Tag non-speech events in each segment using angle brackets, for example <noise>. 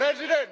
president!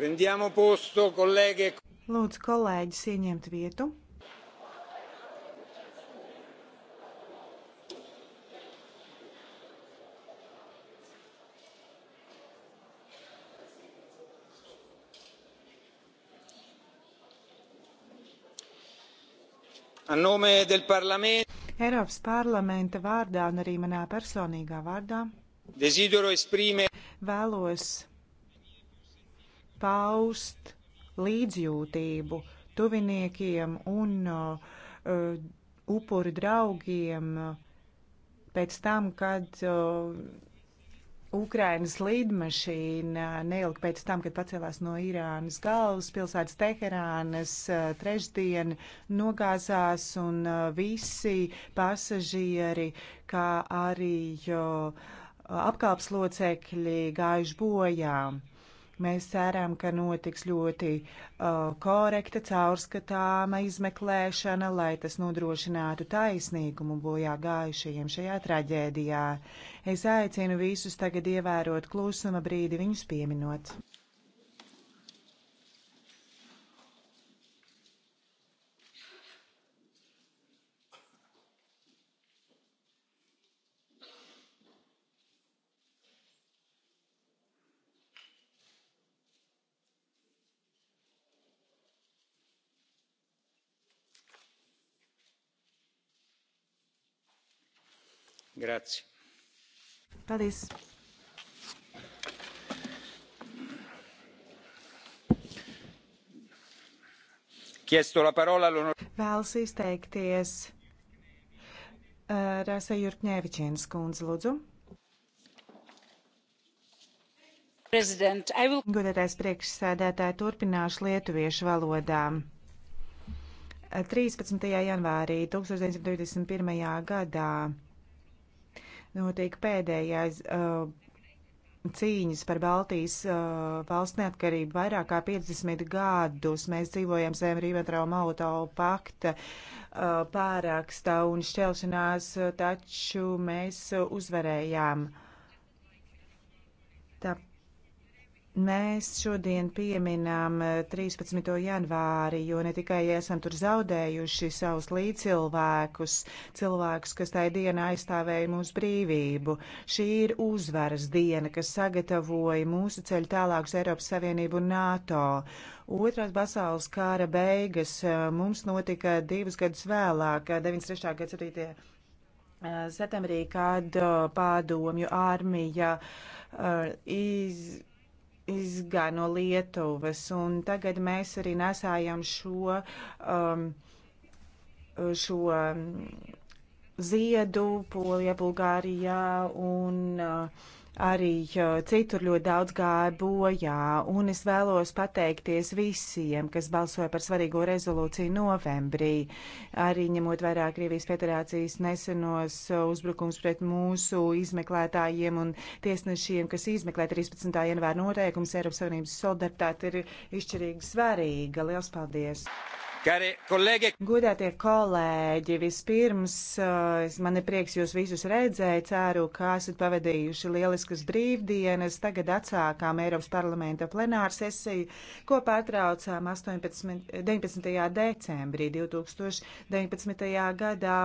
Prendiamo posto, kolēģi. E Lūdzu, kolēģis, ieņemt vietu. Eiropas parlamenta vārdā un arī manā personīgā vārdā vēlos paust līdzjūtību tuviniekiem un uh, uh upuru draugiem uh, pēc tam, kad uh, Ukrainas lidmašīna neilgi pēc tam, kad pacēlās no Irānas galvaspilsētas Teherānas, uh, trešdien nogāzās un visi pasažieri, kā arī apkalpslocekļi gājuši bojām. Mēs ceram, ka notiks ļoti uh, korekta, caurskatāma izmeklēšana, lai tas nodrošinātu taisnīgumu bojā gājušajiem šajā traģēdijā. Es aicinu visus tagad ievērot klusuma brīdi viņus pieminot. Grazie. Paldies. Vēlas izteikties eh, Rasa Jurkņēvičienas kundze, lūdzu. Will... Godētais priekšsēdētāji, turpināšu lietuviešu valodā. Eh, 13. janvārī 1991. gadā notiek pēdējais uh, cīņas par Baltijas uh, valsts neatkarību. Vairāk kā 50 gadus mēs dzīvojam zem Rībentrau-Molotovu pakta uh, pārākstā un šķelšanās, uh, taču mēs uh, uzvarējām. Tāpēc Mēs šodien pieminām 13. Eh, janvāri, jo ne tikai esam tur zaudējuši savus līdzcilvēkus, cilvēkus, kas tajā dienā aizstāvēja mūsu brīvību. Šī ir uzvaras diena, kas sagatavoja mūsu ceļu tālāk uz Eiropas Savienību un NATO. Otrās pasaules kara beigas eh, mums notika divus gadus vēlāk, 93. Eh, gada 7. septembrī, kad padomju armija iz izgāja no Lietuvas, un tagad mēs arī nesājam šo, um, šo um, ziedu Polijā, Bulgārijā un uh, arī citur ļoti daudz gāja bojā, un es vēlos pateikties visiem, kas balsoja par svarīgo rezolūciju novembrī, arī ņemot vērā Krievijas federācijas nesenos uzbrukums pret mūsu izmeklētājiem un tiesnešiem, kas izmeklē 13. janvāra noteikums Eiropas Savienības solidaritāte ir izšķirīgi svarīga. Liels paldies! Godātie kolēģi, vispirms eh, man ir prieks jūs visus redzēt, ceru, ka esat pavadījuši lieliskas brīvdienas. Tagad atsākām Eiropas parlamenta plenāru sesiju, ko pārtraucām 18, 19. decembrī 2019. gadā.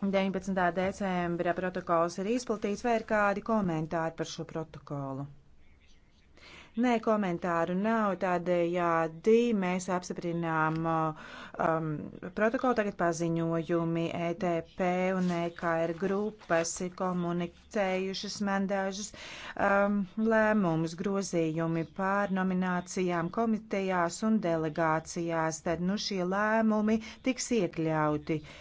19. decembra protokols ir izplatīts, vai ir kādi komentāri par šo protokolu? Nē, komentāru nav. Tādējādi mēs apstiprinām um, protokolu tagad paziņojumi. ETP un EKR grupas ir komunicējušas man dažas um, lēmumus, grozījumi pār nominācijām komitejās un delegācijās. Tad nu šie lēmumi tiks iekļauti. Uh,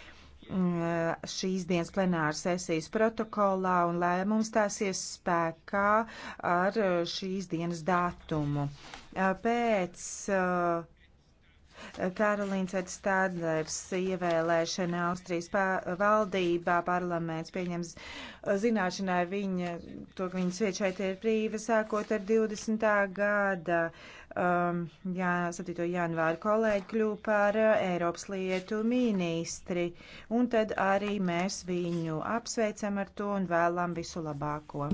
Mm, eh, šīs dienas plenāras sesijas protokolā un lēmums stāsies spēkā ar eh, šīs dienas datumu. Eh, pēc Karolīns Edstādlers ievēlēšana Austrijas pā valdībā parlaments pieņems zināšanai viņa, to, ka viņas vieta šeit ir brīva, sākot ar 20. gada um, jā, 7. janvāra kolēģi kļuva par uh, Eiropas lietu ministri, un tad arī mēs viņu apsveicam ar to un vēlam visu labāko.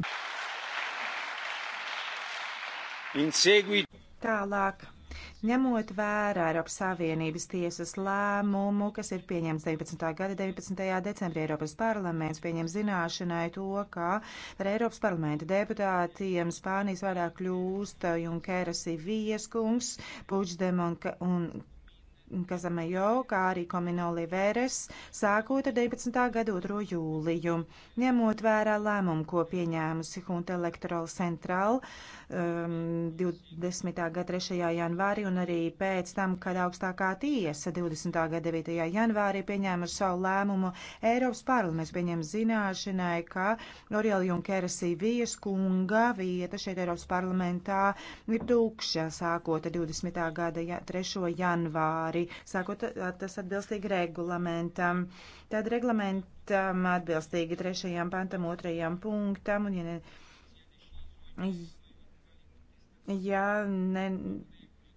Tālāk Ņemot vērā Eiropas Savienības tiesas lēmumu, kas ir pieņemts 19. gada 19. decembrī, Eiropas parlaments pieņem zināšanai to, ka par Eiropas parlamenta deputātiem Spānijas vārdā kļūst Junkeras Ivijas kungs, Puģdem un, un Kazamajo, kā arī Komino Liveres, sākot ar 19. gada 2. jūliju, ņemot vērā lēmumu, ko pieņēmusi Hunta Electoral Central um, 20. gada 3. janvārī un arī pēc tam, kad augstākā tiesa 20. gada 9. janvārī pieņēma savu lēmumu, Eiropas parlaments pieņem zināšanai, ka Oriela Junkera Sīvijas kunga vieta šeit Eiropas parlamentā ir tūkša sākot ar 20. gada 3. janvāri janvārī, sākot tas atbilstīgi reglamentam. Tad reglamentam atbilstīgi trešajam pantam, otrajam punktam, un ja, ne, ja ne,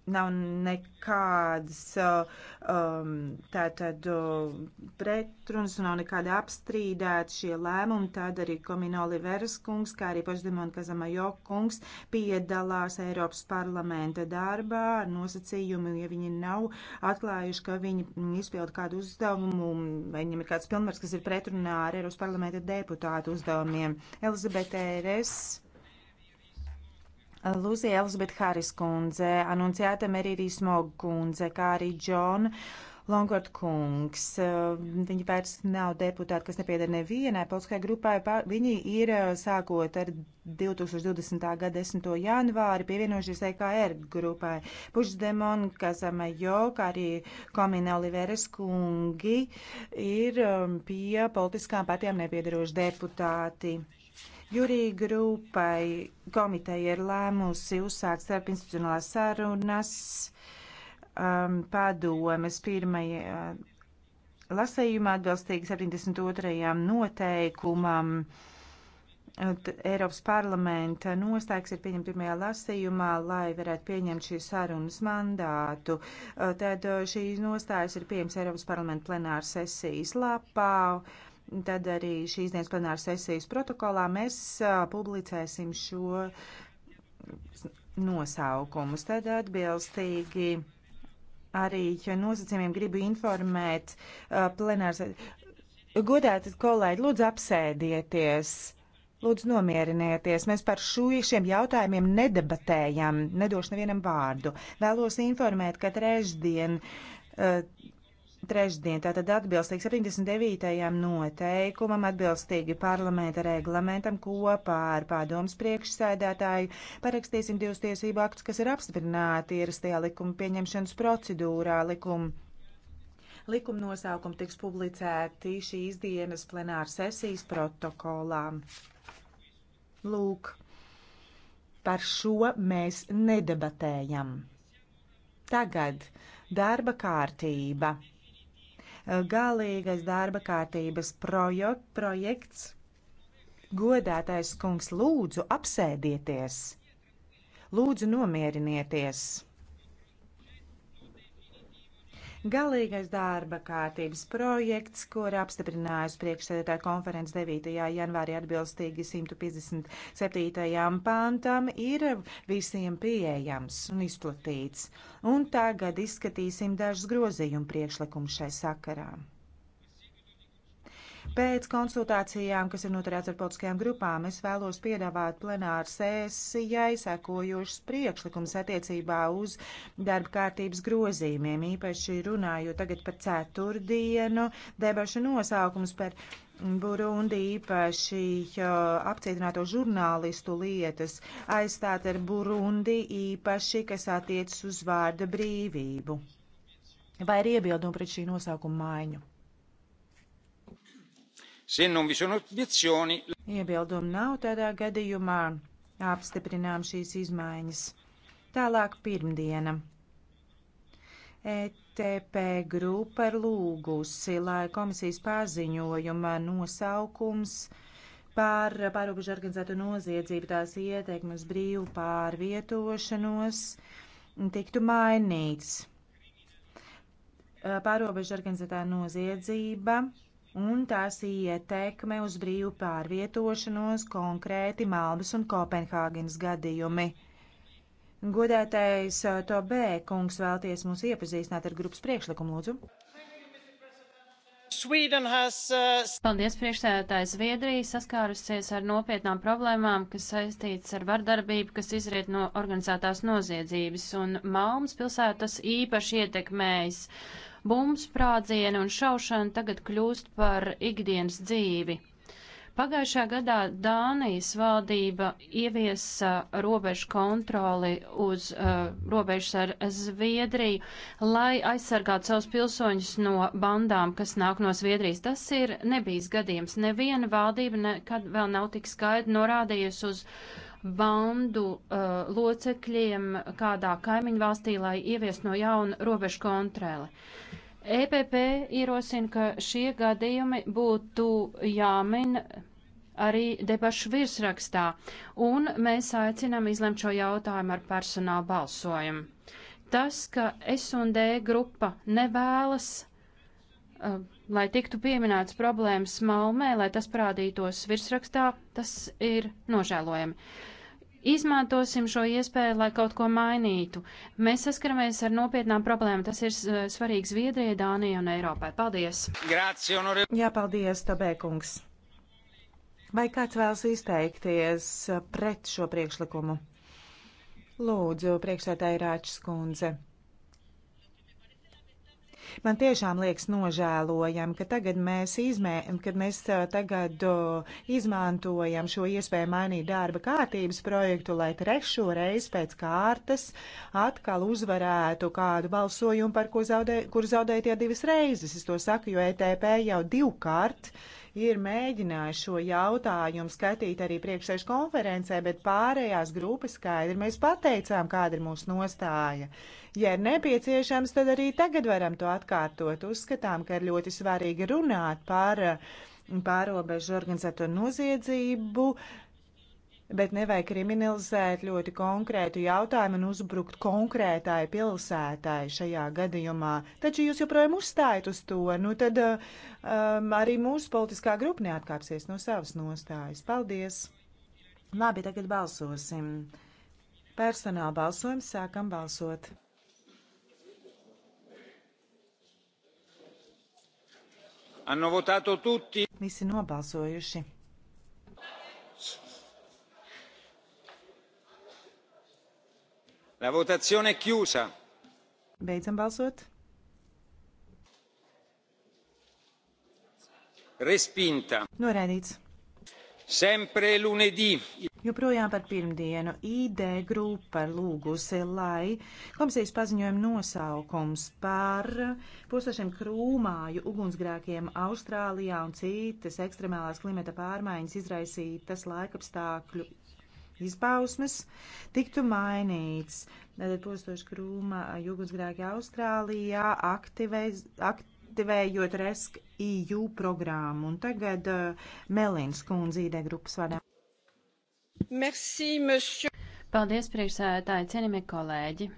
nav nekādas uh, um, tātad uh, pretrunas, nav nekāda apstrīdēta šie lēmumi. Tad arī Komino Oliveras kungs, kā arī Pašdemona Kazamajo kungs piedalās Eiropas parlamenta darbā ar nosacījumu, ja viņi nav atklājuši, ka viņi izpilda kādu uzdevumu, vai viņam ir kāds pilnvars, kas ir pretrunā ar Eiropas parlamenta deputātu uzdevumiem. Elizabete Eres. Lūzija Elizabeth Hāris kundze, anunciēta Merīdī Smog kundze, kā arī Džona Longort kungs. Viņi vairs nav deputāti, kas nepiedara nevienai politiskajai grupai. Viņi ir eh, sākot ar 2020. gada 10. janvāri pievienojušies EKR grupai. Pušdemon, Kazamajo, kā arī Komina Oliveres kungi ir eh, pie politiskām partijām nepiedaroši deputāti. Jurija grupai komiteja ir lēmusi uzsākt starp institucionālās sarunas um, padomes pirmajā uh, lasējumā atbilstīgi 72. noteikumam. Uh, Eiropas parlamenta nostājas ir pieņemta pirmajā lasījumā, lai varētu pieņemt šīs sarunas mandātu. Uh, tad šīs nostājas ir pieņemts Eiropas parlamenta plenāra sesijas lapā. Uh, Tad arī šīs dienas plenāra sesijas protokolā mēs publicēsim šo nosaukumus. Tad atbilstīgi arī nosacījumiem gribu informēt plenārs. Godētas kolēģi, lūdzu apsēdieties. Lūdzu, nomierinieties. Mēs par šo, šiem jautājumiem nedebatējam. Nedošu nevienam vārdu. Vēlos informēt, ka trešdien uh, Trešdien tātad atbilstīgi 79. noteikumam, atbilstīgi parlamenta reglamentam kopā ar pārdomas priekšsēdētāju parakstīsim divus tiesību aktus, kas ir apstiprināti ierastajā likuma pieņemšanas procedūrā. Likuma Likuma nosaukumi tiks publicēti šīs dienas plenāra sesijas protokolā. Lūk, par šo mēs nedebatējam. Tagad darba kārtība galīgais darba kārtības projo, projekts. Godātais kungs, lūdzu, apsēdieties! Lūdzu, nomierinieties! Galīgais darba kārtības projekts, ko ir apstiprinājusi priekšsēdētāja konferences 9. janvārī atbilstīgi 157. pantam, ir visiem pieejams un izplatīts. Un tagad izskatīsim dažus grozījumu priekšlikumus šai sakarā. Pēc konsultācijām, kas ir noturēts ar politiskajām grupām, es vēlos piedāvāt plenāru sēsijai sekojošas priekšlikums attiecībā uz darba kārtības grozījumiem, īpaši runājot tagad par ceturtdienu debašu nosaukums par Burundi īpaši uh, apcietināto žurnālistu lietas aizstāt ar Burundi īpaši, kas attiecas uz vārda brīvību. Vai ir iebildumi pret šī nosaukuma maiņu? Iebildumu nav tādā gadījumā. Apstiprinām šīs izmaiņas. Tālāk pirmdiena. ETP grupa ir lūgusi, lai komisijas paziņojuma nosaukums par pārobežu organizēto noziedzību tās ieteikumu uz brīvu pārvietošanos tiktu mainīts. Pārobežu organizētā noziedzība un tās ietekme uz brīvu pārvietošanos, konkrēti Malbas un Kopenhāgenes gadījumi. Godētais uh, Tobē kungs vēlties mūs iepazīstināt ar grupas priekšlikumu, lūdzu. Has, uh... Paldies, priekšsēdētāji. Zviedrija saskārusies ar nopietnām problēmām, kas saistītas ar vardarbību, kas izriet no organizētās noziedzības, un Malmas pilsētas īpaši ietekmējas. Uh, Bums, sprādzieni un šaušana tagad kļūst par ikdienas dzīvi. Pagājušā gadā Dānijas valdība ieviesa robežu kontroli uz uh, robežas ar Zviedriju, lai aizsargātu savus pilsoņus no bandām, kas nāk no Zviedrijas. Tas ir nebijis gadījums. Neviena valdība nekad vēl nav tik skaidri norādījusi uz bandu uh, locekļiem kādā kaimiņu valstī, lai ievies no jauna robežu kontroli. Uh, EPP ierosina, ka šie gadījumi būtu jāmin arī debašu virsrakstā, un mēs aicinām izlemt šo jautājumu ar personālu balsojumu. Tas, ka S&D grupa nevēlas, uh, lai tiktu pieminēts problēmas Malmē, lai tas parādītos virsrakstā, tas ir nožēlojami. Uh, Izmantosim šo iespēju, lai kaut ko mainītu. Mēs saskaramies ar nopietnām problēmām. Tas ir eh, svarīgi Zviedrijai, Dānijai un Eiropai. Paldies! Grāci, onore... Jā, paldies, Tobēkungs! Vai kāds vēlas izteikties eh, pret šo priekšlikumu? Lūdzu, priekšsētāji Rāčs kundze. Man tiešām liekas nožēlojami, ka tagad mēs, izmē, kad mēs tagad izmantojam šo iespēju mainīt darba kārtības projektu, lai trešo reizi pēc kārtas atkal uzvarētu kādu balsojumu, par ko zaudē, kur zaudēja tie divas reizes. Es to saku, jo ETP jau divkārt. Uh, ir mēģinājuši šo jautājumu skatīt arī priekšējuši konferencē, bet pārējās grupas skaidri mēs pateicām, kāda ir mūsu nostāja. Ja ir nepieciešams, tad arī tagad varam to atkārtot. Uzskatām, ka ir ļoti svarīgi runāt par uh, pārobežu organizēto noziedzību, uh, bet nevajag kriminalizēt ļoti konkrētu jautājumu un uzbrukt konkrētai pilsētai šajā gadījumā. Taču jūs joprojām uzstājat uz to, nu tad eh, um, arī mūsu politiskā grupa neatkāpsies no savas nostājas. Paldies! Labi, tagad balsosim. Personāla balsojums sākam balsot. Visi nobalsojuši. La votazione è chiusa. Beidzam balsot. Respinta. Noraidīts. Sempre lunedì. Joprojām par pirmdienu ID grupa ir lūgusi, lai komisijas paziņojuma nosaukums par pusošiem krūmāju ugunsgrēkiem Austrālijā un citas ekstremālās klimata pārmaiņas izraisītas laikapstākļu izpausmes tiktu mainīts. Tātad postoši krūma jūgunsgrēki Austrālijā aktivēs, aktivējot RESK EU programmu. Un tagad uh, Melins kundze ID grupas vadā. Merci, monsieur. Paldies, priekšsēdētāji, cienījamie kolēģi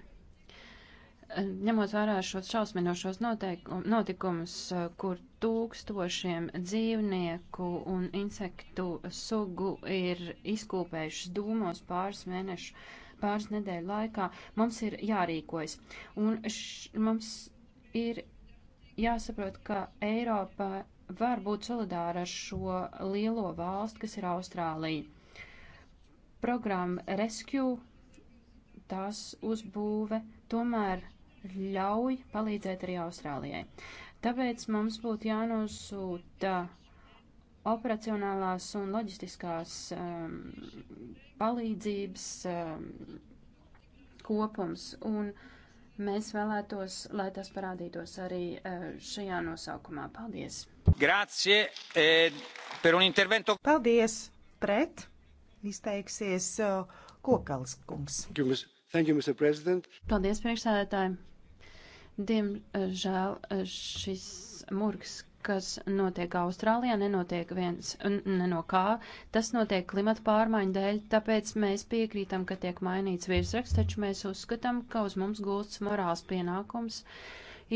ņemot vērā šos šausminošos notikumus, eh, kur tūkstošiem dzīvnieku un insektu sugu ir izkūpējušas dūmos pāris mēnešu, pāris nedēļu laikā, mums ir jārīkojas. Un š, mums ir jāsaprot, ka Eiropa var būt solidāra ar šo lielo valstu, kas ir Austrālija. Programma Rescue, tās uzbūve tomēr ļauj palīdzēt arī Austrālijai. Tāpēc mums būtu jānosūta operacionālās un loģistiskās um, palīdzības um, kopums, un mēs vēlētos, lai tas parādītos arī uh, šajā nosaukumā. Paldies! Grazie eh, per un intervento. Paldies! Pret izteiksies uh, Kokalis kungs. Thank you, Mr. President. Paldies, priekšsēdētāji! Diemžēl eh, šis murgs, kas notiek Austrālijā, nenotiek viens ne no kā. Tas notiek klimata pārmaiņu dēļ, tāpēc mēs piekrītam, ka tiek mainīts virsraksts, taču mēs uzskatām, ka uz mums gulsts morāls pienākums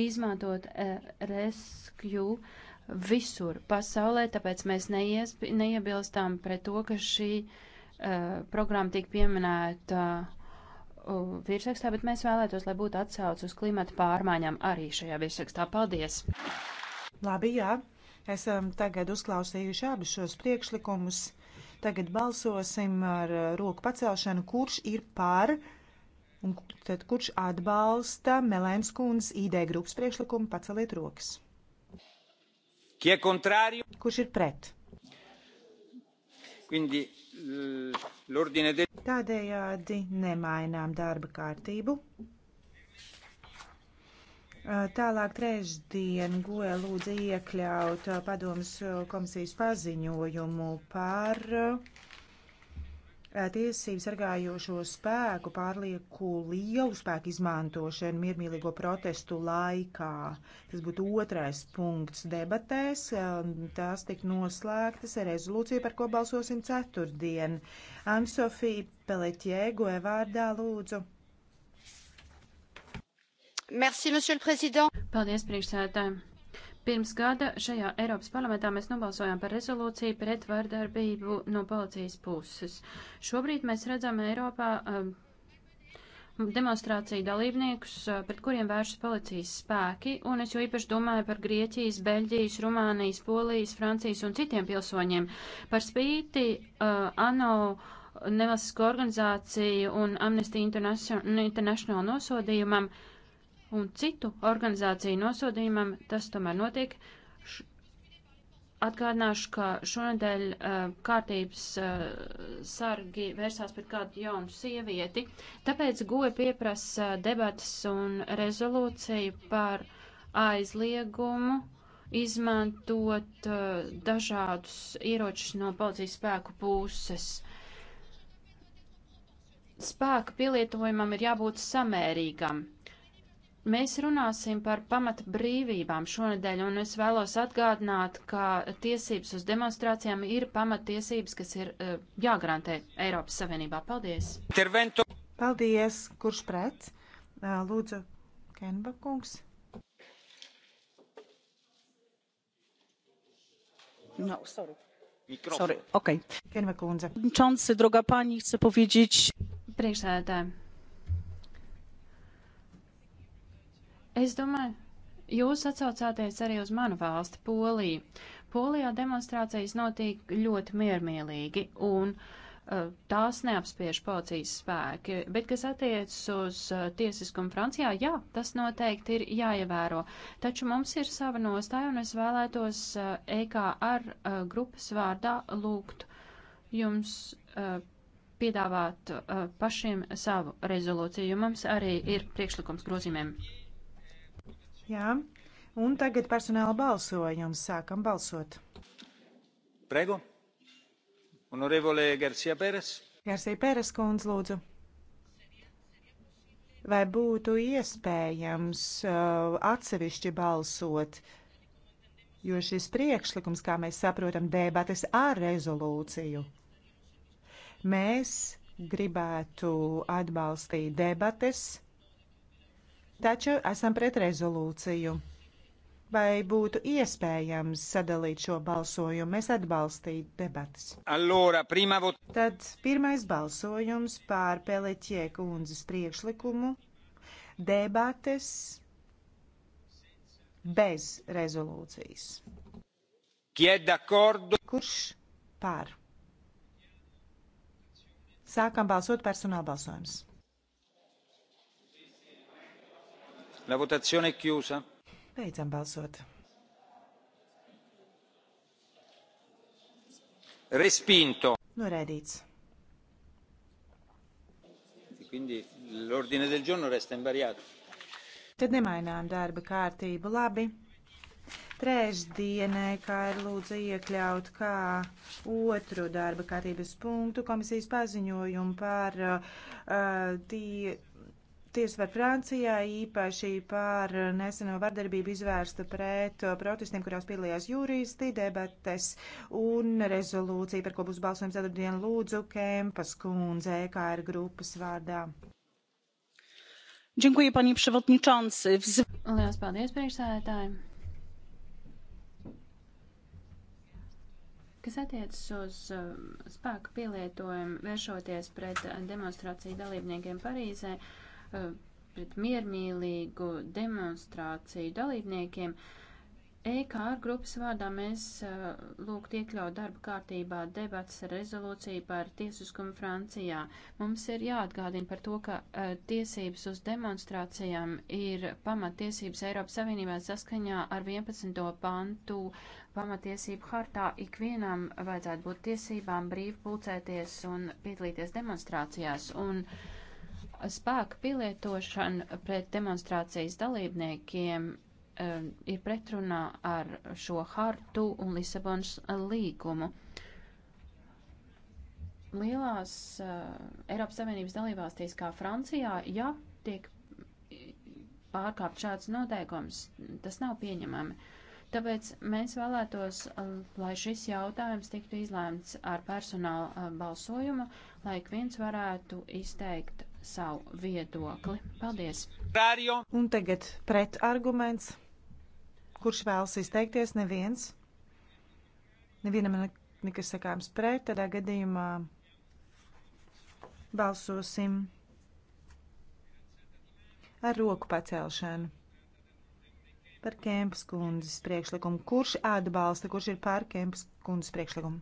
izmantot eh, rescue visur pasaulē, tāpēc mēs neiebilstām pret to, ka šī uh, programma tiek pieminēta uh, virsrakstā, bet mēs vēlētos, lai būtu atsauc uz klimata pārmaiņām arī šajā virsrakstā. Paldies! Labi, jā. Esam tagad uzklausījuši abus šos priekšlikumus. Tagad balsosim ar uh, roku pacelšanu, kurš ir par un tad kurš atbalsta Melēns kundas ID grupas priekšlikumu paceliet rokas. Kurš ir pret? Quindi Tādējādi nemainām darba kārtību. Tālāk trešdien goja lūdza iekļaut padomus komisijas paziņojumu par Eh, tiesību sargājošo spēku pārlieku lielu spēku izmantošanu miermīlīgo protestu laikā. Tas būtu otrais punkts debatēs. Eh, tās tika noslēgtas ar rezolūciju, par ko balsosim ceturtdien. Ansofija Peleķēgo vārdā lūdzu. Merci, Paldies, priekšsēdētāji! Pirms gada šajā Eiropas parlamentā mēs nobalsojām par rezolūciju pret vardarbību no policijas puses. Šobrīd mēs redzam Eiropā um, demonstrāciju dalībniekus, uh, pret kuriem vēršas policijas spēki, un es jo īpaši domāju par Grieķijas, Beļģijas, Rumānijas, Polijas, Francijas un citiem pilsoņiem. Par spīti uh, ANO nevalstisko organizāciju un Amnesty International, International nosodījumam uh, un citu organizāciju nosodījumam tas tomēr notiek. Š Atgādināšu, ka šonadēļ uh, kārtības uh, sargi vērsās pret kādu jaunu sievieti, tāpēc goja pieprasa debatas un rezolūciju par aizliegumu izmantot uh, dažādus ieročus no policijas spēku puses. Spēka pielietojumam ir jābūt samērīgam Mēs runāsim par pamata brīvībām šonadēļ, un es vēlos atgādināt, ka tiesības uz demonstrācijām ir pamatiesības, kas ir uh, jāgarantē Eiropas Savienībā. Paldies! Intervento. Paldies! Kurš pret? Eh, lūdzu, Kenba kungs. No, sorry. Mikrofon. Sorry, ok. Kenba kundze. Čonsi, droga pani, chce powiedzieć. Priekšsēdētāji. Es domāju, jūs atsaucāties arī uz manu valsti, Poliju. Polijā demonstrācijas notiek ļoti miermīlīgi un uh, tās neapspiež policijas spēki, bet kas attiecas uz uh, tiesiskumu Francijā, jā, tas noteikti ir jāievēro. Taču mums ir sava nostāja un es vēlētos uh, EKR uh, grupas vārdā lūgt jums uh, piedāvāt uh, pašiem savu rezolūciju, jo mums arī ir priekšlikums grozījumiem. Jā. Un tagad personāla balsojums. Sākam balsot. Prego. Honorevole Garcia Pérez. Garcia Pérez kundz, lūdzu vai būtu iespējams uh, atsevišķi balsot, jo šis priekšlikums, kā mēs saprotam, debates ar rezolūciju. Mēs gribētu atbalstīt debates taču esam pret rezolūciju. Vai būtu iespējams sadalīt šo balsojumu? Mēs atbalstītu debatas. Allora, prima vot... Tad pirmais balsojums pār Peleķie kundzes priekšlikumu. Debates bez rezolūcijas. Kurš pār? Sākam balsot personāla balsojums. La votazione è chiusa. Beidzam balsot. Respinto. Noraidīts. Quindi l'ordine del giorno resta invariato. Tad nemainām darba kārtību. Labi. Trešdienai, kā ir lūdza iekļaut kā otru darba kārtības punktu, komisijas paziņojumu par uh, uh tie tiesvar Francijā īpaši par neseno vardarbību izvērsta pret protestiem, kurās piedalījās jūristi, debates un rezolūcija, par ko būs balsojums ceturtdien lūdzu Kempas kundze EKR grupas vārdā. Dziękuję, panie przewodniczący. Lielas paldies, priekšsēdētāji. Kas attiecas uz um, spēku pielietojumu, vēršoties pret demonstrāciju dalībniekiem Parīzē, uh, Uh, pret miermīlīgu demonstrāciju dalībniekiem. EKR grupas vārdā mēs uh, lūgt iekļaut darba kārtībā debats ar rezolūciju par tiesiskumu Francijā. Mums ir jāatgādina par to, ka uh, tiesības uz demonstrācijām ir pamatiesības Eiropas Savienībā saskaņā ar 11. pantu pamatiesību hartā ikvienam vajadzētu būt tiesībām brīvi pulcēties un piedalīties demonstrācijās. Un, uh, spēka pielietošana pret demonstrācijas dalībniekiem um, ir pretrunā ar šo hartu un Lisabonas līgumu. Lielās uh, Eiropas Savienības dalībvalstīs, kā Francijā, ja tiek pārkāpt šāds noteikums, tas nav pieņemami. Tāpēc mēs vēlētos, um, lai šis jautājums tiktu izlēmts ar personāla uh, balsojumu, lai ik viens varētu izteikt savu viedokli. Paldies! Un tagad pretarguments. Kurš vēlas izteikties? Neviens. Nevienam nekas sakāms pret, tādā gadījumā balsosim ar roku pacelšanu par Kempas kundzes priekšlikumu. Kurš atbalsta, kurš ir pār Kempas kundzes priekšlikumu?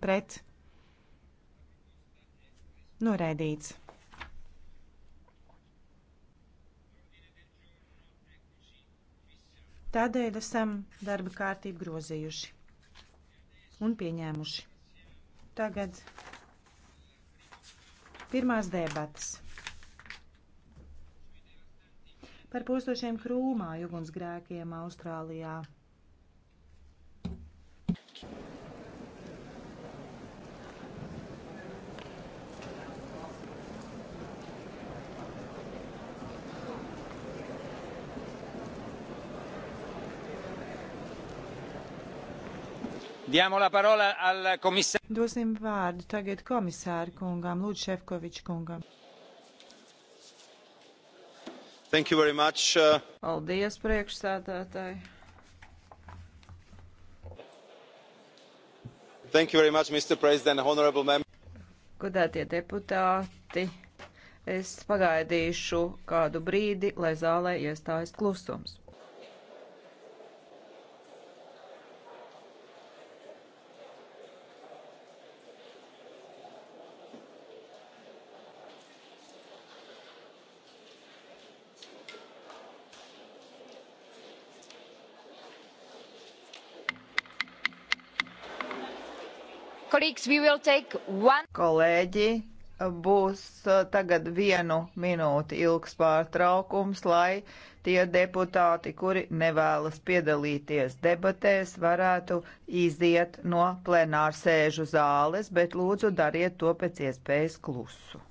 Pret. Noraidīts. Tādēļ esam darba kārtību grozījuši un pieņēmuši. Tagad pirmās debatas par postošiem krūmā ugunsgrēkiem Austrālijā. Dosim vārdu tagad komisāru kungām, Lūdzu Šefkoviču kungam. Thank you very much. Uh... Paldies, priekšsēdētāji. Thank you very much, Mr. President, honorable members. Godētie deputāti, es pagaidīšu kādu brīdi, lai zālē iestājas klusums. One... Kolēģi, būs uh, tagad vienu minūti ilgs pārtraukums, lai tie deputāti, kuri nevēlas piedalīties debatēs, varētu iziet no plenārsēžu zāles, bet lūdzu dariet to pēc iespējas klusu.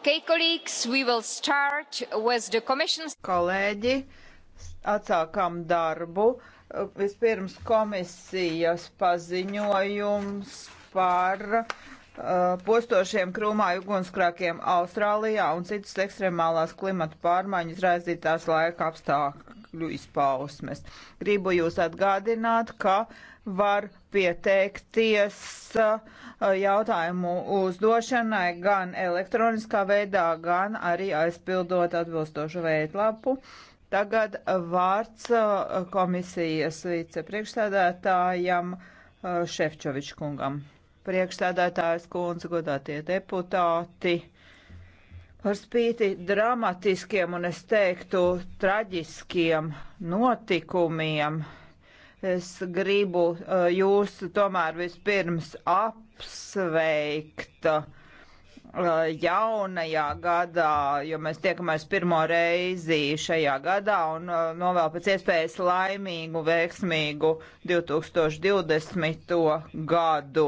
Okay, colleagues, we will start with the commission's... Kolēģi, atsākam darbu. Vispirms komisijas paziņojums par uh, postošiem krūmāju ugunskrākiem Austrālijā un citas ekstremālās klimata pārmaiņas raisītās laika apstākļos viedokļu izpausmes. Gribu jūs atgādināt, ka var pieteikties uh, jautājumu uzdošanai gan elektroniskā veidā, gan arī aizpildot atbilstošu veidlapu. Tagad vārds uh, komisijas vicepriekšsēdētājam uh, Šefčovičkungam. Priekšsēdētājas kundze, godātie deputāti. Par spīti dramatiskiem un es teiktu traģiskiem notikumiem, es gribu eh, jūs tomēr vispirms apsveikt eh, jaunajā gadā, jo mēs tiekamies pirmo reizi šajā gadā un eh, novēl pēc iespējas laimīgu, veiksmīgu 2020. gadu.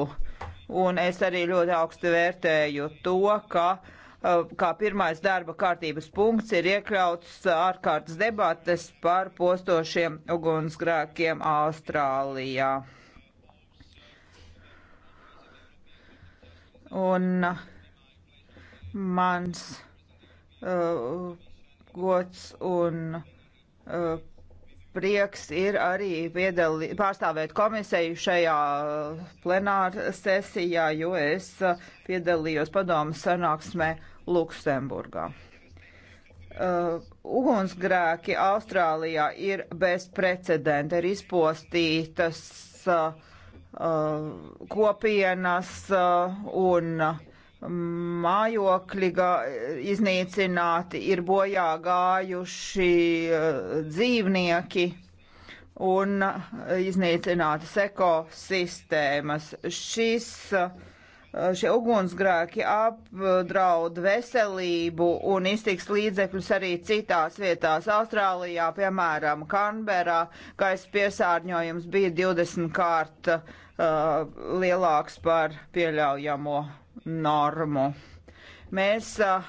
Un es arī ļoti augstu vērtēju to, ka uh, Uh, kā pirmais darba kārtības punkts ir iekļauts uh, ārkārtas debates par postošiem ugunsgrēkiem Austrālijā. Un uh, mans uh, gods un uh, prieks ir arī piedalī, pārstāvēt komisiju šajā plenāra sesijā, jo es piedalījos padomu sanāksmē uh, Luksemburgā. Uh, ugunsgrēki Austrālijā ir bez precedenta, ir izpostītas uh, uh, kopienas uh, un uh, mājokļi iznīcināti, ir bojā gājuši uh, dzīvnieki un iznīcinātas ekosistēmas. Šis uh, Eh, šie ugunsgrēki apdraud veselību un iztiks līdzekļus arī citās vietās. Austrālijā, piemēram, Kanberā, gaisa piesārņojums bija 20 kārt uh, lielāks par pieļaujamo normu. Mēs uh,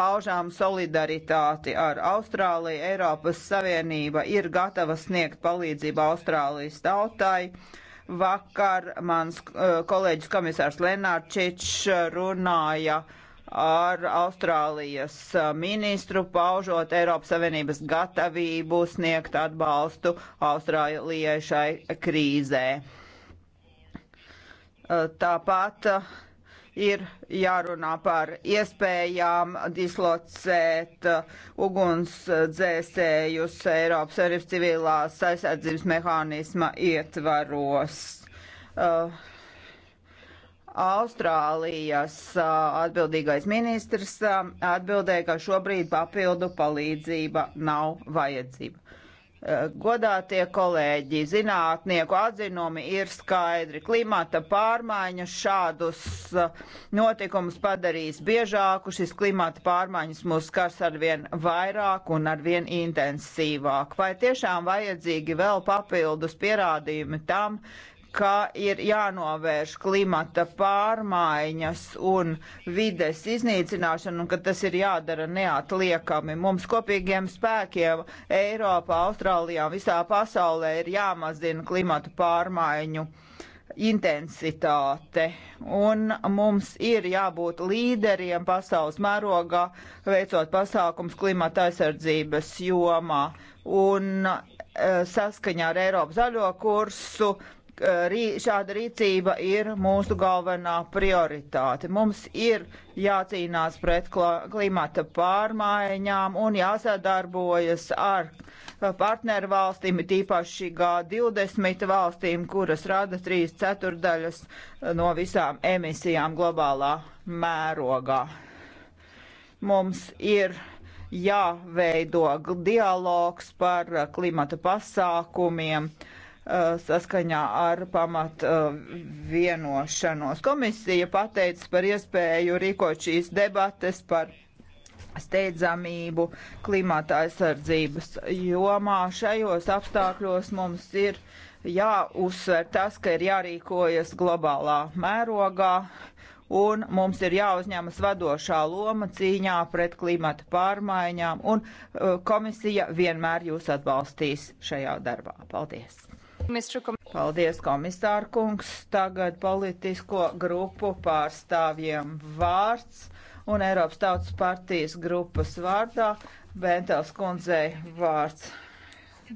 paužām solidaritāti ar Austrāliju. Eiropas Savienība ir gatava sniegt palīdzību Austrālijas tautai. Uh, Vakar mans eh, kolēģis komisārs Lenārčičs runāja ar Austrālijas eh, ministru, paužot Eiropas Savienības gatavību sniegt atbalstu Austrālijai šai krīzē. Eh, tāpat ir jārunā par iespējām dislocēt ugunsdzēsējus Eiropas arī civilās aizsardzības mehānisma ietvaros. Uh, Austrālijas uh, atbildīgais ministrs uh, atbildēja, ka šobrīd papildu palīdzība nav vajadzība. Godātie kolēģi, zinātnieku atzinumi ir skaidri. Klimata pārmaiņa šādus uh, notikumus padarīs biežāku. Šis klimata pārmaiņas mūs skars arvien vairāk un arvien intensīvāk. Vai tiešām vajadzīgi vēl papildus pierādījumi tam, ka ir jānovērš klimata pārmaiņas un vides iznīcināšana, un ka tas ir jādara neatliekami. Mums kopīgiem spēkiem Eiropā, Austrālijā un visā pasaulē ir jāmazina klimata pārmaiņu intensitāte, un mums ir jābūt līderiem pasaules mērogā, veicot pasākums klimata aizsardzības jomā. Un eh, saskaņā ar Eiropas zaļo kursu rī, šāda rīcība ir mūsu galvenā prioritāte. Mums ir jācīnās pret klimata pārmaiņām un jāsadarbojas ar partneru valstīm, tīpaši G20 valstīm, kuras rada trīs ceturdaļas no visām emisijām globālā mērogā. Mums ir jāveido dialogs par klimata pasākumiem. Uh, Uh, saskaņā ar pamat uh, vienošanos. Komisija pateica par iespēju rīkot šīs debates par steidzamību klimata aizsardzības jomā. Šajos apstākļos mums ir jāuzsver tas, ka ir jārīkojas globālā mērogā un mums ir jāuzņemas vadošā loma cīņā pret klimata pārmaiņām, un uh, komisija vienmēr jūs atbalstīs šajā darbā. Paldies! Paldies, komisāra kungs. Tagad politisko grupu pārstāvjiem vārds un Eiropas Tautas partijas grupas vārdā Bentels kundzei vārds.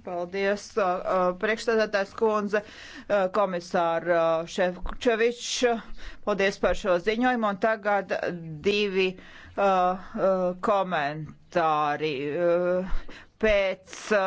Paldies, uh, uh, priekšstādātājs kundze, uh, komisāra Ševčevičs. Paldies par šo ziņojumu. Un tagad divi uh, komentāri. Pēc uh,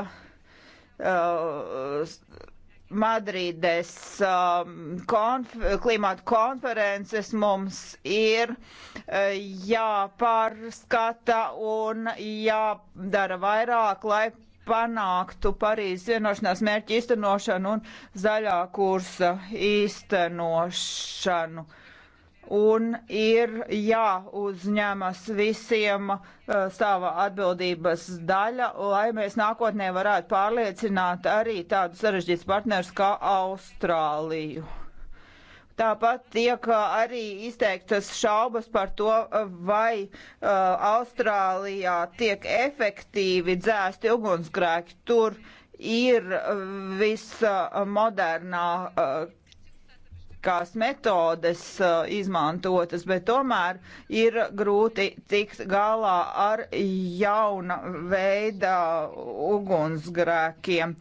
Madrides um, konf klimata konferences mums ir uh, jāpārskata un jādara vairāk, lai panāktu Parīzes vienošanās mērķu īstenošanu un zaļā kursa īstenošanu. Uh, un ir jāuzņemas visiem uh, sava atbildības daļa, lai mēs nākotnē varētu pārliecināt arī tādus sarežģītus partnerus kā Austrāliju. Tāpat tiek uh, arī izteiktas šaubas par to, uh, vai uh, Austrālijā tiek efektīvi dzēsti ugunsgrēki. Tur ir vismodernā uh, kādās metodes eh, izmantotas, bet tomēr ir grūti tikt galā ar jauna veida ugunsgrēkiem.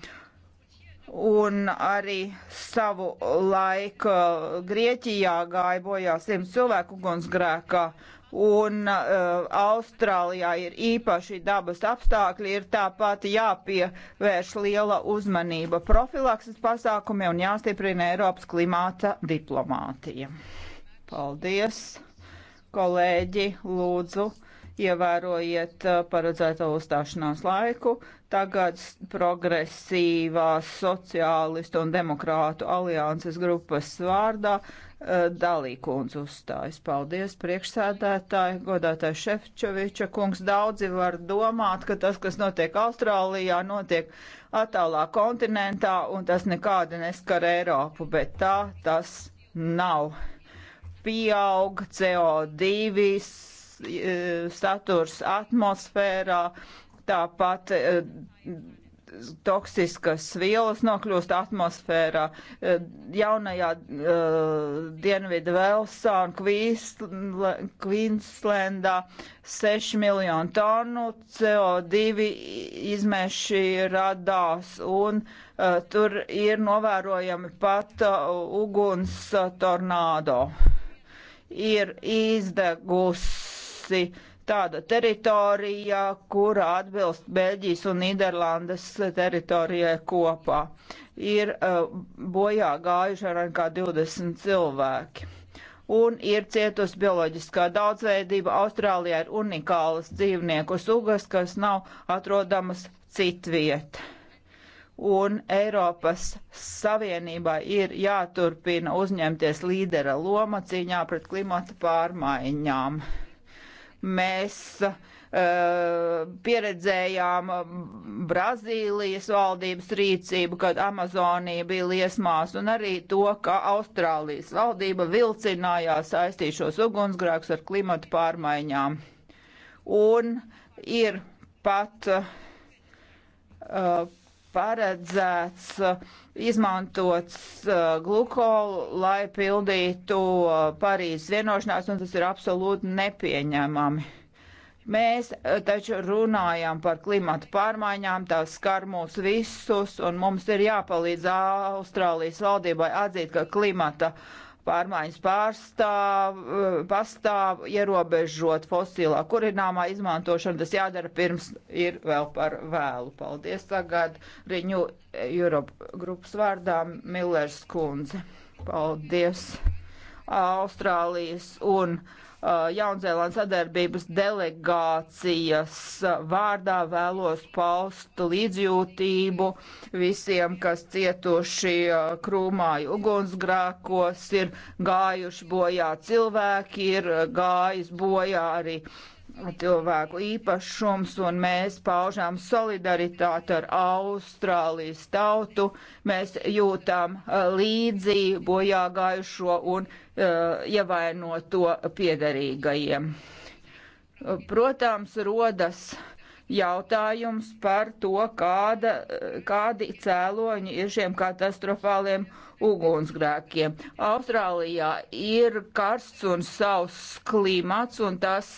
Un arī savu laiku eh, Grieķijā gāja bojā simts cilvēku ugunsgrēkā. Uh, un uh, Austrālijā ir īpaši dabas apstākļi, ir tāpat jāpievērš liela uzmanība profilakses pasākumiem un jāstiprina Eiropas klimāta diplomātija. Paldies, kolēģi, lūdzu, ievērojiet uh, paredzēto uzstāšanās laiku. Tagad progresīvās sociālistu un demokrātu alianses grupas vārdā Eh, Dalīkundze uzstājas. Paldies, priekšsēdētāji, godātāji Šefčoviča kungs. Daudzi var domāt, ka tas, kas notiek Austrālijā, notiek attālā kontinentā un tas nekādi neskar Eiropu, bet tā tas nav. Pieaug CO2 eh, saturs atmosfērā, tāpat eh, toksiskas vielas nokļūst atmosfērā. E, jaunajā uh, Dienvidu Velsā un Kvīnslendā 6 miljonu tonu CO2 izmeši radās un uh, tur ir novērojami pat uh, uguns uh, tornādo. Ir izdegusi uh, tāda teritorija, kura atbilst Beļģijas un Nīderlandes teritorijai kopā. Ir uh, bojā gājuši ar kā 20 cilvēki. Un ir cietusi bioloģiskā daudzveidība. Austrālijā ir unikālas dzīvnieku sugas, kas nav atrodamas citviet. Un Eiropas Savienībā ir jāturpina uzņemties līdera loma cīņā pret klimata pārmaiņām. Mēs uh, pieredzējām eh, Brazīlijas valdības rīcību, kad Amazonija bija liesmās, un arī to, ka Austrālijas valdība vilcinājās saistīšos ugunsgrēks ar klimatu pārmaiņām. Un ir pat uh, paredzēts uh, izmantots uh, glukolu, lai pildītu uh, Parīzes vienošanās, un tas ir absolūti nepieņemami. Mēs uh, taču runājam par klimatu pārmaiņām, tās skar mūs visus, un mums ir jāpalīdz Austrālijas valdībai atzīt, ka klimata uh, pārmaiņas pārstāv, eh, pastāv ierobežot fosilā kurināmā izmantošanu. Tas jādara pirms ir vēl par vēlu. Paldies tagad Riņu Europe grupas vārdā Millers kundze. Paldies Austrālijas un Jaunzēlandes sadarbības delegācijas vārdā vēlos paust līdzjūtību visiem, kas cietuši krūmāju ugunsgrākos, ir gājuši bojā cilvēki, ir gājis bojā arī cilvēku īpašums, un mēs paužām solidaritāti ar Austrālijas tautu. Mēs jūtam līdzi bojā gājušo un Eh, ievainoto piedarīgajiem. Protams, rodas jautājums par to, kāda, kādi cēloņi ir šiem katastrofāliem ugunsgrēkiem. Austrālijā ir karsts un sauss klimats, un tas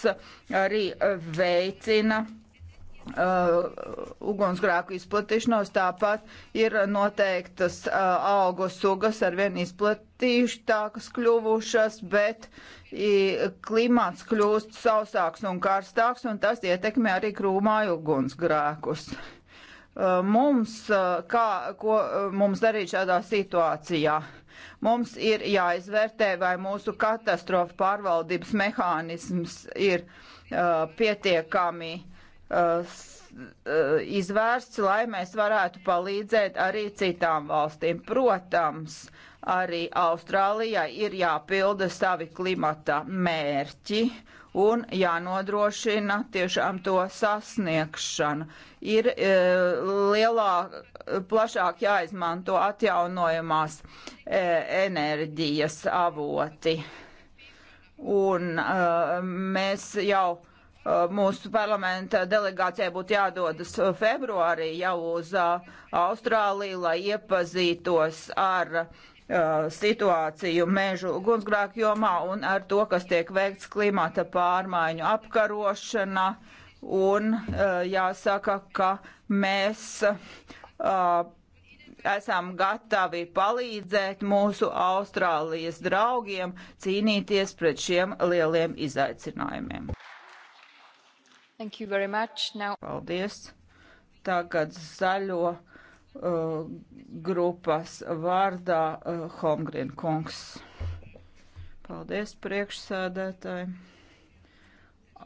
arī veicina uh, Uh, ugunsgrēku izplatīšanos, tāpat ir noteiktas uh, augu sugas arvien izplatītākas kļuvušas, bet i, klimats kļūst sausāks un karstāks, un tas ietekmē arī krūmāju ugunsgrēkus. Uh, mums, uh, kā, ko uh, mums darīt šādā situācijā? Mums ir jāizvērtē, vai mūsu katastrofa pārvaldības mehānisms ir uh, pietiekami uh, Uh, uh, izvērsts, lai mēs varētu palīdzēt arī citām valstīm. Protams, arī Austrālijai ir jāpilda savi klimata mērķi un jānodrošina tiešām to sasniegšanu. Ir e, uh, lielāk, plašāk jāizmanto atjaunojamās e, enerģijas avoti. Un e, mēs jau Uh, mūsu parlamenta delegācijai būtu jādodas uh, februārī jau uz uh, Austrāliju, lai iepazītos ar situāciju mežu ugunsgrāku jomā un ar to, kas tiek veikts klimata pārmaiņu apkarošana. Un jāsaka, ka mēs esam gatavi palīdzēt mūsu Austrālijas draugiem cīnīties pret šiem lieliem izaicinājumiem. Thank you very much. Now... Paldies. Tagad zaļo uh, grupas vārdā uh, Homgren kungs. Paldies priekšsēdētāji.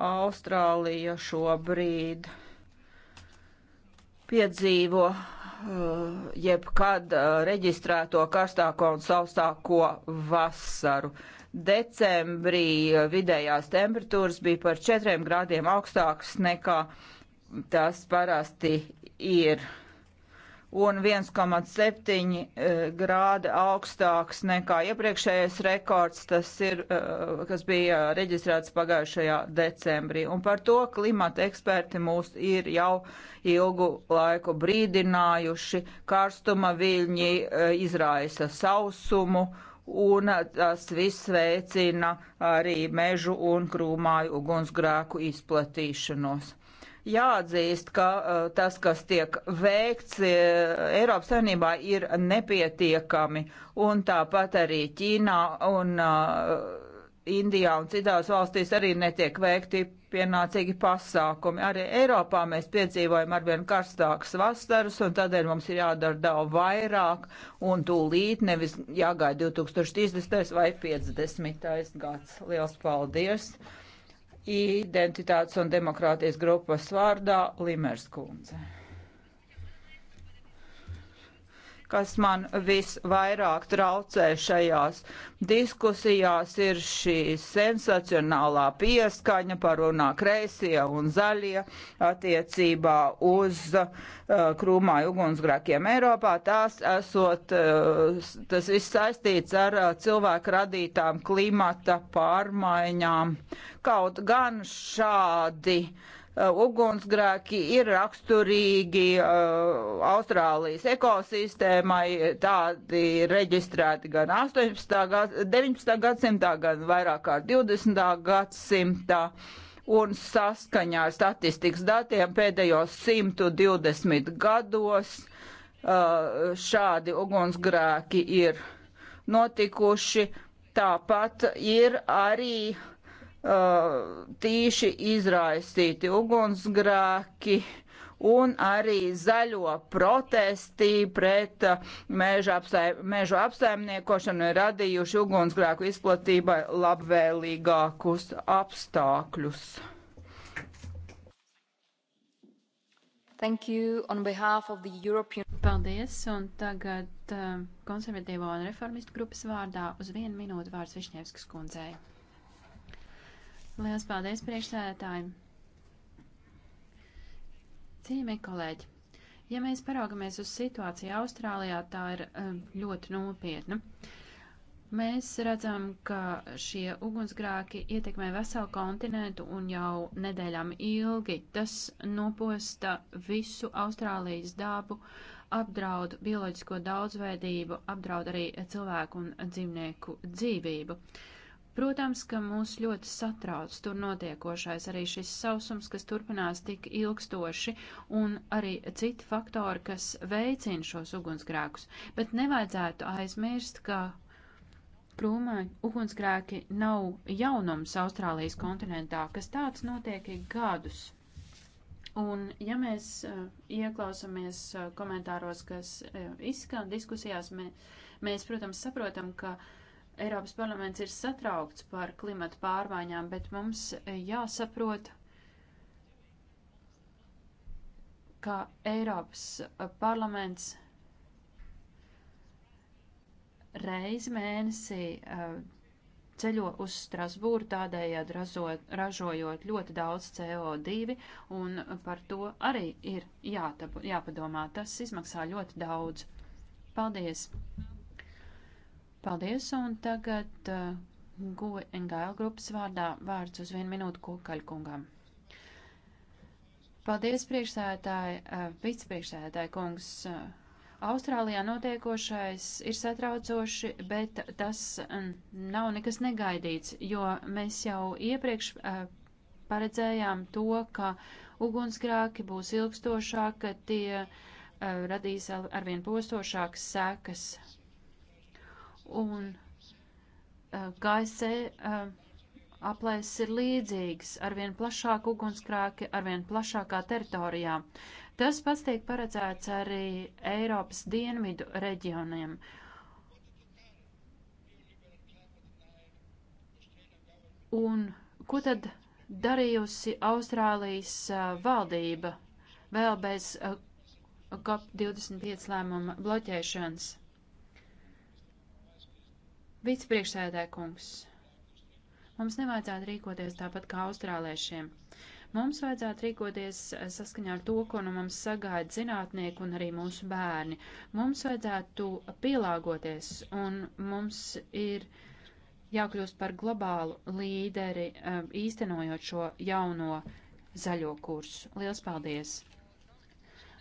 Austrālija šobrīd piedzīvo uh, jebkad uh, reģistrēto karstāko un saustāko vasaru. Uh, Decembrī eh, vidējās temperatūras bija par 4 grādiem augstākas nekā tas parasti ir un 1,7 eh, grāda augstāks nekā iepriekšējais rekords, tas ir, eh, kas bija reģistrēts pagājušajā decembrī. Un par to klimata eksperti mūs ir jau ilgu laiku brīdinājuši. Karstuma viļņi izraisa sausumu un eh, tas viss veicina arī mežu un krūmāju ugunsgrēku izplatīšanos. Jāatzīst, ka eh, tas, kas tiek veikts eh, Eiropas saimnībā, ir nepietiekami, un tāpat arī Ķīnā un uh, Indijā un citās valstīs arī netiek veikti pienācīgi pasākumi. Arī Eiropā mēs piedzīvojam arvien karstākas vasaras, un tādēļ mums ir jādara daudz vairāk un tūlīt, nevis jāgaida 2030. vai 50. gads. Liels paldies! Identitātes un demokrātijas grupas vārdā Limers Kundze. kas man visvairāk traucē šajās diskusijās, ir šī sensacionālā pieskaņa par runā kreisie un zaļie attiecībā uz uh, krūmāju ugunsgrākiem Eiropā. Tās esot, uh, tas viss saistīts ar uh, cilvēku radītām klimata pārmaiņām. Kaut gan šādi uh, Uh, ugunsgrēki ir raksturīgi uh, Austrālijas ekosistēmai. Tādi reģistrēti gan 18. Gads, 19. gadsimtā, gan vairāk kā 20. gadsimtā. Un saskaņā ar statistikas datiem pēdējos 120 gados uh, šādi ugunsgrēki ir notikuši. Tāpat ir arī uh, Uh, tīši izraisīti ugunsgrēki un arī zaļo protesti pret uh, mēžu, apsaim, mēžu apsaimniekošanu ir radījuši ugunsgrēku izplatībai labvēlīgākus apstākļus. Thank you on behalf of the European. Paldies, un tagad um, konservatīvo un reformistu grupas vārdā uz vienu minūtu vārds Višņevskas kundzei. Lielas paldies priekšsēdētājiem! Cīmē kolēģi, ja mēs paraugamies uz situāciju Austrālijā, tā ir eh, ļoti nopietna. Mēs redzam, ka šie ugunsgrāki ietekmē veselu kontinentu un jau nedēļām ilgi tas noposta visu Austrālijas dabu, apdraud bioloģisko daudzveidību, apdraud arī cilvēku un dzīvnieku dzīvību. Uh, Protams, ka mūs ļoti satrauc tur notiekošais arī šis sausums, kas turpinās tik ilgstoši, un arī citi faktori, kas veicina šos ugunsgrēkus. Bet nevajadzētu aizmirst, ka krūmai ugunsgrēki nav jaunums Austrālijas kontinentā, kas tāds notiek ik gadus. Un, ja mēs uh, eh, ieklausāmies uh, eh, komentāros, kas uh, izskan diskusijās, mē, mēs, protams, saprotam, ka uh, Eiropas parlaments ir satraukts par klimatu pārmaiņām, bet mums jāsaprot, ka Eiropas parlaments reiz mēnesī eh, ceļo uz Strasbūru, tādējādi razot, ražojot ļoti daudz CO2, un par to arī ir jātabu, jāpadomā. Tas izmaksā ļoti daudz. Paldies! Paldies, un tagad uh, GNGL e grupas vārdā vārds uz vienu minūtu kokaļkungam. Paldies, priekšsēdētāji, uh, vicepriekšsēdētāji kungs. Uh, Austrālijā notiekošais ir satraucoši, bet tas um, nav nekas negaidīts, jo mēs jau iepriekš uh, paredzējām to, ka ugunsgrāki būs ilgstošāk, ka tie uh, radīs arvien postošākas sekas un uh, gaisē uh, e, aplēses ir līdzīgas, arvien plašāk ugunskrāki, arvien plašākā teritorijā. Tas pats tiek paredzēts arī Eiropas dienvidu reģioniem. Un ko tad darījusi Austrālijas uh, valdība vēl bez uh, COP25 lēmuma bloķēšanas? Vicepriekšsēdē kungs, mums nevajadzētu rīkoties tāpat kā austrāliešiem. Mums vajadzētu rīkoties eh, saskaņā ar to, ko no nu mums sagaida zinātnieki un arī mūsu bērni. Mums vajadzētu pielāgoties un mums ir jākļūst par globālu līderi, eh, īstenojot šo jauno zaļo kursu. Lielas paldies!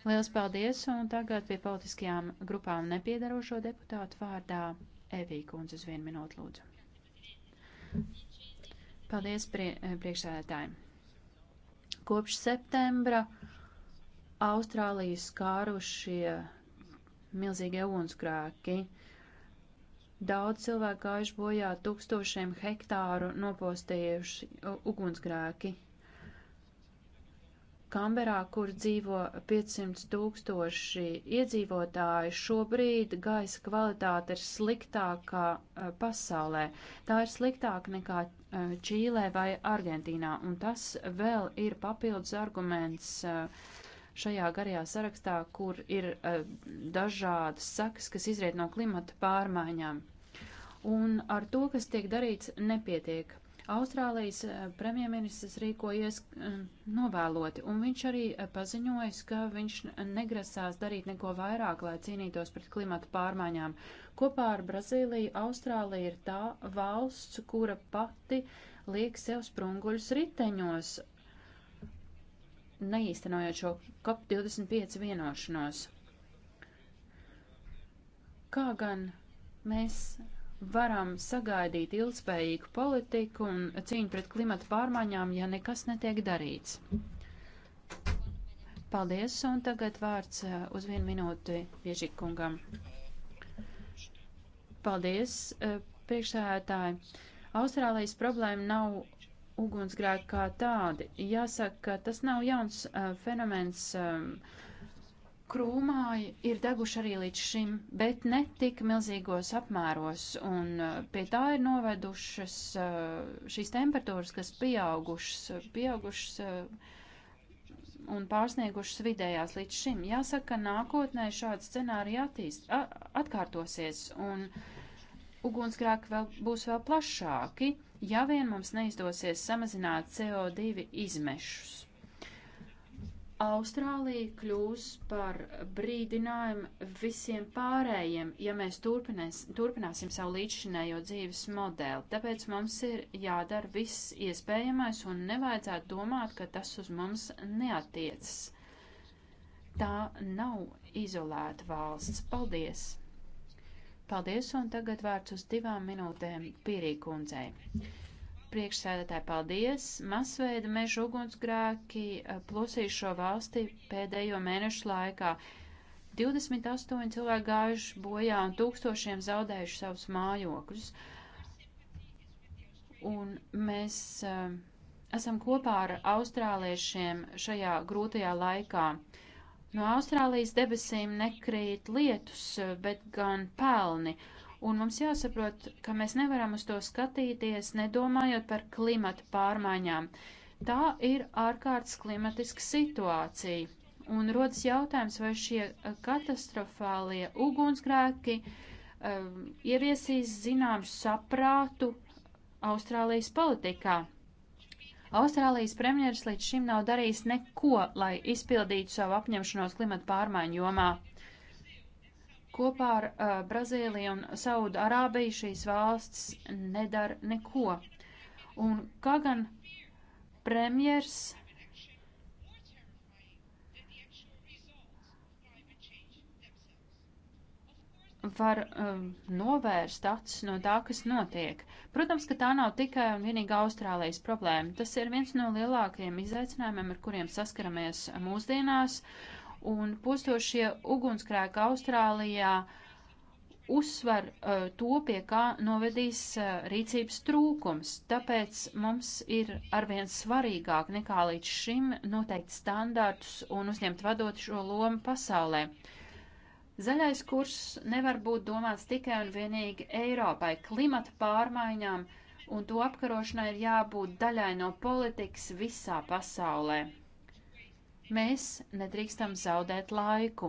Lielas paldies, un tagad pie politiskajām grupām nepiedarošo deputātu vārdā Evī kundze uz vienu minūtu lūdzu. Paldies prie, eh, priekšsēdētājiem. Kopš septembra Austrāliju skārušie milzīgie ugunsgrēki. Daudz cilvēku gājuši bojā, tūkstošiem hektāru nopostījuši ugunsgrēki. Kamberā, kur dzīvo 500 tūkstoši iedzīvotāji, šobrīd gaisa kvalitāte ir sliktākā eh, pasaulē. Tā ir sliktāka nekā eh, Čīlē vai Argentīnā, un tas vēl ir papildus arguments eh, šajā garajā sarakstā, kur ir dažādas sakas, kas izriet no klimata pārmaiņām. Un ar to, kas tiek darīts, nepietiek. Austrālijas eh, premjerministrs rīkojies eh, novēloti, un viņš arī eh, paziņojis, ka viņš negrasās darīt neko vairāk, lai cīnītos pret klimatu pārmaiņām. Kopā ar Brazīliju Austrālija ir tā valsts, kura pati liek sev sprunguļus riteņos, neīstenojot šo COP25 vienošanos. Kā gan mēs varam sagaidīt ilgspējīgu politiku un cīņu pret klimatu pārmaiņām, ja nekas netiek darīts. Paldies, un tagad vārds eh, uz vienu minūti Viežikungam. Paldies, eh, priekšsēdētāji. Austrālijas problēma nav ugunsgrēki kā tādi. Jāsaka, ka tas nav jauns uh, fenomens. Um, uh, krūmāji ir deguši arī līdz šim, bet ne tik milzīgos apmēros, un uh, pie tā ir novedušas uh, šīs temperatūras, kas pieaugušas, pieaugušas uh, un pārsniegušas vidējās līdz šim. Jāsaka, ka nākotnē šāds scenārija attīst, atkārtosies, un ugunsgrēki vēl, būs vēl plašāki, ja vien mums neizdosies samazināt CO2 izmešus. Austrālija kļūs par brīdinājumu visiem pārējiem, ja mēs turpinās, turpināsim savu līdzšinējo dzīves modeli. Tāpēc mums ir jādara viss iespējamais un nevajadzētu domāt, ka tas uz mums neatiecas. Tā nav izolēta valsts. Paldies! Paldies, un tagad vārds uz divām minūtēm Pirī kundzei. Priekšsēdētāji, paldies! Masveida meža ugunsgrēki eh, plosīja šo valsti pēdējo mēnešu laikā. 28 cilvēki gājuši bojā un tūkstošiem zaudējuši savus mājokļus. Un mēs uh, esam kopā ar austrāliešiem šajā grūtajā laikā. No Austrālijas debesīm nekrīt lietus, eh, bet gan pelni. Uh, Un mums jāsaprot, ka mēs nevaram uz to skatīties, nedomājot par klimatu pārmaiņām. Tā ir ārkārtas klimatiska situācija. Un rodas jautājums, vai šie eh, katastrofālie ugunsgrēki um, ieviesīs zināmu saprātu Austrālijas politikā. Austrālijas premjeras līdz šim nav darījis neko, lai izpildītu savu apņemšanos klimata pārmaiņu jomā. Kopā ar uh, Brazīliju un Saudu Arābiju šīs valstis nedara neko. Un kā gan premjers var um, novērst acis no tā, kas notiek. Protams, ka tā nav tikai un vienīgi Austrālijas problēma. Tas ir viens no lielākajiem izaicinājumiem, ar kuriem saskaramies mūsdienās. Uh, un postošie ugunskrēki Austrālijā uzsver uh, to, pie kā novedīs uh, rīcības trūkums. Tāpēc mums ir arvien svarīgāk nekā līdz šim noteikt standārtus un uzņemt vadot šo lomu pasaulē. Zaļais kurs nevar būt domāts tikai un vienīgi Eiropai. Klimata pārmaiņām un to apkarošanai ir jābūt daļai no politikas visā pasaulē. Mēs nedrīkstam zaudēt laiku.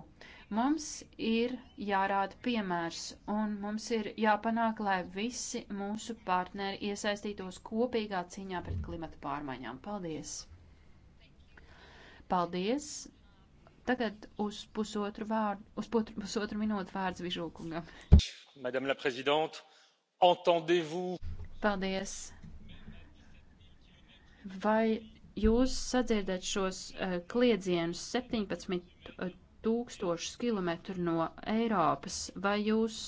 Mums ir jārāda piemērs, un mums ir jāpanāk, lai visi mūsu partneri iesaistītos kopīgā cīņā pret klimata pārmaiņām. Paldies! Paldies! Tagad uz pusotru, vārdu, uz potru, pusotru minūtu vārds Vižulkungam. Madame la Présidente, entendez-vous? Paldies! Vai jūs sadzirdat šos uh, kliedzienus 17 tūkstošus kilometru no Eiropas, vai jūs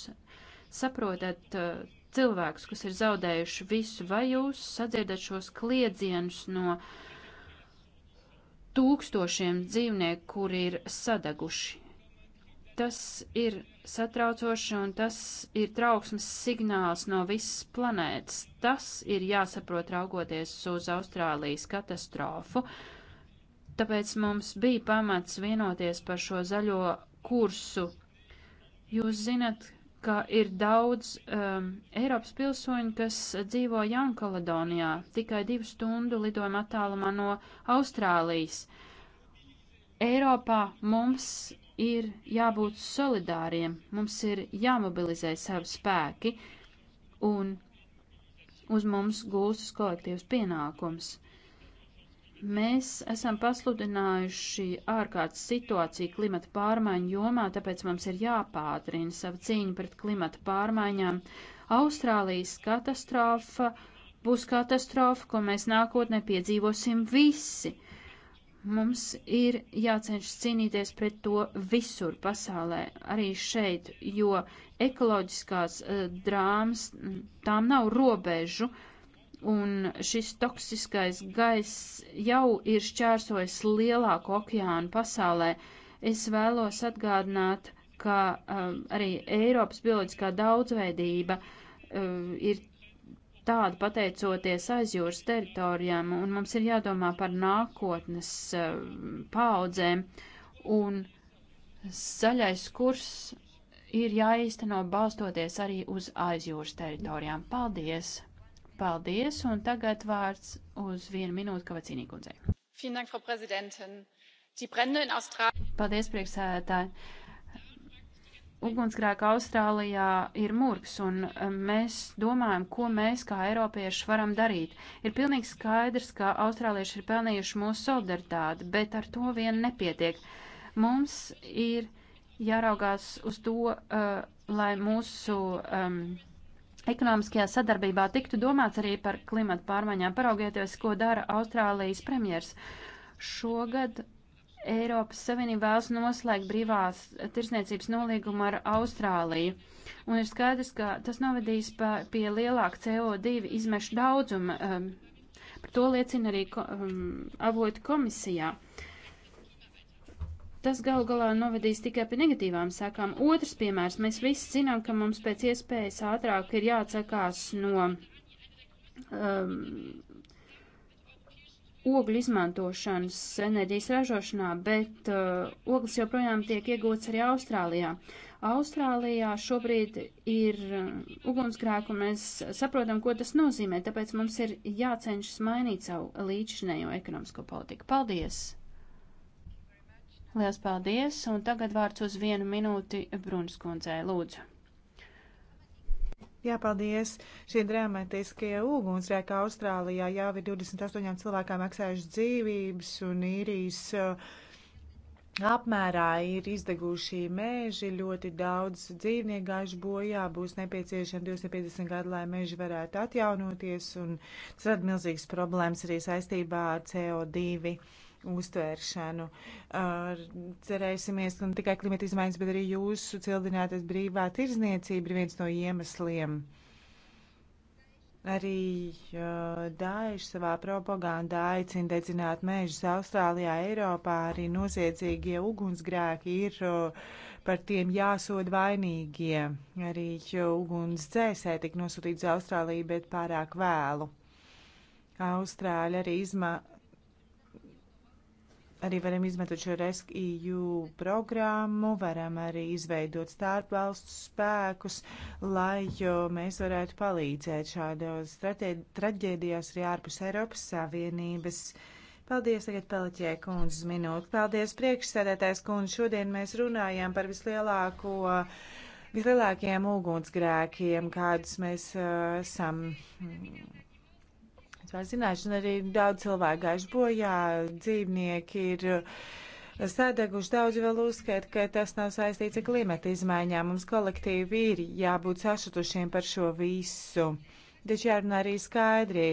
saprotat uh, cilvēkus, kas ir zaudējuši visu, vai jūs sadzirdat šos kliedzienus no tūkstošiem dzīvnieku, kuri ir sadeguši? Tas ir satraucoši un tas ir trauksmes signāls no visas planētas. Tas ir jāsaprot raugoties uz Austrālijas katastrofu. Tāpēc mums bija pamats vienoties par šo zaļo kursu. Jūs zinat, ka ir daudz um, Eiropas pilsoņu, kas dzīvo Jaunkaledonijā, tikai divu stundu lidojuma attālumā no Austrālijas. Eiropā mums ir jābūt solidāriem, mums ir jāmobilizē savi spēki un uz mums gūstas kolektīvs pienākums. Mēs esam pasludinājuši ārkārtas situāciju klimata pārmaiņu jomā, tāpēc mums ir jāpātrina sava cīņa pret klimata pārmaiņām. Austrālijas katastrofa būs katastrofa, ko mēs nākotnē piedzīvosim visi. Mums ir jācenšas cīnīties pret to visur pasaulē, arī šeit, jo ekoloģiskās uh, drāmas, tām nav robežu, un šis toksiskais gaiss jau ir šķērsojis lielāku okeānu pasaulē. Es vēlos atgādināt, ka um, arī Eiropas bioloģiskā daudzveidība um, ir tāda pateicoties aizjūras teritorijām, un mums ir jādomā par nākotnes uh, paudzēm, un zaļais kurs ir jāīsteno balstoties arī uz aizjūras teritorijām. Paldies! Paldies, un tagad vārds uz vienu minūtu Kavacīnī kundzei. Paldies, priekšsēdētāji! ugunsgrēka Austrālijā ir murgs, un eh, mēs domājam, ko mēs kā eiropieši varam darīt. Ir pilnīgi skaidrs, ka austrālieši ir pelnījuši mūsu solidaritāti, bet ar to vien nepietiek. Mums ir jāraugās uz to, uh, lai mūsu um, ekonomiskajā sadarbībā tiktu domāts arī par klimatu pārmaiņām. Paraugieties, ko dara Austrālijas premjers. Šogad Eiropas Savienība vēlas noslēgt brīvās tirsniecības nolīgumu ar Austrāliju. Un ir skaidrs, ka tas novedīs pa, pie lielāka CO2 izmešu daudzuma. Um, par to liecina arī ko, um, avotu komisijā. Tas galu galā novedīs tikai pie negatīvām sekām. Otrs piemērs. Mēs visi zinām, ka mums pēc iespējas ātrāk ir jāatsakās no um, ogļu izmantošanas enerģijas ražošanā, bet uh, ogles joprojām tiek iegūts arī Austrālijā. Austrālijā šobrīd ir uh, ugunsgrēku, un mēs saprotam, ko tas nozīmē, tāpēc mums ir jācenšas mainīt savu līdzinējo ekonomisko politiku. Paldies! Lielas paldies, un tagad vārds uz vienu minūti Brunskundzei, lūdzu. Jā, paldies. Šie dramatiskie ugunsgrēki Austrālijā jau ir 28 cilvēkām maksājuši dzīvības un īrijas uh, apmērā ir izdeguši meži, ļoti daudz dzīvnieku gājuši bojā, būs nepieciešami 250 gadi, lai meži varētu atjaunoties, un tas rada milzīgas problēmas arī saistībā ar CO2 uztvēršanu. Ar, cerēsimies ne tikai klimata izmaiņas, bet arī jūsu cildinātais brīvā tirzniecība ir viens no iemesliem. Arī uh, Daiši savā propagandā aicina dedzināt mežus Austrālijā, Eiropā. Arī noziedzīgie ugunsgrēki ir uh, par tiem jāsod vainīgie. Arī uh, ugunsdzēsē tika nosūtīts Austrālija, bet pārāk vēlu. Austrāļi arī izma arī varam izmantot šo RESCU programmu, varam arī izveidot starpvalstu spēkus, lai mēs varētu palīdzēt šādos traģēdijās arī ārpus Eiropas Savienības. Paldies, tagad Peliķē kundze uz minūti. Paldies, priekšsēdētājs kundze. Šodien mēs runājām par vislielāko, vislielākajiem ugunsgrēkiem, kādus mēs uh, esam. Mm, tā zināšana arī daudz cilvēku gājuši bojā, dzīvnieki ir uh, sadeguši, daudzi vēl uzskata, ka tas nav saistīts ar klimata izmaiņām. Mums kolektīvi ir jābūt sašutušiem par šo visu. Taču jārunā arī skaidri.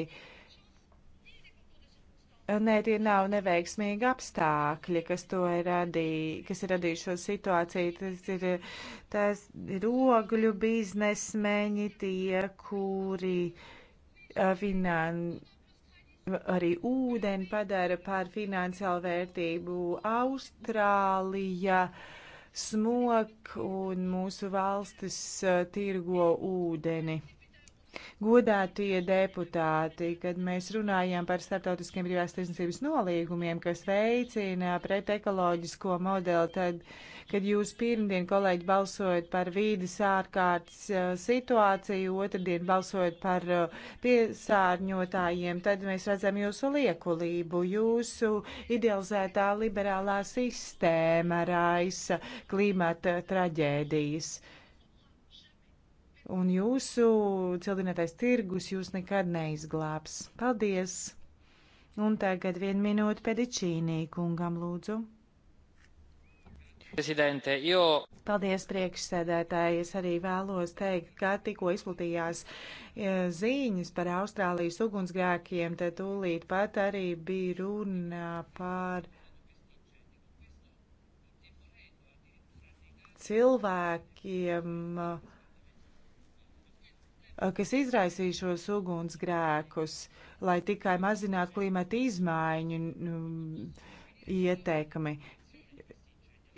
Nē, tie nav neveiksmīgi apstākļi, kas to ir radījuši, kas ir radījuši šo situāciju. Tas ir tas rogļu biznesmeņi tie, kuri uh, finan, arī ūdeni padara par finansiālu vērtību. Austrālija smok un mūsu valstis eh, tirgo ūdeni. Godātie deputāti, kad mēs runājām par starptautiskiem brīvās tirsniecības nolīgumiem, kas veicina pret ekoloģisko modeli, tad uh, kad jūs pirmdien, kolēģi, balsojat par vīdes ārkārtas eh, situāciju, otrdien balsojat par eh, piesārņotājiem, tad mēs redzam jūsu liekulību, jūsu idealizētā liberālā sistēma raisa klimata traģēdijas. Un jūsu cildinātais tirgus jūs nekad neizglābs. Paldies! Un tagad vienu minūti pedičīnī kungam lūdzu. Prezidente, jo. Paldies, priekšsēdētāji. Es arī vēlos teikt, ka tikko izplatījās e, ziņas par Austrālijas ugunsgrēkiem, tad tūlīt pat arī bija runa par cilvēkiem, e, kas izraisīja šos ugunsgrēkus, lai tikai mazinātu klimata izmaiņu. Nu, ieteikumi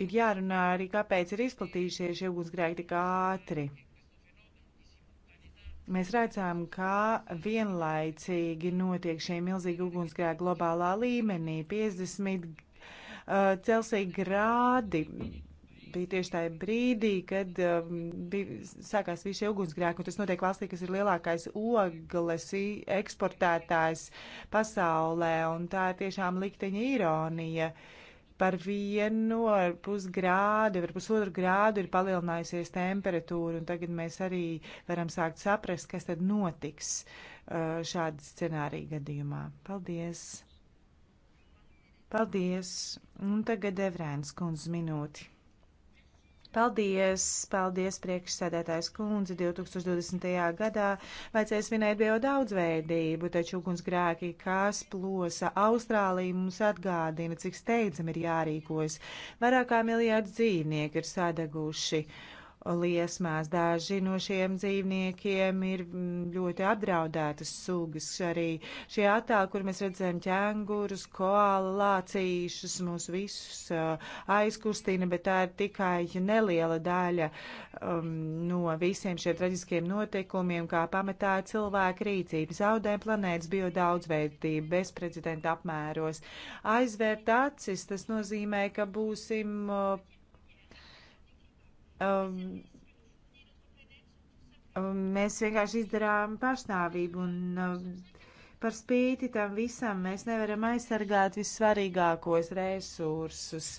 ir jārunā arī, kāpēc ir izplatījušies šie ugunsgrēki tik ātri. Mēs redzam, kā vienlaicīgi notiek šie milzīgi ugunsgrēki globālā līmenī - 50 uh, Celsija grādi. Bija tieši tajā brīdī, kad uh, um, bija, sākās visi šie ugunsgrēki, un tas notiek valstī, kas ir lielākais ogles eksportētājs pasaulē, un tā ir tiešām likteņa ironija. Uh, par vienu ar pus grādu, ar pusotru grādu ir palielinājusies temperatūra, un tagad mēs arī varam sākt saprast, kas tad notiks uh, šāda scenārija gadījumā. Paldies! Paldies! Un tagad Evrēns kundz minūti. Paldies, paldies priekšsēdētājs kundze. 2020. gadā vajadzēs vinēt bio daudzveidību, taču ugunsgrēki, kas plosa Austrāliju, mums atgādina, cik steidzam ir jārīkojas. Vairāk kā miljārds dzīvnieki ir sadeguši. Uh, liesmās. Daži no šiem dzīvniekiem ir mm, ļoti apdraudētas sugas. Arī šie attēli, kur mēs redzam ķēngurus, koāla lācīšus, mūs visus aizkustina, bet tā ir tikai neliela daļa um, no visiem šiem traģiskiem notikumiem, kā pamatā cilvēka rīcība. Zaudē planētas biodaudzveidību bezprecedenta apmēros. Aizvērt acis, tas nozīmē, ka būsim uh, Um, um, mēs vienkārši izdarām pašnāvību un um, par spīti tam visam mēs nevaram aizsargāt vissvarīgākos resursus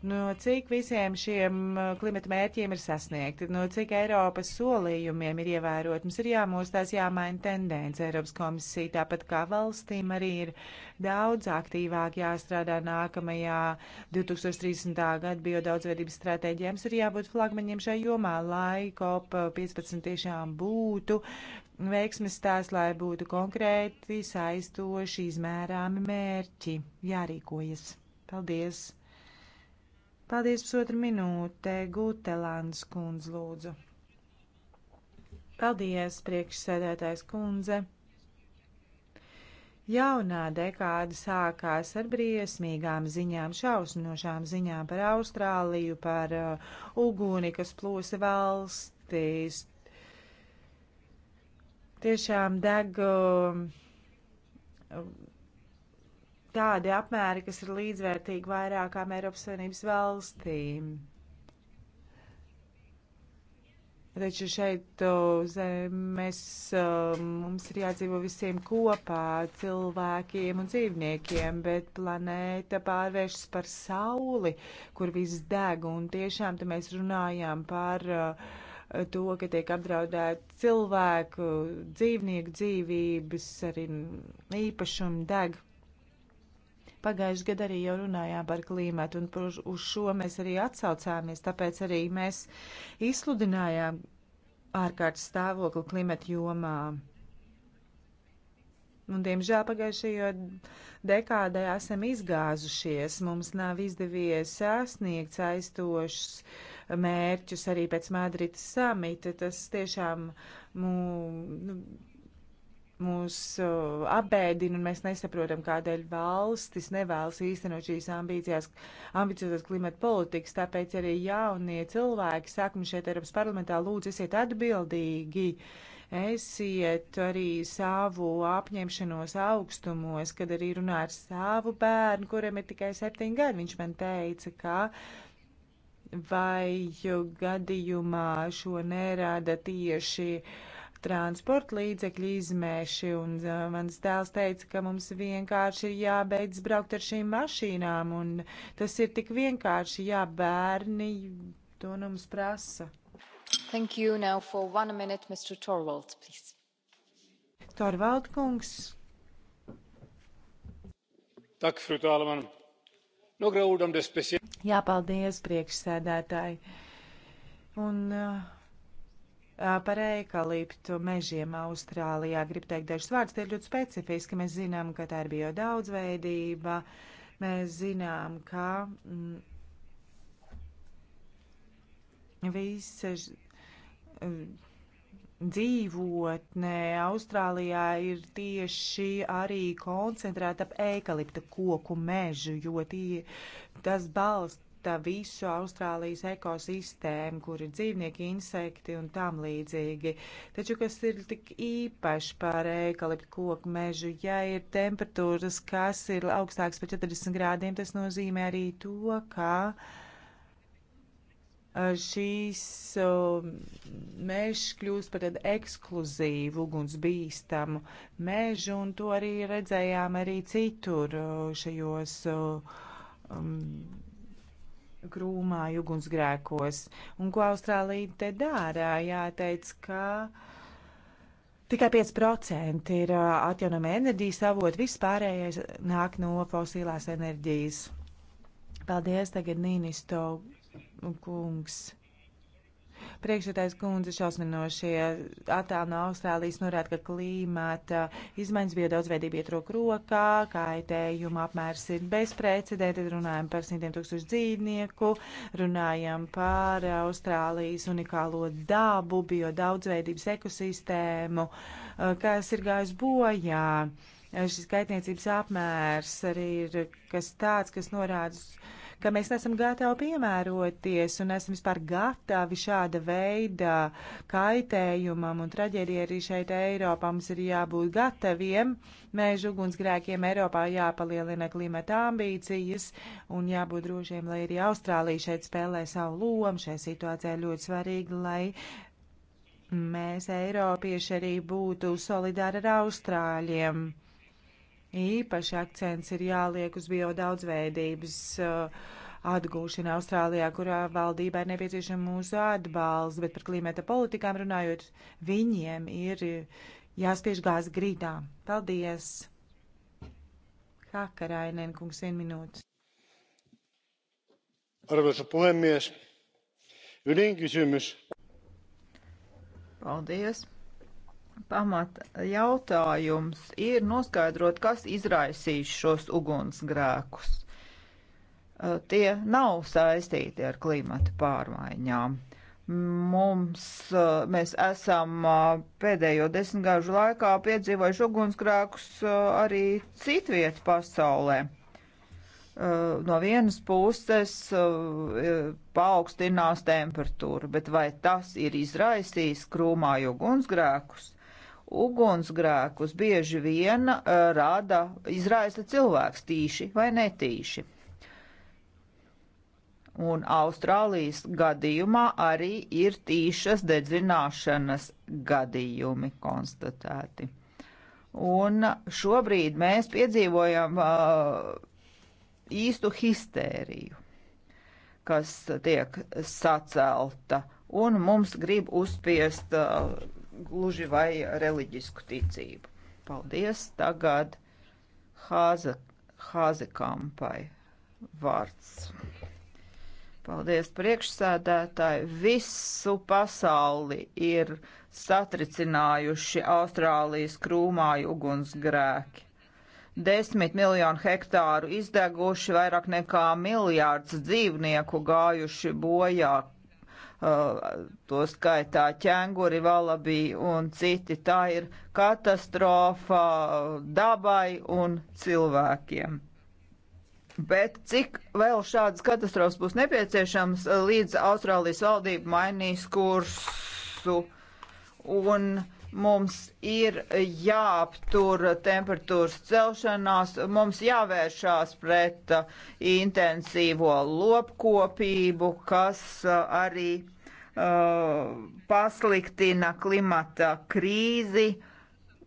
no nu, cik visiem šiem uh, klimata mērķiem ir sasniegti, no nu, cik Eiropas solījumiem ir ievērot. Mums ir jāmostās, jāmaina tendence. Eiropas komisija, tāpat kā valstīm, arī ir daudz aktīvāk jāstrādā nākamajā 2030. gada biodaudzveidības stratēģijā. Mums ir jābūt flagmaņiem šajā jomā, lai COP15 tiešām būtu veiksmes stāsts, lai būtu konkrēti saistoši izmērāmi mērķi. Jārīkojas. Paldies! Paldies, pusotra minūte. Gutelāns kundz, lūdzu. Paldies, priekšsēdētājs kundze. Jaunā dekāda sākās ar briesmīgām ziņām, šausminošām ziņām par Austrāliju, par uh, uguni, kas plūsa valstīs. Tiešām deg uh, tādi apmēri, kas ir līdzvērtīgi vairākām Eiropas Savienības valstīm. Taču šeit mēs, mums ir jādzīvo visiem kopā, cilvēkiem un dzīvniekiem, bet planēta pārvēršas par sauli, kur viss deg, un tiešām te mēs runājām par to, ka tiek apdraudēta cilvēku, dzīvnieku dzīvības, arī īpašumi deg. Pagājuši gadu arī jau runājām par klīmatu, un uz šo mēs arī atsaucāmies, tāpēc arī mēs izsludinājām ārkārtas stāvokli klimata jomā. Un, diemžēl pagājušajā dekādē esam izgāzušies, mums nav izdevies sasniegt saistošus mērķus arī pēc Madrides samita. Tas tiešām mū, nu, mūs uh, apbēdina, un mēs nesaprotam, kādēļ valstis nevēlas īstenot šīs ambīcijās, ambiciozas klimata politikas. Tāpēc arī jaunie cilvēki, sākam šeit Eiropas parlamentā, lūdzu, esiet atbildīgi, esiet arī savu apņemšanos augstumos, kad arī runā ar savu bērnu, kuram ir tikai septiņi gadi. Viņš man teica, ka vai gadījumā šo nerāda tieši uh, transporta līdzekļu izmēši, un uh, mans tēls teica, ka mums vienkārši ir jābeidz braukt ar šīm mašīnām, un tas ir tik vienkārši, jā, bērni to no nu mums prasa. Thank you now for one minute, Mr. Torvald, please. Torvald kungs. Tak, fru talman. Några ord om det speciella. Jā, paldies, priekšsēdētāji. Un uh, par eikaliptu mežiem Austrālijā. Gribu teikt dažus vārdus, tie ir ļoti specifiski. Mēs zinām, ka tā ir bio daudzveidība. Mēs zinām, ka mm, visas mm, dzīvotnē Austrālijā ir tieši arī koncentrēta ap eikalipta koku mežu, jo tie, tas balst skata visu Austrālijas ekosistēmu, kur ir dzīvnieki, insekti un tam līdzīgi. Taču, kas ir tik īpaši par eikaliptu koku mežu, ja ir temperatūras, kas ir augstāks par 40 grādiem, tas nozīmē arī to, ka šīs mežs kļūst par tādu ekskluzīvu, ugunsbīstamu mežu, un to arī redzējām arī citur šajos um, krūmāju ugunsgrēkos. Un ko Austrālija te dara? Jāteic, ka tikai 5% ir atjaunama enerģijas avot, viss pārējais nāk no fosilās enerģijas. Paldies, tagad Nīnisto kungs. Priekšētais kundze šausminošie attēli no Austrālijas norāda, ka klimata izmaiņas bija daudzveidība iet roku rokā, kaitējuma apmērs ir bezprecedenti, runājam par simtiem tūkstošu dzīvnieku, runājam par Austrālijas unikālo dabu, bio daudzveidības ekosistēmu, eh, kas ir gājis bojā eh, šis kaitniecības apmērs arī ir kas tāds, kas norāda ka mēs nesam gatavi piemēroties un esam vispār gatavi šāda veida kaitējumam un traģēdija arī šeit Eiropā. Mums ir jābūt gataviem mēžu ugunsgrēkiem Eiropā, jāpalielina klimata ambīcijas un jābūt drošiem, lai arī Austrālija šeit spēlē savu lomu. Šai situācijai ļoti svarīgi, lai mēs, Eiropieši, arī būtu solidāri ar Austrāļiem. Īpaši akcents ir jāliek uz biodaudzveidības uh, atgūšanu Austrālijā, kurā valdībai nepieciešama mūsu atbalsts, bet par klimata politikām runājot, viņiem ir jāspiež gāzi grīdā. Paldies! Hakarainen kungs, vien minūtes. Arvoisa puhemies, ydinkysymys. Paldies! pamat jautājums ir noskaidrot, kas izraisīs šos ugunsgrēkus. Eh, tie nav saistīti ar klimata pārmaiņām. Mums, eh, mēs esam eh, pēdējo desmitgāžu laikā piedzīvojuši ugunsgrēkus arī citviet pasaulē. No vienas puses paaugstinās temperatūra, bet vai tas ir izraisījis krūmāju ugunsgrēkus? ugunsgrēkus bieži vien eh, rada, izraisa cilvēks tīši vai netīši. Un Austrālijas gadījumā arī ir tīšas dedzināšanas gadījumi konstatēti. Un šobrīd mēs piedzīvojam uh, īstu histēriju, kas tiek sacelta, un mums grib uzspiest uh, gluži vai reliģisku ticību. Paldies tagad Hāze, Hāzekampai vārds. Paldies priekšsēdētāji. Visu pasauli ir satricinājuši Austrālijas krūmāju ugunsgrēki. Desmit miljonu hektāru izdeguši, vairāk nekā miljārds dzīvnieku gājuši bojā, Uh, to skaitā ķēnguri, valabī un citi. Tā ir katastrofa dabai un cilvēkiem. Bet cik vēl šādas katastrofas būs nepieciešams, uh, līdz Austrālijas valdība mainīs kursu un uh, mums ir jāaptur temperatūras celšanās, mums jāvēršās pret uh, intensīvo lopkopību, kas uh, arī uh, pasliktina klimata krīzi. Uh,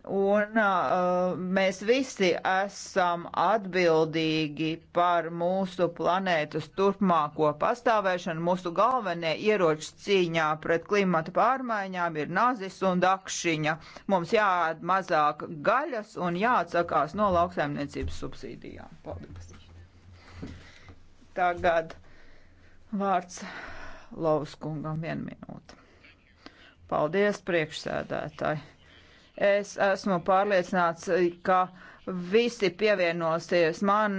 Un uh, mēs visi esam atbildīgi par mūsu planētas turpmāko pastāvēšanu. Mūsu galvenie ieroči cīņā pret klimata pārmaiņām ir nazis un dakšiņa. Mums jāēd mazāk gaļas un jāatsakās no lauksaimniecības subsīdijām. Paldies! Tagad vārds Lauskungam vien minūte. Paldies priekšsēdētāji! Es esmu pārliecināts, ka visi pievienosies man,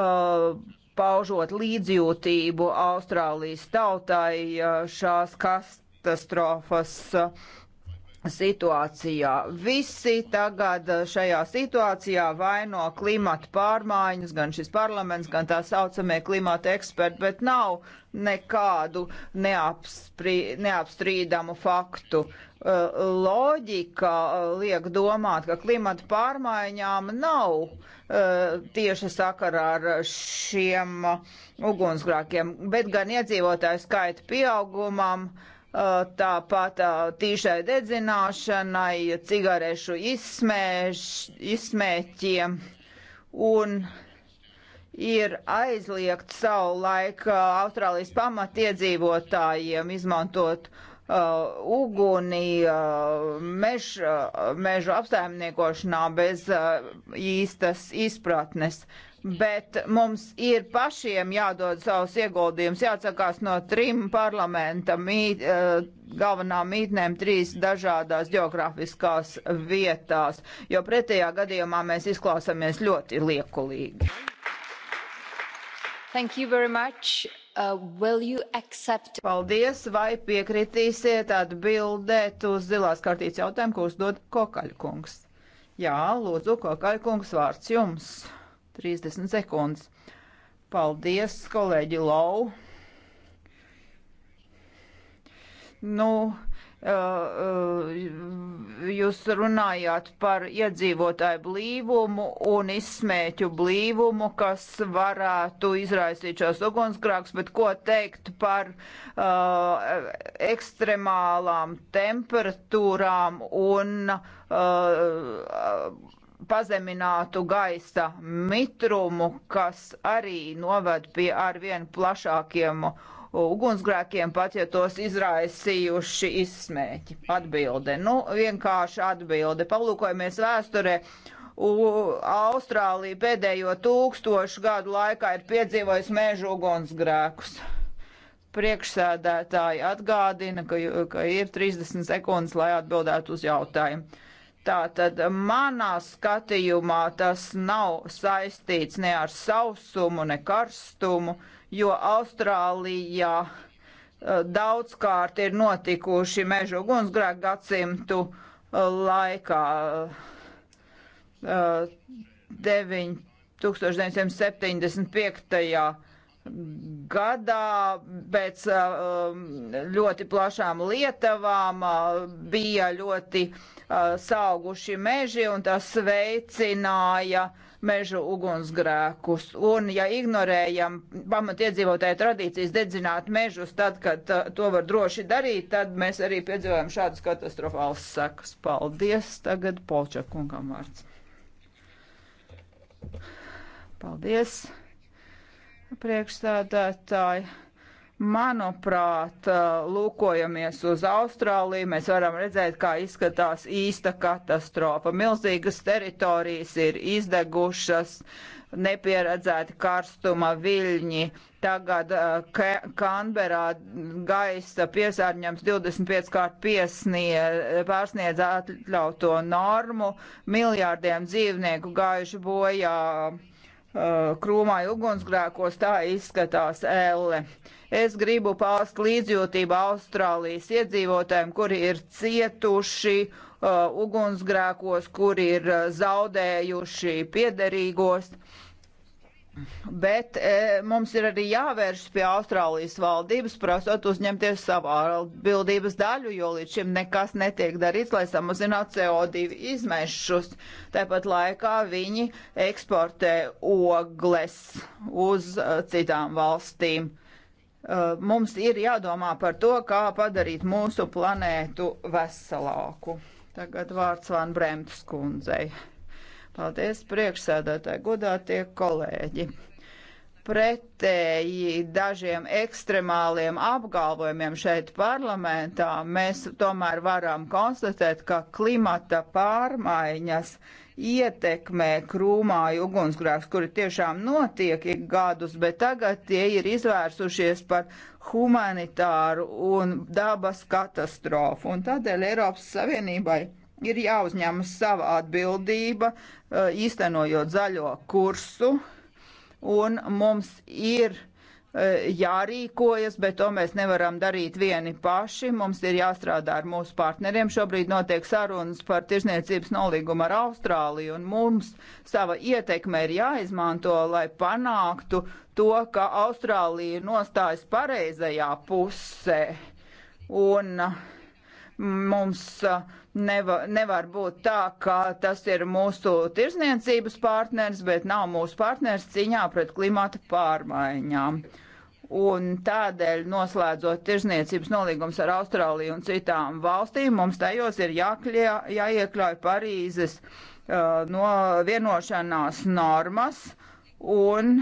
uh, paužot līdzjūtību Austrālijas tautai uh, šās katastrofas uh, situācijā. Visi tagad uh, šajā situācijā vaino klimata pārmaiņas, gan šis parlaments, gan tā saucamie klimata eksperti, bet nav nekādu neapspri, neapstrīdamu faktu. Uh, Eh, loģika eh, liek domāt, ka klimata pārmaiņām nav uh, tieši sakarā ar šiem ugunsgrākiem, bet gan iedzīvotāju skaita pieaugumam, uh, tāpat uh, tīšai dedzināšanai, cigarešu izsmēš, izsmēķiem un ir aizliegt savu laiku Austrālijas pamatiedzīvotājiem izmantot uh, uh, uguni uh, mež, uh, mežu apsaimniekošanā bez uh, īstas izpratnes. Bet mums ir pašiem jādod savus ieguldījumus, jāatsakās no trim parlamenta mīt, uh, galvenām mītnēm trīs dažādās geogrāfiskās vietās, jo pretējā gadījumā mēs izklausāmies ļoti liekulīgi. Thank you very much. Uh, accept... Paldies, vai piekritīsiet atbildēt uz zilās kartītes jautājumu, ko uzdod Kokaļkungs? Jā, lūdzu, Kokaļkungs, vārds jums. 30 sekundes. Paldies, kolēģi Lau. Nu, Uh, uh, jūs runājāt par iedzīvotāju blīvumu un izsmēķu blīvumu, kas varētu izraisīt šos ugunsgrāks, bet ko teikt par uh, ekstremālām temperatūrām un uh, pazeminātu gaisa mitrumu, kas arī noved pie arvien plašākiem uh, ugunsgrēkiem, pat ja tos izraisījuši izsmēķi. Atbilde. Nu, vienkārši atbilde. Palūkojamies vēsturē. Austrālija pēdējo tūkstošu gadu laikā ir piedzīvojusi mēžu ugunsgrēkus. Priekšsēdētāji atgādina, ka, ka ir 30 sekundes, lai atbildētu uz jautājumu. Tātad manā skatījumā tas nav saistīts ne ar sausumu, ne karstumu. Uh, jo Austrālijā eh, daudzkārt ir notikuši mežu ugunsgrēku gadsimtu eh, laikā. 1975. Eh, gadā pēc ļoti plašām lietavām bija ļoti sauguši meži un tas veicināja uh, mežu ugunsgrēkus. Un, ja ignorējam pamatiedzīvotāju tradīcijas dedzināt mežus, tad, kad uh, to var droši darīt, tad mēs arī piedzīvojam šādas katastrofālas sekas. Paldies! Tagad Polčakungam vārds. Paldies! priekšstādātāji. Manuprāt, lūkojamies uz Austrāliju, mēs varam redzēt, kā izskatās īsta katastrofa. Milzīgas teritorijas ir izdegušas, nepieredzēti karstuma viļņi. Tagad Kanberā gaisa piesārņojums 25 kārt pārsniedz atļauto normu, miljārdiem dzīvnieku gājuši bojā krūmai ugunsgrēkos, tā izskatās elle. Es gribu paust līdzjūtību Austrālijas iedzīvotājiem, kuri ir cietuši uh, ugunsgrēkos, kuri ir uh, zaudējuši piederīgos. Bet e, mums ir arī jāvēršas pie Austrālijas valdības, prasot uzņemties savu atbildības daļu, jo līdz šim nekas netiek darīts, lai samazinātu CO2 izmešus. Tāpat laikā viņi eksportē ogles uz uh, citām valstīm. Uh, mums ir jādomā par to, kā padarīt mūsu planētu veselāku. Tagad vārds Van Bremtas kundzei. Paldies priekšsēdētāji, godātie kolēģi. Pretēji dažiem ekstremāliem apgalvojumiem šeit parlamentā mēs tomēr varam konstatēt, ka klimata pārmaiņas uh, ietekmē krūmāju ugunsgrēks, kuri tiešām notiek ik gadus, bet tagad tie ir izvērsušies par humanitāru un dabas katastrofu. Un tādēļ Eiropas Savienībai ir jāuzņemas sava atbildība, eh, īstenojot zaļo kursu, un mums ir E, jārīkojas, bet to mēs nevaram darīt vieni paši. Mums ir jāstrādā ar mūsu partneriem. Šobrīd notiek sarunas par tirzniecības nolīgumu ar Austrāliju, un mums sava ietekme ir jāizmanto, lai panāktu to, ka Austrālija nostājas pareizajā pusē. Un uh, Mums uh, nevar, nevar būt tā, ka tas ir mūsu tirzniecības partners, bet nav mūsu partners cīņā pret klimata pārmaiņām. Un tādēļ, noslēdzot tirzniecības nolīgums ar Austrāliju un citām valstīm, mums tajos ir jākļie, jāiekļauj Parīzes uh, no vienošanās normas un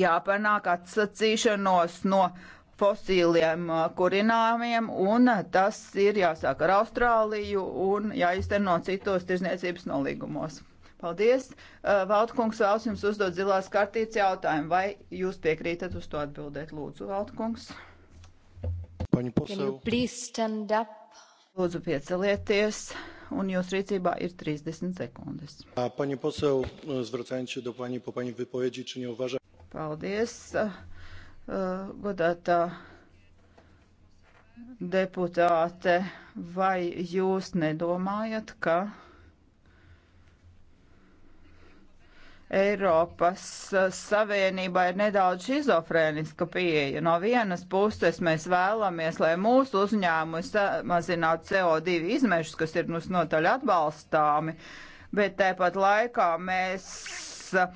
jāpanāk atsacīšanos no uh, fosīliem uh, kurināmiem, un tas ir jāsāk ar Austrāliju un jāizteno citos tirzniecības nolīgumos. Paldies! Uh, Valdkungs vēlas jums uzdot zilās kartītes jautājumu, vai jūs piekrītat uz to atbildēt? Lūdzu, Valdkungs. Lūdzu, piecelieties, un jūs rīcībā ir 30 sekundes. Pani poseł, e, zwracając się do pani po pani wypowiedzi, czy nie uważa... Paldies. Uh, Eh, godātā deputāte, vai jūs nedomājat, ka Eiropas eh, Savienībā ir nedaudz šizofrēniska pieeja. No vienas puses mēs vēlamies, lai mūsu uzņēmumi samazinātu CO2 izmešus, kas ir mums notaļ atbalstāmi, bet tāpat laikā mēs Uh,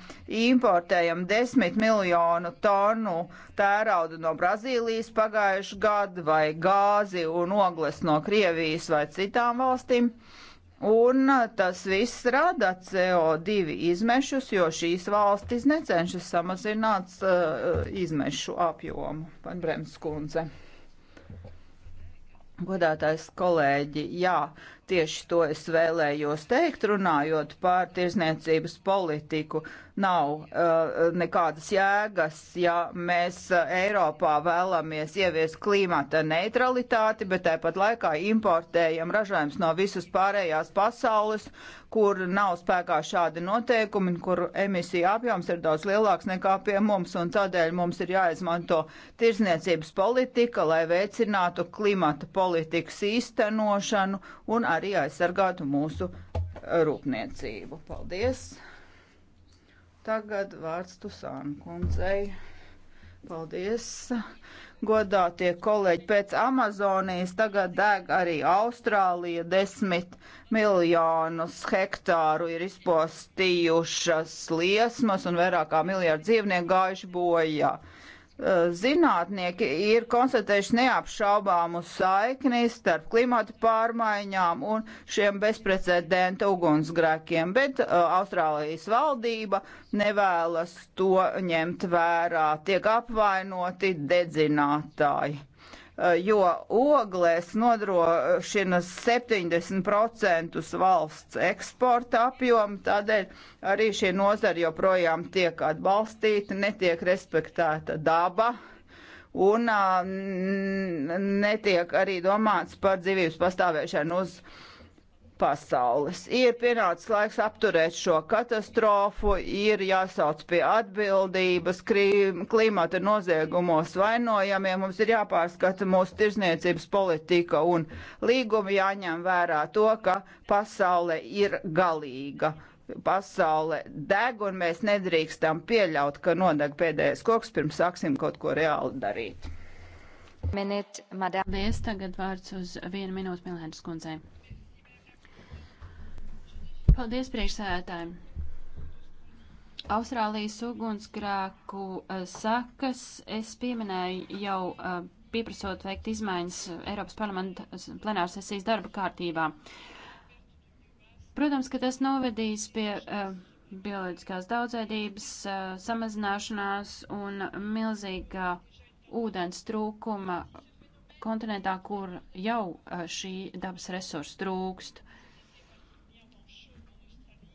importējam 10 miljonu tonu tērauda no Brazīlijas pagājuši gadu vai gāzi un ogles no Krievijas vai citām valstīm. Un uh, tas viss rada CO2 izmešus, jo šīs valstis necenšas samazināt uh, izmešu apjomu. Pan Bremskundze. Godātais kolēģi, jā, Tieši to es vēlējos teikt, runājot par tirzniecības politiku. Uh, nav uh, nekādas jēgas, ja mēs uh, Eiropā vēlamies ieviest klimata neutralitāti, bet tāpat laikā importējam ražojums no visas pārējās pasaules, kur nav spēkā šādi noteikumi, kur emisija apjoms ir daudz lielāks nekā pie mums, un tādēļ mums ir jāizmanto tirzniecības politika, lai veicinātu klimata politikas īstenošanu un arī aizsargātu mūsu rūpniecību. Paldies! Tagad vārds Tusāna kundzei. Paldies! Godātie kolēģi, pēc Amazonijas tagad deg arī Austrālija. Desmit miljonus hektāru ir izpostījušas liesmas un vairāk kā miljārdu dzīvnieku gājuši bojā. Ja Eh, zinātnieki ir konstatējuši neapšaubāmu saikni starp klimatu pārmaiņām un šiem bezprecedenta ugunsgrēkiem, bet eh, Austrālijas valdība nevēlas to ņemt vērā. Tiek apvainoti dedzinātāji. Eh, jo oglēs nodrošina 70% valsts eksporta apjomu, tādēļ arī šie nozari joprojām tiek atbalstīti, netiek respektēta daba. Un eh, netiek arī domāts par dzīvības pastāvēšanu uz uh, pasaules. Ir pienācis laiks apturēt šo katastrofu, ir jāsauc pie atbildības klimata noziegumos vainojamie, mums ir jāpārskata mūsu tirzniecības politika un līgumi jāņem vērā to, ka pasaule ir galīga. Pasaule deg un mēs nedrīkstam pieļaut, ka nodeg pēdējais koks pirms sāksim kaut ko reāli darīt. Minēt, madam. Mēs tagad vārds uz vienu minūtu Milēnas kundzei. Paldies priekšsēdētājiem! Austrālijas ugunsgrāku uh, eh, sakas es pieminēju jau uh, pieprasot veikt izmaiņas Eiropas parlamenta eh, plenārsesijas darba kārtībā. Protams, ka tas novedīs pie uh, bioloģiskās daudzveidības samazināšanās un milzīga ūdens trūkuma kontinentā, kur jau šī dabas resursa trūkst.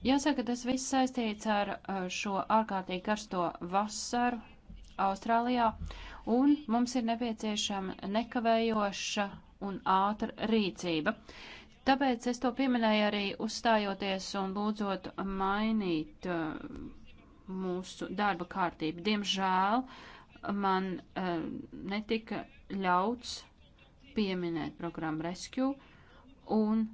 Jāsaka, tas viss saistīts ar šo ārkārtīgi karsto vasaru Austrālijā, un mums ir nepieciešama nekavējoša un ātra rīcība. Tāpēc es to pieminēju arī uzstājoties un lūdzot mainīt uh, mūsu darba kārtību. Diemžēl man uh, netika ļauts pieminēt programmu Rescue un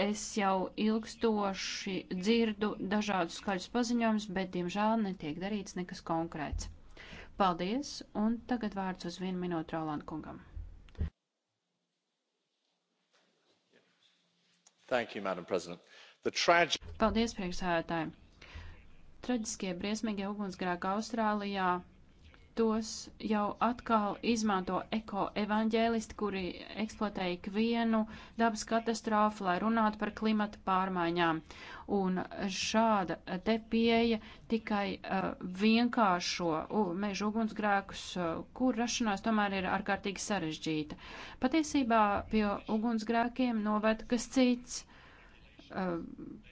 Es jau ilgstoši dzirdu dažādus skaļus paziņojumus, bet, diemžēl, netiek darīts nekas konkrēts. Paldies, un tagad vārds uz vienu minūtu Rolandu kungam. Thank you, Madam President. The tragi Paldies, priekšsēdētāji. Traģiskie briesmīgie ugunsgrēki Austrālijā tos jau atkal izmanto ekoevaņģēlisti, kuri eksploatē ikvienu dabas katastrofu, lai runātu par klimata pārmaiņām. Un šāda te pieeja tikai uh, vienkāršo uh, mežu ugunsgrēkus, uh, kur rašanās tomēr ir ārkārtīgi sarežģīta. Patiesībā pie ugunsgrēkiem noved kas cits. Uh,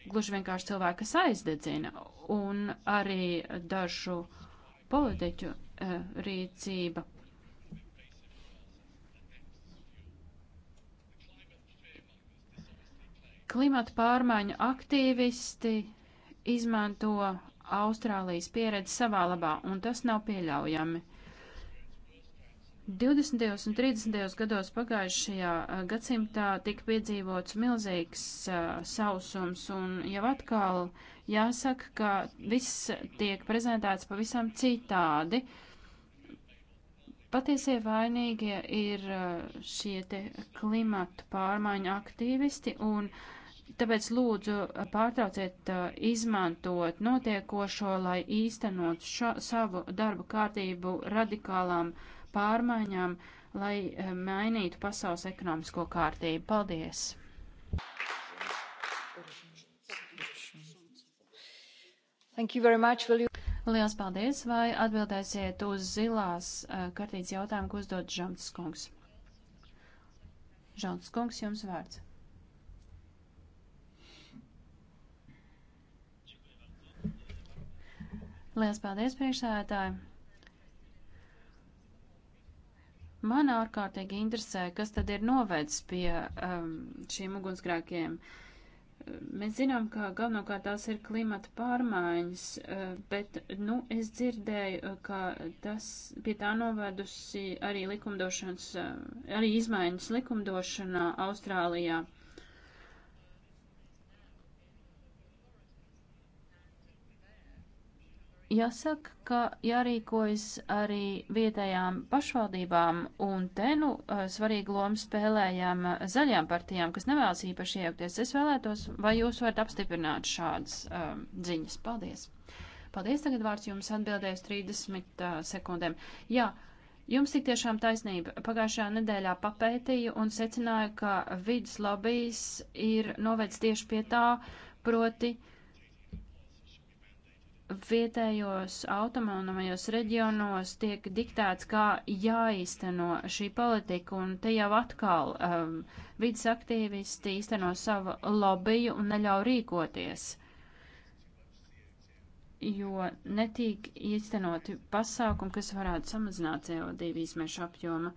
gluži vienkārši cilvēka aizdedzina, un arī dažu politiķu Eh, rīcība. Klimata pārmaiņu aktīvisti izmanto Austrālijas pieredzi savā labā, un tas nav pieļaujami. 20. un 30. gados pagājušajā eh, gadsimtā tika piedzīvots milzīgs uh, sausums, un jau atkal jāsaka, ka viss tiek prezentēts pavisam citādi. Uh, Patiesie vainīgie ir eh, šie te klimatu pārmaiņu aktīvisti un tāpēc lūdzu eh, pārtrauciet eh, izmantot notiekošo, lai īstenot šo, savu darbu kārtību radikālām pārmaiņām, lai mainītu pasaules ekonomisko kārtību. Paldies! Thank you very much. Will you... Liels paldies, vai atbildēsiet uz zilās eh, kartītes jautājumu, ko uzdod Žants Kungs? Žants Kungs, jums vārds. Liels paldies, priekšsēdētāji! Man ārkārtīgi interesē, kas tad ir novēdz pie um, šiem ugunsgrēkiem. Uh, Mēs zinām, ka galvenokārt tās ir klimata pārmaiņas, eh, bet, nu, es dzirdēju, eh, ka tas pie tā novedusi arī likumdošanas, eh, arī izmaiņas likumdošanā Austrālijā. Jāsaka, ka jārīkojas arī vietējām pašvaldībām, un te nu eh, svarīgu lomu spēlējām eh, zaļajām partijām, kas nevēlas īpaši iejaukties. Es vēlētos, vai jūs varat apstiprināt šādas um, ziņas. Paldies! Paldies, tagad vārds jums atbildēs 30 uh, sekundēm. Jā, jums tik tiešām taisnība. Pagājušajā nedēļā papētīju un secināju, ka vidas lobijas ir novēc tieši pie tā, proti. Uh, vietējos autonomajos reģionos tiek diktēts, kā jāīsteno šī politika, un te jau atkal um, vidas aktīvisti īsteno savu lobiju un neļauj rīkoties, jo netiek īstenoti pasākumi, kas varētu samazināt CO2 izmešu apjomu.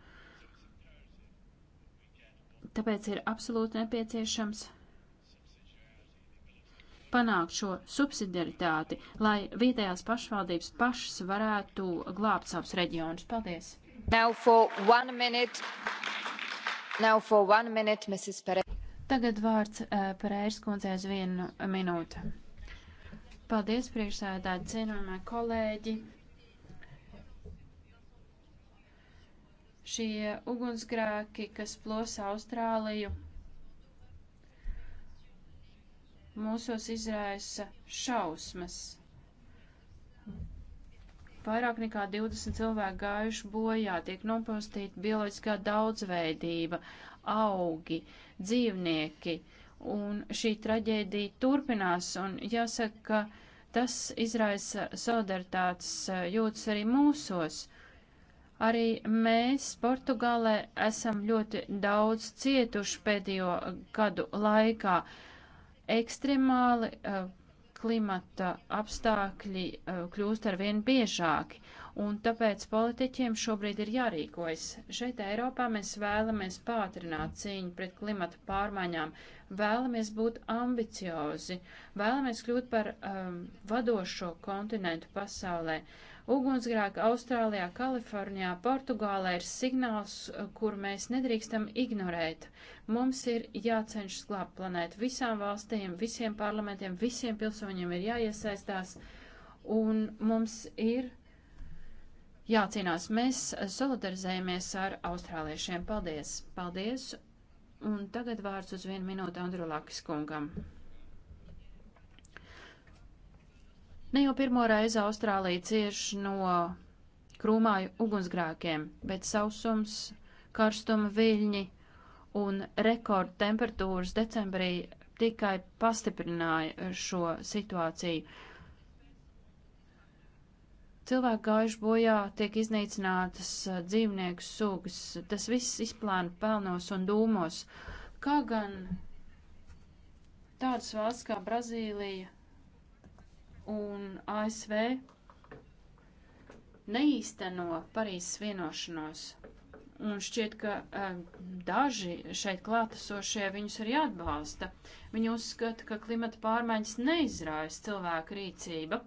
Tāpēc ir absolūti nepieciešams panākt šo subsidiaritāti, lai vietējās pašvaldības pašas varētu glābt savus reģionus. Paldies! Minute, Tagad vārds uh, Pereiras kundzei uz vienu minūti. Paldies, priekšsēdētāji, cienījamie kolēģi! Šie ugunsgrēki, kas plosa Austrāliju, mūsos izraisa šausmas. Vairāk nekā 20 cilvēku gājuši bojā, tiek nopostīta bioloģiskā daudzveidība, augi, dzīvnieki, un šī traģēdija turpinās, un jāsaka, ka tas izraisa solidaritātes eh, jūtas arī mūsos. Arī mēs Portugālē esam ļoti daudz cietuši pēdējo gadu laikā. Uh, ekstremāli uh, klimata apstākļi uh, kļūst ar vien biežāki, un tāpēc politiķiem šobrīd ir jārīkojas. Šeit Eiropā mēs vēlamies pātrināt cīņu pret klimata pārmaiņām, vēlamies būt ambiciozi, vēlamies kļūt par um, vadošo kontinentu pasaulē. Uh, Ugunsgrēki Austrālijā, Kalifornijā, Portugālē ir signāls, eh, kur mēs nedrīkstam ignorēt. Mums ir jācenšas glābt planētu. Visām valstīm, visiem parlamentiem, visiem pilsoņiem ir jāiesaistās un mums ir jācīnās. Mēs solidarizējamies ar austrāliešiem. Paldies! Paldies! Un tagad vārds uz vienu minūtu Andru Lakis kungam. Ne jau pirmo reizi Austrālija cieš no krūmāju ugunsgrākiem, bet sausums, karstuma viļņi un rekord temperatūras decembrī tikai pastiprināja šo situāciju. Cilvēki gājuši bojā, tiek iznīcinātas dzīvnieku sugas, tas viss izplēna pelnos un dūmos. Kā gan tādas valsts kā Brazīlija, un ASV neīsteno Parīzes vienošanos. Un šķiet, ka um, daži šeit klātesošie viņus arī atbalsta. Viņi uzskata, ka klimata pārmaiņas neizrājas cilvēka rīcība.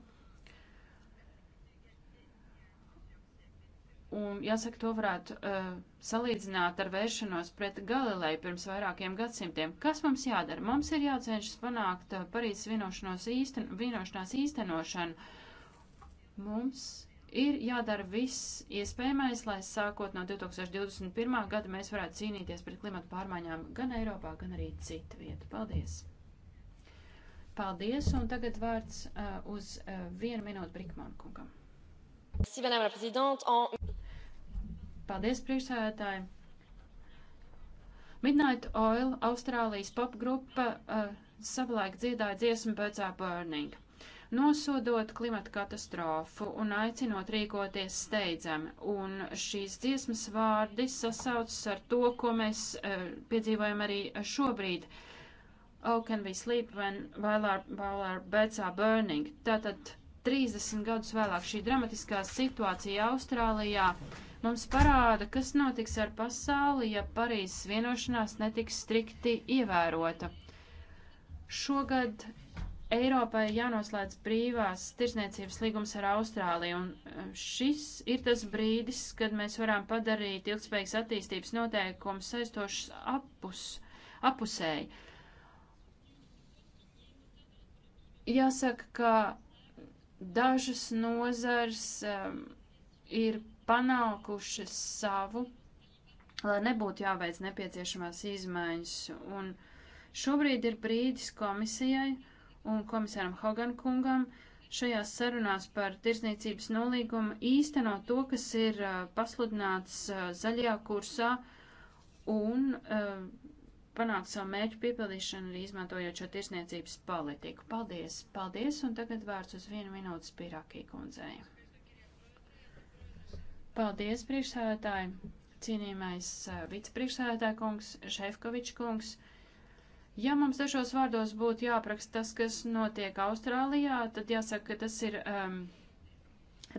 Un jāsaka, to varētu uh, salīdzināt ar vēršanos pret Galileju pirms vairākiem gadsimtiem. Kas mums jādara? Mums ir jācenšas panākt uh, Parīzes vienošanos īsten, vienošanās īstenošanu. Mums ir jādara viss iespējamais, lai sākot no 2021. gada mēs varētu cīnīties pret klimatu pārmaiņām gan Eiropā, gan arī citu vietu. Paldies! Paldies, un tagad vārds uh, uz uh, vienu minūtu Brikmanu kungam. Merci, Madame la Présidente. En... Paldies, priekšsēdētāji! Midnight Oil, Austrālijas popgrupa, uh, eh, savulaik dziedāja dziesmu Birds Are Burning nosodot klimata katastrofu un aicinot rīkoties steidzami. Un šīs dziesmas vārdi sasaucas ar to, ko mēs uh, piedzīvojam arī šobrīd. Oh, can we sleep when while our, while our beds are burning? Tātad 30 gadus vēlāk šī dramatiskā situācija Austrālijā. Uh, mums parāda, kas notiks ar pasauli, ja Parīzes vienošanās netiks strikti ievērota. Šogad Eiropai jānoslēdz brīvās tirsniecības līgums ar Austrāliju, un šis ir tas brīdis, kad mēs varam padarīt ilgspējīgas attīstības noteikumus saistošus apus, apusēji. Jāsaka, ka dažas nozars um, ir panākuši savu, lai nebūtu jāveic nepieciešamās izmaiņas. Un šobrīd ir brīdis komisijai un komisāram Hogan kungam šajās sarunās par tirsniecības nolīgumu īstenot to, kas ir uh, pasludināts uh, zaļajā kursā un uh, panākt savu mērķu piepildīšanu arī izmantojot šo tirsniecības politiku. Paldies! Paldies! Un tagad vārds uz vienu minūtes Pirākī kundzei. Paldies, priekšsēdētāji! Cienījamais eh, vicepriekšsēdētāja kungs, Šefkovičs kungs. Ja mums dažos vārdos būtu jāapraksta tas, kas notiek Austrālijā, tad jāsaka, ka tas ir um,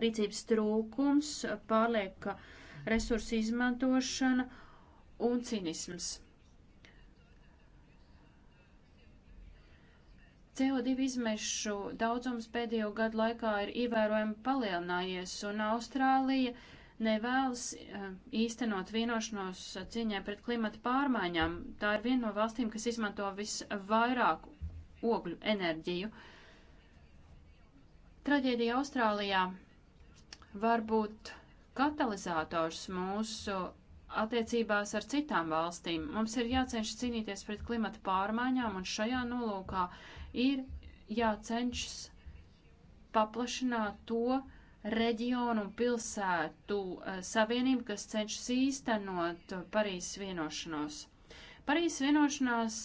rīcības trūkums, pārlieka resursu izmantošana un cinisms. CO2 izmešu daudzums pēdējo gadu laikā ir ievērojami palielinājies, un Austrālija uh, nevēlas eh, īstenot vienošanos cīņai pret klimata pārmaiņām. Tā ir viena no valstīm, kas izmanto visvairāk ogļu enerģiju. Traģēdija Austrālijā var būt katalizators mūsu attiecībās ar citām valstīm. Mums ir jācenšas cīnīties pret klimata pārmaiņām, un šajā nolūkā ir jācenšas paplašināt to, reģionu un pilsētu eh, savienību, kas cenšas īstenot Parīzes vienošanos. Parīzes vienošanās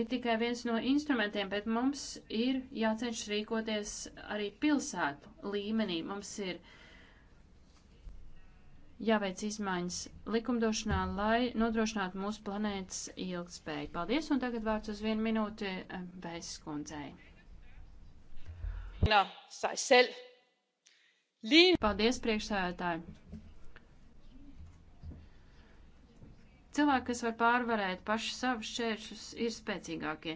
ir tikai viens no instrumentiem, bet mums ir jācenšas rīkoties arī pilsētu līmenī. Mums ir jāveic izmaiņas likumdošanā, lai nodrošinātu mūsu planētas ilgspēju. Paldies, un tagad vārds uz vienu minūti Bēskundzei. Eh, no, Līna. Paldies, priekšsēdētāji! Cilvēki, kas var pārvarēt paši savus šķēršļus, ir spēcīgākie.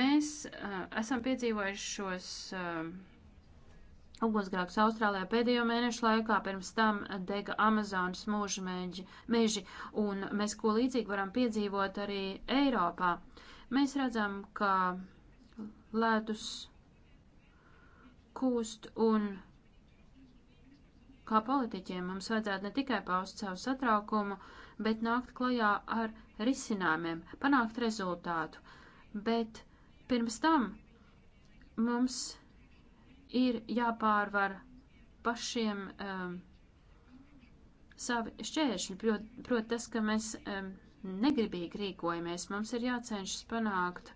Mēs uh, esam piedzīvojuši šos uh, ugunsgrēkus Austrālijā pēdējo mēnešu laikā, pirms tam dega Amazonas mūža meģi, meži, un mēs ko līdzīgi varam piedzīvot arī Eiropā. Mēs redzam, ka ledus kūst un Kā politiķiem mums vajadzētu ne tikai paust savu satraukumu, bet nākt klajā ar risinājumiem, panākt rezultātu. Bet pirms tam mums ir jāpārvar pašiem um, savi šķēršļi, proti prot tas, ka mēs um, negribīgi rīkojamies, mums ir jācenšas panākt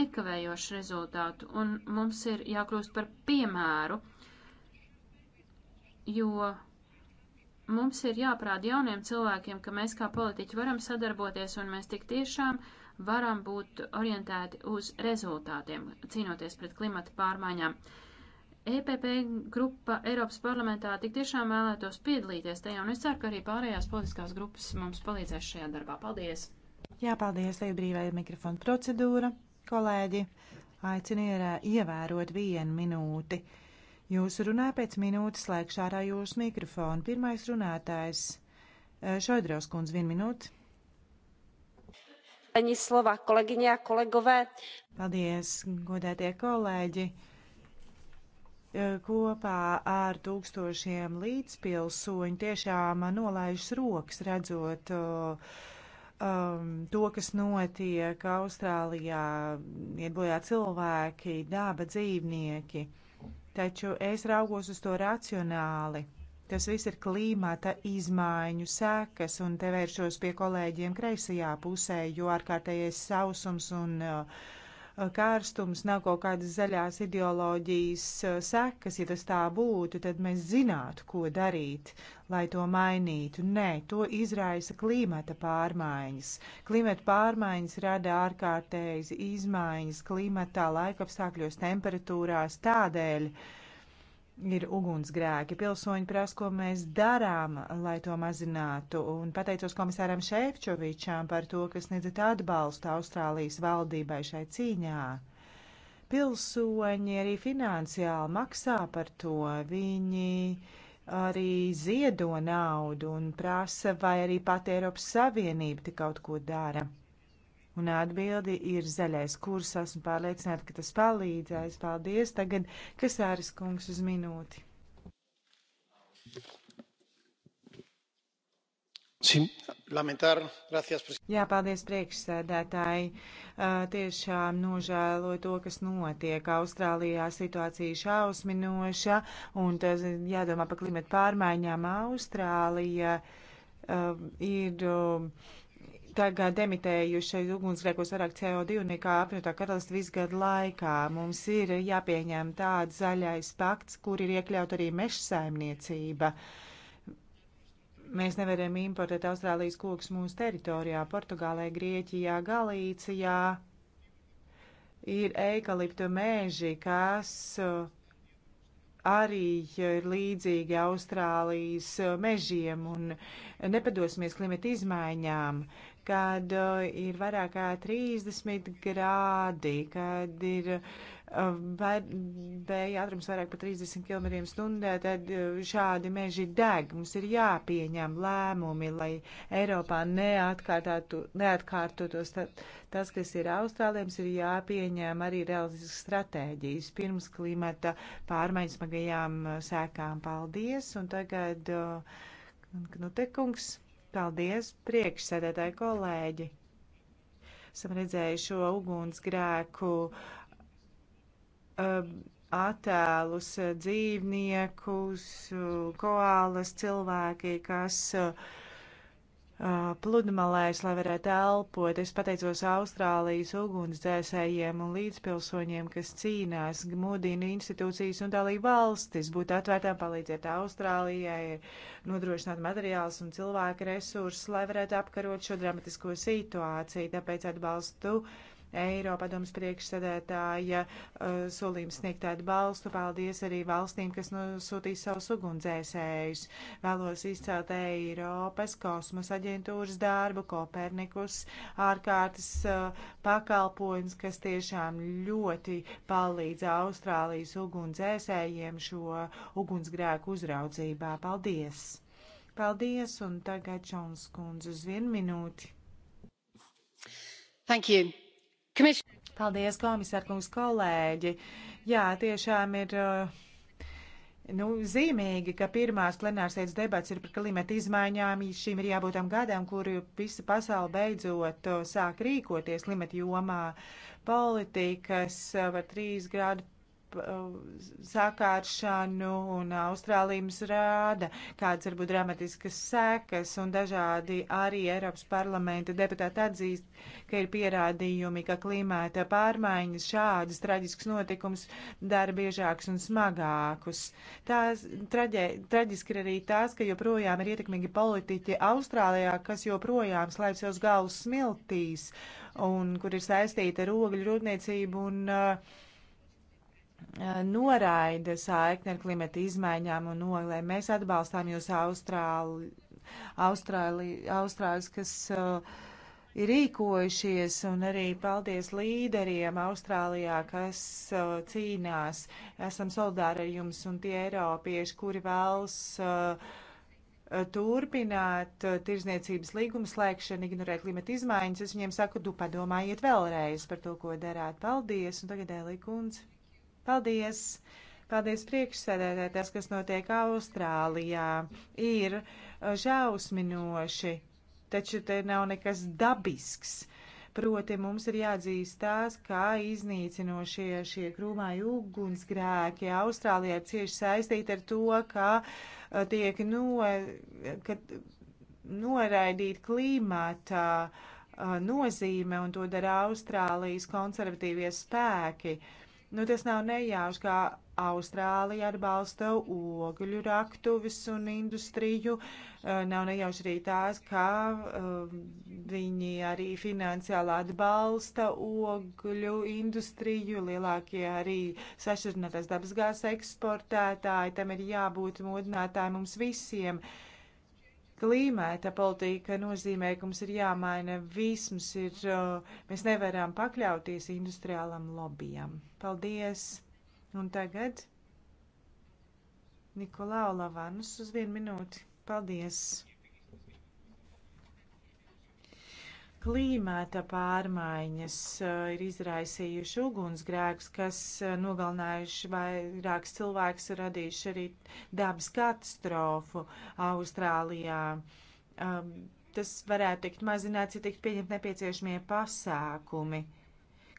nekavējošu rezultātu, un mums ir jākļūst par piemēru jo mums ir jāprāda jauniem cilvēkiem, ka mēs kā politiķi varam sadarboties un mēs tik tiešām varam būt orientēti uz rezultātiem, cīnoties pret klimata pārmaiņām. EPP grupa Eiropas parlamentā tik tiešām vēlētos piedalīties tajā, un es ceru, ka arī pārējās politiskās grupas mums palīdzēs šajā darbā. Paldies! Jā, paldies, tev brīvai mikrofona procedūra, kolēģi. Aicinu ievērot vienu minūti Jūsu runā pēc minūtes slēgšu ārā jūsu mikrofonu. Pirmais runātājs eh, Šoidrovs kundz, vienu minūti. Slova, kolēģiņa, kolegovē. Paldies, godētie kolēģi eh, kopā ar tūkstošiem līdzpilsoņu tiešām nolaižas rokas redzot eh, um, to, kas notiek Austrālijā, iet bojā cilvēki, daba dzīvnieki taču es raugos uz to racionāli. Tas viss ir klimata izmaiņu sekas, un te vēršos pie kolēģiem kreisajā pusē, jo ārkārtējais sausums un uh, Eh, kārstums nav kaut kādas zaļās ideoloģijas eh, sekas. Ja tas tā būtu, tad mēs zinātu, ko darīt, lai to mainītu. Nē, to izraisa klimata pārmaiņas. Klimata pārmaiņas rada ārkārtējas izmaiņas klimatā, laikapstākļos, temperatūrās tādēļ ir ugunsgrēki. Pilsoņi prasa, ko mēs darām, lai to mazinātu. Un pateicos komisāram Šefčovičām par to, kas sniedzat atbalstu Austrālijas valdībai šai cīņā. Pilsoņi arī finansiāli maksā par to. Viņi arī ziedo naudu un prasa, vai arī pat Eiropas Savienība te kaut ko dara. Un atbildi ir zaļais kurs. Esmu pārliecināta, ka tas palīdzēs. Paldies. Tagad Kasāris kungs uz minūti. Sim, lamentar, gracias, Jā, paldies priekšsēdētāji. Uh, tiešām nožēlo to, kas notiek. Austrālijā situācija šausminoša un tas jādomā par klimatu pārmaiņām. Austrālija uh, ir. Uh, tagad emitējuši ugunsgrēkos vairāk CO2 nekā apvienotā karalista visgadu laikā. Mums ir jāpieņem tāds zaļais pakts, kur ir iekļaut arī meža saimniecība. Mēs nevaram importēt Austrālijas kokus mūsu teritorijā, Portugālē, Grieķijā, Galīcijā. Ir eikaliptu mēži, kas uh, arī ir līdzīgi Austrālijas uh, mežiem un nepadosimies klimata izmaiņām. Uh, kad uh, ir vairāk kā 30 grādi, kad ir uh, vēja ātrums vairāk par 30 km stundā, tad uh, šādi meži deg. Mums ir jāpieņem lēmumi, lai Eiropā neatkārtotos tas, kas ir Austrālijas, ir jāpieņem arī realistiskas stratēģijas pirms klimata pārmaiņas smagajām sēkām. Paldies! Un tagad, nu, te kungs. Paldies, priekšsēdētāji kolēģi! Esam redzējuši šo ugunsgrēku um, attēlus, dzīvniekus, koālas, cilvēki, kas uh, pludmalēs, lai varētu elpot. Es pateicos Austrālijas ugunsdzēsējiem un līdzpilsoņiem, kas cīnās, mudina institūcijas un dalību valstis būt atvērtām, palīdzēt Austrālijai, nodrošināt materiālus un cilvēku resursus, lai varētu apkarot šo dramatisko situāciju. Tāpēc atbalstu. Uh, Eiropadomas priekšsēdētāja eh, solījums sniegt atbalstu. Paldies arī valstīm, kas nosūtīs savus ugunsdzēsējus. Vēlos izcelt Eiropas kosmosa aģentūras darbu, Kopernikus ārkārtas eh, pakalpojums, kas tiešām ļoti palīdz Austrālijas ugunsdzēsējiem šo ugunsgrēku uzraudzībā. Paldies! Paldies, un tagad Čons kundze uz vienu minūti. Thank you. Paldies, komisārkungs, kolēģi. Jā, tiešām ir. Eh, nu, zīmīgi, ka pirmās plenārsēdes debats ir par klimata izmaiņām. Šīm ir jābūt tam gadam, kur visa pasaule beidzot eh, sāk rīkoties klimata jomā. Politikas eh, var trīs grādu sakāršanu un Austrālijas rāda, kādas varbūt dramatiskas sekas un dažādi arī Eiropas parlamenta deputāti atzīst, ka ir pierādījumi, ka klimēta pārmaiņas šādas traģiskas notikums dara biežākus un smagākus. Tās traģē, traģiski ir arī tās, ka joprojām ir ietekmīgi politiķi Austrālijā, kas joprojām slēp savus galvus smiltīs un kur ir saistīta ar ogļu rūpniecību un uh, Uh, noraida saikni ar klimata izmaiņām un nolē. Mēs atbalstām jūs Austrāli, Austrāli, Austrālis, kas uh, ir rīkojušies, un arī paldies līderiem Austrālijā, kas uh, cīnās. Esam solidāri ar jums un tie Eiropieši, kuri vēlas. Uh, turpināt uh, tirzniecības līgumu slēgšanu, ignorēt klimata izmaiņas. Es viņiem saku, du padomājiet vēlreiz par to, ko darāt. Paldies, un tagad Elī Kunze. Paldies! Paldies priekšsēdētāji, tas, kas notiek Austrālijā, ir uh, žausminoši, taču te nav nekas dabisks. Proti mums ir jāatzīst tās, kā iznīcinošie šie krūmāji ugunsgrēki Austrālijā cieši saistīti ar to, kā uh, tiek no, ka noraidīt klimata uh, nozīme, un to dara Austrālijas konservatīvie spēki. Uh, Nu, tas nav nejauši, kā Austrālija atbalsta ogļu raktuvis un industriju. Eh, nav nejauši arī tās, ka eh, viņi arī finansiāli atbalsta ogļu industriju. Lielākie arī sašķirnotās dabasgāzes eksportētāji. Tam ir jābūt modinātāji mums visiem. Uh, Klīmēta politika nozīmē, ka mums ir jāmaina viss, mums ir, uh, mēs nevaram pakļauties industriālam lobijam. Paldies! Un tagad Nikolau Lavanus uz vienu minūti. Paldies! Klīmēta pārmaiņas eh, ir izraisījuši ugunsgrēkus, kas eh, nogalinājuši vairākus cilvēkus, radījuši arī dabas katastrofu Austrālijā. Um, tas varētu tikt mazināts, ja tikt pieņemt nepieciešamie pasākumi.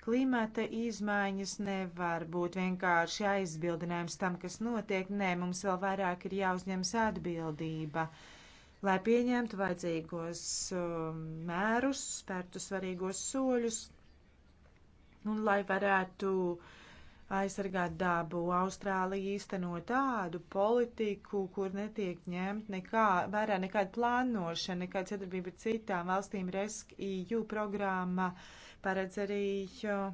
Klimata izmaiņas nevar būt vienkārši aizbildinājums tam, kas notiek. Nē, mums vēl vairāk ir jāuzņemas atbildība. Uh, lai pieņemtu vajadzīgos um, mērus, spērtu svarīgos soļus un lai varētu aizsargāt dabu. Austrālija īsteno tādu politiku, kur netiek ņemt nekā, vērā nekāda plānošana, nekāda sadarbība ar citām valstīm. RESC EU programma paredz arī uh,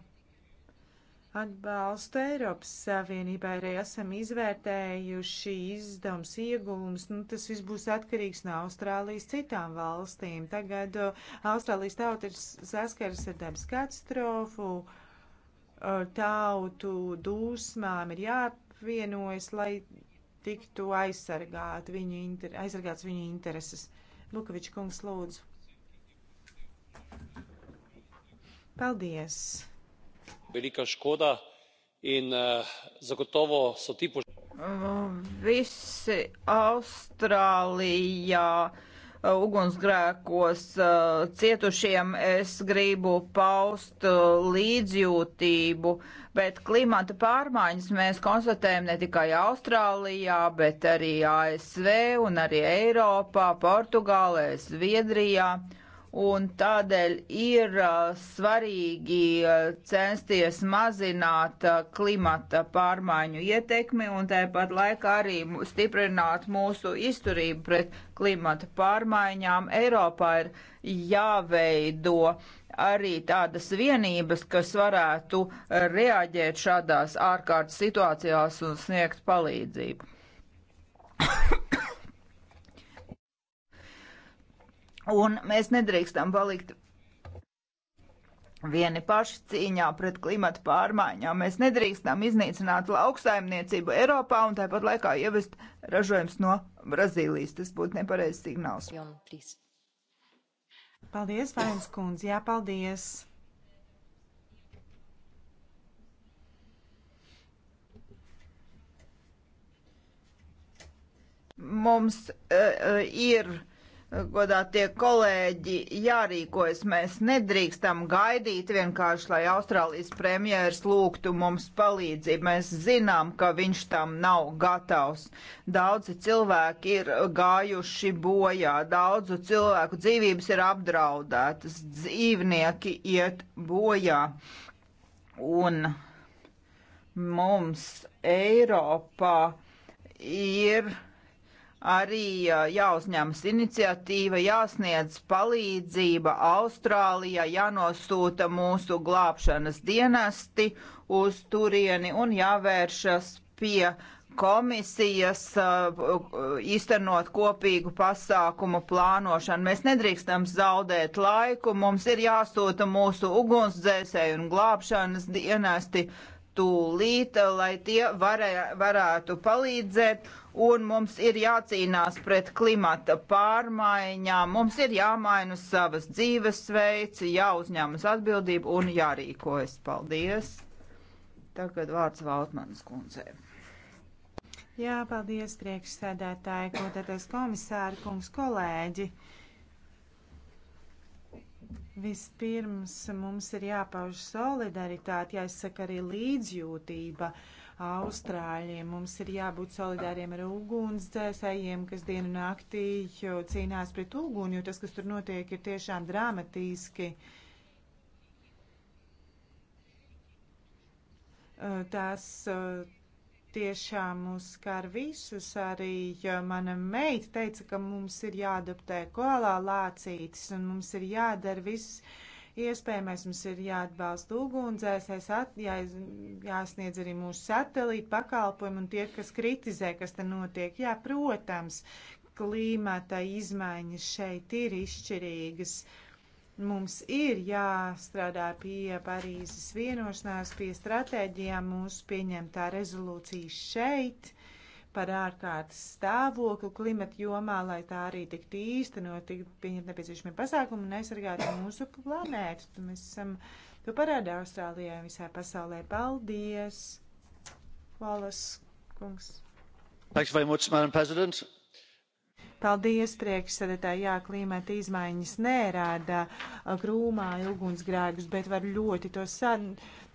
atbalstu Eiropas Savienībai. Arī esam izvērtējuši izdevums, ieguvums. Nu, tas viss būs atkarīgs no Austrālijas citām valstīm. Tagad uh, Austrālijas tauta ir saskaras ar dabas katastrofu. Uh, tautu dūsmām ir jāapvienojas, lai tiktu aizsargāt viņu inter, aizsargāts viņu intereses. Lukavičs kungs lūdzu. Paldies! velika škoda in eh, zagotovo so ti požari. Mm, visi Austrālijā eh, ugunsgrēkos eh, cietušiem es gribu paust līdzjūtību, bet klimata pārmaiņas mēs konstatējam ne tikai Austrālijā, bet arī ASV un arī Eiropā, Portugālē, Zviedrijā un tādēļ ir uh, svarīgi uh, censties mazināt uh, klimata pārmaiņu ietekmi un tāpat laikā arī stiprināt mūsu izturību pret klimata pārmaiņām. Eiropā ir jāveido arī tādas vienības, kas varētu reaģēt šādās ārkārtas situācijās un sniegt palīdzību. <coughs> Un mēs nedrīkstam palikt vieni paši cīņā pret klimatu pārmaiņām. Mēs nedrīkstam iznīcināt lauksaimniecību Eiropā un tāpat laikā ievest ražojums no Brazīlijas. Tas būtu nepareizs signāls. Paldies, Vainas kundze. Jā, paldies. mums uh, ir Godā tie kolēģi jārīkojas, mēs nedrīkstam gaidīt vienkārši, lai Austrālijas premjērs lūgtu mums palīdzību. Mēs zinām, ka viņš tam nav gatavs. Daudzi cilvēki ir gājuši bojā, daudzu cilvēku dzīvības ir apdraudētas, dzīvnieki iet bojā. Un mums Eiropā ir arī jāuzņemas iniciatīva, jāsniedz palīdzība Austrālijā, jānosūta mūsu glābšanas dienesti uz turieni un jāvēršas pie komisijas īstenot kopīgu pasākumu plānošanu. Mēs nedrīkstam zaudēt laiku, mums ir jāsūta mūsu ugunsdzēsēju un glābšanas dienesti tūlīt, lai tie varē, varētu palīdzēt. Un mums ir jācīnās pret klimata pārmaiņām, mums ir jāmaina savas dzīvesveids, jāuzņemas atbildība un jārīkojas. Paldies! Tagad vārds Valtmanas kundzei. Jā, paldies priekšsēdētāji, ko tātais komisāri, kungs, kolēģi. Uh, Vispirms mums ir jāpauž solidaritāte, jāizsaka arī līdzjūtība Austrāļiem. Mums ir jābūt solidāriem ar ugunsdzēsējiem, kas dienu naktī cīnās pret uguni, jo tas, kas tur notiek, ir tiešām dramatiski. Tas tiešām uzskar visus. Arī mana meita teica, ka mums ir jāadaptē kolā lācītis un mums ir jādara viss iespējamais. Mums ir jāatbalsta ugunsdzēsēs, jā, jāsniedz arī mūsu satelīta pakalpojumi un tie, kas kritizē, kas te notiek. Jā, protams, klimata izmaiņas šeit ir izšķirīgas. Uh, Mums ir jāstrādā pie Parīzes vienošanās, pie stratēģijām mūsu pieņemtā rezolūcija šeit par ārkārtas stāvokli klimata jomā, lai tā arī tiktu īstenot, tiktu pieņemt nepieciešamie pasākumi un aizsargātu mūsu planētu. Tu mēs esam to parādā Austrālijai un visā pasaulē. Paldies! Valas kungs. Thanks very much, Madam President. Paldies, priekšsēdētāji. Jā, klimata izmaiņas nerāda krūmāju uh, ugunsgrēkus, bet var ļoti to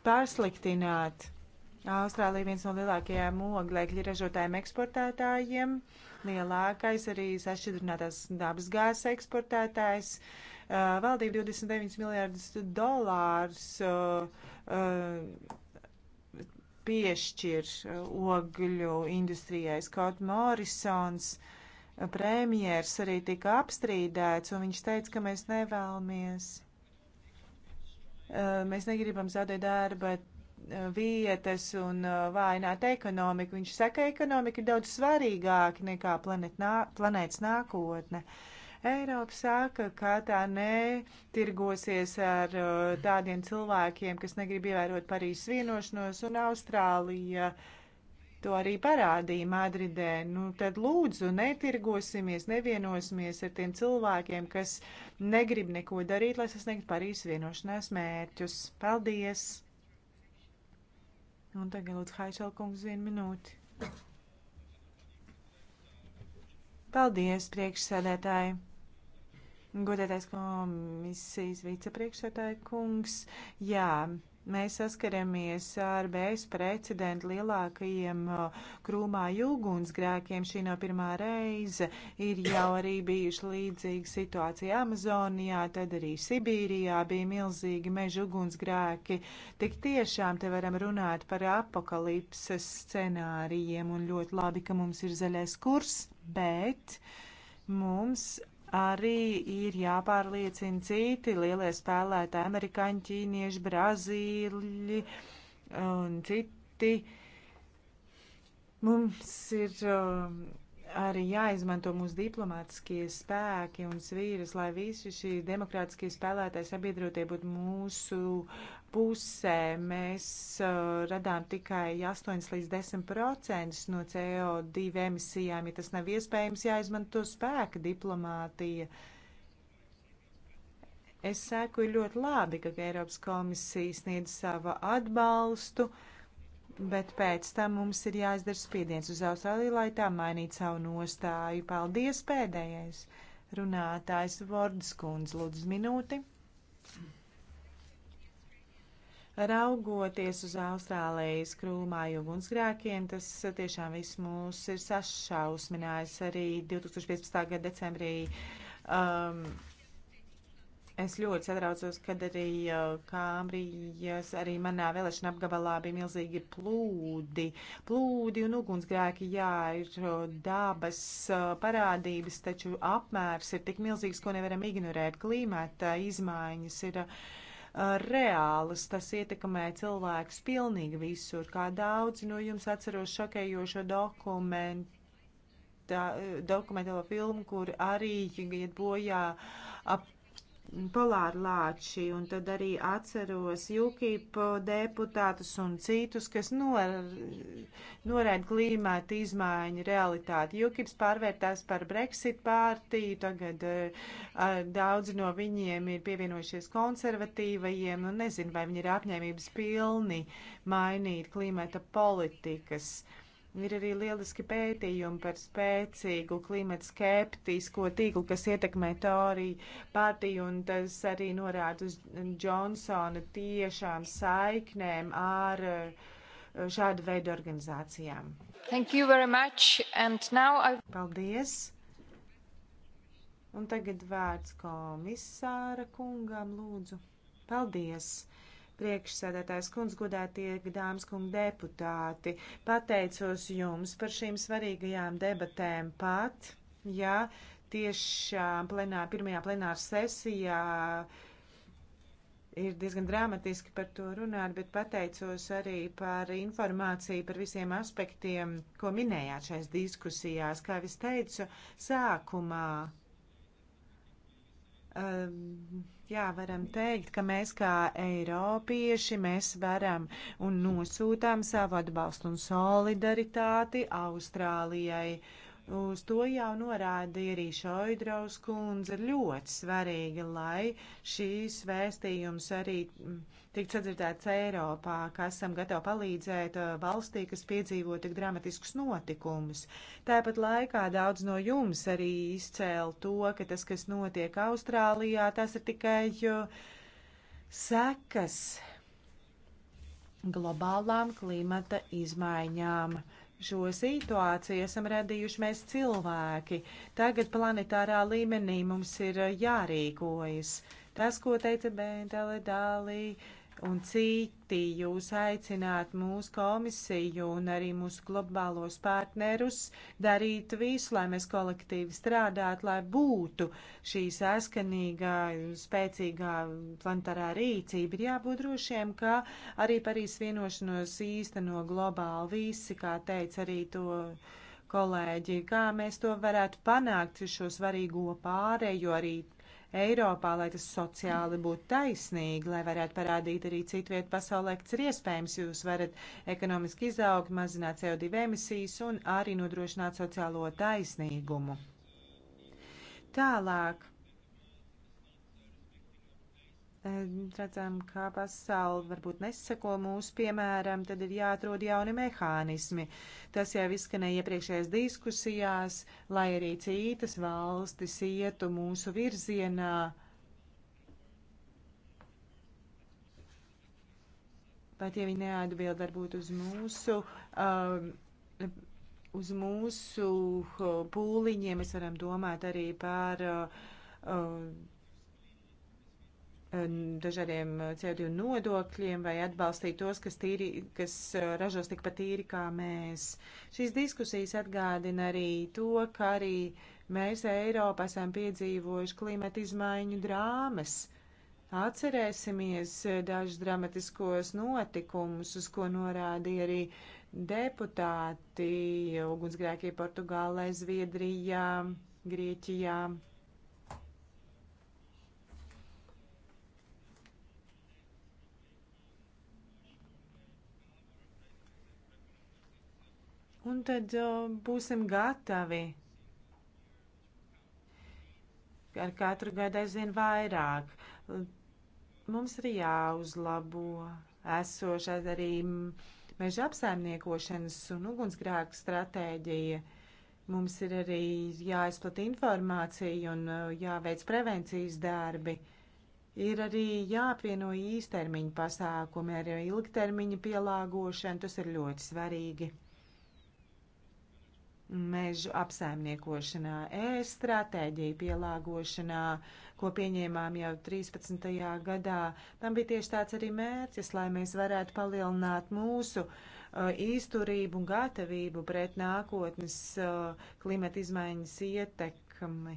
pārsliktināt. Austrālija viens no lielākajiem oglekļa ražotājiem eksportētājiem, lielākais arī sašķidrinātās dabasgāzes eksportētājs. Uh, valdība 29 miljārdus dolārus uh, uh, piešķir uh, ogļu industrijai Scott Morrisons. Uh, premjers arī tika apstrīdēts, un viņš teica, ka mēs nevēlamies, eh, mēs negribam zaudēt darba eh, vietas un eh, vājināt ekonomiku. Viņš saka, ekonomika ir daudz svarīgāka nekā planetnā, planētas nākotne. Eiropa saka, ka tā netirgosies ar tādiem cilvēkiem, kas negrib ievērot Parīzes vienošanos un Austrālija. Uh, to arī parādīja Madridē. Nu, tad lūdzu, netirgosimies, nevienosimies ar tiem cilvēkiem, kas negrib neko darīt, lai sasniegtu Parīzes vienošanās mērķus. Paldies! Un tagad lūdzu Haišelkungs vienu minūti. Paldies, priekšsēdētāji! Godētais komisijas vicepriekšsēdētāji kungs, jā. Mēs saskaramies ar bez precedenta lielākajiem krūmā jūgunsgrēkiem. Šī nav pirmā reize. Ir jau arī bijuši līdzīga situācija Amazonijā, tad arī Sibīrijā bija milzīgi meža ugunsgrēki. Tik tiešām te varam runāt par apakalipses scenārijiem un ļoti labi, ka mums ir zaļais kurs, bet mums arī ir jāpārliecina citi lielie spēlētāji, amerikāņi, ķīnieši, brazīļi un citi. Mums ir. Uh, arī jāizmanto mūsu diplomātiskie spēki un svīras, lai visi šī demokrātiskie spēlētāji sabiedrotie būtu mūsu pusē. Mēs uh, radām tikai 8 līdz 10 procentus no CO2 emisijām. Ja tas nav iespējams, jāizmanto spēka diplomātija. Es sēku ļoti labi, ka Eiropas komisija sniedz savu atbalstu. Uh, bet pēc tam mums ir jāizdara spiediens uz Austrāliju, lai tā mainītu savu nostāju. Paldies pēdējais runātājs Vordas kundz, lūdzu minūti. Raugoties uz Austrālijas krūmāju ugunsgrēkiem, tas tiešām viss mūs ir sašausminājis arī 2015. gada decembrī. Um, Es ļoti satraucos, kad arī uh, Kāmbrijas, arī manā vēlēšana apgabalā bija milzīgi plūdi, plūdi un ugunsgrēki, jā, ir uh, dabas uh, parādības, taču apmērs ir tik milzīgs, ko nevaram ignorēt. Klimata izmaiņas ir reālas, tas ietekmē cilvēkus pilnīgi visur, kā daudzi no jums atceros šokējošo dokumentu dokumentālo filmu, kur arī iet bojā ap polārlāči, un tad arī atceros UKIP deputātus un citus, kas nor, norēd klīmēta izmaiņu realitāti. UKIPs pārvērtās par Brexit pārtīju, tagad uh, daudzi no viņiem ir pievienojušies konservatīvajiem, un nezinu, vai viņi ir apņēmības pilni mainīt klīmēta politikas. Uh, Ir arī lieliski pētījumi par spēcīgu klimata skeptisko tīklu, kas ietekmē Toriju partiju, un tas arī norāda uz Džonsona tiešām saiknēm ar uh, šādu veidu organizācijām. Thank you very much, and now I... Paldies! Un tagad vērts komisāra kungām lūdzu. Paldies! priekšsēdētājs kundz, godētie dāmas kungi deputāti. Pateicos jums par šīm svarīgajām debatēm pat, ja tiešām plenā, pirmajā plenāra sesijā ir diezgan dramatiski par to runāt, bet pateicos arī par informāciju par visiem aspektiem, ko minējāt šais diskusijās. Kā es teicu, sākumā Ehm, jā, varam teikt, ka mēs kā eiropieši mēs varam un nosūtām savu atbalstu un solidaritāti Austrālijai. Uz to jau norādīja arī Šoidraus kundze. Ir ļoti svarīgi, lai šīs vēstījums arī tikt sadzirdēts Eiropā, ka esam gatavi palīdzēt uh, valstī, kas piedzīvo tik dramatiskus notikumus. Tāpat laikā daudz no jums arī izcēla to, ka tas, kas notiek Austrālijā, tas ir tikai uh, sekas globālām klimata izmaiņām. Šo situāciju esam radījuši mēs cilvēki. Tagad planetārā līmenī mums ir uh, jārīkojas. Tas, ko teica Bentele Dālī, un citi jūs aicināt mūsu komisiju un arī mūsu globālos partnerus darīt visu, lai mēs kolektīvi strādātu, lai būtu šī saskanīgā, spēcīgā planetārā rīcība. Ir jābūt drošiem, ka arī Parīs vienošanos īsteno globāli visi, kā teica arī to kolēģi, kā mēs to varētu panākt šo svarīgo pārēju, arī Eiropā, lai tas sociāli būtu taisnīgi, lai varētu parādīt arī citu vietu pasaulē, kas ir iespējams. Jūs varat ekonomiski izaugt, mazināt CO2 emisijas un arī nodrošināt sociālo taisnīgumu. Tālāk redzam, kā pasauli varbūt neseko mūsu piemēram, tad ir jāatrod jauni mehānismi. Tas jau izskanēja iepriekšējās diskusijās, lai arī citas valstis ietu mūsu virzienā. pat ja viņi neatbild varbūt uz mūsu, uh, uz mūsu pūliņiem, mēs varam domāt arī par uh, dažādiem uh, CO2 nodokļiem vai atbalstīt tos, kas, tīri, kas uh, ražos tikpat tīri kā mēs. Šīs diskusijas atgādina arī to, ka arī mēs Eiropā esam piedzīvojuši klimata izmaiņu drāmas. Atcerēsimies uh, dažus dramatiskos notikumus, uz ko norādīja arī deputāti, ugunsgrēkie Portugālē, Zviedrijā, Grieķijā. Un tad būsim gatavi ar katru gadu aizvien vairāk. Mums ir jāuzlabo esošā arī meža apsaimniekošanas un ugunsgrēku stratēģija. Mums ir arī jāizplata informācija un jāveic prevencijas darbi. Ir arī jāapvieno īstermiņa pasākumi ar ilgtermiņa pielāgošanu. Tas ir ļoti svarīgi mežu apsaimniekošanā, e-stratēģiju pielāgošanā, ko pieņēmām jau 13. gadā. Tam bija tieši tāds arī mērķis, lai mēs varētu palielināt mūsu uh, īsturību un gatavību pret nākotnes uh, klimata izmaiņas ietekmi,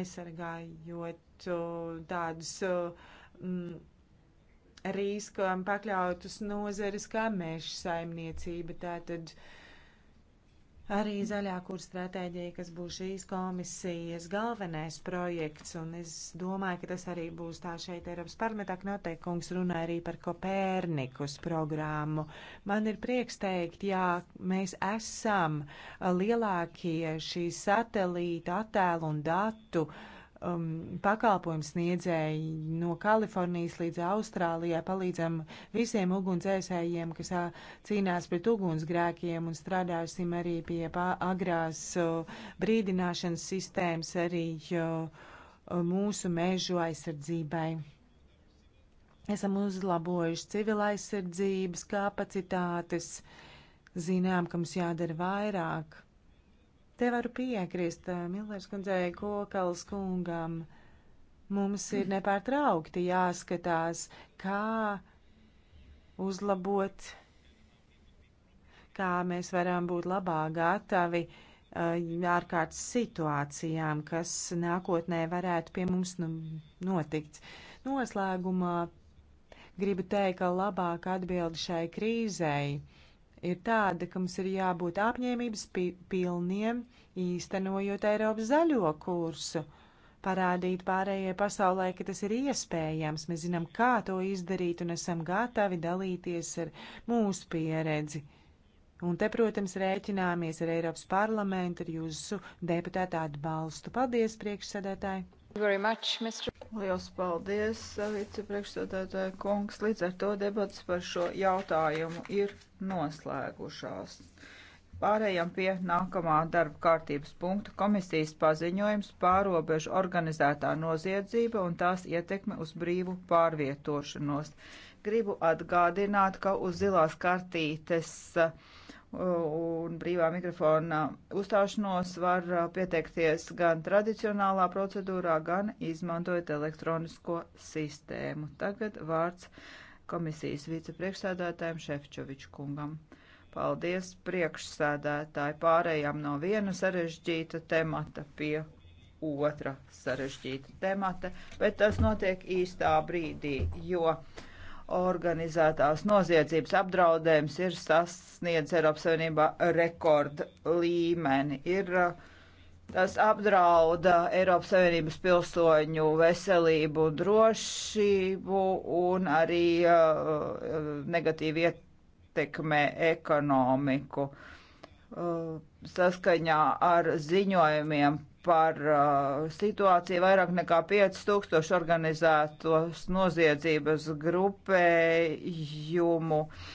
aizsargājot uh, tādus mm, uh, riskam um, pakļautus nozeres kā meža saimniecība. Tātad, uh, arī zaļā kurs stratēģija, kas būs šīs komisijas galvenais projekts, un es domāju, ka tas arī būs tā šeit Eiropas parlamentā, ka noteikti kungs runā arī par Kopērnikus programmu. Man ir prieks teikt, jā, mēs esam lielākie šī satelīta attēlu un datu uh, um, pakalpojumu sniedzēji no Kalifornijas līdz Austrālijai palīdzam visiem ugunsdzēsējiem, kas ā, cīnās pret ugunsgrēkiem un strādāsim arī pie agrās uh, brīdināšanas sistēmas arī uh, mūsu mežu aizsardzībai. Esam uzlabojuši civila aizsardzības kapacitātes, zinām, ka mums jādara vairāk Te varu piekrist eh, Millers kundzei Kokals kungam. Mums ir nepārtraukti jāskatās, kā uzlabot, kā mēs varam būt labāk gatavi eh, ārkārtas situācijām, kas nākotnē varētu pie mums nu, notikt. Noslēgumā gribu teikt, ka labāk atbildi šai krīzei ir tāda, ka mums ir jābūt apņēmības pi pilniem, īstenojot Eiropas zaļo kursu, parādīt pārējai pasaulē, ka tas ir iespējams, mēs zinām, kā to izdarīt un esam gatavi dalīties ar mūsu pieredzi. Un te, protams, rēķināmies ar Eiropas parlamentu, ar jūsu deputātu atbalstu. Paldies, priekšsēdētāji! Much, Lielas paldies, vicepriekšstādātāja kungs. Līdz ar to debats par šo jautājumu ir noslēgušās. Pārējām pie nākamā darba kārtības punkta komisijas paziņojums pārobežu organizētā noziedzība un tās ietekme uz brīvu pārvietošanos. Gribu atgādināt, ka uz zilās kartītes uh, un brīvā mikrofona uzstāšanos var uh, pieteikties gan tradicionālā procedūrā, gan izmantojot elektronisko sistēmu. Tagad vārds komisijas vicepriekšsēdētājiem Šefčoviču kungam. Paldies priekšsēdētāji pārējām no viena sarežģīta temata pie otra sarežģīta temata, bet tas notiek īstā brīdī, jo uh, organizētās noziedzības apdraudējums ir sasniedz Eiropas Savienībā rekord līmeni. Ir, uh, tas apdrauda Eiropas Savienības pilsoņu veselību, drošību un arī uh, negatīvi ietekmē ekonomiku. Uh, saskaņā ar ziņojumiem par uh, situāciju vairāk nekā 5000 organizētos noziedzības grupējumu uh,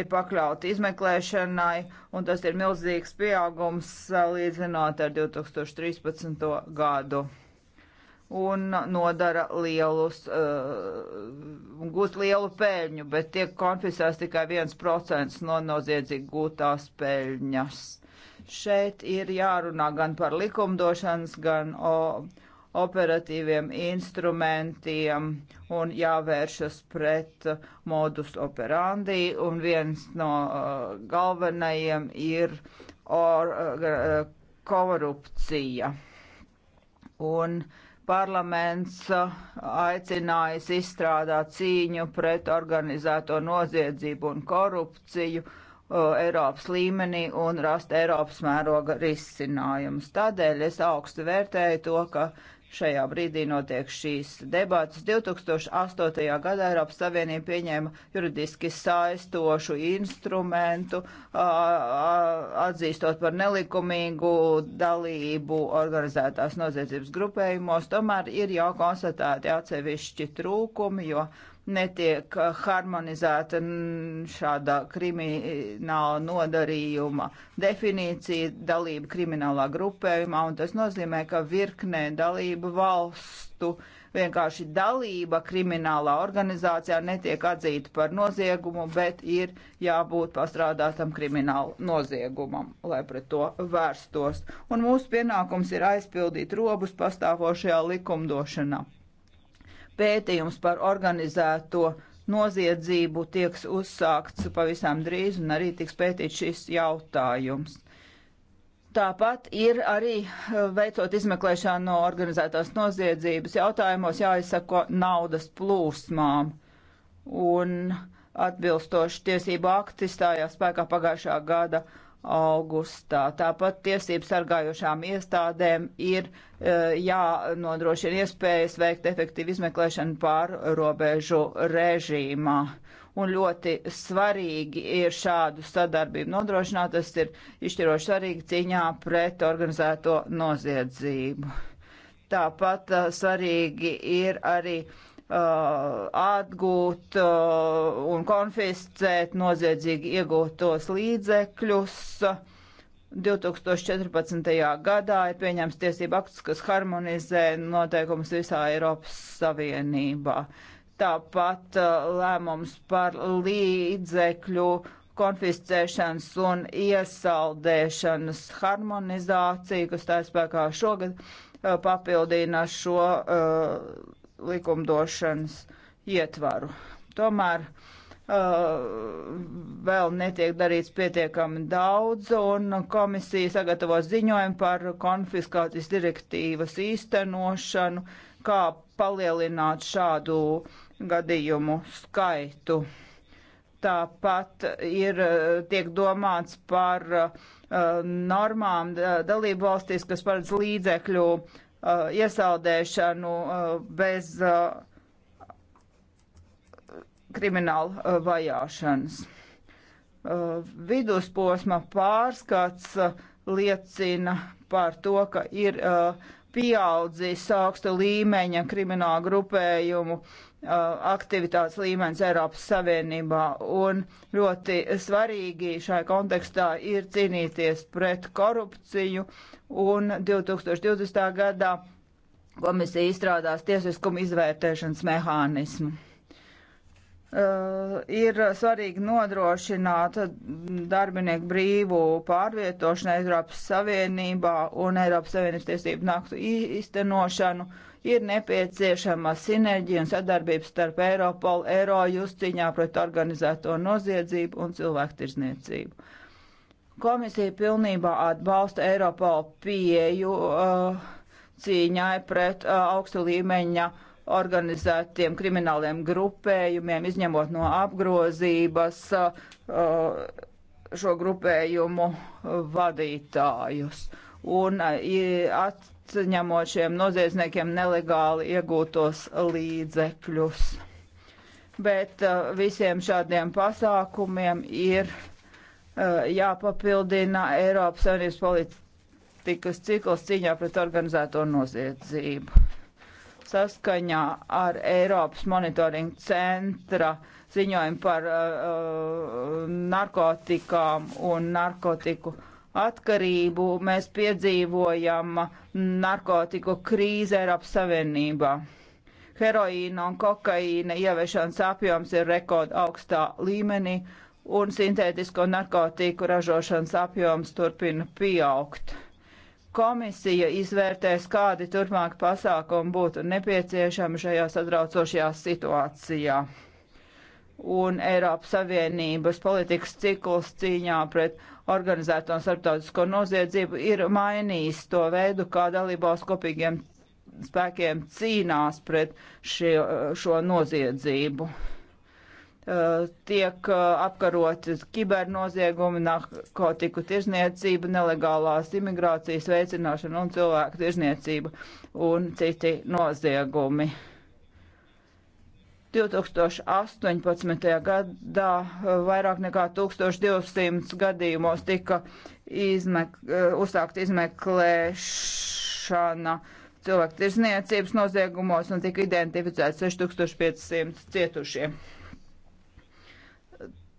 ir pakļauti izmeklēšanai, un tas ir milzīgs pieaugums uh, salīdzinot uh, ar 2013. gadu. Un nodara lielus, uh, gūst lielu peļņu, bet tiek konfiscēts tikai 1% no noziedzīgi gūtās peļņas. Uh, Šeit ir jārunā gan par likumdošanas, gan o, operatīviem instrumentiem un jāvēršas pret modus operandi. Un viens no uh, galvenajiem ir or, uh, korupcija. Un parlaments aicinājis izstrādāt cīņu pret organizēto noziedzību un korupciju. Uh, Uh, Eiropas līmenī un rast Eiropas mēroga risinājumus. Tādēļ es augstu vērtēju to, ka Šajā brīdī notiek šīs debatas. 2008. gadā Eiropas Savienība pieņēma juridiski saistošu instrumentu, atzīstot par nelikumīgu dalību organizētās noziedzības grupējumos. Tomēr ir jau konstatēti atsevišķi trūkumi, jo netiek eh, harmonizēta šāda krimināla nodarījuma definīcija, dalība kriminālā grupējumā, un tas nozīmē, ka virknē dalību valstu vienkārši dalība kriminālā organizācijā netiek atzīta par noziegumu, bet ir jābūt pastrādātam kriminālu noziegumam, lai pret to vērstos. Un mūsu pienākums ir aizpildīt robus pastāvošajā likumdošanā pētījums par organizēto noziedzību tieks uzsākts pavisam drīz un arī tiks pētīts šis jautājums. Tāpat ir arī eh, veicot izmeklēšanu no organizētās noziedzības jautājumos jāizsako naudas plūsmām. Un atbilstoši tiesību akti stājās spēkā pagājušā gada augustā. Tāpat tiesību sargājošām iestādēm ir e, jānodrošina iespējas veikt efektīvu izmeklēšanu pārrobežu režīmā. Un ļoti svarīgi ir šādu sadarbību nodrošināt. Tas ir izšķiroši svarīgi cīņā pret organizēto noziedzību. Tāpat a, e, svarīgi ir arī uh, Uh, atgūt uh, un konfiscēt noziedzīgi iegūtos līdzekļus. 2014. gadā ir pieņemts tiesība akts, kas harmonizē noteikumus visā Eiropas Savienībā. Tāpat uh, lēmums par līdzekļu konfiscēšanas un iesaldēšanas harmonizāciju, kas tā spēkā šogad papildina šo uh, likumdošanas ietvaru. Tomēr Uh, vēl netiek darīts pietiekami daudz, un komisija sagatavo ziņojumu par konfiskācijas direktīvas īstenošanu, kā palielināt šādu gadījumu skaitu. Tāpat ir uh, tiek domāts par uh, normām uh, dalību valstīs, kas paredz līdzekļu uh, Eh, iesaldēšanu eh, bez eh, krimināla vajāšanas. Vidusposma pārskats liecina par to, ka ir pieaudzis augsta līmeņa krimināla grupējumu uh, Uh, aktivitātes līmenis Eiropas Savienībā. Un ļoti svarīgi šai kontekstā ir cīnīties pret korupciju un 2020. gadā komisija izstrādās tiesiskuma izvērtēšanas mehānismu. Uh, ir svarīgi nodrošināt darbinieku brīvu pārvietošanu Eiropas Savienībā un Eiropas Savienības tiesību naktu īstenošanu. Uh, Ir nepieciešama sinerģija un sadarbība starp Eiropolu, Eirojust cīņā pret organizēto noziedzību un cilvēktirzniecību. Komisija pilnībā atbalsta Eiropolu pieju uh, cīņai pret uh, augstu līmeņa organizētiem krimināliem grupējumiem, izņemot no apgrozības uh, uh šo grupējumu vadītājus. Un uh, at, atņemot šiem noziedzniekiem nelegāli iegūtos līdzekļus. Bet uh, visiem šādiem pasākumiem ir uh, jāpapildina Eiropas Savienības politikas cikls cīņā pret organizēto noziedzību. Saskaņā ar Eiropas monitoringa centra ziņojumu par uh, uh narkotikām un narkotiku uh, atkarību mēs piedzīvojam narkotiku krīzi Eiropas Savienībā. Heroīna un kokaīna ieviešanas apjoms ir rekord augstā līmenī, un sintētisko narkotiku ražošanas apjoms turpina pieaugt. Komisija izvērtēs, kādi turpmāk pasākumi būtu nepieciešami šajā sadraucošajā situācijā un Eiropas Savienības politikas cikls cīņā pret organizēto un starptautisko noziedzību ir mainījis to veidu, kā dalībās kopīgiem spēkiem cīnās pret šie, šo noziedzību. Uh, tiek uh, apkaroti kibernoziegumi, narkotiku tirzniecība, nelegālās imigrācijas veicināšana un cilvēku tirzniecība un citi noziegumi. Uh, 2018. gadā eh, vairāk nekā 1200 gadījumos tika izmek, eh, uzsākt izmeklēšana cilvēku tirsniecības noziegumos un tika identificēts 6500 cietušie.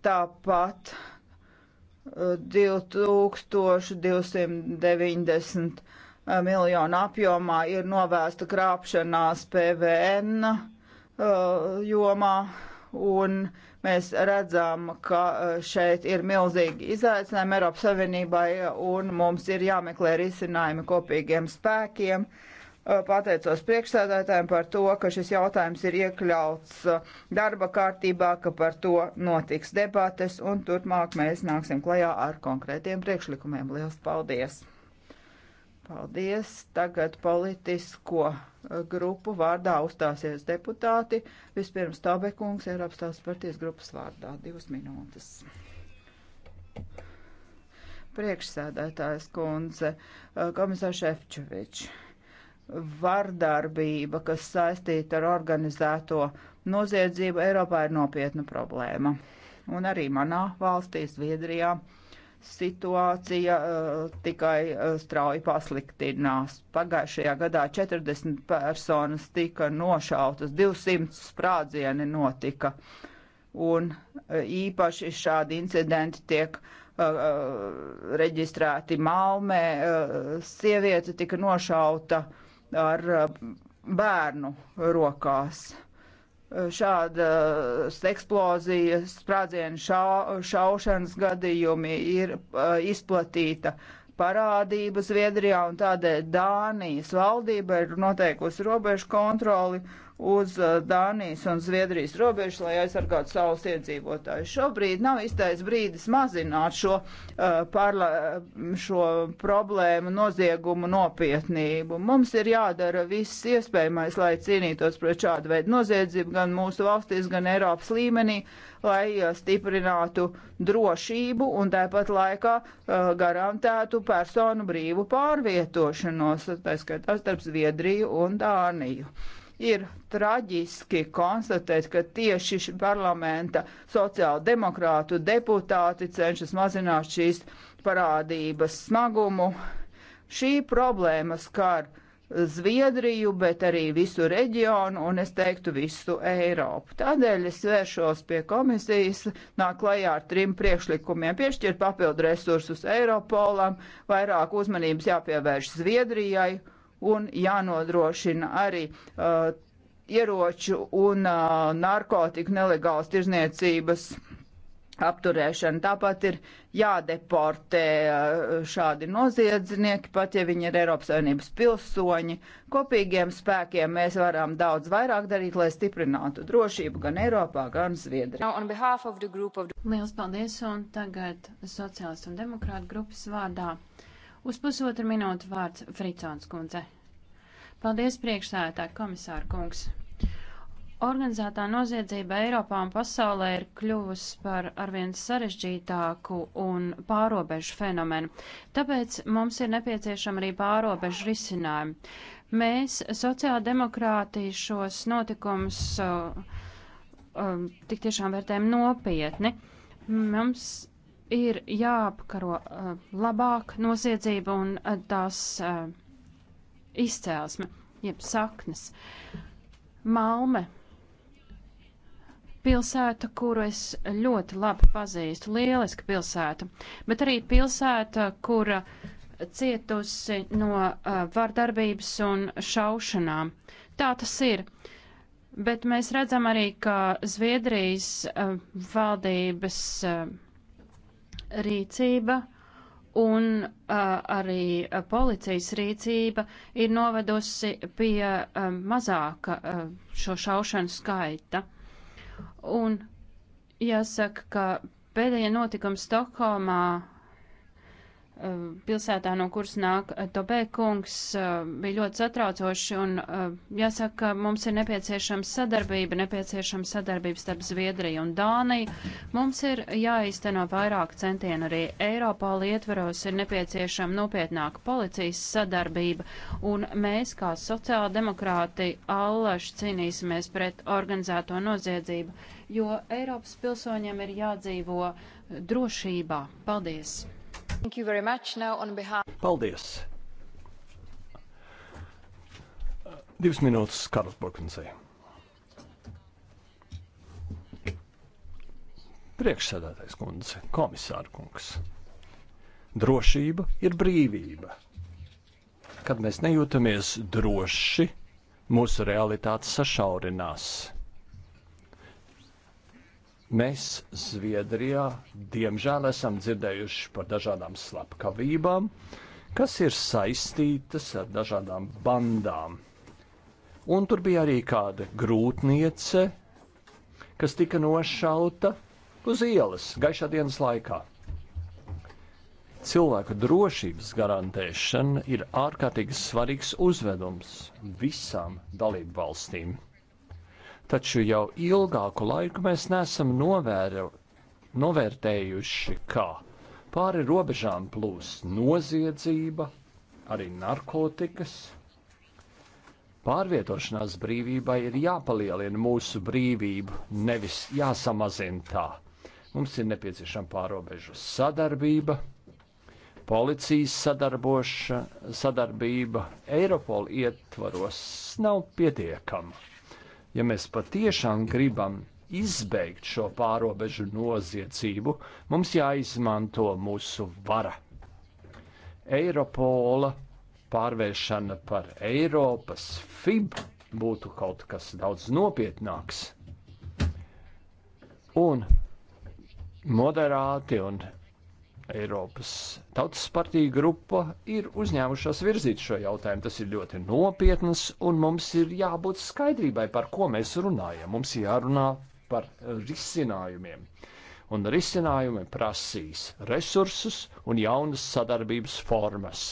Tāpat 2290 eh, miljonu apjomā ir novēsta krāpšanās PVN Uh, jomā. Un mēs redzam, ka uh, šeit ir milzīgi izaicinājumi Eiropas Savienībai uh, un mums ir jāmeklē risinājumi kopīgiem spēkiem. Pateicos priekšsēdētājiem par to, ka šis jautājums ir iekļauts darba kārtībā, ka par to notiks debates un turpmāk mēs nāksim klajā ar konkrētiem priekšlikumiem. Lielas paldies! Paldies. Tagad politisko eh, grupu vārdā uzstāsies deputāti. Vispirms Tabekungs ir apstāsts parties grupas vārdā. Divas minūtes. Priekšsēdētājs kundze, eh, komisārs Šefčovičs. Vardarbība, kas saistīta ar organizēto noziedzību, Eiropā ir nopietna problēma. Un arī manā valstī, Zviedrijā, uh, situācija uh, tikai uh, strauji pasliktinās. Pagājušajā gadā 40 personas tika nošautas, 200 sprādzieni notika. Un uh, īpaši šādi incidenti tiek reģistrēti Malmē. Sieviete tika nošauta ar bērnu rokās šādas eksplozijas, sprādzienu šā, šaušanas gadījumi ir izplatīta parādība Zviedrijā, un tādēļ Dānijas valdība ir noteikusi robežu kontroli uz uh, Dānijas un Zviedrijas robežu, lai aizsargātu savus iedzīvotājus. Šobrīd nav īstais brīdis mazināt šo, uh, parla, šo problēmu, noziegumu nopietnību. Mums ir jādara viss iespējamais, lai cīnītos pret šādu veidu noziedzību gan mūsu valstīs, gan Eiropas līmenī, lai uh, stiprinātu drošību un tāpat laikā uh, garantētu personu brīvu pārvietošanos, tā skaitā starp Zviedriju un Dāniju. Ir traģiski konstatēt, ka tieši parlamenta sociāldemokrātu deputāti cenšas mazināt šīs parādības smagumu. Šī problēma skar Zviedriju, bet arī visu reģionu un es teiktu visu Eiropu. Tādēļ es vēršos pie komisijas, nāk klajā ar trim priekšlikumiem, piešķirt papildu resursus Eiropolam, vairāk uzmanības jāpievērš Zviedrijai un jānodrošina arī uh, ieroču un uh, narkotiku nelegālas tirzniecības apturēšana. Tāpat ir jādeportē uh, šādi noziedznieki, pat ja viņi ir Eiropas Savienības pilsoņi. Kopīgiem spēkiem mēs varam daudz vairāk darīt, lai stiprinātu drošību gan Eiropā, gan Zviedrijā. The... Liels paldies, un tagad sociālistu un demokrātu grupas vārdā Uz pusotru minūtu vārds Fricons kundze. Paldies priekšsētā komisāra kungs. Organizētā noziedzība Eiropā un pasaulē ir kļuvusi par arvien sarežģītāku un pārobežu fenomenu. Tāpēc mums ir nepieciešama arī pārobežu risinājumi. Mēs, sociāldemokrāti, šos notikumus uh, um, tik tiešām vērtējam nopietni. Mums ir jāapkaro uh, labāk noziedzība un uh, tās uh, izcēlesme, jeb saknes. Malme. Pilsēta, kuru es ļoti labi pazīstu, lieliska pilsēta, bet arī pilsēta, kura cietusi no uh, vardarbības un šaušanām. Tā tas ir. Bet mēs redzam arī, ka Zviedrijas uh, valdības uh, rīcība un uh, arī policijas rīcība ir novedusi pie uh, mazāka uh, šo šaušanu skaita. Un jāsaka, ka pēdējie notikumi Stokholmā Eh, pilsētā, no kuras nāk eh, Tobē kungs, eh, bija ļoti satraucoši, un jāsaka, mums ir nepieciešama sadarbība, nepieciešama sadarbība starp Zviedriju un Dāniju. Mums ir jāizteno vairāk centienu arī Eiropā lietvaros, ir nepieciešama nopietnāka policijas sadarbība, un mēs, kā sociāldemokrāti, allaši cīnīsimies pret organizēto noziedzību, jo Eiropas pilsoņiem ir jādzīvo drošībā. Paldies! Paldies! Divas minūtes Karls Borkensei. Priekšsēdētais kundze, komisāra kungs. Drošība ir brīvība. Kad mēs nejūtamies droši, mūsu realitāte sašaurinās. Mēs Zviedrijā diemžēl esam dzirdējuši par dažādām slepkavībām, kas ir saistītas ar dažādām bandām. Un tur bija arī kāda grūtniece, kas tika nošauta uz ielas gaišā dienas laikā. Cilvēka drošības garantēšana ir ārkārtīgi svarīgs uzvedums visām dalību valstīm taču jau ilgāku laiku mēs nesam novēro, novērtējuši, kā pāri robežām plūs noziedzība, arī narkotikas. Pārvietošanās brīvībai ir jāpalielina mūsu brīvību, nevis jāsamazina tā. Mums ir nepieciešama pārobežu sadarbība, policijas sadarbība, Eiropola ietvaros nav pietiekama. Ja mēs patiešām gribam izbeigt šo pārobežu noziedzību, mums jāizmanto mūsu vara. Eiropola pārvēršana par Eiropas FIB būtu kaut kas daudz nopietnāks. Un moderāti un Eiropas Tautas partija grupa ir uzņēmušās virzīt šo jautājumu. Tas ir ļoti nopietnas, un mums ir jābūt skaidrībai, par ko mēs runājam. Mums jārunā par risinājumiem. Un risinājumi prasīs resursus un jaunas sadarbības formas.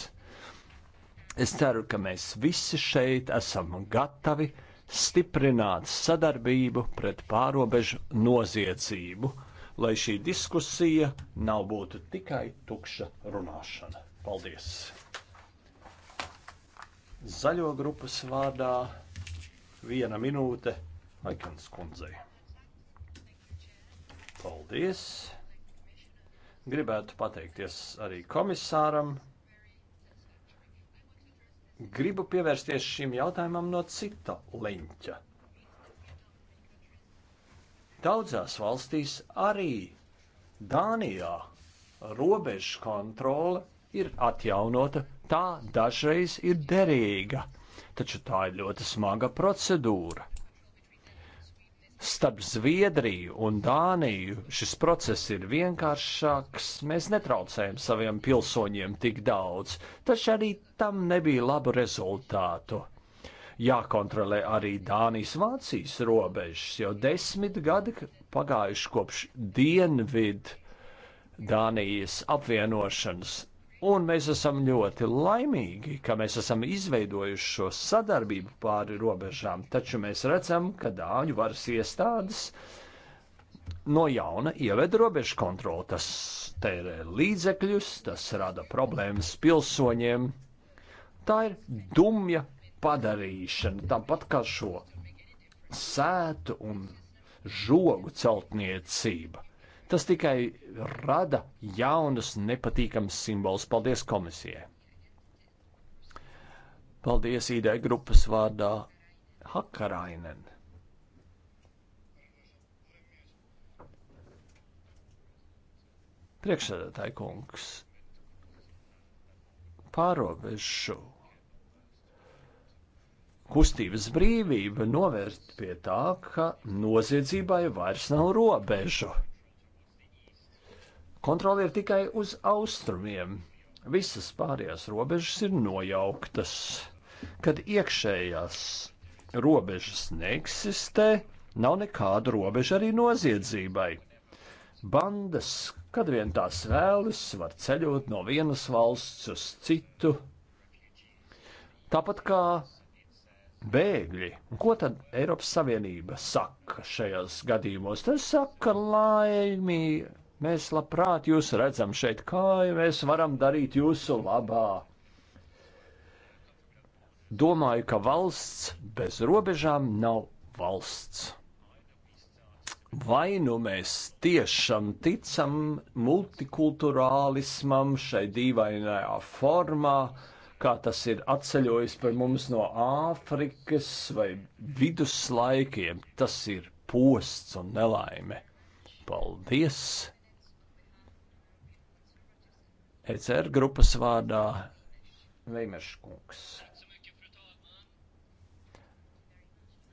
Es ceru, ka mēs visi šeit esam gatavi stiprināt sadarbību pret pārobežu noziedzību lai šī diskusija nav būtu tikai tukša runāšana. Paldies! Zaļo grupas vārdā viena minūte Aikans kundzei. Paldies! Gribētu pateikties arī komisāram. Gribu pievērsties šim jautājumam no cita leņķa. Daudzās valstīs, arī Dānijā, robežu kontrole ir atjaunota. Tā dažreiz ir derīga, taču tā ir ļoti smaga procedūra. Starp Zviedriju un Dāniju šis process ir vienkāršāks. Mēs netraucējam saviem pilsoņiem tik daudz, taču arī tam nebija labu rezultātu jākontrolē arī Dānijas-Vācijas robežas, jo desmit gadi pagājuši kopš dienvidu Dānijas apvienošanas. Un mēs esam ļoti laimīgi, ka mēs esam izveidojuši šo sadarbību pāri robežām, taču mēs redzam, ka Dāņu varas iestādes no jauna ieved robežu kontroli. Tas tērē līdzekļus, tas rada problēmas pilsoņiem. Tā ir dumja padarīšana, tāpat kā šo sētu un žogu celtniecība. Tas tikai rada jaunus nepatīkamus simbolus. Paldies komisijai! Paldies īdai grupas vārdā Hakarainen. Priekšsēdētāji kungs, pārobežu kustības brīvība novērst pie tā, ka noziedzībai vairs nav robežu. Kontrole ir tikai uz austrumiem. Visas pārējās robežas ir nojauktas. Kad iekšējās robežas neeksistē, nav nekāda robeža arī noziedzībai. Bandas, kad vien tās vēlas, var ceļot no vienas valsts uz citu. Tāpat kā bēgļi. Un ko tad Eiropas Savienība saka šajos gadījumos? Tas saka laimī. Mēs labprāt jūs redzam šeit, kā mēs varam darīt jūsu labā. Domāju, ka valsts bez robežām nav valsts. Vai nu mēs tiešām ticam multikulturālismam šai dīvainajā formā, uh, kā tas ir atceļojis par mums no Āfrikas vai viduslaikiem. Tas ir posts un nelaime. Paldies! ECR grupas vārdā Veimerškungs.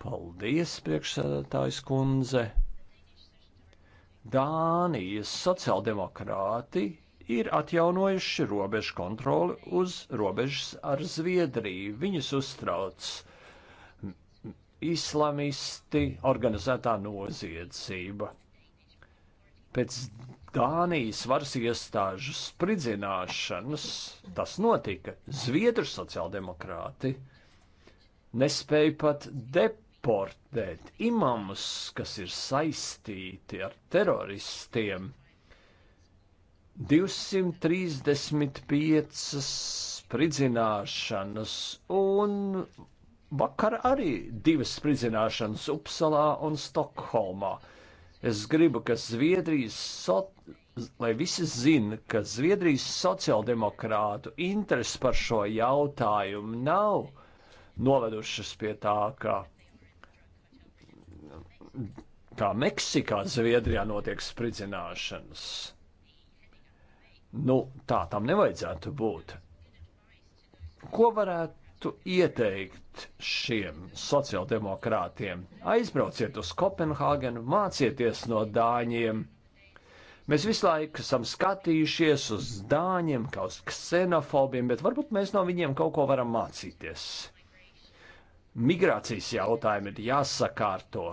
Paldies, priekšsēdētājs kundze! Dānijas sociāldemokrāti ir atjaunojuši robežu kontroli uz robežas ar Zviedriju. Viņus uztrauc islamisti, organizētā noziedzība. Pēc Dānijas varas iestāžu spridzināšanas tas notika. Zviedru sociāldemokrāti nespēja pat deportēt imamus, kas ir saistīti ar teroristiem. 235 spridzināšanas, un vakar arī divas spridzināšanas Upsalā un Stokholmā. Es gribu, ka Zviedrijas, so, lai visi zina, ka Zviedrijas sociāldemokrātu interesi par šo jautājumu nav novedušas pie tā, ka kā Meksikā Zviedrijā notiek spridzināšanas. Nu, tā tam nevajadzētu būt. Ko varētu ieteikt šiem sociāldemokrātiem? Aizbrauciet uz Kopenhāgenu, mācieties no dāņiem. Mēs visu laiku esam skatījušies uz dāņiem, kā uz ksenofobiem, bet varbūt mēs no viņiem kaut ko varam mācīties. Migrācijas jautājumi ir jāsakārto,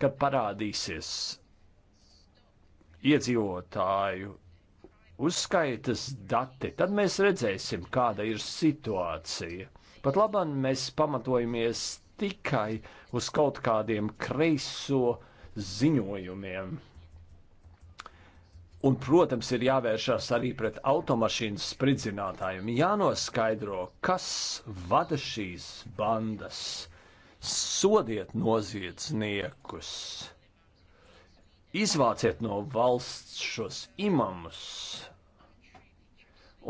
kad parādīsies iedzīvotāju uzskaitas dati, tad mēs redzēsim, kāda ir situācija. Pat labam mēs pamatojamies tikai uz kaut kādiem kreiso ziņojumiem. Un, protams, ir jāvēršās arī pret automašīnu spridzinātājiem. Jānoskaidro, kas vada šīs bandas. Sodiet noziedzniekus! Izvāciet no valsts šos imamus.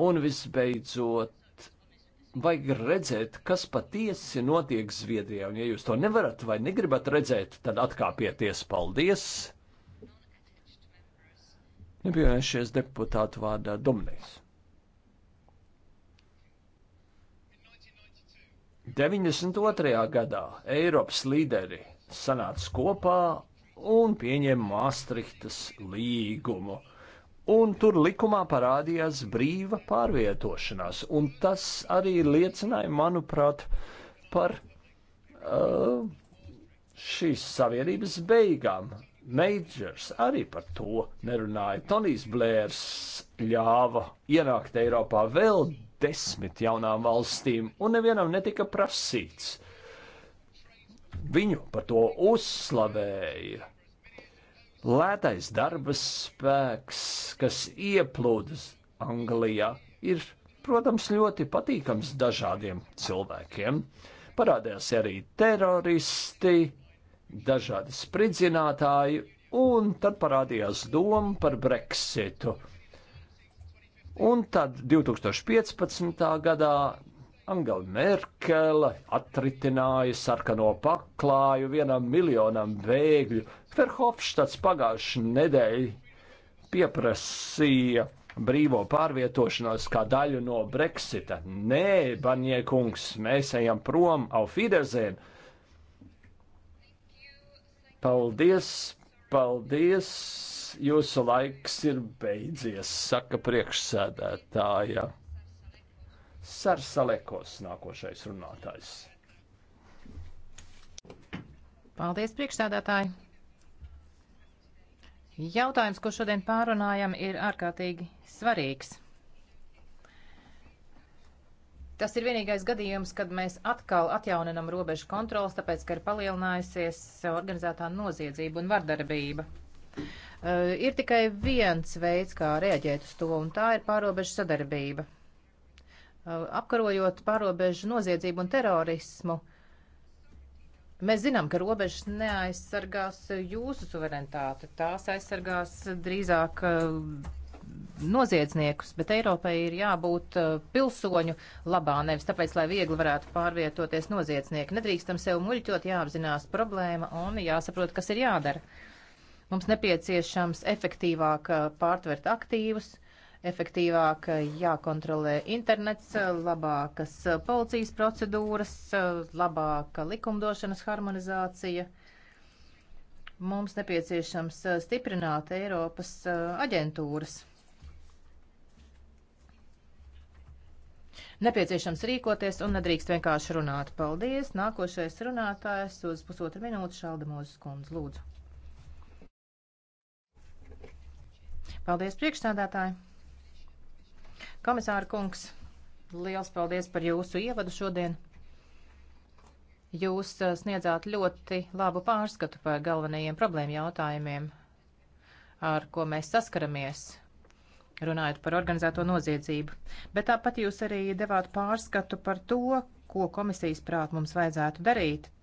Un visbeidzot, vajag redzēt, kas patiesi notiek Zviedrijā. Un, ja jūs to nevarat vai negribat redzēt, tad atkāpieties. Paldies! Nepievienojušies deputātu vārdā Domnēs. 92. gadā Eiropas līderi sanāca kopā un pieņem Maastrichtas līgumu. Un tur likumā parādījās brīva pārvietošanās, un tas arī liecināja, manuprāt, par uh, šīs savienības beigām. Meidžers arī par to nerunāja. Tonijs Blērs ļāva ienākt Eiropā vēl desmit jaunām valstīm, un nevienam netika prasīts. Viņu par to uzslavēja. Lētais darba spēks, kas ieplūdas Anglijā, ir, protams, ļoti patīkams dažādiem cilvēkiem. Parādījās arī teroristi, dažādi spridzinātāji, un tad parādījās doma par Brexitu. Un tad 2015. gadā Angela Merkele atritināja sarkano paklāju vienam miljonam bēgļu. Verhofstads pagājušā nedēļa pieprasīja brīvo pārvietošanos kā daļu no Brexita. Nē, Banjēkungs, mēs ejam prom auf Wiedersehen. Paldies, paldies, jūsu laiks ir beidzies, saka priekšsēdētāja. Sarsalekos nākošais runātājs. Paldies, priekšstādātāji! Jautājums, ko šodien pārunājam, ir ārkārtīgi svarīgs. Tas ir vienīgais gadījums, kad mēs atkal atjauninam robežu kontrolas, tāpēc, ka ir palielinājusies organizētā noziedzība un vardarbība. Uh, ir tikai viens veids, kā reaģēt uz to, un tā ir pārobežu sadarbība. Uh, apkarojot pārobežu noziedzību un terorismu. Mēs zinām, ka robežas neaizsargās jūsu suverenitāti, tās aizsargās drīzāk uh, noziedzniekus, bet Eiropai ir jābūt uh, pilsoņu labā, nevis tāpēc, lai viegli varētu pārvietoties noziedznieki. Nedrīkstam sev muļķot, jāapzinās problēma un jāsaprot, kas ir jādara. Mums nepieciešams efektīvāk pārtvert aktīvus, uh, efektīvāk jākontrolē internets, labākas policijas procedūras, labāka likumdošanas harmonizācija. Mums nepieciešams stiprināt Eiropas aģentūras. Nepieciešams rīkoties un nedrīkst vienkārši runāt. Paldies! Nākošais runātājs uz pusotru minūtu Šaldemozes kundze. Lūdzu! Paldies priekšstādātāji! Komisāra kungs, liels paldies par jūsu ievadu šodien. Jūs eh, sniedzāt ļoti labu pārskatu par galvenajiem problēmu jautājumiem, ar ko mēs saskaramies runājot par organizēto noziedzību, bet tāpat jūs arī devāt pārskatu par to, ko komisijas prāt mums vajadzētu darīt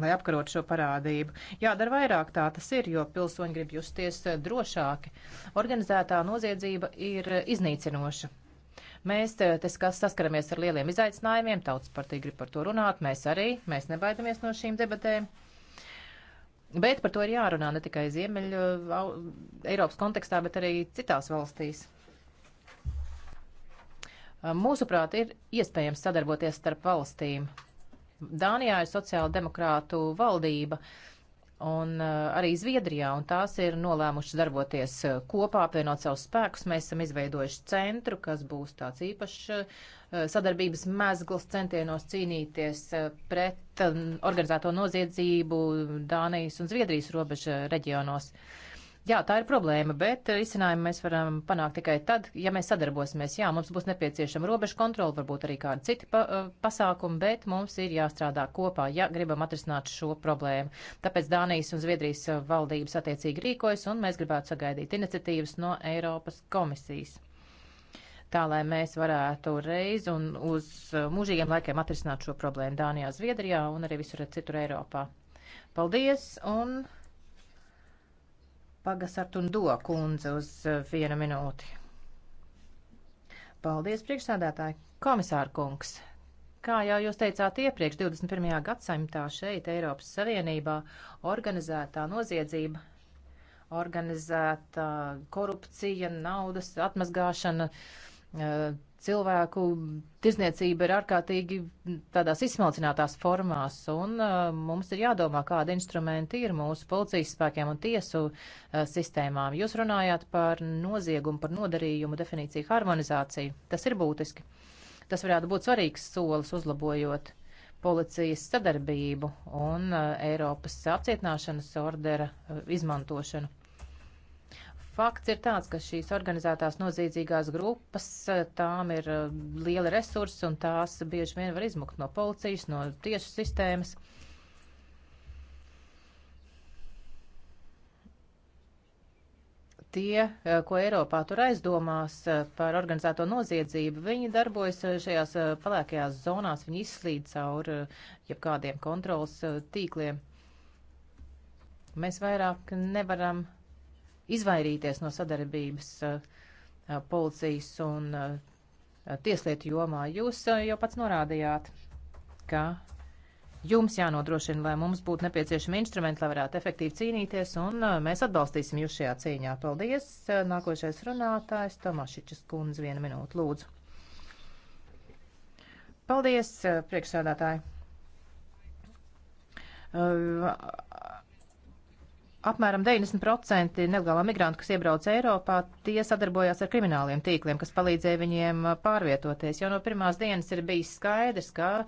lai apkarotu šo parādību. Jādara vairāk tā tas ir, jo pilsoņi grib justies eh, drošāki. Organizētā noziedzība ir eh, iznīcinoša. Mēs eh, te saskaramies ar lieliem izaicinājumiem, tautas partija grib par to runāt, mēs arī, mēs nebaidamies no šīm debatēm. Bet par to ir jārunā ne tikai Ziemeļu Eiropas kontekstā, bet arī citās valstīs. Mūsuprāt, ir iespējams sadarboties starp valstīm Dānijā ir sociāla demokrātu valdība. Un uh, arī Zviedrijā, un tās ir nolēmušas darboties uh, kopā, apvienot savus spēkus. Mēs esam izveidojuši centru, kas būs tāds īpašs uh, sadarbības mezgls centienos cīnīties uh, pret uh, organizēto noziedzību Dānijas un Zviedrijas robeža reģionos. Uh, Jā, tā ir problēma, bet risinājumu eh, mēs varam panākt tikai tad, ja mēs sadarbosimies. Jā, mums būs nepieciešama robežu kontrola, varbūt arī kādi citi pa eh, pasākumi, bet mums ir jāstrādā kopā, ja gribam atrisināt šo problēmu. Tāpēc Dānijas un Zviedrijas eh, valdības attiecīgi rīkojas, un mēs gribētu sagaidīt iniciatīvas no Eiropas komisijas tā lai mēs varētu reiz un uz mūžīgiem laikiem atrisināt šo problēmu Dānijā, Zviedrijā un arī visur citur Eiropā. Paldies, un Pagasart un do kundze uz eh, vienu minūti. Paldies, priekšsādātāji. Komisāra kungs, kā jau jūs teicāt iepriekš, 21. gadsimtā šeit Eiropas Savienībā organizētā noziedzība, organizētā korupcija, naudas atmazgāšana. Uh, cilvēku tirzniecība ir ārkārtīgi tādās izsmalcinātās formās, un uh, mums ir jādomā, kādi instrumenti ir mūsu policijas spēkiem un tiesu uh, sistēmām. Jūs runājāt par noziegumu, par nodarījumu definīciju harmonizāciju. Tas ir būtiski. Tas varētu būt svarīgs solis uzlabojot policijas sadarbību un uh, Eiropas apcietināšanas ordera izmantošanu. Fakts ir tāds, ka šīs organizētās noziedzīgās grupas, eh, tām ir eh, liela resursa un tās bieži vien var izmukt no policijas, no tiesu sistēmas. tie, eh, ko Eiropā tur aizdomās par organizēto noziedzību, viņi darbojas šajās palēkajās zonās, viņi izslīd cauri jebkādiem kontrols tīkliem. Mēs vairāk nevaram izvairīties no sadarbības eh, eh, policijas un eh, tieslietu jomā. Jūs jau pats norādījāt, ka jums jānodrošina, lai mums būtu nepieciešami instrumenti, lai varētu efektīvi cīnīties, un mēs atbalstīsim jūs šajā cīņā. Paldies! Nākošais runātājs Tomašičs kundze, viena minūte, lūdzu. Paldies, priekšsādātāji! apmēram 90% nelegālā migrantu, kas iebrauc Eiropā, tie sadarbojās ar krimināliem tīkliem, kas palīdzēja viņiem uh, pārvietoties. Jau no pirmās dienas ir bijis skaidrs, ka uh,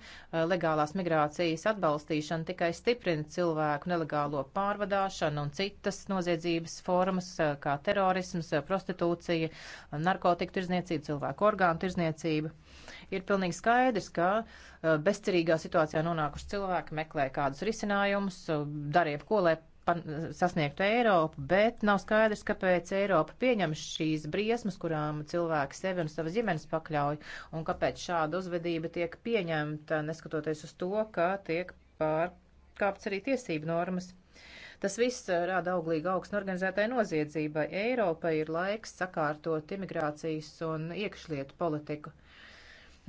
legālās migrācijas atbalstīšana tikai stiprina cilvēku nelegālo pārvadāšanu un citas noziedzības formas, uh, kā terorisms, prostitūcija, narkotika tirzniecība, cilvēku orgānu tirzniecība. Ir pilnīgi skaidrs, ka bezcerīgā situācijā nonākuši cilvēki meklē kādus risinājumus, darīja ko, lai sasniegtu Eiropu, bet nav skaidrs, kāpēc Eiropa pieņem šīs briesmas, kurām cilvēki sevi un savas ģimenes pakļauj, un kāpēc šāda uzvedība tiek pieņemta, neskatoties uz to, ka tiek pārkāpts arī tiesību normas. Tas viss uh, rada auglīgu augstu organizētai noziedzībai. Eiropai ir laiks sakārtot imigrācijas un iekšlietu politiku.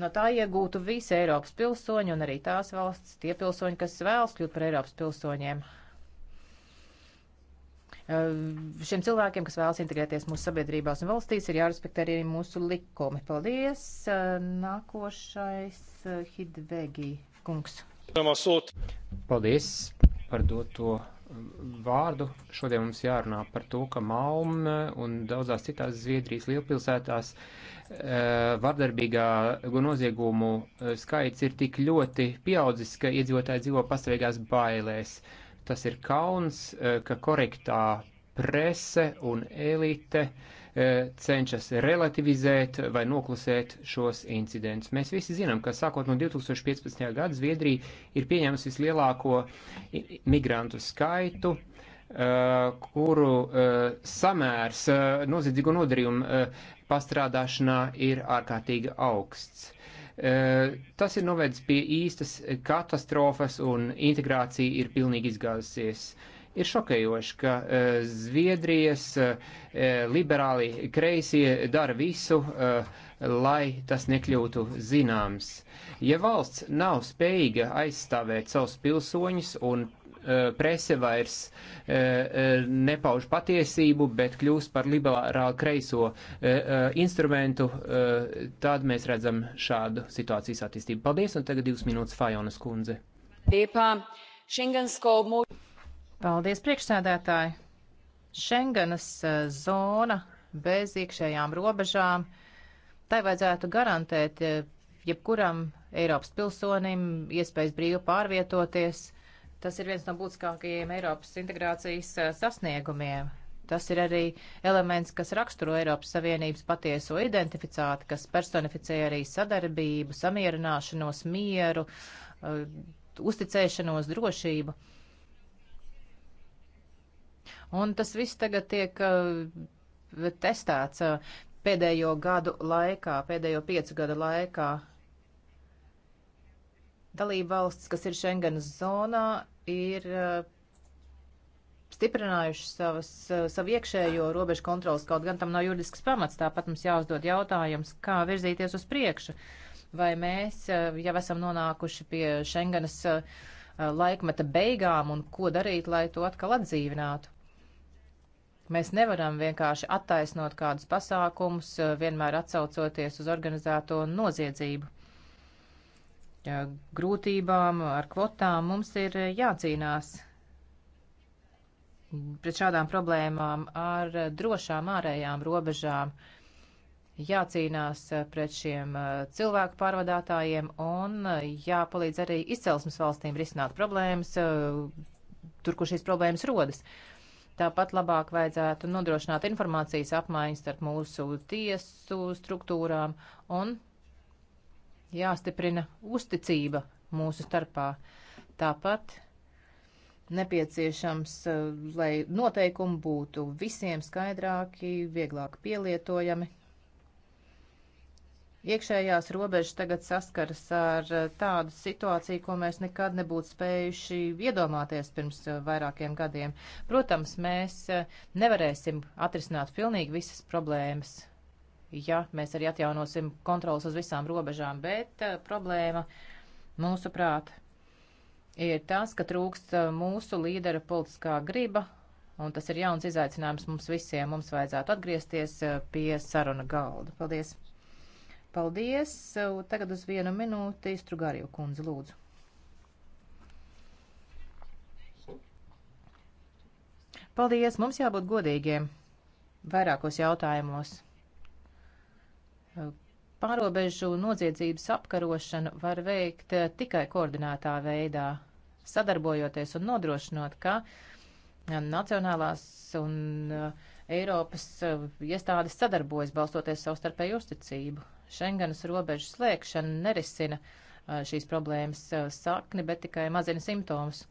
No tā iegūtu visi Eiropas pilsoņi un arī tās valsts tie pilsoņi, kas vēlas kļūt par Eiropas pilsoņiem. Eh, šiem cilvēkiem, kas vēlas integrēties mūsu sabiedrībās un valstīs, ir jārespektē arī mūsu likumi. Paldies! Eh, nākošais eh, Hidvegi kungs. Paldies par doto vārdu. Šodien mums jārunā par to, ka Malmē un daudzās citās Zviedrijas lielpilsētās vardarbīgā noziegumu skaits ir tik ļoti pieaudzis, ka iedzīvotāji dzīvo pastāvīgās bailēs. Uh, Tas ir kauns, eh, ka korektā prese un elite eh, cenšas relativizēt vai noklusēt šos incidentus. Mēs visi zinām, ka sākot no 2015. gada Zviedrija ir pieņēmusi vislielāko migrantu skaitu, eh, kuru samērs noziedzīgo nodarījumu pastrādāšanā ir ārkārtīgi augsts. E, tas ir novedis pie īstas katastrofas un integrācija ir pilnīgi izgāzusies. Ir šokējoši, ka e, Zviedrijas e, liberāli kreisie dara visu, lai tas nekļūtu zināms. Ja valsts nav spējīga aizstāvēt savus pilsoņus un Eh, prese vairs eh, eh, nepauž patiesību, bet kļūst par liberālu kreiso instrumentu, tad mēs redzam šādu situācijas attīstību. Paldies, un tagad divas minūtes Fajonas kundze. Paldies, priekšsēdētāji! Šengenas zona bez iekšējām robežām, tai vajadzētu garantēt jebkuram Eiropas pilsonim iespējas brīvi pārvietoties Tas ir viens no būtiskākajiem Eiropas integrācijas eh, sasniegumiem. Tas ir arī elements, kas raksturo Eiropas Savienības patieso identificāti, kas personificē arī sadarbību, samierināšanos, mieru, eh, uzticēšanos, drošību. Un tas viss tagad tiek eh, testēts pēdējo gadu laikā, pēdējo piecu gadu laikā. Dalība valsts, kas ir Schengenas zonā, ir eh, stiprinājuši savas, eh, savu iekšējo robežu kontrolas, kaut gan tam nav juridisks pamats. Tāpat mums jāuzdod jautājums, kā virzīties uz priekšu. Vai mēs eh, jau esam nonākuši pie Schengenas laikmeta beigām un ko darīt, lai to atkal atdzīvinātu? Mēs nevaram vienkārši attaisnot kādus pasākumus, vienmēr atsaucoties uz organizēto noziedzību grūtībām, ar kvotām, mums ir eh, jācīnās pret šādām problēmām ar drošām ārējām robežām, jācīnās eh, pret šiem eh, cilvēku pārvadātājiem un jāpalīdz arī izcelsmes valstīm risināt problēmas, tur, kur šīs problēmas rodas. Tāpat labāk vajadzētu nodrošināt informācijas apmaiņas starp mūsu tiesu struktūrām un jāstiprina uzticība mūsu starpā. Tāpat nepieciešams, eh, lai noteikumi būtu visiem skaidrāki, vieglāk pielietojami. Iekšējās robežas tagad saskaras ar eh, tādu situāciju, ko mēs nekad nebūtu spējuši iedomāties pirms eh, vairākiem gadiem. Protams, mēs nevarēsim atrisināt pilnīgi visas problēmas, ja mēs arī atjaunosim kontrolas uz visām robežām, bet uh, problēma, mūsuprāt, ir tas, ka trūkst uh, mūsu līdera politiskā griba, un tas ir jauns izaicinājums mums visiem. Mums vajadzētu atgriezties uh, pie saruna galda. Paldies! Paldies! Tagad uz vienu minūti Strugāriju kundzi lūdzu. Paldies! Mums jābūt godīgiem vairākos jautājumos. Pārobežu noziedzības apkarošanu var veikt eh, tikai koordinētā veidā, sadarbojoties un nodrošinot, ka eh, nacionālās un eh, Eiropas iestādes sadarbojas balstoties savstarpēju uzticību. Šengenas robežu slēgšana nerisina šīs problēmas sakni, bet tikai mazina simptomus.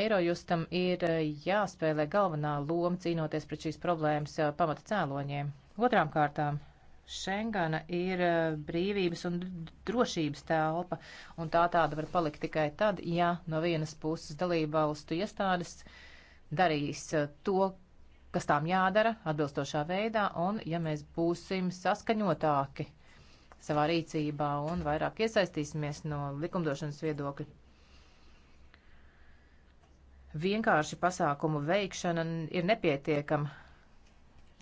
Eirojustam ir jāspēlē galvenā loma cīnoties pret šīs problēmas pamata cēloņiem. Otrām kārtām. Šengana ir eh, brīvības un drošības telpa, un tā tāda var palikt tikai tad, ja no vienas puses dalība valstu iestādes darīs eh, to, kas tām jādara atbilstošā veidā, un ja mēs būsim saskaņotāki savā rīcībā un vairāk iesaistīsimies no likumdošanas viedokļa. Vienkārši pasākumu veikšana ir nepietiekama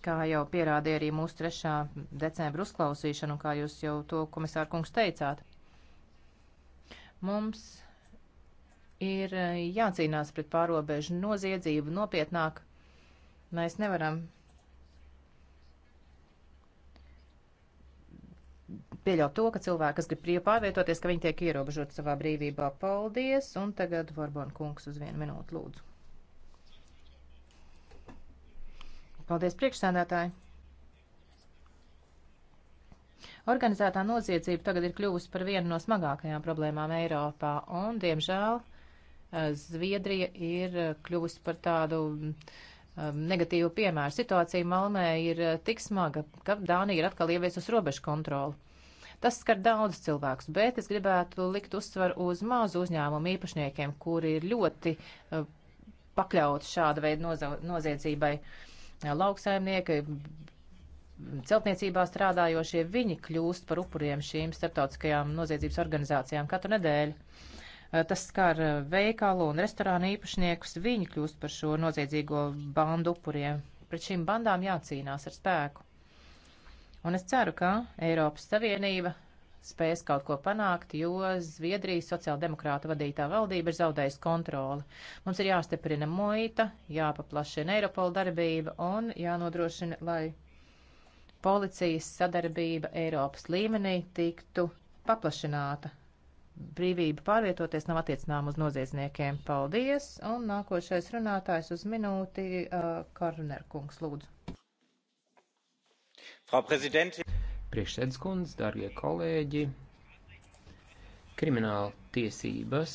kā jau pierādīja arī mūsu 3. decembra uzklausīšana, un kā jūs jau to komisāra kungs teicāt. Mums ir eh, jācīnās pret pārobežu noziedzību nopietnāk. Mēs nevaram pieļaut to, ka cilvēki, kas grib brīvi pārvietoties, ka viņi tiek ierobežoti savā brīvībā. Paldies, un tagad Varbon kungs uz vienu minūtu lūdzu. Paldies, priekšsēdētāji! Organizētā noziedzība tagad ir kļuvusi par vienu no smagākajām problēmām Eiropā, un, diemžēl, eh, Zviedrija ir eh, kļuvusi par tādu eh, negatīvu piemēru. Situācija Malmē ir tik smaga, ka Dānija ir atkal ieviesus robežu kontroli. Tas skar daudz cilvēkus, bet es gribētu likt uzsvaru uz mazu uzņēmumu īpašniekiem, kuri ir ļoti pakļauti šāda veida noziedzībai. Uh, lauksaimnieki, celtniecībā strādājošie, viņi kļūst par upuriem šīm starptautiskajām noziedzības organizācijām katru nedēļu. Eh, tas skar eh, veikalu un restorānu īpašniekus, viņi kļūst par šo noziedzīgo bandu upuriem. Pret šīm bandām jācīnās ar spēku. Un es ceru, ka Eiropas Savienība spēs kaut ko panākt, jo Zviedrijas sociāldemokrāta vadītā valdība ir zaudējusi kontroli. Mums ir jāstiprina muita, jāpaplašina Eiropola darbība un jānodrošina, lai policijas sadarbība Eiropas līmenī tiktu paplašināta. Brīvība pārvietoties nav attiecināma uz noziedzniekiem. Paldies! Un nākošais runātājs uz minūti uh, Karnerkungs lūdzu. Frau Präsidentin! Priekšsēdus kundze, darbie kolēģi, krimināla tiesības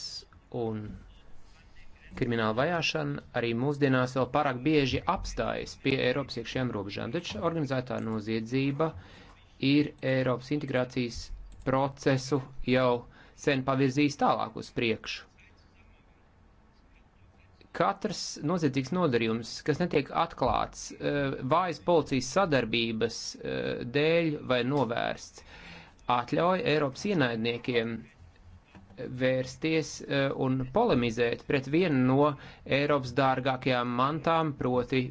un krimināla vajāšana arī mūsdienās vēl pārāk bieži apstājas pie Eiropas iekšējām robežām, taču organizētā noziedzība ir Eiropas integrācijas procesu jau sen pavirzījis tālāk uz priekšu. Katrs noziedzīgs nodarījums, kas netiek atklāts eh, vājas policijas sadarbības eh, dēļ vai novērsts, atļauj Eiropas ienaidniekiem eh, vērsties un polemizēt pret vienu no Eiropas dārgākajām mantām, proti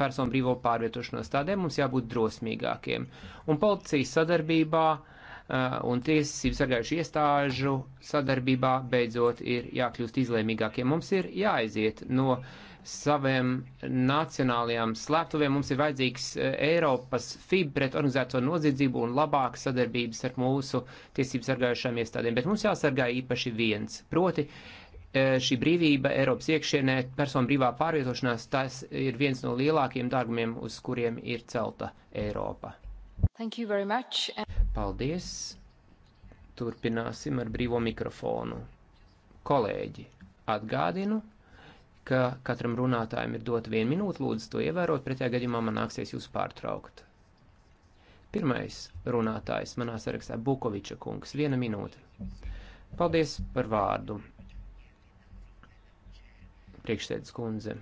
personu brīvo pārvietošanos. Tādēļ mums jābūt drosmīgākiem. Un policijas sadarbībā uh, Eh, un tiesību sargājuši iestāžu sadarbībā beidzot ir jākļūst izlēmīgākiem. Mums ir jāaiziet no saviem nacionālajām slēptuvēm, mums ir vajadzīgs eh, Eiropas FIB pret organizēto nodzīdzību un labāka sadarbības ar mūsu tiesību sargājušām iestādēm, bet mums jāsargā īpaši viens, proti eh, šī brīvība Eiropas iekšienē, personu brīvā pārvietošanās, tas ir viens no lielākiem dārgumiem, uz kuriem ir celta Eiropa. Paldies! Turpināsim ar brīvo mikrofonu. Kolēģi, atgādinu, ka katram runātājam ir dot vienu minūtu, lūdzu to ievērot, pretējā gadījumā man nāksies jūs pārtraukt. Pirmais runātājs manā sarakstā Bukoviča kungs, viena minūte. Paldies par vārdu. Priekšsēdus kundze.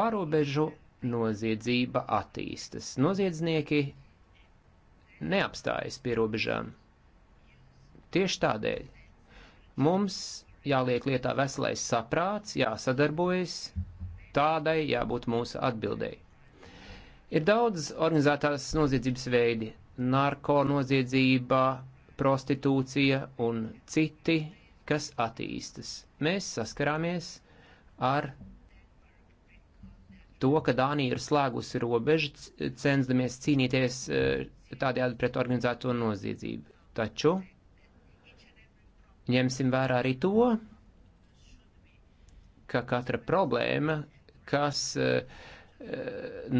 Pārobežu noziedzība attīstas. Noziedznieki neapstājas pie robežām. Tieši tādēļ mums jāliek lietā veselais saprāts, jāsadarbojas, tādai jābūt mūsu atbildēji. Ir daudz organizētās noziedzības veidi - narko noziedzība, prostitūcija un citi, kas attīstas. Mēs saskarāmies ar to, ka Dānija ir slēgusi robežu, censdamies cīnīties eh, tādējādi pret organizēto noziedzību. Taču ņemsim vērā arī to, ka katra problēma, kas eh,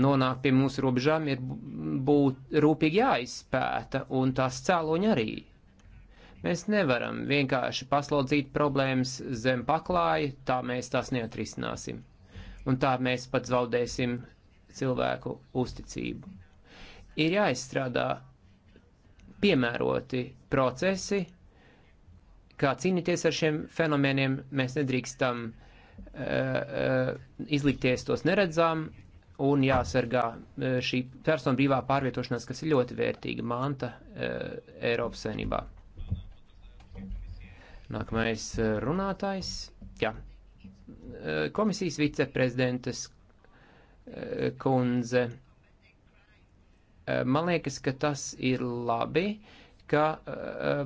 nonāk pie mūsu robežām, ir būt rūpīgi jāizpēta, un tās cēloņi arī. Mēs nevaram vienkārši paslodzīt problēmas zem paklāja, tā mēs tās neatrisināsim un tā mēs pat zaudēsim cilvēku uzticību. Ir jāizstrādā piemēroti procesi, kā cīnīties ar šiem fenomeniem. Mēs nedrīkstam uh, uh, izlikties tos neredzām un jāsargā uh, šī persona brīvā pārvietošanās, kas ir ļoti vērtīga manta uh, Eiropas saimnībā. Nākamais runātājs. Jā. Ja komisijas viceprezidentes eh, kundze. Eh, man liekas, ka tas ir labi, ka eh,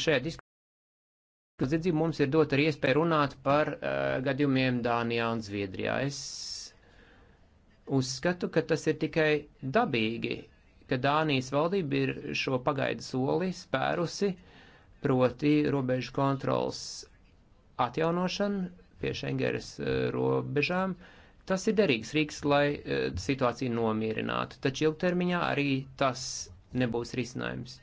šajā diskusijā mums ir dot arī iespēju runāt par gadījumiem Dānijā un Zviedrijā. Es uzskatu, ka tas ir tikai dabīgi, ka Dānijas valdība ir šo pagaidu soli spērusi, proti robežu kontrols atjaunošanu, pie Schengeres eh, robežām. Tas ir derīgs rīks, lai eh, situāciju nomierinātu, taču ilgtermiņā arī tas nebūs risinājums.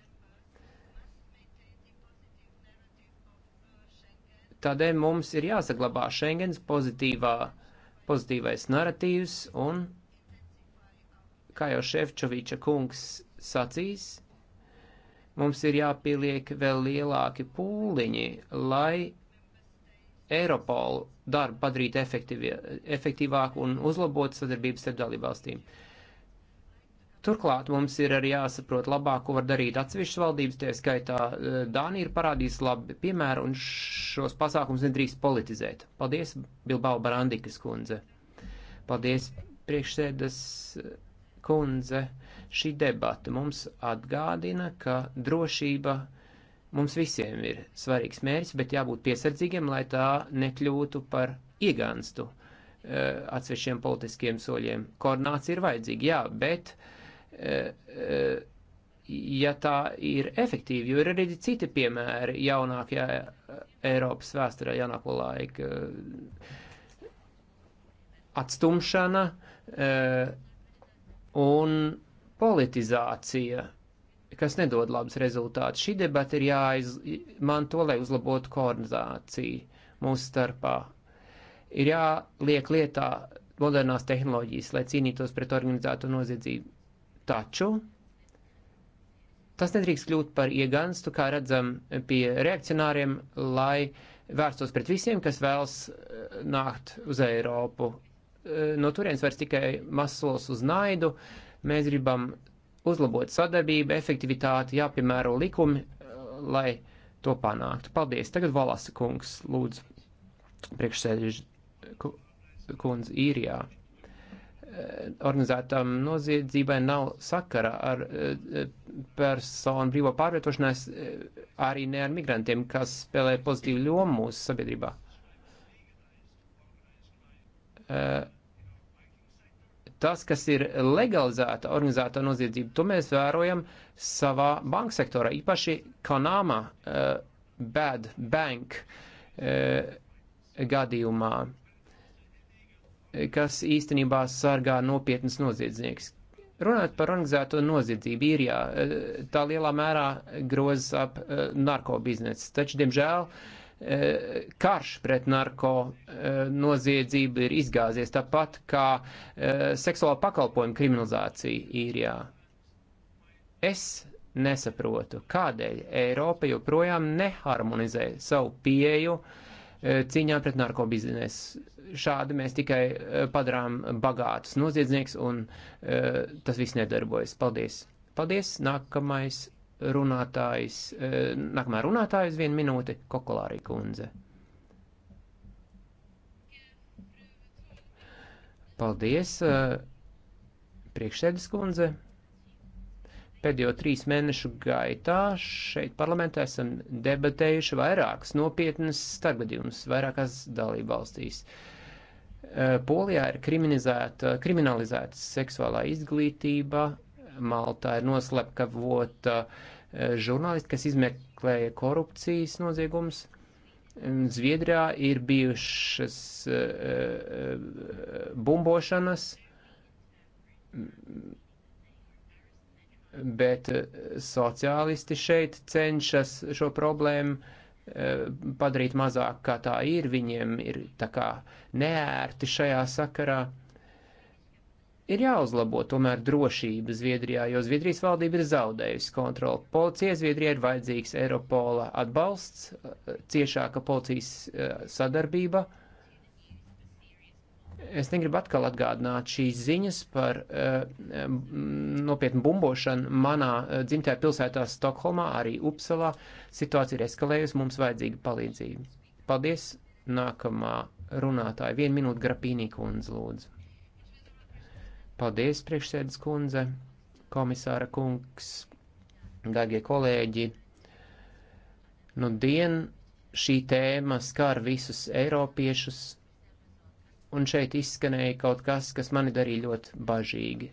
Tādēļ mums ir jāsaglabā Schengens pozitīvā, pozitīvais narratīvs un, kā jau Šefčoviča kungs sacīs, mums ir jāpieliek vēl lielāki pūliņi, lai Eiropolu darbu padarīt efektīvāku un uzlabot sadarbības starp dalībvalstīm. Turklāt mums ir arī jāsaprot labāk, ko var darīt atsevišķas valdības, tie skaitā e, Dānija ir parādījusi labi piemēru un šos pasākums nedrīkst politizēt. Paldies, Bilbao Barandikas kundze. Paldies, priekšsēdas kundze. Šī debata mums atgādina, ka drošība Mums visiem ir svarīgs mērķis, bet jābūt piesardzīgiem, lai tā nekļūtu par iegānstu eh, atsevišķiem politiskiem soļiem. Koordinācija ir vajadzīga, jā, bet eh, eh, ja tā ir efektīva, jo ir arī citi piemēri jaunākajā Eiropas vēsturē, jaunāko laiku atstumšana un politizācija kas nedod labus rezultātus. Šī debata ir jāizmanto, lai uzlabotu koordināciju mūsu starpā. Ir jāliek lietā modernās tehnoloģijas, lai cīnītos pret organizēto noziedzību. Taču tas nedrīkst kļūt par iegānstu, kā redzam pie reakcionāriem, lai vērstos pret visiem, kas vēlas eh, nākt uz Eiropu. Eh, no turienes vairs tikai masos uz naidu, mēs gribam uzlabot sadarbību, efektivitāti, jāpiemēro likumi, eh, lai to panāktu. Paldies! Tagad Valasa kungs lūdzu priekšsēdž kundze īrijā. Eh, Organizētām noziedzībai nav sakara ar eh, personu brīvo pārvietošanās, arī ne ar migrantiem, kas spēlē pozitīvu lomu mūsu sabiedrībā. Uh, Tas, kas ir legalizēta organizēta noziedzība, to mēs vērojam savā banka sektorā, īpaši Kanāma uh, Bad Bank uh, gadījumā, kas īstenībā sargā nopietnas noziedznieks. Runājot par organizēto noziedzību, īrijā eh, tā lielā mērā grozas ap narkobiznesu, taču, diemžēl, uh, Eh, karš pret narko eh, noziedzību ir izgāzies, tāpat kā eh, seksuāla pakalpojuma kriminalizācija īrijā. Es nesaprotu, kādēļ Eiropa joprojām neharmonizē savu pieju cīņā pret narkobiznesu. Šādi mēs tikai padarām bagātus noziedznieks, un tas viss nedarbojas. Paldies! Paldies! Nākamais runātājs, e, nākamā runātājs vienu minūti, Kokolārī kundze. Paldies, e, priekšsēdis kundze. Pēdējo trīs mēnešu gaitā šeit parlamentā esam debatējuši vairākas nopietnas starpgadījumus vairākās dalību valstīs. E, Polijā ir kriminalizēta, kriminalizēta seksuālā izglītība, Maltā ir noslepkavota eh, žurnālisti, kas izmeklēja korupcijas noziegumus. Mm, Zviedrijā ir bijušas eh, eh, bumbošanas, mm, bet sociālisti šeit cenšas šo problēmu padarīt mazāk, kā tā ir. Viņiem ir tā kā neērti šajā sakarā ir jāuzlabo tomēr drošība Zviedrijā, jo Zviedrijas valdība ir zaudējusi kontroli. Policija Zviedrijā ir vajadzīgs Eiropola atbalsts, eh, ciešāka policijas eh, sadarbība. Es negribu atkal atgādināt šīs ziņas par uh, nopietnu bumbošanu manā dzimtajā pilsētā Stokholmā, arī Upsalā. Situācija ir eskalējusi, mums vajadzīga palīdzība. Paldies! Nākamā runātāja, vienu minūtu grapīnī kundze lūdzu. Paldies, priekšsēdus kundze, komisāra kungs, dārgie kolēģi. Nu, dien šī tēma skar visus eiropiešus, un šeit izskanēja kaut kas, kas mani darīja ļoti bažīgi.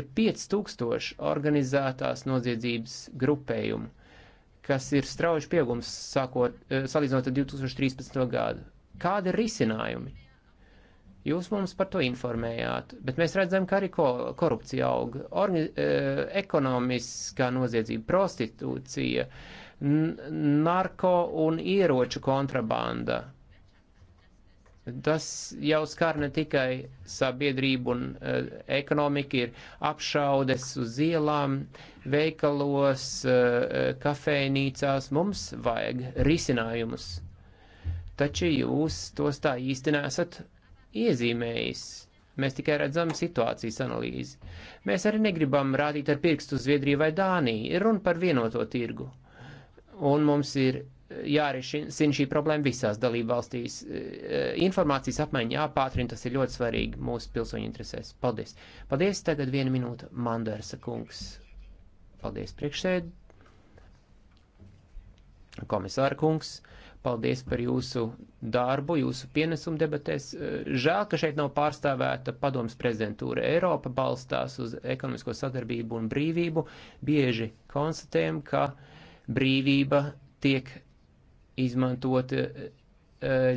Ir 5000 organizētās noziedzības grupējumu, kas ir strauji pieaugums sākot, eh, salīdzinot ar 2013. gadu. Kādi ir risinājumi? Jūs mums par to informējāt, bet mēs redzam, ka arī korupcija aug, Orgi, e, ekonomiskā noziedzība, prostitūcija, narko un ieroču kontrabanda. Tas jau skar ne tikai sabiedrību un uh, ekonomiku, ir apšaudes uz ielām, veikalos, uh, kafejnīcās. Mums vajag risinājumus, taču jūs tos tā īsti nesat iezīmējis. Mēs tikai redzam situācijas analīzi. Mēs arī negribam rādīt ar pirkstu Zviedriju vai Dāniju. Ir runa par vienoto tirgu. Un mums ir jārisina šī problēma visās dalībvalstīs. E, e, informācijas apmaiņa jāpātrina, tas ir ļoti svarīgi mūsu pilsoņu interesēs. Paldies. Paldies, tagad viena minūte Mandersa kungs. Paldies priekšsēd. Komisāra kungs, paldies par jūsu darbu, jūsu pienesumu debatēs. Eh, žēl, ka šeit nav pārstāvēta padomas prezidentūra. Eiropa balstās uz ekonomisko sadarbību un brīvību. Bieži konstatējam, ka brīvība tiek izmantota eh,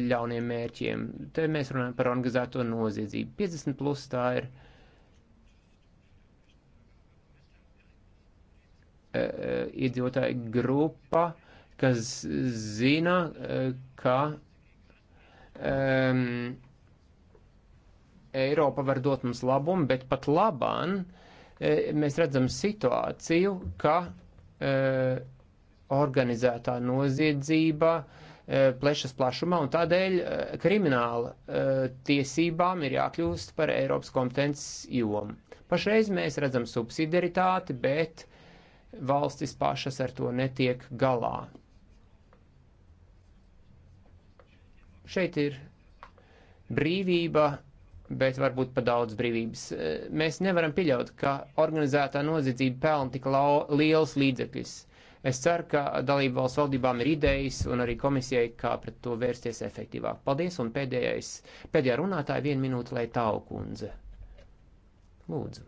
ļauniem mērķiem. Te mēs runājam par organizēto noziedzību. 50 plus tā ir. Eh, Iedzīvotāja grupa, kas zina, ka Um, Eiropa var dot mums labumu, bet pat labāk e, mēs redzam situāciju, ka e, organizētā noziedzība e, plešas plašumā, un tādēļ e, krimināla e, tiesībām ir jākļūst par Eiropas kompetences jomu. Pašreiz mēs redzam subsidiaritāti, bet valstis pašas ar to netiek galā. Šeit ir brīvība, bet varbūt pa daudz brīvības. Eh, mēs nevaram pieļaut, ka organizētā noziedzība pelna tik lau, liels līdzekļus. Es ceru, ka dalību valsts valdībām ir idejas un arī komisijai, kā pret to vērsties efektīvāk. Paldies, un pēdējais, pēdējā runātāja vienu minūtu, lai tālu kundze. Lūdzu.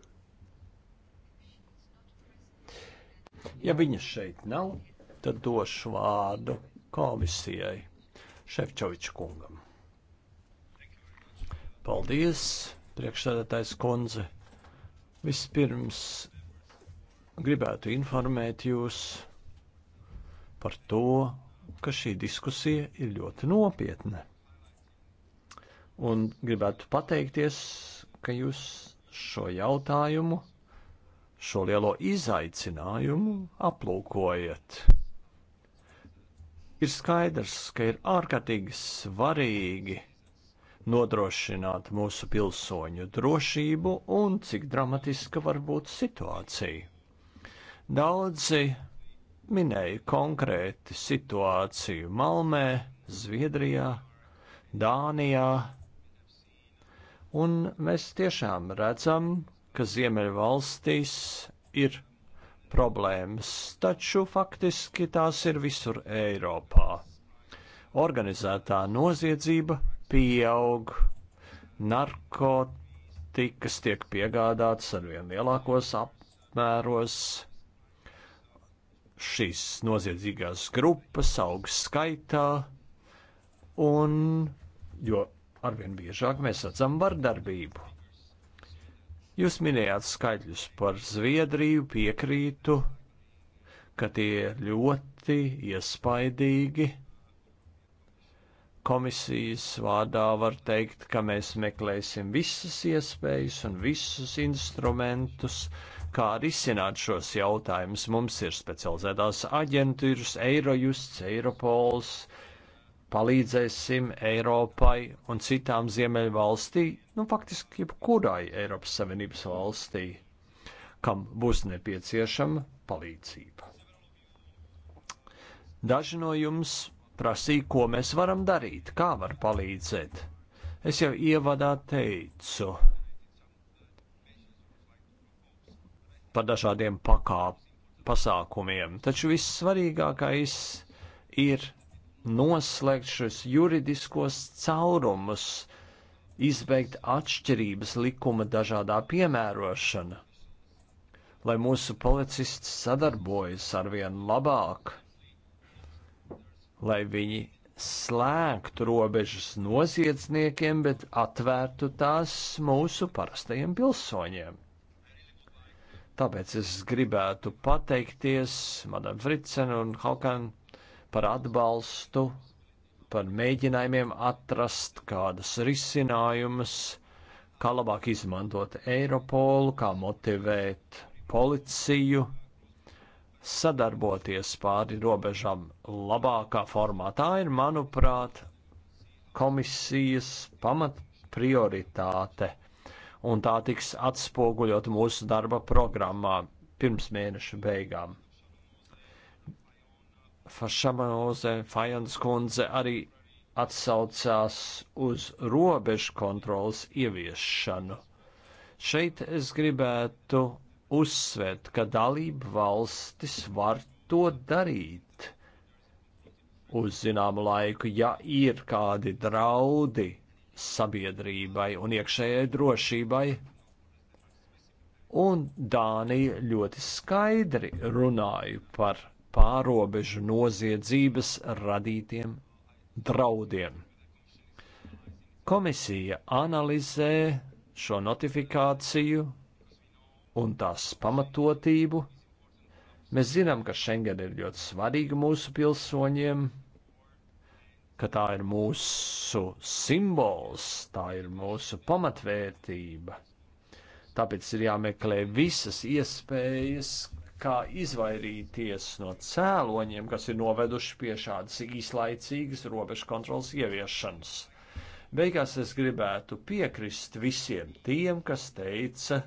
Ja viņas šeit nav, tad došu vārdu komisijai. Šefčoviča kungam. Paldies, priekšsēdētājs kundze. Vispirms gribētu informēt jūs par to, ka šī diskusija ir ļoti nopietna. Un gribētu pateikties, ka jūs šo jautājumu, šo lielo izaicinājumu aplūkojat. Ir skaidrs, ka ir ārkārtīgi svarīgi nodrošināt mūsu pilsoņu drošību un cik dramatiska var būt situācija. Daudzi minēja konkrēti situāciju Malmē, Zviedrijā, Dānijā, un mēs tiešām redzam, ka Ziemeļvalstīs ir problēmas, taču faktiski tās ir visur Eiropā. Organizētā noziedzība pieaug, narkotikas tiek piegādātas ar vien lielākos apmēros, šīs noziedzīgās grupas aug skaitā, un jo arvien biežāk mēs redzam vardarbību. Jūs minējāt skaidrus par Zviedriju, piekrītu, ka tie ir ļoti iespaidīgi. Komisijas vārdā var teikt, ka mēs meklēsim visas iespējas un visus instrumentus, kā risināt šos jautājumus. Mums ir specializētās aģentūras, Eirojusts, Eiropols, palīdzēsim Eiropai un citām ziemeļu valstī, nu faktiski jebkurai Eiropas Savienības valstī, kam būs nepieciešama palīdzība. Daži no jums prasīja, ko mēs varam darīt, kā var palīdzēt. Es jau ievadā teicu par dažādiem pakāp pasākumiem, taču vissvarīgākais ir noslēgt šos juridiskos caurumus, izbeigt atšķirības likuma dažādā piemērošana, lai mūsu policists sadarbojas arvien labāk, lai viņi slēgtu robežas noziedzniekiem, bet atvērtu tās mūsu parastajiem pilsoņiem. Tāpēc es gribētu pateikties Madam Fritsen un Haukan par atbalstu, par mēģinājumiem atrast kādas risinājumus, kā labāk izmantot Eiropolu, kā motivēt policiju, sadarboties pāri robežām labākā formā. Tā ir, manuprāt, komisijas pamatprioritāte, un tā tiks atspoguļot mūsu darba programmā pirms mēneša beigām. Fašamauze, Fajans kundze arī atsaucās uz robežu kontrolas ieviešanu. Šeit es gribētu uzsvērt, ka dalība valstis var to darīt uz zināmu laiku, ja ir kādi draudi sabiedrībai un iekšējai drošībai. Un Dānija ļoti skaidri runāja par pārobežu noziedzības radītiem draudiem. Komisija analizē šo notifikāciju un tās pamatotību. Mēs zinām, ka Schengen ir ļoti svarīga mūsu pilsoņiem, ka tā ir mūsu simbols, tā ir mūsu pamatvērtība. Tāpēc ir jāmeklē visas iespējas, kā izvairīties no cēloņiem, kas ir noveduši pie šādas īslaicīgas robežu kontrolas ieviešanas. Beigās es gribētu piekrist visiem tiem, kas teica,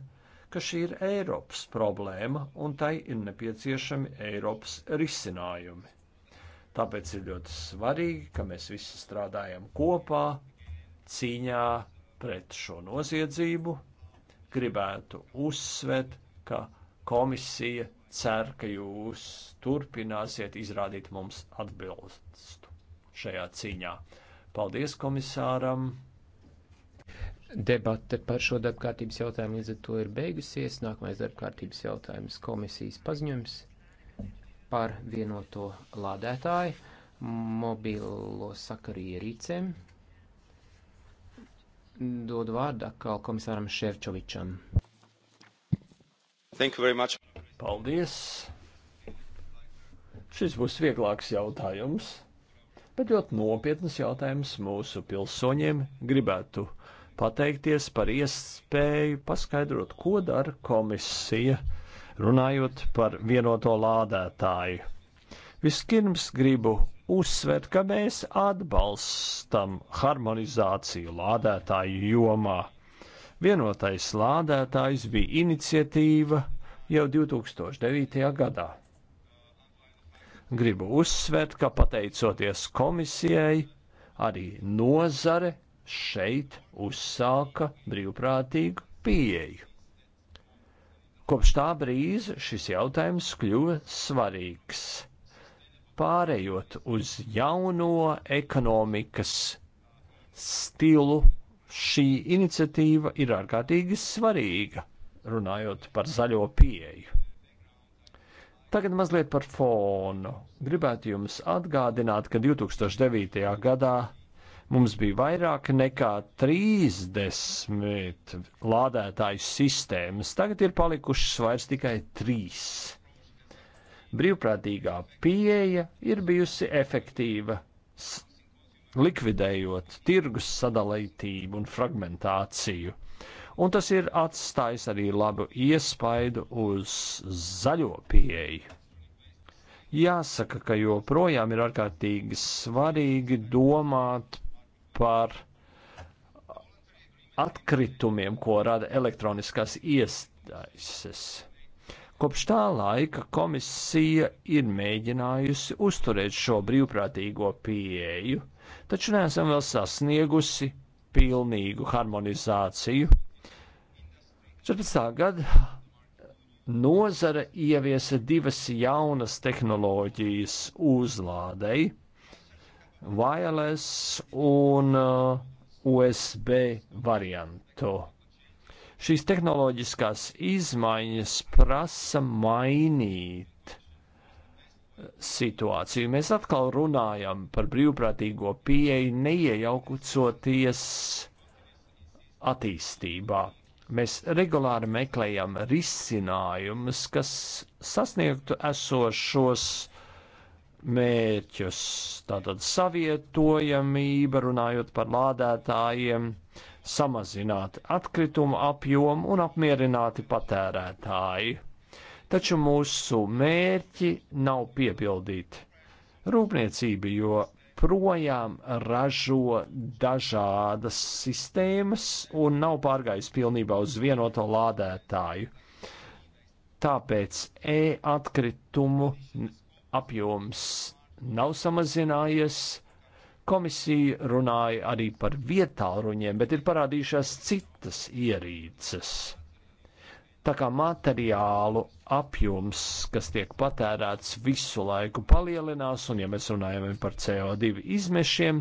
ka šī ir Eiropas problēma un tai ir nepieciešami Eiropas risinājumi. Tāpēc ir ļoti svarīgi, ka mēs visi strādājam kopā cīņā pret šo noziedzību. Gribētu uzsvērt, ka komisija cer, ka jūs turpināsiet izrādīt mums atbilstu šajā cīņā. Paldies komisāram! Debate par šo darbkārtības jautājumu līdz ar to ir beigusies. Nākamais darbkārtības jautājums komisijas paziņojums par vienoto lādētāju mobilo sakaru ierīcēm. Dodu vārdu atkal komisāram Ševčovičam. Thank you very much. Paldies! Šis būs vieglāks jautājums, bet ļoti nopietnas jautājums mūsu pilsoņiem. Gribētu pateikties par iespēju paskaidrot, ko dara komisija, runājot par vienoto lādētāju. Vispirms gribu uzsvērt, ka mēs atbalstam harmonizāciju lādētāju jomā. Vienotais lādētājs bija iniciatīva, jau 2009. gadā. Gribu uzsvērt, ka pateicoties komisijai, arī nozare šeit uzsāka brīvprātīgu pieeju. Kopš tā brīža šis jautājums kļuva svarīgs. Pārējot uz jauno ekonomikas stilu, šī iniciatīva ir ārkārtīgi svarīga runājot par zaļo pieeju. Tagad mazliet par fonu. Gribētu jums atgādināt, ka 2009. gadā mums bija vairāk nekā 30 lādētāju sistēmas, tagad ir palikušas vairs tikai 3. Brīvprātīgā pieeja ir bijusi efektīva, likvidējot tirgus sadalītību un fragmentāciju un tas ir atstājis arī labu iespaidu uz zaļo pieeju. Jāsaka, ka joprojām ir ārkārtīgi svarīgi domāt par atkritumiem, ko rada elektroniskās iestājas. Kopš tā laika komisija ir mēģinājusi uzturēt šo brīvprātīgo pieeju, taču neesam vēl sasniegusi pilnīgu harmonizāciju. 14. gada nozara ieviesa divas jaunas tehnoloģijas uzlādei, wireless un USB uh, variantu. Šīs tehnoloģiskās izmaiņas prasa mainīt uh, situāciju. Mēs atkal runājam par brīvprātīgo pieeju, neiejaucoties attīstībā. Mēs regulāri meklējam risinājumus, kas sasniegtu esošos mērķus. Tātad savietojamība, runājot par lādētājiem, samazināt atkritumu apjomu un apmierināti patērētāji. Taču mūsu mērķi nav piepildīti. Rūpniecība, jo joprojām ražo dažādas sistēmas un nav pārgājis pilnībā uz vienoto lādētāju. Tāpēc e-atkritumu apjoms nav samazinājies. Komisija runāja arī par vietāluņiem, bet ir parādījušās citas ierīces Tā kā materiālu apjoms, kas tiek patērēts visu laiku, palielinās, un ja mēs runājam par CO2 izmešiem,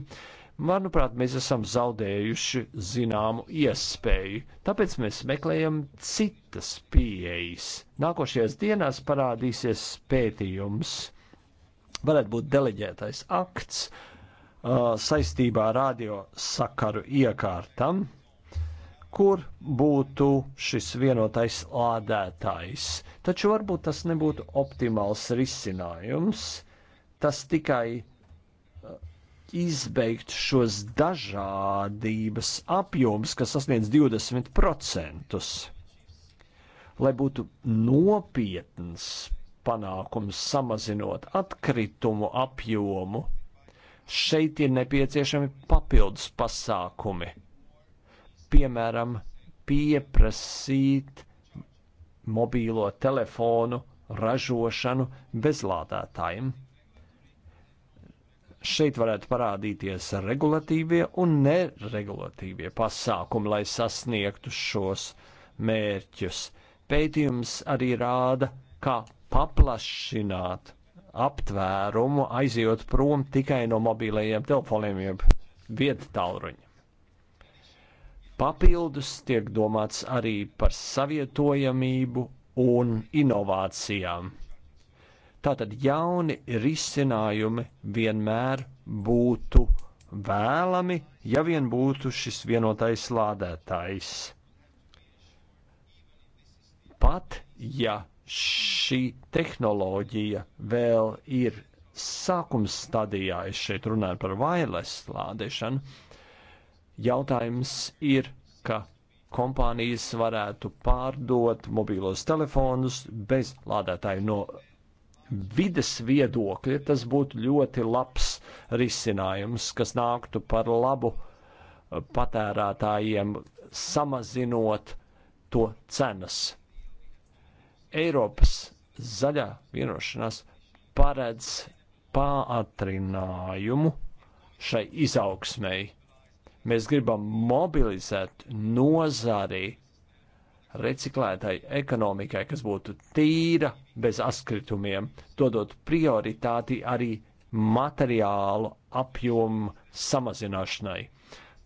manuprāt, mēs esam zaudējuši zināmu iespēju. Tāpēc mēs meklējam citas pieejas. Nākošajās dienās parādīsies pētījums, varētu būt deleģētais akts uh, saistībā ar radio sakaru iekārtam kur būtu šis vienotais lādētājs. Taču varbūt tas nebūtu optimāls risinājums. Tas tikai uh, izbeigt šos dažādības apjomus, kas sasniedz 20%. Lai būtu nopietns panākums samazinot atkritumu apjomu, šeit ir nepieciešami papildus pasākumi piemēram, pieprasīt mobīlo telefonu ražošanu bezlādētājiem. Šeit varētu parādīties regulatīvie un neregulatīvie pasākumi, lai sasniegtu šos mērķus. Pētījums arī rāda, kā paplašināt aptvērumu, aizjot prom tikai no mobīlajiem telefoniem, jeb vietu tālruņa. Papildus tiek domāts arī par savietojamību un inovācijām. Tātad jauni risinājumi vienmēr būtu vēlami, ja vien būtu šis vienotais lādētājs. Pat ja šī tehnoloģija vēl ir sākums stadijā, es šeit runāju par vairles lādēšanu, Jautājums ir, ka kompānijas varētu pārdot mobīlos telefonus bez lādētāju. No vides viedokļa tas būtu ļoti labs risinājums, kas nāktu par labu uh, patērētājiem, samazinot to cenas. Eiropas zaļā vienošanās paredz pātrinājumu šai izaugsmēji Mēs gribam mobilizēt nozari reciklētai ekonomikai, kas būtu tīra bez atkritumiem, dodot prioritāti arī materiālu apjomu samazināšanai.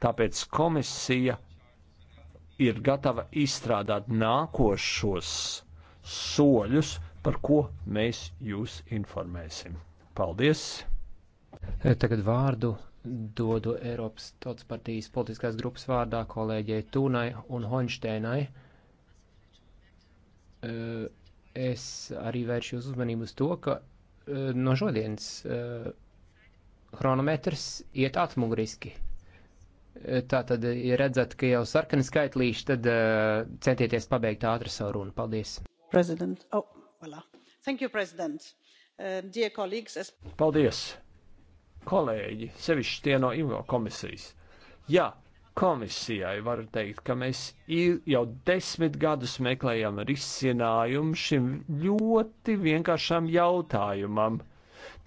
Tāpēc komisija ir gatava izstrādāt nākošos soļus, par ko mēs jūs informēsim. Paldies! Tagad vārdu dodu Eiropas Tautas partijas politiskās grupas vārdā kolēģei Tūnai un Hoņšteinai. Es arī vēršu jūs uzmanību uz to, ka no šodienas chronometrs iet atmuguriski. Tā tad, ja redzat, ka jau sarkani skaitlīši, tad centieties pabeigt ātri savu runu. Paldies! President. Oh, voilà. Thank you, President. Uh, dear colleagues, es... Paldies! kolēģi, sevišķi tie no IMO komisijas. Jā, komisijai var teikt, ka mēs jau desmit gadus meklējam risinājumu šim ļoti vienkāršam jautājumam.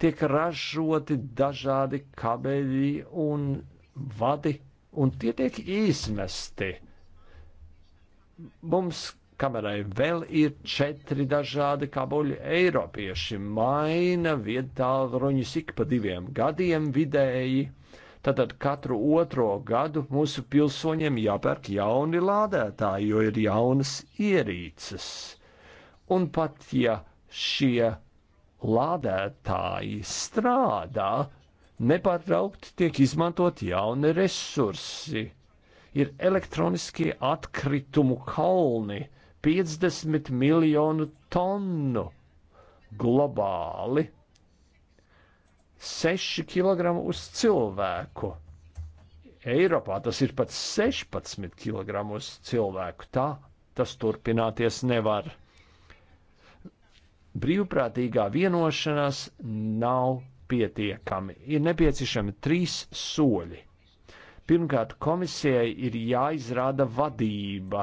Tiek ražoti dažādi kabeļi un vadi, un tie tiek izmesti. Mums kamerai vēl ir četri dažādi kabuļi eiropieši, maina viedtālruņus ik pa diviem gadiem vidēji. Tātad katru otro gadu mūsu pilsoņiem jāpērk jauni lādētāji, jo ir jaunas ierīces. Un pat ja šie lādētāji strādā, nepārtraukti tiek izmantot jauni resursi. Ir elektroniskie atkritumu kalni, 50 miljonu tonu globāli. 6 kg uz cilvēku. Eiropā tas ir pat 16 kg uz cilvēku. Tā tas turpināties nevar. Brīvprātīgā vienošanās nav pietiekami. Ir nepieciešami trīs soļi Pirmkārt, komisijai ir jāizrāda vadība,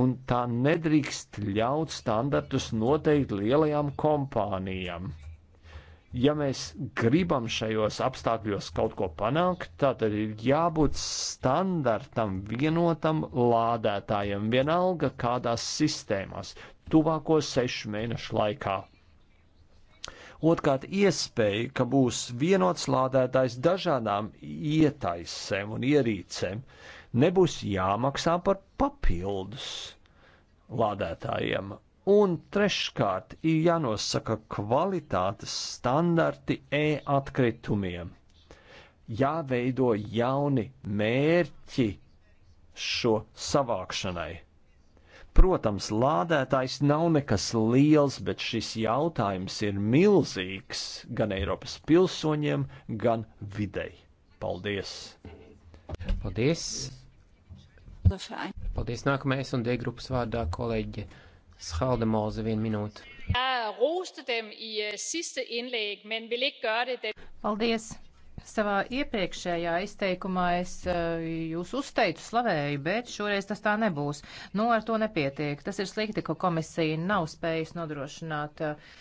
un tā nedrīkst ļaut standartus noteikt lielajām kompānijām. Ja mēs gribam šajos apstākļos kaut ko panākt, tad ir jābūt standartam vienotam lādētājam, vienalga kādās sistēmās, tuvāko sešu mēnešu laikā. Otkārt, iespēja, ka būs vienots lādētājs dažādām ietaisēm un ierīcēm, nebūs jāmaksā par papildus lādētājiem. Un treškārt, ir jānosaka kvalitātes standarti e-atkritumiem. Jāveido jauni mērķi šo savākšanai Protams, lādētājs nav nekas liels, bet šis jautājums ir milzīgs gan Eiropas pilsoņiem, gan videi. Paldies! Paldies! Paldies! Nākamais un D grupas vārdā kolēģi Schalde Molze vienu minūtu. Øh, Paldies! Savā iepriekšējā izteikumā es eh, jūs uzteicu slavēju, bet šoreiz tas tā nebūs. Nu, ar to nepietiek. Tas ir slikti, ka komisija nav spējusi nodrošināt eh,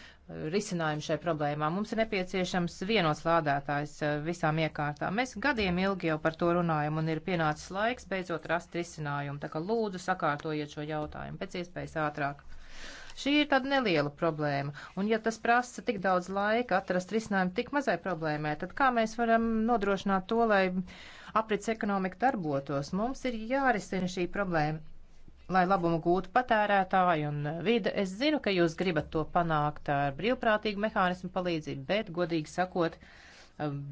risinājumu šai problēmā. Mums ir nepieciešams vienots lādētājs eh, visām iekārtām. Mēs gadiem ilgi jau par to runājam un ir pienācis laiks beidzot rast risinājumu. Tā kā lūdzu sakārtojiet šo jautājumu pēc iespējas ātrāk. Šī ir tāda neliela problēma, un ja tas prasa tik daudz laika atrast risinājumu tik mazai problēmai, tad kā mēs varam nodrošināt to, lai aprits ekonomika darbotos? Mums ir jārisina šī problēma lai labumu gūtu patērētāji un vide. Es zinu, ka jūs gribat to panākt ar brīvprātīgu mehānismu palīdzību, bet, godīgi sakot,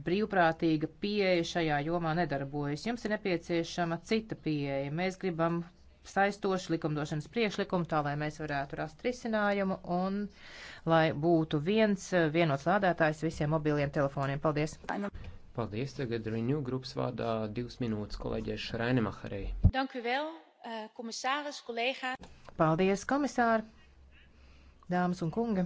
brīvprātīga pieeja šajā jomā nedarbojas. Jums ir nepieciešama cita pieeja. Mēs gribam saistošu likumdošanas priekšlikumu, tā lai mēs varētu rast risinājumu un lai būtu viens eh, vienots lādētājs visiem mobiliem telefoniem. Paldies! Paldies, tagad Riņu grupas vārdā divas minūtes kolēģē Šraina Maharei. Eh, Paldies, komisāri, dāmas un kungi!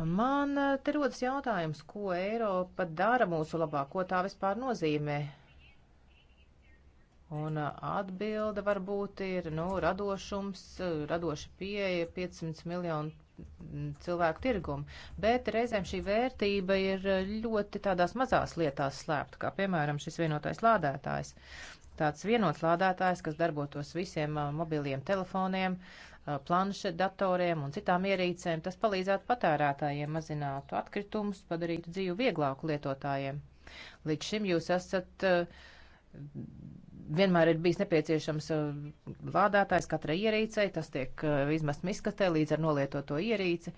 Man eh, te rodas jautājums, ko Eiropa dara mūsu labā, ko tā vispār nozīmē. Un uh, atbilde varbūt ir, nu, radošums, uh, radoša pieeja 500 miljonu cilvēku tirgumu. Bet reizēm šī vērtība ir uh, ļoti tādās mazās lietās slēpta, kā piemēram šis vienotais lādētājs. Tāds vienots lādētājs, kas darbotos visiem mobiliem telefoniem, planšetdatoriem un citām ierīcēm, tas palīdzētu patērētājiem mazinātu atkritumus, padarītu dzīvi vieglāku lietotājiem. Līdz šim jūs esat uh, vienmēr ir bijis nepieciešams uh, lādētājs katrai ierīcei, tas tiek uh, izmest miskastē līdz ar nolietoto ierīci.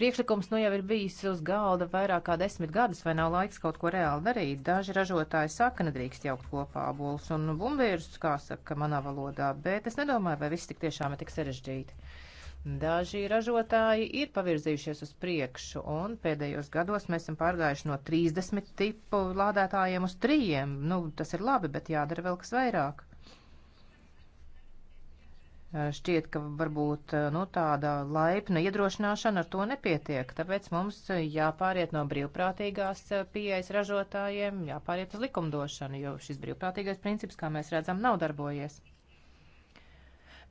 Priekšlikums nu jau ir bijis uz galda vairāk kā desmit gadus, vai nav laiks kaut ko reāli darīt. Daži ražotāji saka, nedrīkst jaukt kopā bulus un bumbierus, kā saka manā valodā, bet es nedomāju, vai viss tik tiešām ir tik sarežģīti. Daži ražotāji ir pavirzījušies uz priekšu, un pēdējos gados mēs esam pārgājuši no 30 tipu lādētājiem uz 3. Nu, tas ir labi, bet jādara vēl kas vairāk. Eh, šķiet, ka varbūt eh, nu, tāda laipna iedrošināšana ar to nepietiek, tāpēc mums eh, jāpāriet no brīvprātīgās pieejas ražotājiem, jāpāriet uz likumdošanu, jo šis brīvprātīgais princips, kā mēs redzam, nav darbojies.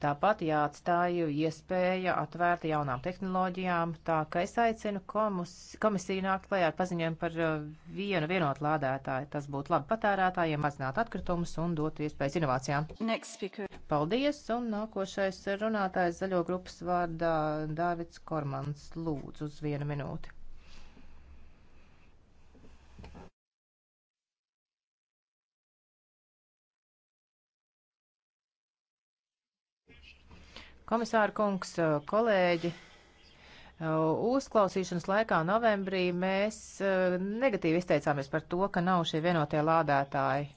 Tāpat jāatstāj iespēja atvērta jaunām tehnoloģijām, tā ka es aicinu komus, komisiju nākt klajā ar paziņojumu par uh, vienu vienotu lādētāju. Tas būtu labi patērētājiem, mazināt atkritumus un dot iespējas inovācijām. Paldies, un nākošais runātājs zaļo grupas vārdā Dāvids Kormans lūdzu uz vienu minūti. Komisāra kungs, kolēģi! Uzklausīšanas laikā novembrī mēs eh, negatīvi izteicāmies par to, ka nav šie vienotie lādētāji.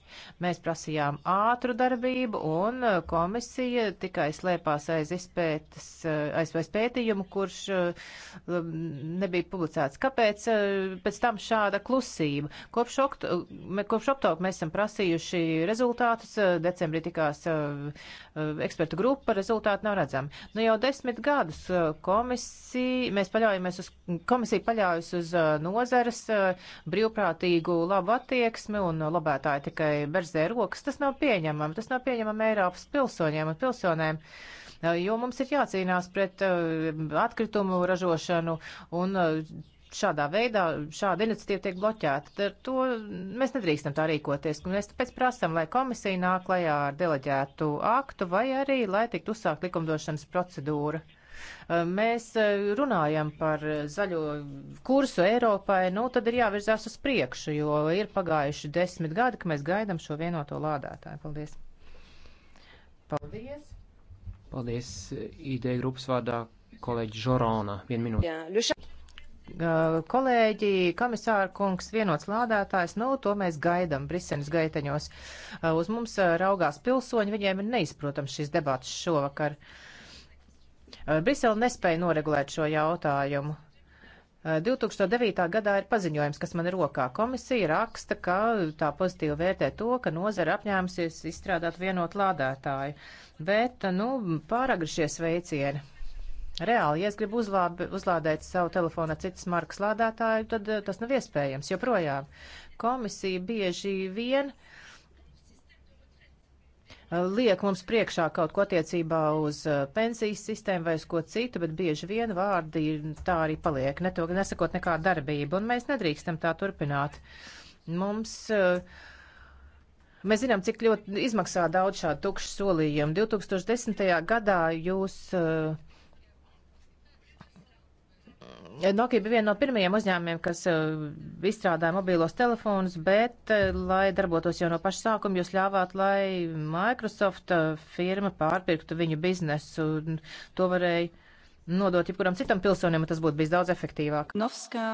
Mēs prasījām ātru darbību un eh, komisija tikai slēpās aiz izpētes, eh, aiz pētījumu, kurš nebija publicēts. Kāpēc pēc tam šāda klusība? Kopš, okt, kopš optauka mēs esam prasījuši rezultātus, decembrī tikās ekspertu grupa, rezultāti nav redzami. Nu jau desmit gadus komisija mēs paļaujamies uz, komisija paļaujas uz uh, nozares uh, brīvprātīgu labu attieksmi un labētāji tikai berzē rokas. Tas nav pieņemami. Tas nav pieņemami Eiropas pilsoņiem un pilsonēm. Uh, jo mums ir jācīnās pret atkritumu ražošanu un šādā veidā, šāda iniciatīva tiek bloķēta. Ar to mēs nedrīkstam tā rīkoties. Mēs tāpēc prasam, lai komisija nāk klajā ar deleģētu aktu vai arī, lai tiktu uzsākt likumdošanas procedūra. Eh, mēs eh, runājam par eh, zaļo kursu Eiropai, nu tad ir jāvirzās uz priekšu, jo ir pagājuši desmit gadi, ka mēs gaidam šo vienoto lādētāju. Paldies! Paldies! Paldies ideja grupas vārdā kolēģi Žorona. Vienu minūti. Kolēģi, komisāra kungs, vienots lādētājs, nu, to mēs gaidam Brisenes gaiteņos. Uz mums raugās pilsoņi, viņiem ir neizprotams šis debats šovakar. Uh, Brisele nespēja noregulēt šo jautājumu. 2009. gadā ir paziņojums, kas man ir rokā. Komisija raksta, ka tā pozitīvi vērtē to, ka nozara apņēmusies izstrādāt vienotu lādētāju. Bet, nu, pāragri šie sveicieni. Reāli, ja es gribu uzlāb, uzlādēt savu telefonu ar citas markas lādētāju, tad tas nav iespējams joprojām. Komisija bieži vien uh, Eh, liek mums priekšā kaut ko attiecībā uz eh, pensijas sistēmu vai uz ko citu, bet bieži vien vārdi tā arī paliek, ne to, nesakot nekādu darbību, un mēs nedrīkstam tā turpināt. Mums uh, Mēs zinām, cik ļoti izmaksā daudz šādu tukšu solījumu. 2010. gadā jūs uh, Nokia bija viena no pirmajiem uzņēmumiem, kas uh, izstrādāja mobīlos telefonus, bet, uh, lai darbotos jau no paša sākuma, jūs ļāvāt, lai Microsoft uh, firma pārpirktu viņu biznesu. To varēja nodot jebkuram citam pilsonim, tas būtu bijis daudz efektīvāk. Novskā.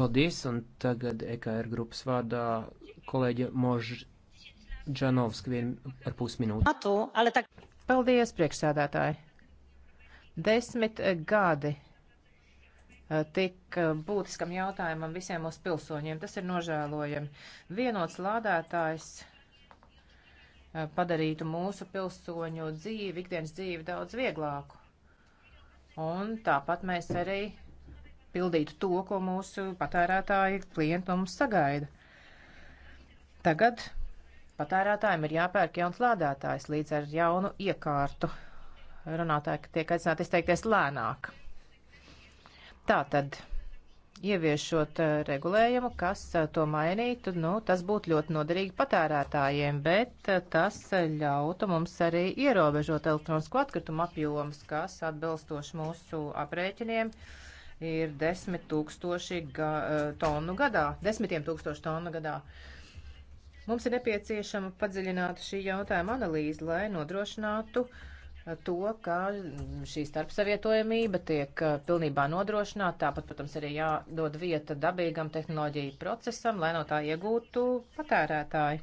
Paldies, un tagad EKR grupas vārdā kolēģa Mož Džanovska vien ar pusminūti. Paldies, priekšsēdētāji. Desmit gadi tik būtiskam jautājumam visiem mūsu pilsoņiem. Tas ir nožēlojami. Vienots lādētājs eh, padarītu mūsu pilsoņu dzīvi, ikdienas dzīvi daudz vieglāku. Un tāpat mēs arī pildītu to, ko mūsu patērētāji klienti mums sagaida. Tagad patērētājiem ir jāpērk jauns lādētājs līdz ar jaunu iekārtu. Runātāji tiek aicināti izteikties lēnāk. Tātad, ieviešot eh, regulējumu, kas eh, to mainītu, nu, tas būtu ļoti noderīgi patērētājiem, bet eh, tas ļautu mums arī ierobežot elektronisko atkritumu apjomus, kas atbilstoši mūsu aprēķiniem ir desmit tūkstoši ga, tonu gadā, desmitiem tūkstoši tonu gadā. Mums ir nepieciešama padziļināta šī jautājuma analīze, lai nodrošinātu uh, to, ka šī starpsavietojamība tiek uh, pilnībā nodrošināta. Tāpat, protams, arī jādod vieta dabīgam tehnoloģiju procesam, lai no tā iegūtu patērētāji.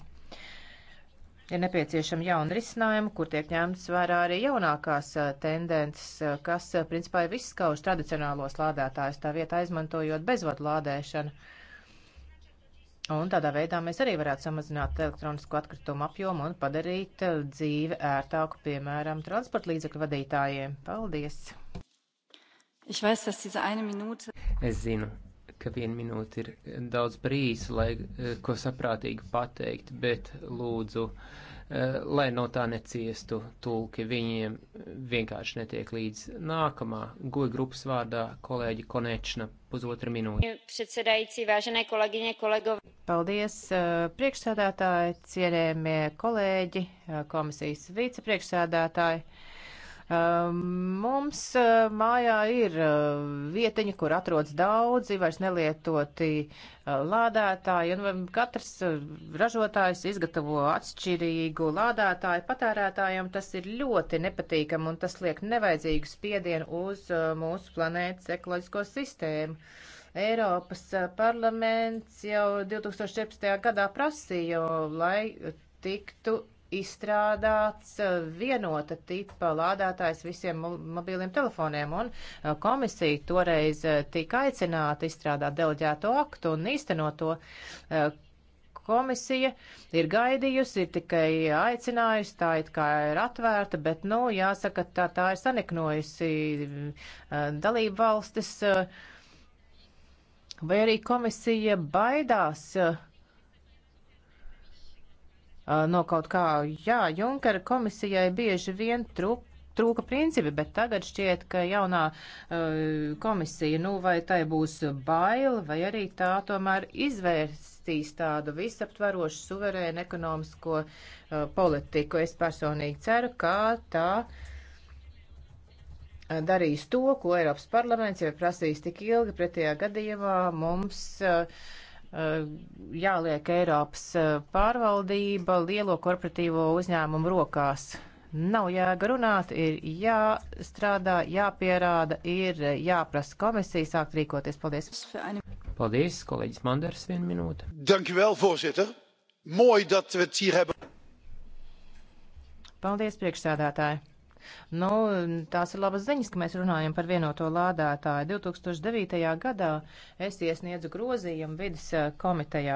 Ir nepieciešama jauna risinājuma, kur tiek ņemtas vērā arī jaunākās uh, tendences, uh, kas principā ir izskauž tradicionālos lādētājus, tā vietā izmantojot bezvadu lādēšanu. Un tādā veidā mēs arī varētu samazināt elektronisko atkritumu apjomu un padarīt eh, dzīvi ērtāku, piemēram, transporta līdzekļu vadītājiem. Paldies! Es zinu, ka viena minūte ir daudz brīz, lai eh, ko saprātīgi pateikt, bet lūdzu. Uh, Eh, lai no tā neciestu tulki, viņiem vienkārši netiek līdz nākamā goja grupas vārdā kolēģi Konečna pusotra minūte. Paldies, eh, priekšsādātāji, cienējamie kolēģi, eh, komisijas vicepriekšsādātāji. Ehm, mums eh, mājā ir eh, vieteņi, kur atrodas daudzi vairs nelietoti eh, lādētāji, un um, katrs ražotājs izgatavo atšķirīgu lādētāju patērētājiem. Tas ir ļoti nepatīkam, un tas liek nevajadzīgu spiedienu uz mūsu planētas ekoloģisko sistēmu. Eiropas parlaments jau 2017. gadā prasīja, lai tiktu izstrādāts eh, vienota tipa lādētājs visiem mobiliem telefoniem, un eh, komisija toreiz eh, tika aicināta izstrādāt deleģēto aktu un īstenot to. Komisija ir gaidījusi, ir tikai aicinājusi, tā it kā ir atvērta, bet, nu, jāsaka, tā, tā ir saniknojusi dalību valstis, vai arī komisija baidās uh, Eh, no kaut kā. Jā, Junkara komisijai bieži vien trūk trūka principi, bet tagad šķiet, ka jaunā uh, komisija, nu vai tai būs baila, vai arī tā tomēr izvērstīs tādu visaptvarošu suverēnu ekonomisko uh, politiku. Es personīgi ceru, ka tā darīs to, ko Eiropas parlaments jau prasīs tik ilgi, pretējā gadījumā mums. Uh, Eh, jāliek Eiropas eh, pārvaldība lielo korporatīvo uzņēmumu rokās. Nav jēga runāt, ir jāstrādā, jāpierāda, ir eh, jāprasa komisija sākt rīkoties. Paldies! Paldies, kolēģis Manders, viena minūte. Dankjewel, voorzitter. Mooi dat we het hier hebben. Paldies, priekšsēdētāji. Nu, tās ir labas ziņas, ka mēs runājam par vienoto lādētāju. 2009. gadā es iesniedzu grozījumu vidas eh, komitejā.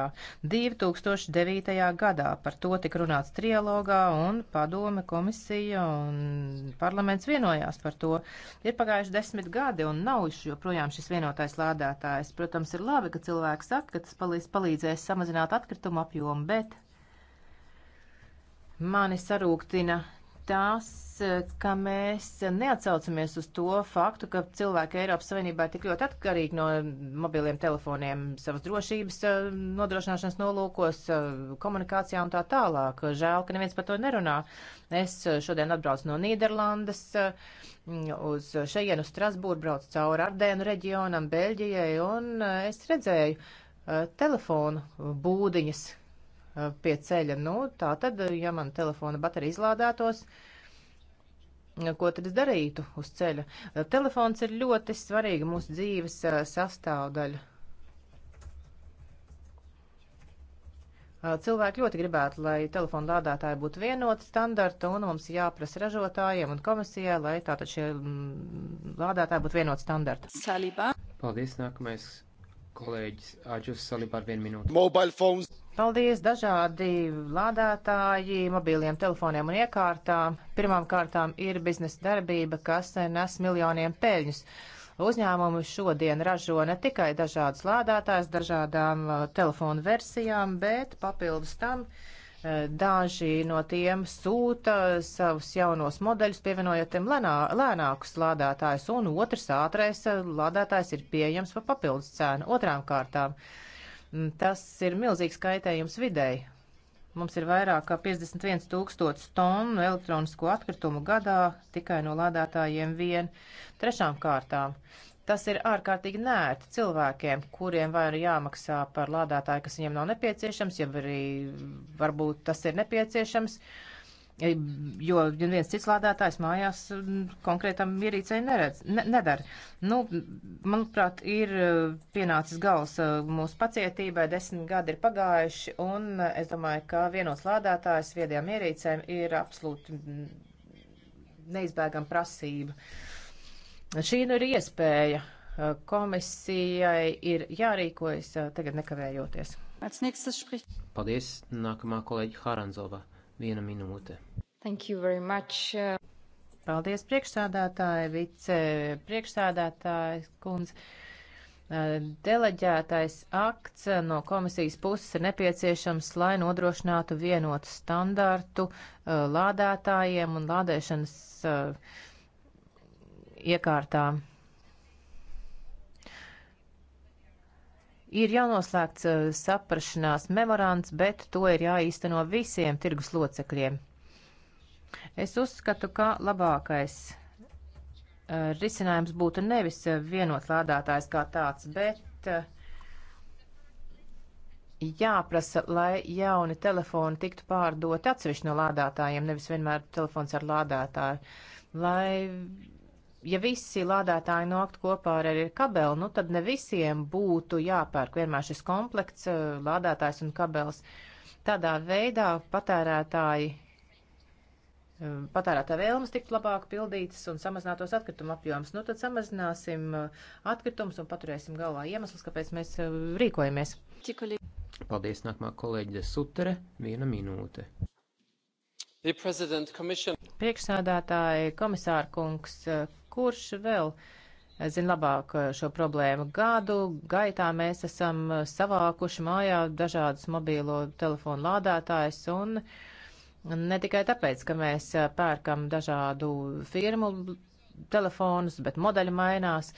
2009. gadā par to tika runāts trialogā un padome komisija un parlaments vienojās par to. Ir pagājuši desmit gadi un nav joprojām šis vienotais lādētājs. Protams, ir labi, ka cilvēki saka, ka tas palīdz, palīdzēs samazināt atkritumu apjomu, bet mani sarūktina tas, ka mēs neatsaucamies uz to faktu, ka cilvēki Eiropas Savienībā ir tik ļoti atkarīgi no mobiliem telefoniem, savas drošības eh, nodrošināšanas nolūkos, eh, komunikācijā un tā tālāk. Žēl, ka neviens par to nerunā. Es eh, šodien atbraucu no Nīderlandes uz šejienu Strasbūru, braucu cauri Ardēnu reģionam, Beļģijai, un es redzēju telefonu būdiņas pie ceļa. Nu, tā tad, ja man telefona baterija izlādētos, ko tad es darītu uz ceļa? Telefons ir ļoti svarīga mūsu dzīves sastāvdaļa. Cilvēki ļoti gribētu, lai telefona lādētāji būtu vienoti standarta, un mums jāprasa ražotājiem un komisijai, lai tātad šie lādētāji būtu vienoti standarta. Salībā. Paldies, nākamais kolēģis Aģus Salībā ar vienu minūti. Mobile phones. Paldies dažādi lādētāji mobiliem telefoniem un iekārtām. Pirmām kārtām ir biznesa darbība, kas nes miljoniem peļņus. Uzņēmumi šodien ražo ne tikai dažādas lādētājas, dažādām uh, telefonu versijām, bet papildus tam uh, daži no tiem sūta savus jaunos modeļus, pievienojot tiem lēnā, lēnākus lādētājus, un otrs ātrais uh, lādētājs ir pieejams par papildus cēnu. Otrām kārtām. Uh, Mm, tas ir milzīgs kaitējums videi. Mums ir vairāk kā 51 tūkstots tonu elektronisko atkritumu gadā tikai no lādētājiem vien. Trešām kārtām. Tas ir ārkārtīgi nērti cilvēkiem, kuriem vai ir jāmaksā par lādētāju, kas viņiem nav nepieciešams, ja arī varbūt tas ir nepieciešams. Uh, jo neviens cits lādētājs mājās mm, konkrētam ierīcei neredz, ne, nedara. Nu, manuprāt, ir eh, pienācis gals eh, mūsu pacietībai, desmit gadi ir pagājuši, un eh, es domāju, ka vienots lādētājs viedajām ierīcēm ir absolūti mm, neizbēgama prasība. Šī nu ir iespēja. Komisijai ir jārīkojas tagad nekavējoties. Paldies. Nākamā kolēģi Haranzova. Viena minūte. Thank you very much. Uh, Paldies priekšsādātāji, vice priekšsādātāji, kundze. Uh, deleģētais akts no komisijas puses ir nepieciešams, lai nodrošinātu vienotu standartu uh, lādētājiem un lādēšanas iekārtām. Ir jānoslēgts eh, saprašanās memorands, bet to ir jāīsteno visiem tirgus locekļiem. Es uzskatu, ka labākais eh, risinājums būtu nevis eh, vienot lādētājs kā tāds, bet jāprasa, lai jauni telefoni tiktu pārdoti atsevišķi no lādētājiem, nevis vienmēr telefons ar lādētāju, lai ja visi lādētāji noktu kopā ar, ar kabeli, nu tad ne visiem būtu jāpērk vienmēr šis komplekts, eh, lādētājs un kabels. Tādā veidā patērētāji, eh, patērētā vēlmes tiktu labāk pildītas un samazinātos atkritumu apjoms. Nu tad samazināsim eh, atkritumus un paturēsim galvā iemeslus, kāpēc mēs rīkojamies. Paldies, nākamā kolēģe Sutere, viena minūte. Priekšsādātāji, komisāra kungs, Kurš vēl eh, zina labāk eh, šo problēmu? Gadu gaitā mēs esam eh, savākuši mājā dažādus mobīlo telefonu lādētājus un ne tikai tāpēc, ka mēs pērkam dažādu firmu telefonus, bet modeļi mainās.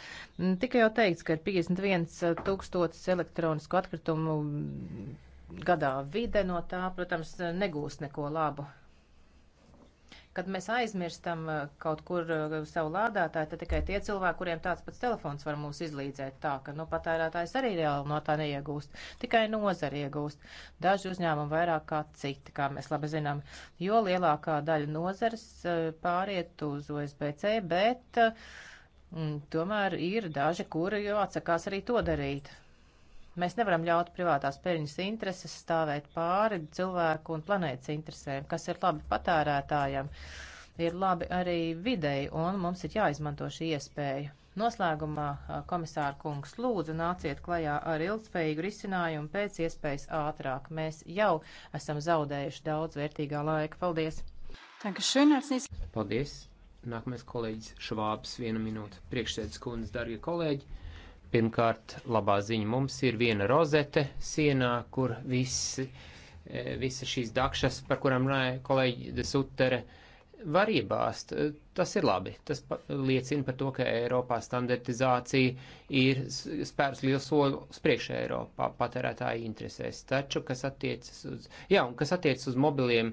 Tikai jau teikts, ka ir 51 tūkstotis elektronisku atkritumu gadā vide no tā, protams, negūst neko labu. Kad mēs aizmirstam eh, kaut kur eh, savu lādētāju, tad tikai tie cilvēki, kuriem tāds pats telefons var mūs izlīdzēt tā, ka nu, patērētājs arī reāli no tā neiegūst. Tikai nozari iegūst. Daži uzņēmumi vairāk kā citi, kā mēs labi zinām, jo lielākā daļa nozares eh, pāriet uz OSBC, bet. Mm, tomēr ir daži, kuri atsakās arī to darīt. Mēs nevaram ļaut privātās peļņas intereses stāvēt pāri cilvēku un planētas interesēm, kas ir labi patērētājiem, ir labi arī videi, un mums ir jāizmanto šī iespēja. Noslēgumā, komisāra kungs, lūdzu nāciet klajā ar ilgspējīgu risinājumu pēc iespējas ātrāk. Mēs jau esam zaudējuši daudz vērtīgā laika. Paldies! Paldies! Nākamais kolēģis Švābs, viena minūte. Priekšsēdus kundze, darbie kolēģi! Pirmkārt, labā ziņa mums ir viena rozete sienā, kur visi, e, visa šīs dakšas, par kurām runāja kolēģi Sutere, var iebāzt. E, tas ir labi. Tas liecina par to, ka Eiropā standartizācija ir spērs liels solis priekšā Eiropā patērētāju interesēs. Taču, kas attiecas uz, jā, un kas attiecas uz mobiliem,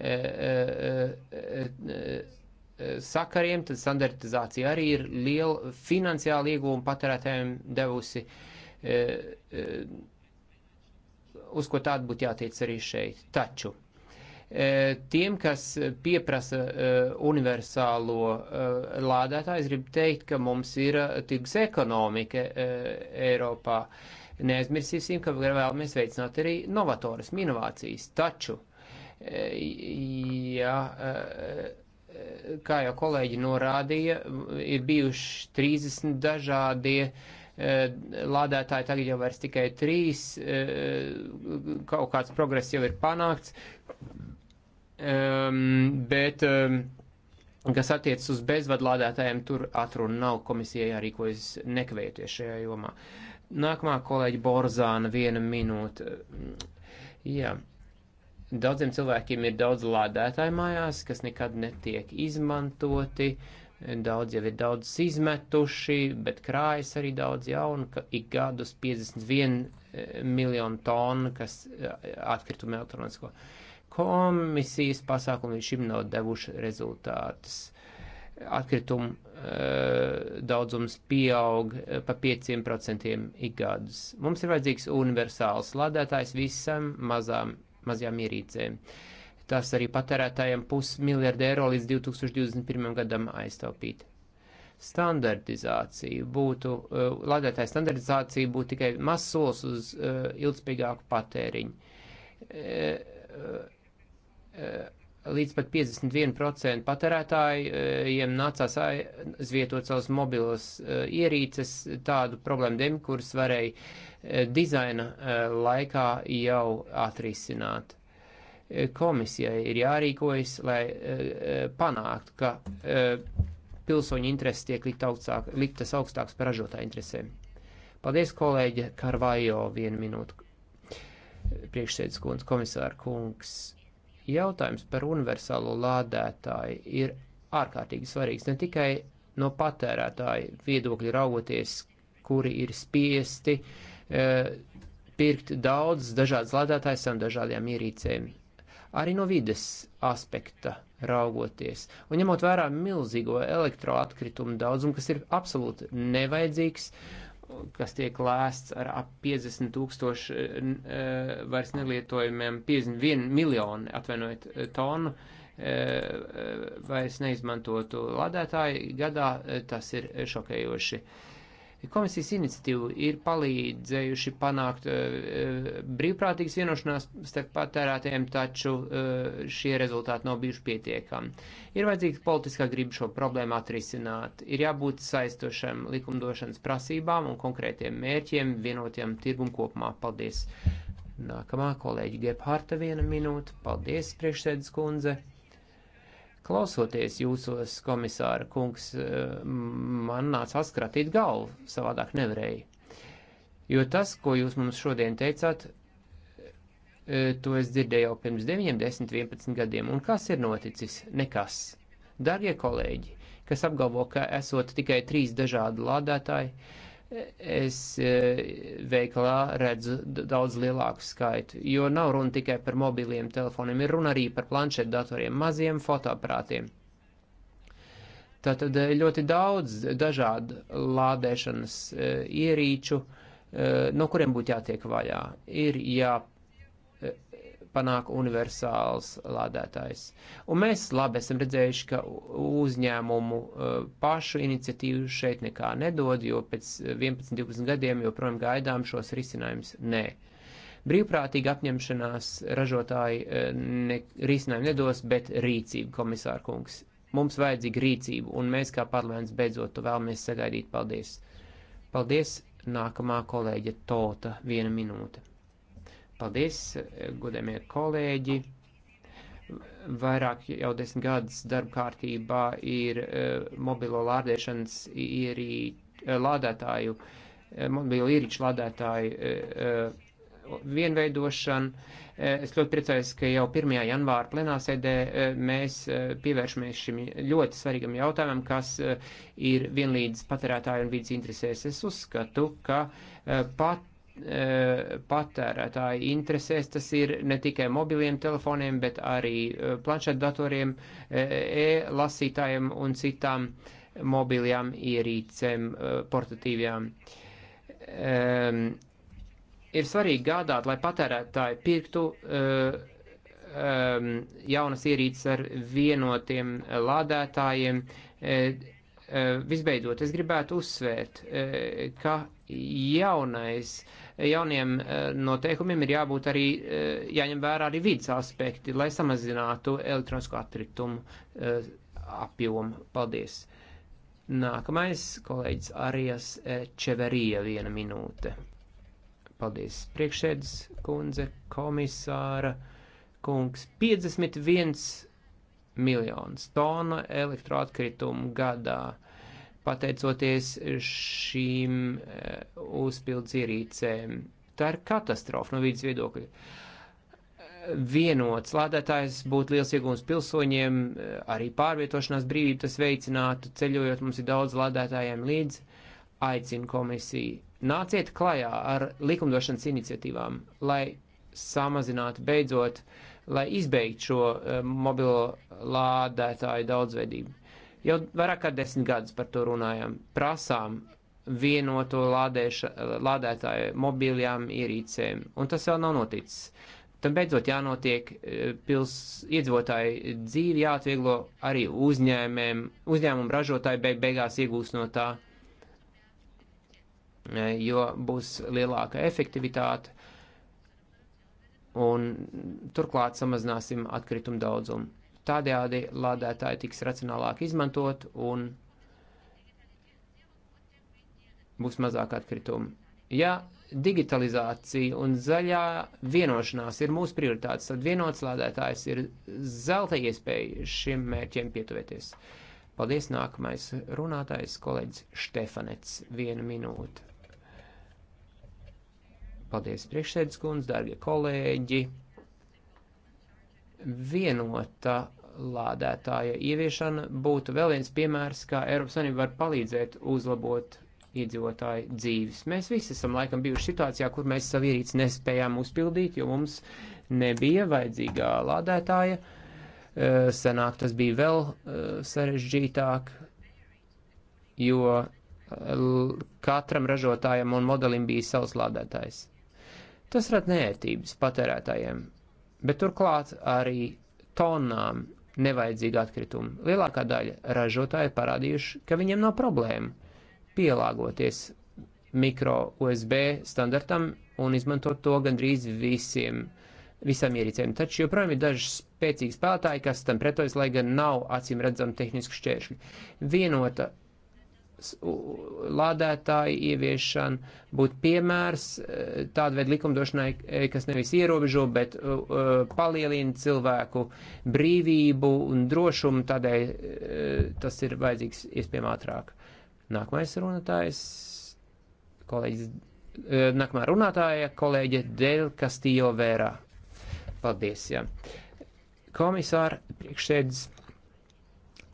e, e, e, e sakariem, tad standartizācija arī ir liela finansiāla ieguvuma patērētājiem devusi, e, e, uz ko tādu būtu jātiec arī šeit. Taču e, tiem, kas pieprasa universālo lādētāju, es gribu teikt, ka mums ir tirgus ekonomika Eiropā. Neaizmirsīsim, ka vēlamies veicināt arī novatorismu, inovācijas. Taču ja kā jau kolēģi norādīja, ir bijuši 30 dažādie e, lādētāji, tagad jau vairs tikai 3, e, kaut kāds progress jau ir panākts, bet kas attiecas uz bezvadlādētājiem, tur atruna nav komisijai arī, ko es nekavējoties šajā jomā. Nākamā kolēģi Borzāna viena minūte. Jā. Yeah Daudziem cilvēkiem ir daudz lādētāju mājās, kas nekad netiek izmantoti. Daudz jau ir daudz izmetuši, bet krājas arī daudz jaunu, ka ik gadus 51 eh, miljonu tonu, kas eh, atkritumi elektronisko. Komisijas pasākumi līdz šim nav devuši rezultātus. Atkritumu eh, daudzums pieaug pa 5% ik gadus. Mums ir vajadzīgs universāls lādētājs visam mazām mazajām ierīcēm. Tas arī patērētājiem pusmiljardu eiro līdz 2021. gadam aiztaupīt. Standartizācija būtu, uh, lādētāja standartizācija būtu tikai mazs solis uz uh, ilgspējīgāku patēriņu. Uh, uh, līdz pat 51% patērētājiem nācās aizvietot savus mobilos ierīces tādu problēmu dēļ, kuras varēja Eh, dizaina eh, laikā jau atrisināt. Eh, komisijai ir jārīkojas, lai panāktu, ka pilsoņu intereses tiek likt augstāk, liktas augstākas par ražotāju interesēm. Paldies, kolēģi Karvajo, vienu minūtu. Priekšsēdus kundze, komisāra kungs. Jautājums par universālo lādētāju ir ārkārtīgi svarīgs ne tikai no patērētāju viedokļa raugoties, kuri ir spiesti uh, E, pirkt daudz dažādas lādētājas un dažādiem ierīcēm. Arī no vides aspekta raugoties. Un ņemot vērā milzīgo elektroatkritumu daudzumu, kas ir absolūti nevajadzīgs, kas tiek lēsts ar ap 50 tūkstoši e, vairs nelietojumiem, 51 miljonu, atvainojiet, e, tonu e, e, vairs neizmantotu ladētāju gadā, tas ir šokējoši. E, Komisijas iniciatīva ir palīdzējuši panākt eh, eh, brīvprātīgas vienošanās starp patērētājiem, taču eh, šie rezultāti nav bijuši pietiekami. Ir vajadzīga politiskā griba šo problēmu atrisināt, ir jābūt saistošam likumdošanas prasībām un konkrētiem mērķiem vienotiem tirgum kopumā. Paldies! Nākamā kolēģi Gebharta viena minūte. Paldies, priekšsēdus kundze! Klausoties jūsos, komisāra kungs, eh, man nāca askratīt galvu, savādāk nevarēja. Jo tas, ko jūs mums šodien teicāt, eh, to es dzirdēju jau pirms 9, 10, 11 gadiem. Un kas ir noticis? Nekas. Darbie kolēģi, kas apgalvo, ka esot tikai trīs dažādi lādētāji, uh, es e, veikalā redzu daudz lielāku skaitu, jo nav runa tikai par mobiliem telefoniem, ir runa arī par planšetdatoriem, maziem fotoaprātiem. Tātad e, ļoti daudz dažādu lādēšanas e, ierīču, no kuriem būtu jātiek vaļā. Ir jā, panāk universāls lādētājs. Un mēs labi esam redzējuši, ka uzņēmumu eh, pašu iniciatīvu šeit nekā nedod, jo pēc 11-12 eh, gadiem joprojām gaidām šos risinājumus nē. Brīvprātīga apņemšanās ražotāji eh, ne, risinājumu nedos, bet rīcība, komisāra kungs. Mums vajadzīga rīcība, un mēs kā parlaments beidzot to vēlamies sagaidīt. Paldies! Paldies! Nākamā kolēģe Tota, viena minūte. Paldies, godamie kolēģi! Vairāk jau desmit gadus darba kārtībā ir eh, mobilo lādēšanas ierī, eh, lādētāju, eh, mobilo ierīču lādētāju vienveidošana. Es ļoti priecājos, ka jau 1. janvāra plenāsēdē mēs pievēršamies šim ļoti svarīgam jautājumam, kas ir vienlīdz patērētāju un vidas interesēs. Es uzskatu, ka pat Eh, patērētāju interesēs. Tas ir ne tikai mobiliem telefoniem, bet arī eh, planšetdatoriem, eh, e-lasītājiem un citām mobilajām ierīcēm, portatīvajām. Um, ir svarīgi gādāt, lai patērētāji pirktu uh, um, jaunas ierīces ar vienotiem lādētājiem. Uh, Eh, visbeidzot, es gribētu uzsvērt, eh, ka jaunais, jauniem eh, noteikumiem ir jābūt arī, jāņem vērā arī vidas aspekti, lai samazinātu elektronisko atkritumu apjomu. Paldies! Nākamais kolēģis Arijas Čeverija viena minūte. Paldies, priekšsēdus kundze, komisāra kungs. 51 miljonus tonu elektroatkritumu gadā, pateicoties šīm eh, uzpildz ierīcēm. Tā ir katastrofa no vidas viedokļa. Vienots lādētājs būtu liels iegūms pilsoņiem, eh, arī pārvietošanās brīvību tas veicinātu, ceļojot mums ir daudz lādētājiem līdzi. Aicinu komisiju, nāciet klajā ar likumdošanas iniciatīvām, lai samazinātu beidzot uh, lai izbeigtu šo eh, mobilo lādētāju daudzveidību. Jau vairāk kā desmit gadus par to runājam. Prasām vienoto lādēša, eh, lādētāju mobilajām ierīcēm, un tas vēl nav noticis. Tam beidzot jānotiek eh, pils iedzīvotāju dzīvi jāatvieglo arī uzņēmēm, uzņēmumu ražotāji beig, beigās iegūs no tā, jo būs lielāka efektivitāte un turklāt samazināsim atkritumu daudzumu. Tādējādi lādētāji tiks racionālāk izmantot un būs mazāk atkritumu. Ja digitalizācija un zaļā vienošanās ir mūsu prioritātes, tad vienots lādētājs ir zelta iespēja šiem mērķiem pietuvēties. Paldies, nākamais runātājs, kolēģis Štefanets, viena minūte. Paldies, priekšsēdus kundze, dārgie kolēģi. Vienota lādētāja ieviešana būtu vēl viens piemērs, kā Eiropas Savienība var palīdzēt uzlabot iedzīvotāju dzīves. Mēs visi esam laikam bijuši situācijā, kur mēs savu ierīci nespējām uzpildīt, jo mums nebija vajadzīgā lādētāja. Senāk tas bija vēl sarežģītāk, jo katram ražotājam un modelim bija savs lādētājs. Tas rada nērtības patērētājiem, bet turklāt arī tonām nevajadzīga atkrituma. Lielākā daļa ražotāji parādījuši, ka viņiem nav problēma pielāgoties mikro USB standartam un izmantot to gandrīz visiem, visām ierīcēm. Taču joprojām ir daži spēcīgi spēlētāji, kas tam pretojas, lai gan nav acīm redzami tehniski šķēršļi. Vienota lādētāju ieviešana, būtu piemērs e, tāda veida likumdošanai, e, kas nevis ierobežo, bet e, palielina cilvēku brīvību un drošumu, tādēļ tas ir vajadzīgs iespējami ātrāk. Nākamais runātājs, kolēģis, nākamā runātāja, kolēģe Del Castillo Vera. Paldies, jā. Komisāra priekšsēdis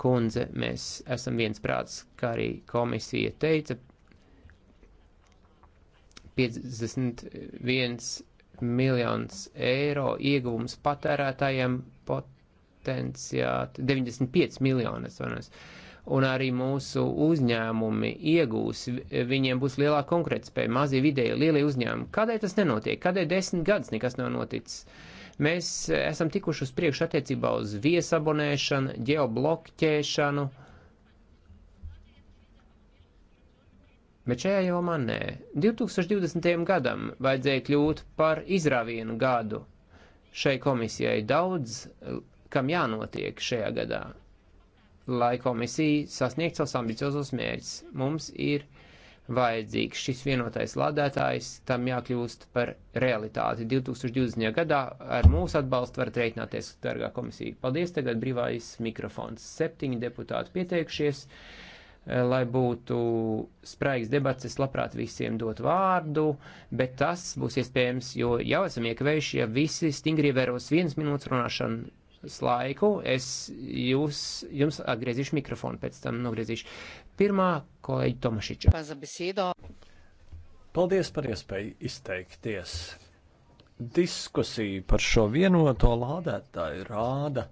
kundze, mēs esam viensprāts, kā arī komisija teica, 51 miljonus eiro ieguvums patērētājiem potenciāti 95 miljonus. Un arī mūsu uzņēmumi iegūs, viņiem būs lielāka konkurētspēja, mazie vidēji, lielie uzņēmumi. Kādēļ tas nenotiek? Kādēļ desmit gadus nekas nav noticis? Uh, Mēs eh, esam tikuši uz priekšu attiecībā uz viesabonēšanu, geoblokķēšanu, bet šajā jomā nē. 2020. gadam vajadzēja kļūt par izrāvienu gadu. Šai komisijai daudz, eh, kam jānotiek šajā gadā, lai komisija sasniegtu savus ambiciozus mērķus. Mums ir vajadzīgs. Šis vienotais lādētājs tam jākļūst par realitāti. 2020. gadā ar mūsu atbalstu varat rēķināties, dargā komisija. Paldies, tagad brīvais mikrofons. Septiņi deputāti pieteikušies, eh, lai būtu spraigs debats, es labprāt visiem dot vārdu, bet tas būs iespējams, jo jau esam iekavējuši, ja visi stingri ievēros viens minūtes runāšanu laiku, es jūs, jums atgriezīšu mikrofonu, pēc tam nogriezīšu. Pirmā kolēģi Tomašiča. Paldies par iespēju izteikties. Diskusija par šo vienoto lādētāju rāda,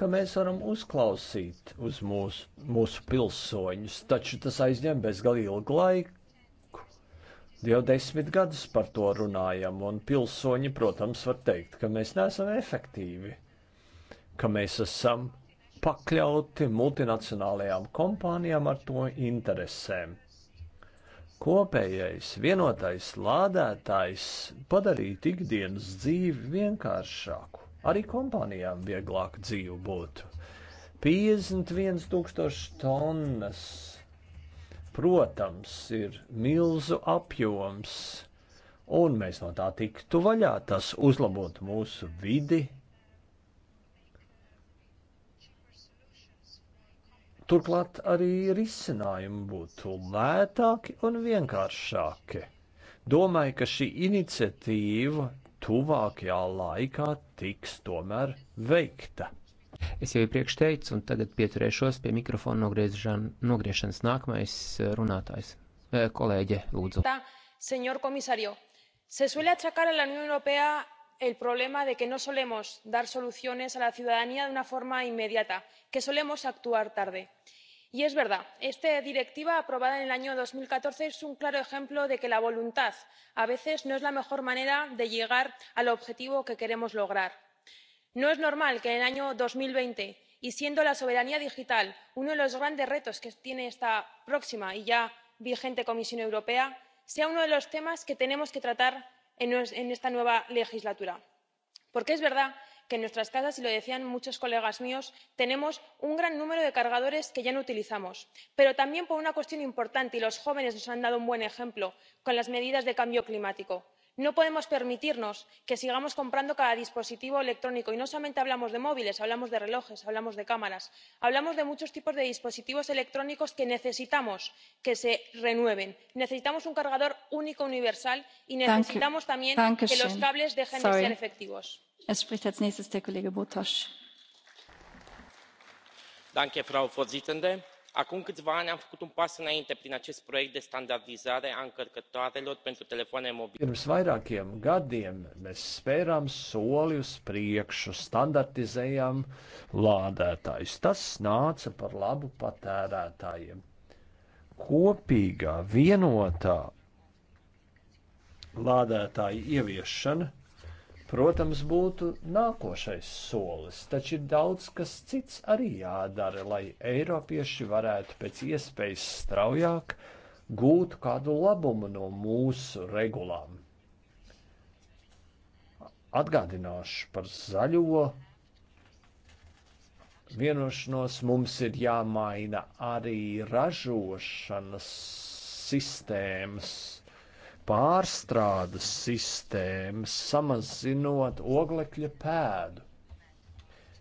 ka mēs varam uzklausīt uz mūsu, mūsu pilsoņus, taču tas aizņem bezgalīgi ilgu laiku. Jau desmit gadus par to runājam, un pilsoņi, protams, var teikt, ka mēs neesam efektīvi, ka mēs esam pakļauti multinacionālajām kompānijām ar to interesēm. Kopējais vienotais lādētājs padarītu ikdienas dzīvi vienkāršāku, arī kompānijām vieglāk dzīvi būtu. 51 tūkstoši tonnas, protams, ir milzu apjoms, un mēs no tā tiktu vaļā. Tas uzlabotu mūsu vidi, Turklāt arī risinājumi būtu lētāki un vienkāršāki. Domāju, ka šī iniciatīva tuvākajā laikā tiks tomēr veikta. Es jau iepriekš teicu, un tagad pieturēšos pie mikrofona nogriešanas nākamais eh, runātājs. Eh, kolēģe, lūdzu. Tā, el problema de que no solemos dar soluciones a la ciudadanía de una forma inmediata que solemos actuar tarde. y es verdad esta directiva aprobada en el año dos mil catorce es un claro ejemplo de que la voluntad a veces no es la mejor manera de llegar al objetivo que queremos lograr. no es normal que en el año dos mil veinte y siendo la soberanía digital uno de los grandes retos que tiene esta próxima y ya vigente comisión europea sea uno de los temas que tenemos que tratar en esta nueva legislatura porque es verdad que en nuestras casas y lo decían muchos colegas míos tenemos un gran número de cargadores que ya no utilizamos pero también por una cuestión importante y los jóvenes nos han dado un buen ejemplo con las medidas de cambio climático no podemos permitirnos que sigamos comprando cada dispositivo electrónico y no solamente hablamos de móviles hablamos de relojes hablamos de cámaras hablamos de muchos tipos de dispositivos electrónicos que necesitamos que se renueven necesitamos un cargador único universal y necesitamos también que los cables dejen de ser efectivos. frau präsidentin! acum câțiva ani am făcut un pas înainte prin acest proiect de standardizare a încărcătoarelor pentru telefoane mobile. Pirms vairākiem gadiem mēs spērām soli uz priekšu, standartizējām lādētājus. Tas nāca par labu patērētājiem. Kopīgā vienotā lādētāja ieviešana protams, būtu nākošais solis, taču ir daudz kas cits arī jādara, lai Eiropieši varētu pēc iespējas straujāk gūt kādu labumu no mūsu regulām. Atgādināšu par zaļo vienošanos. Mums ir jāmaina arī ražošanas sistēmas pārstrādes sistēmas, samazinot oglekļa pēdu.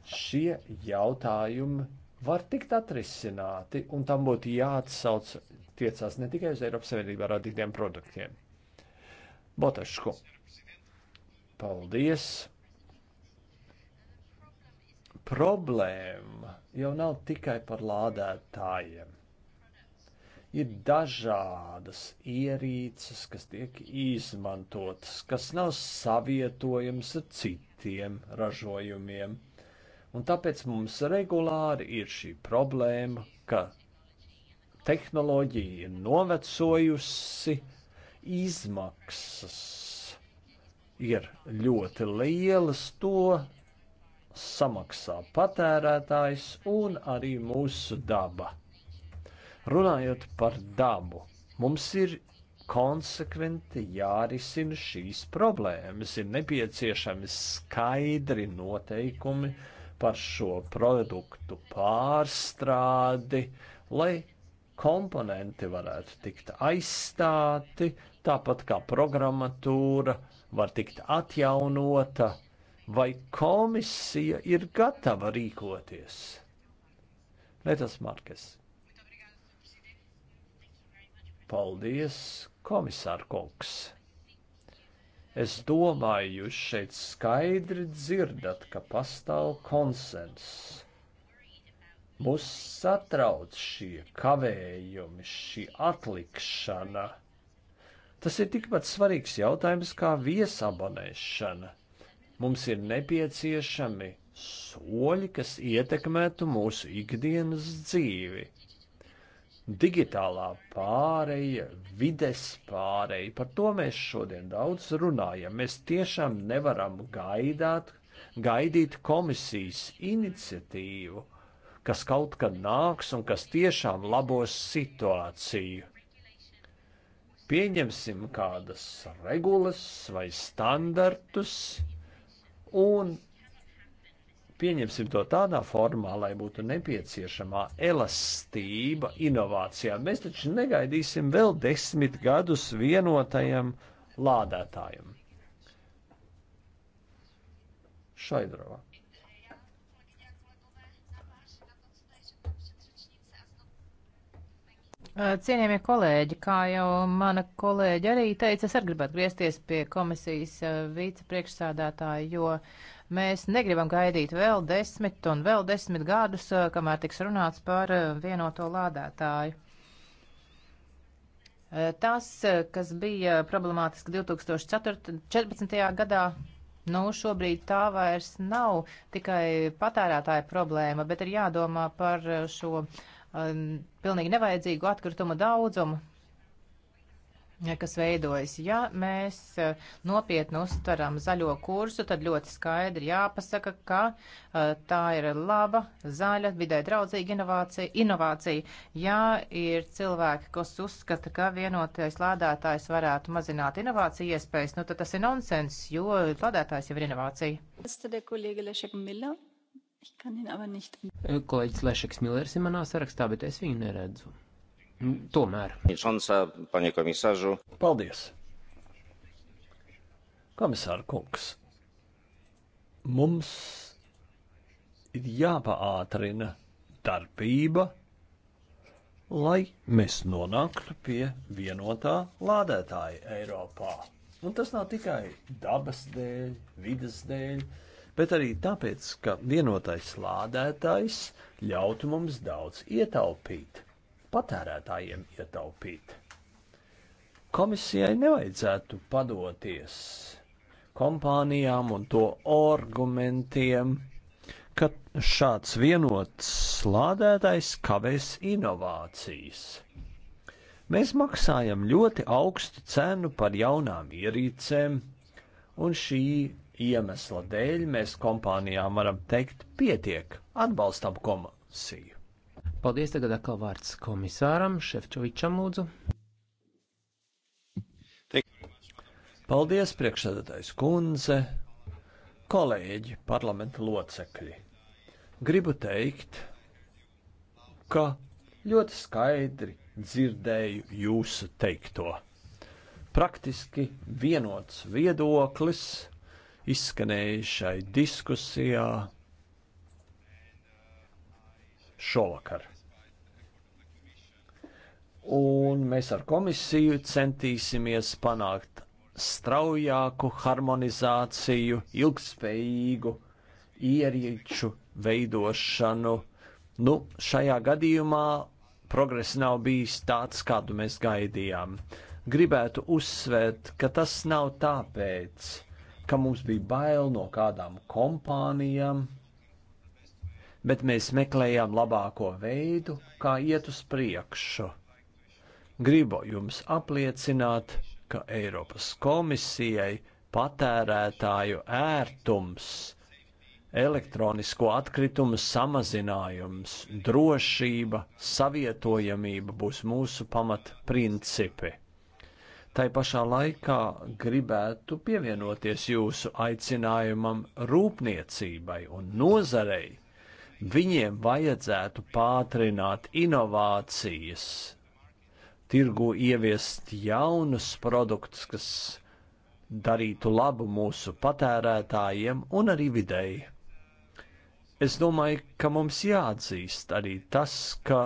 Šie jautājumi var tikt atrisināti, un tam būtu jāatsauc tiecās ne tikai uz Eiropas Savienībā radītiem produktiem. Botaško, paldies! Problēma jau nav tikai par lādētājiem ir dažādas ierīces, kas tiek izmantotas, kas nav savietojams ar citiem ražojumiem. Un tāpēc mums regulāri ir šī problēma, ka tehnoloģija ir novecojusi, izmaksas ir ļoti lielas, to samaksā patērētājs un arī mūsu daba. Runājot par dabu, mums ir konsekventi jārisina šīs problēmas. Ir nepieciešami skaidri noteikumi par šo produktu pārstrādi, lai komponenti varētu tikt aizstāti, tāpat kā programmatūra var tikt atjaunota, vai komisija ir gatava rīkoties. Letas Markes. Paldies, komisār kungs! Es domāju, jūs šeit skaidri dzirdat, ka pastāv konsens. Mūs satrauc šie kavējumi, šī atlikšana. Tas ir tikpat svarīgs jautājums kā viesabonēšana. Mums ir nepieciešami soļi, kas ietekmētu mūsu ikdienas dzīvi digitālā pāreja, vides pāreja. Par to mēs šodien daudz runājam. Mēs tiešām nevaram gaidāt, gaidīt komisijas iniciatīvu, kas kaut kad nāks un kas tiešām labos situāciju. Pieņemsim kādas regulas vai standartus, un pieņemsim to tādā formā, lai būtu nepieciešamā elastība inovācijām. Mēs taču negaidīsim vēl desmit gadus vienotajam lādētājam. Šaidrovā. Cienījamie kolēģi, kā jau mana kolēģi arī teica, es arī gribētu griezties pie komisijas vicepriekšsādātāja, jo Mēs negribam gaidīt vēl desmit un vēl desmit gadus, eh, kamēr tiks runāts par eh, vienoto lādētāju. Eh, tas, kas bija problemātiski 2014. gadā, nu šobrīd tā vairs nav tikai patērētāja problēma, bet ir jādomā par šo um, pilnīgi nevajadzīgu atkritumu daudzumu kas veidojas. Ja mēs e, nopietni uztveram zaļo kursu, tad ļoti skaidri jāpasaka, ka e, tā ir laba, zaļa, vidē draudzīga inovācija. inovācija. Ja ir cilvēki, kas uzskata, ka vienotais lādētājs varētu mazināt inovāciju iespējas, nu tad tas ir nonsens, jo lādētājs jau ir inovācija. Kolēģis Lešeks Millers ir manā sarakstā, bet es viņu neredzu. Nu, tomēr. Paldies! Komisāra kungs, mums ir jāpaātrina darbība, lai mēs nonāktu pie vienotā lādētāja Eiropā. Un tas nav tikai dabas dēļ, vidas dēļ, bet arī tāpēc, ka vienotais lādētājs ļautu mums daudz ietaupīt patērētājiem ietaupīt. Komisijai nevajadzētu padoties kompānijām un to argumentiem, ka šāds vienots lādētājs kavēs inovācijas. Mēs maksājam ļoti augstu cenu par jaunām ierīcēm, un šī iemesla dēļ mēs kompānijām varam teikt, pietiek, atbalstam komisiju. Paldies, tagad atkal vārds komisāram Šefčovičam lūdzu. Paldies, priekšsēdētājs kundze, kolēģi, parlamenta locekļi. Gribu teikt, ka ļoti skaidri dzirdēju jūsu teikto. Praktiski vienots viedoklis izskanēja šai diskusijā šovakar. Un mēs ar komisiju centīsimies panākt straujāku harmonizāciju, ilgspējīgu ierīču veidošanu. Nu, šajā gadījumā progress nav bijis tāds, kādu mēs gaidījām. Gribētu uzsvērt, ka tas nav tāpēc, ka mums bija bail no kādām kompānijām, bet mēs meklējām labāko veidu, kā iet uz priekšu. Gribu jums apliecināt, ka Eiropas komisijai patērētāju ērtums, elektronisko atkritumu samazinājums, drošība, savietojamība būs mūsu pamatprincipi. Tai pašā laikā gribētu pievienoties jūsu aicinājumam rūpniecībai un nozarei Viņiem vajadzētu pātrināt inovācijas, tirgu ieviest jaunus produktus, kas darītu labu mūsu patērētājiem un arī videi. Es domāju, ka mums jāatzīst arī tas, ka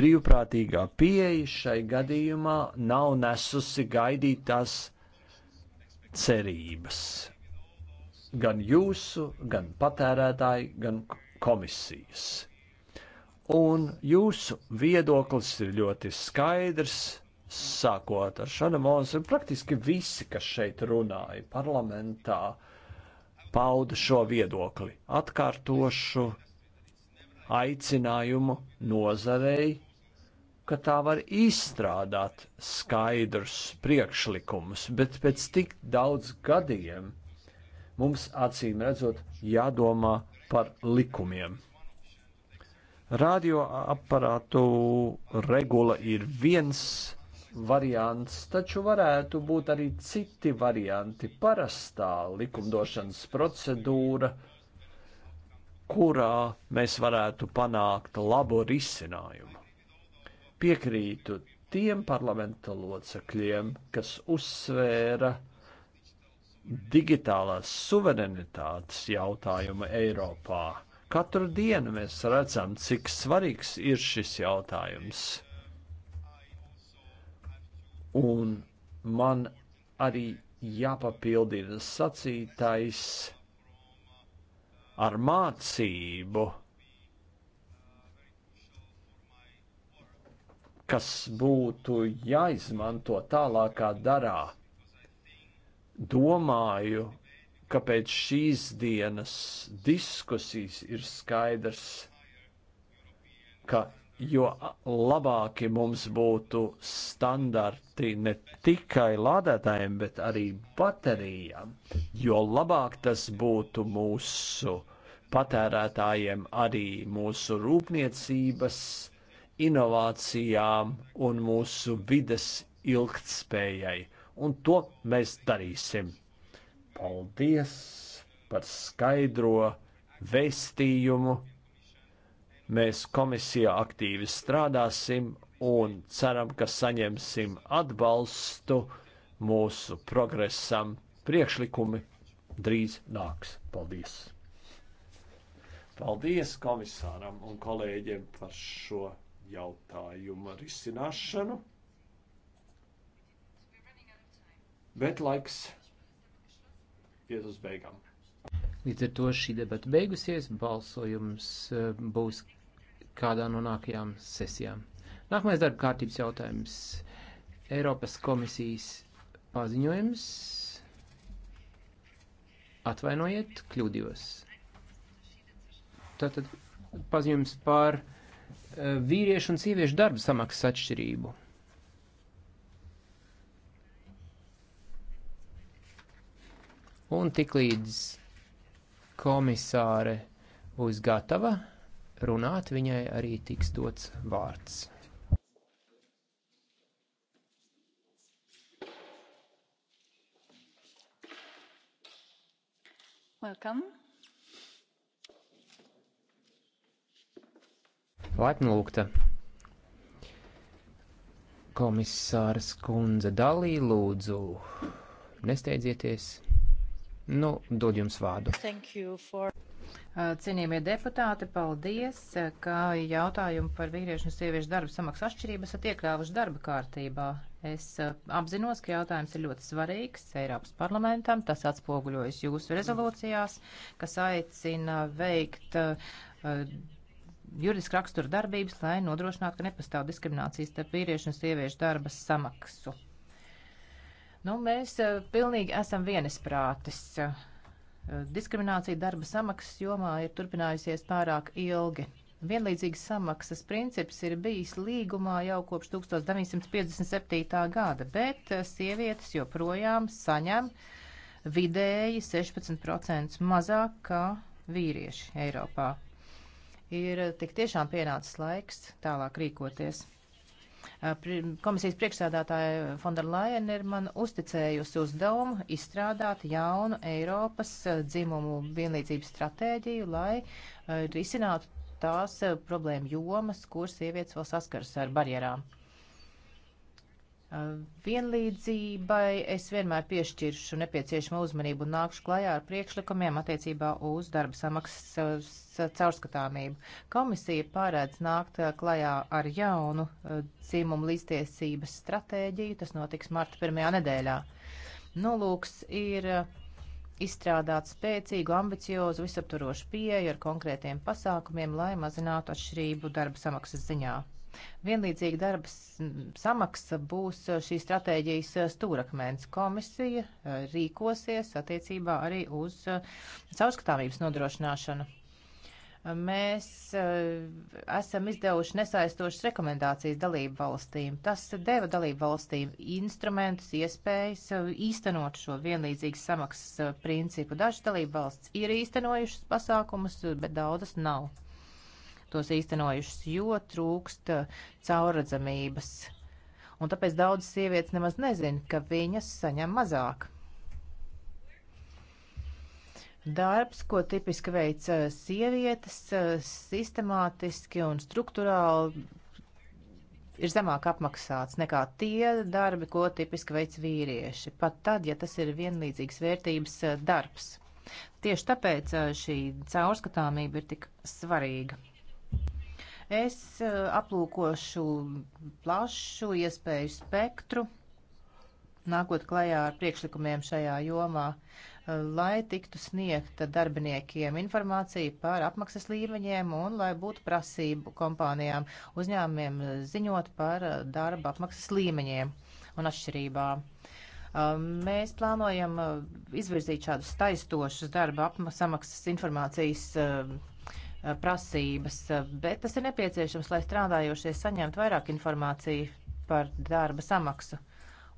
brīvprātīgā pieeja šai gadījumā nav nesusi gaidītās cerības. Gan jūsu, gan patērētāji, gan komisijas. Un jūsu viedoklis ir ļoti skaidrs, sākot ar Šana Monsu, un praktiski visi, kas šeit runāja parlamentā, pauda šo viedokli. Atkārtošu aicinājumu nozarei, ka tā var izstrādāt skaidrus priekšlikumus, bet pēc tik daudz gadiem mums acīm redzot jādomā par likumiem. Radioaparātu regula ir viens variants, taču varētu būt arī citi varianti. Parastā likumdošanas procedūra, kurā mēs varētu panākt labu risinājumu. Piekrītu tiem parlamenta locekļiem, kas uzsvēra, ka digitālās suverenitātes jautājuma Eiropā. Katru dienu mēs redzam, cik svarīgs ir šis jautājums. Un man arī jāpapildina sacītais ar mācību, kas būtu jāizmanto tālākā darā domāju, ka pēc šīs dienas diskusijas ir skaidrs, ka jo labāki mums būtu standarti ne tikai lādētājiem, bet arī baterijām, jo labāk tas būtu mūsu patērētājiem, arī mūsu rūpniecības, inovācijām un mūsu vides ilgtspējai un to mēs darīsim. Paldies par skaidro vēstījumu. Mēs komisijā aktīvi strādāsim un ceram, ka saņemsim atbalstu mūsu progresam. Priekšlikumi drīz nāks. Paldies! Paldies komisāram un kolēģiem par šo jautājumu risināšanu. bet laiks iet uz beigām. Līdz ar to šī debata beigusies, balsojums eh, būs kādā no nākajām sesijām. Nākamais darba kārtības jautājums - Eiropas komisijas paziņojums. Atvainojiet, kļūdījos. Tātad paziņojums par eh, vīriešu un sieviešu darba samaksas atšķirību. Un tiklīdz komisāre būs gatava runāt, viņai arī tiks dots vārds. Welcome. Laipni lūgta. Komisārs kundze Dalī lūdzu, nesteidzieties. Nu, dod jums vārdu. For... Uh, cienījamie deputāti, paldies, uh, ka jautājumu par vīriešu un sieviešu darbu samaksu atšķirības esat iekļāvuši darba kārtībā. Es uh, apzinos, ka jautājums ir ļoti svarīgs Eiropas parlamentam. Tas atspoguļojas jūsu rezolūcijās, kas aicina veikt uh, juridiski rakstura darbības, lai nodrošinātu, ka nepastāv diskriminācijas starp vīriešu un sieviešu darba samaksu. Nu, mēs eh, pilnīgi esam vienisprātis. Eh, diskriminācija darba samaksas jomā ir turpinājusies pārāk ilgi. Vienlīdzīgas samaksas princips ir bijis līgumā jau kopš 1957. gada, bet eh, sievietes joprojām saņem vidēji 16% mazāk kā vīrieši Eiropā. Ir tik tiešām pienācis laiks tālāk rīkoties. Komisijas priekšsēdātāja Fonderlaien ir man uzticējusi uzdevumu izstrādāt jaunu Eiropas dzimumu vienlīdzības stratēģiju, lai risinātu tās problēma jomas, kur sievietes vēl saskaras ar barjerām vienlīdzībai es vienmēr piešķiršu nepieciešamo uzmanību un nākšu klajā ar priekšlikumiem attiecībā uz darba samaksas caurskatāmību. Komisija pārēdz nākt eh, klajā ar jaunu eh, dzimumu līdztiesības stratēģiju, tas notiks marta pirmajā nedēļā. Nolūks nu, ir eh, izstrādāt spēcīgu, ambiciozu, visaptvarošu pieeju ar konkrētiem pasākumiem, lai mazinātu atšķirību darba samaksas ziņā. Vienlīdzīga darba samaksa būs e, šīs stratēģijas e, stūrakmens. Komisija e, rīkosies attiecībā arī uz caurskatāmības nodrošināšanu. Mēs esam izdevuši nesaistošas rekomendācijas dalību valstīm. Tas deva dalību valstīm instrumentus, iespējas īstenot šo vienlīdzīgas samaksas principu. Dažas dalību valsts ir īstenojušas pasākumus, bet daudzas nav tos īstenojušas, jo trūkst uh, caurredzamības. Un tāpēc daudzas sievietes nemaz nezina, ka viņas saņem mazāk. Darbs, ko tipiski veic uh, sievietes, uh, sistemātiski un struktūrāli ir zemāk apmaksāts nekā tie darbi, ko tipiski veic vīrieši, pat tad, ja tas ir vienlīdzīgs vērtības darbs. Tieši tāpēc šī caurskatāmība ir tik svarīga. Es eh, aplūkošu plašu iespēju spektru, nākot klajā ar priekšlikumiem šajā jomā, eh, lai tiktu sniegta darbiniekiem informācija par apmaksas līmeņiem un lai būtu prasību kompānijām uzņēmumiem eh, ziņot par darba apmaksas līmeņiem un atšķirībām. Mēs plānojam izvirzīt šādus taistošus darba apmaksas informācijas prasības, bet tas ir nepieciešams, lai strādājošie saņemtu vairāk informāciju par darba samaksu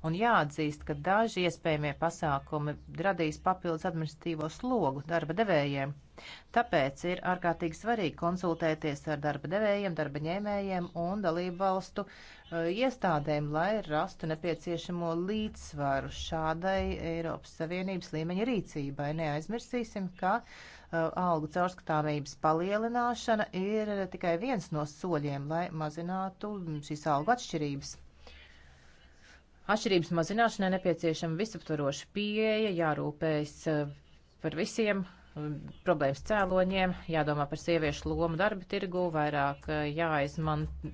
un jāatzīst, ka daži iespējamie pasākumi radīs papildus administratīvo slogu darba devējiem. Tāpēc ir ārkārtīgi svarīgi konsultēties ar darba devējiem, darba ņēmējiem un dalību valstu uh, iestādēm, lai rastu nepieciešamo līdzsvaru šādai Eiropas Savienības līmeņa rīcībai. Neaizmirsīsim, ka uh, algu caurskatāmības palielināšana ir tikai viens no soļiem, lai mazinātu mm, šīs algu atšķirības. Atšķirības mazināšanai nepieciešama visaptvaroša pieeja, jārūpējas eh, par visiem mm, problēmas cēloņiem, jādomā par sieviešu lomu darba tirgu, vairāk eh, jāizmanto,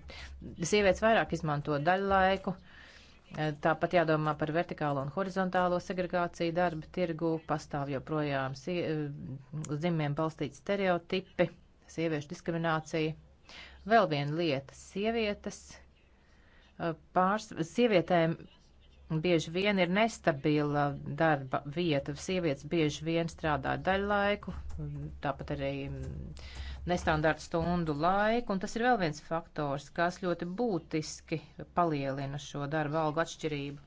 sievietes vairāk izmanto daļlaiku, eh, tāpat jādomā par vertikālo un horizontālo segregāciju darba tirgu, pastāv joprojām sie... uz dzimumiem balstīti stereotipi, sieviešu diskriminācija. Vēl viena lieta - sievietes pārs, sievietēm bieži vien ir nestabila darba vieta. Sievietes bieži vien strādā daļlaiku, tāpat arī nestandarta stundu laiku, un tas ir vēl viens faktors, kas ļoti būtiski palielina šo darba algu atšķirību.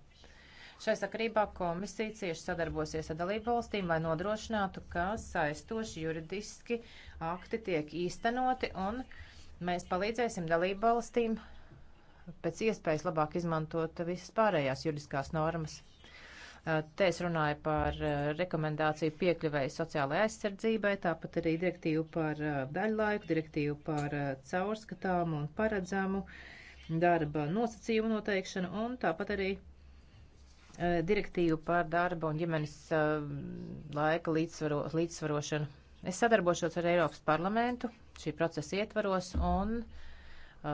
Šai sakarībā komisija cieši sadarbosies ar dalību valstīm, lai nodrošinātu, ka saistoši juridiski akti tiek īstenoti un mēs palīdzēsim dalību valstīm pēc iespējas labāk izmantot visas pārējās juridiskās normas. Te es runāju par rekomendāciju piekļuvēju sociālajai aizsardzībai, tāpat arī direktīvu par daļlaiku, direktīvu par caurskatāmu un paredzamu darba nosacījumu noteikšanu un tāpat arī direktīvu par darba un ģimenes laika līdzsvaro, līdzsvarošanu. Es sadarbošos ar Eiropas parlamentu šī procesa ietvaros un uh,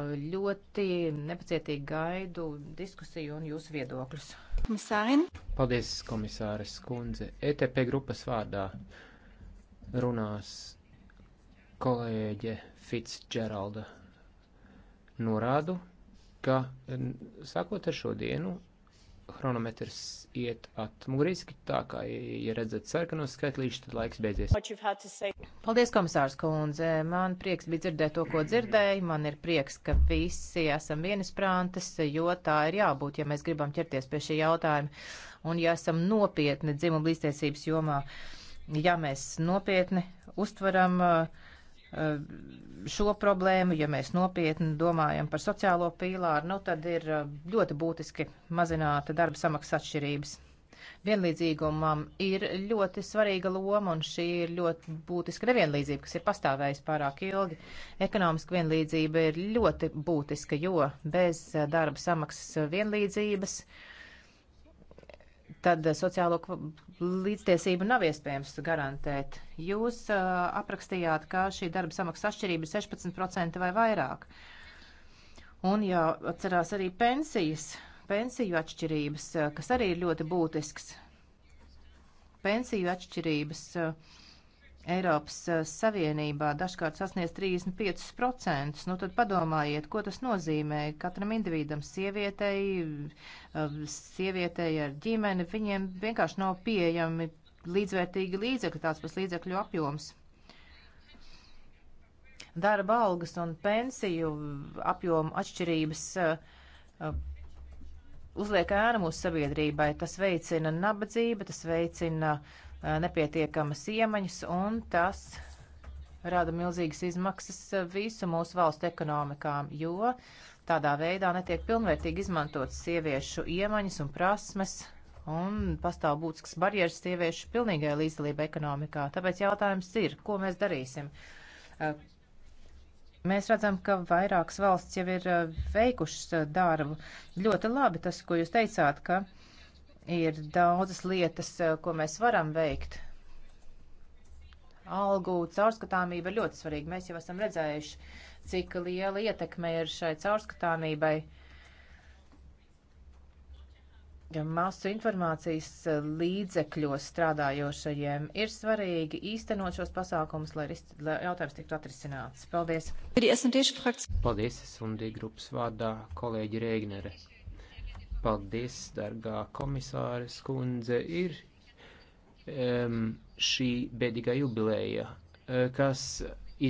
ļoti nepacietīgi gaidu diskusiju un jūsu viedokļus. Komisārin. Paldies, komisāres kundze. ETP grupas vārdā runās kolēģe Fitzgeralda norādu, ka sākot ar šo dienu Chronometrs iet atmuguriski, tā kā, ja redzat sarkanos skaitlīšus, tad laiks beidzies. Paldies, komisārs kundze. Man prieks bija dzirdēt to, ko dzirdēju. Man ir prieks, ka visi esam vienisprāntes, jo tā ir jābūt, ja mēs gribam ķerties pie šī jautājuma. Un ja esam nopietni dzimumu līdztiesības jomā, ja mēs nopietni uztveram uh, šo problēmu, ja mēs nopietni domājam par sociālo pīlāru, nu tad ir eh, ļoti būtiski mazināta darba samaksas atšķirības. Vienlīdzīgumam ir ļoti svarīga loma, un šī ir ļoti būtiska nevienlīdzība, kas ir pastāvējusi pārāk ilgi. Ekonomiska vienlīdzība ir ļoti būtiska, jo bez eh, darba samaksas vienlīdzības uh, tad sociālo līdztiesību nav iespējams garantēt. Jūs uh, aprakstījāt, ka šī darba samaksas atšķirība ir 16% vai vairāk. Un jāatcerās arī pensijas, pensiju atšķirības, kas arī ir ļoti būtisks. Pensiju atšķirības. Uh, Eiropas eh, Savienībā dažkārt sasniedz 35%. Nu, tad padomājiet, ko tas nozīmē katram individam, sievietei, eh, sievietei ar ģimeni. Viņiem vienkārši nav pieejami līdzvērtīgi līdzekļi, tāds pats līdzekļu apjoms. Darba algas un pensiju apjomu atšķirības eh, uzliek ēnu mūsu sabiedrībai. Tas veicina nabadzību, tas veicina uh, nepietiekamas iemaņas, un tas rada milzīgas izmaksas visu mūsu valstu ekonomikām, jo tādā veidā netiek pilnvērtīgi izmantotas sieviešu iemaņas un prasmes, un pastāv būtisks barjeras sieviešu pilnīgai līdzdalībai ekonomikā. Tāpēc jautājums ir, ko mēs darīsim? Mēs redzam, ka vairākas valsts jau ir veikušas darbu ļoti labi, tas, ko jūs teicāt, ka uh, ir daudzas lietas, eh, ko mēs varam veikt. Algu caurskatāmība ir ļoti svarīga. Mēs jau esam redzējuši, cik liela ietekme ir šai caurskatāmībai. Masu informācijas eh, līdzekļos strādājošajiem ir svarīgi īstenot šos pasākumus, lai, lai jautājums tiktu atrisināts. Paldies! Paldies, SMD grupas vārdā kolēģi Rēgnere. Paldies, dargā komisāres kundze, ir um, šī bēdīgā jubileja, eh, kas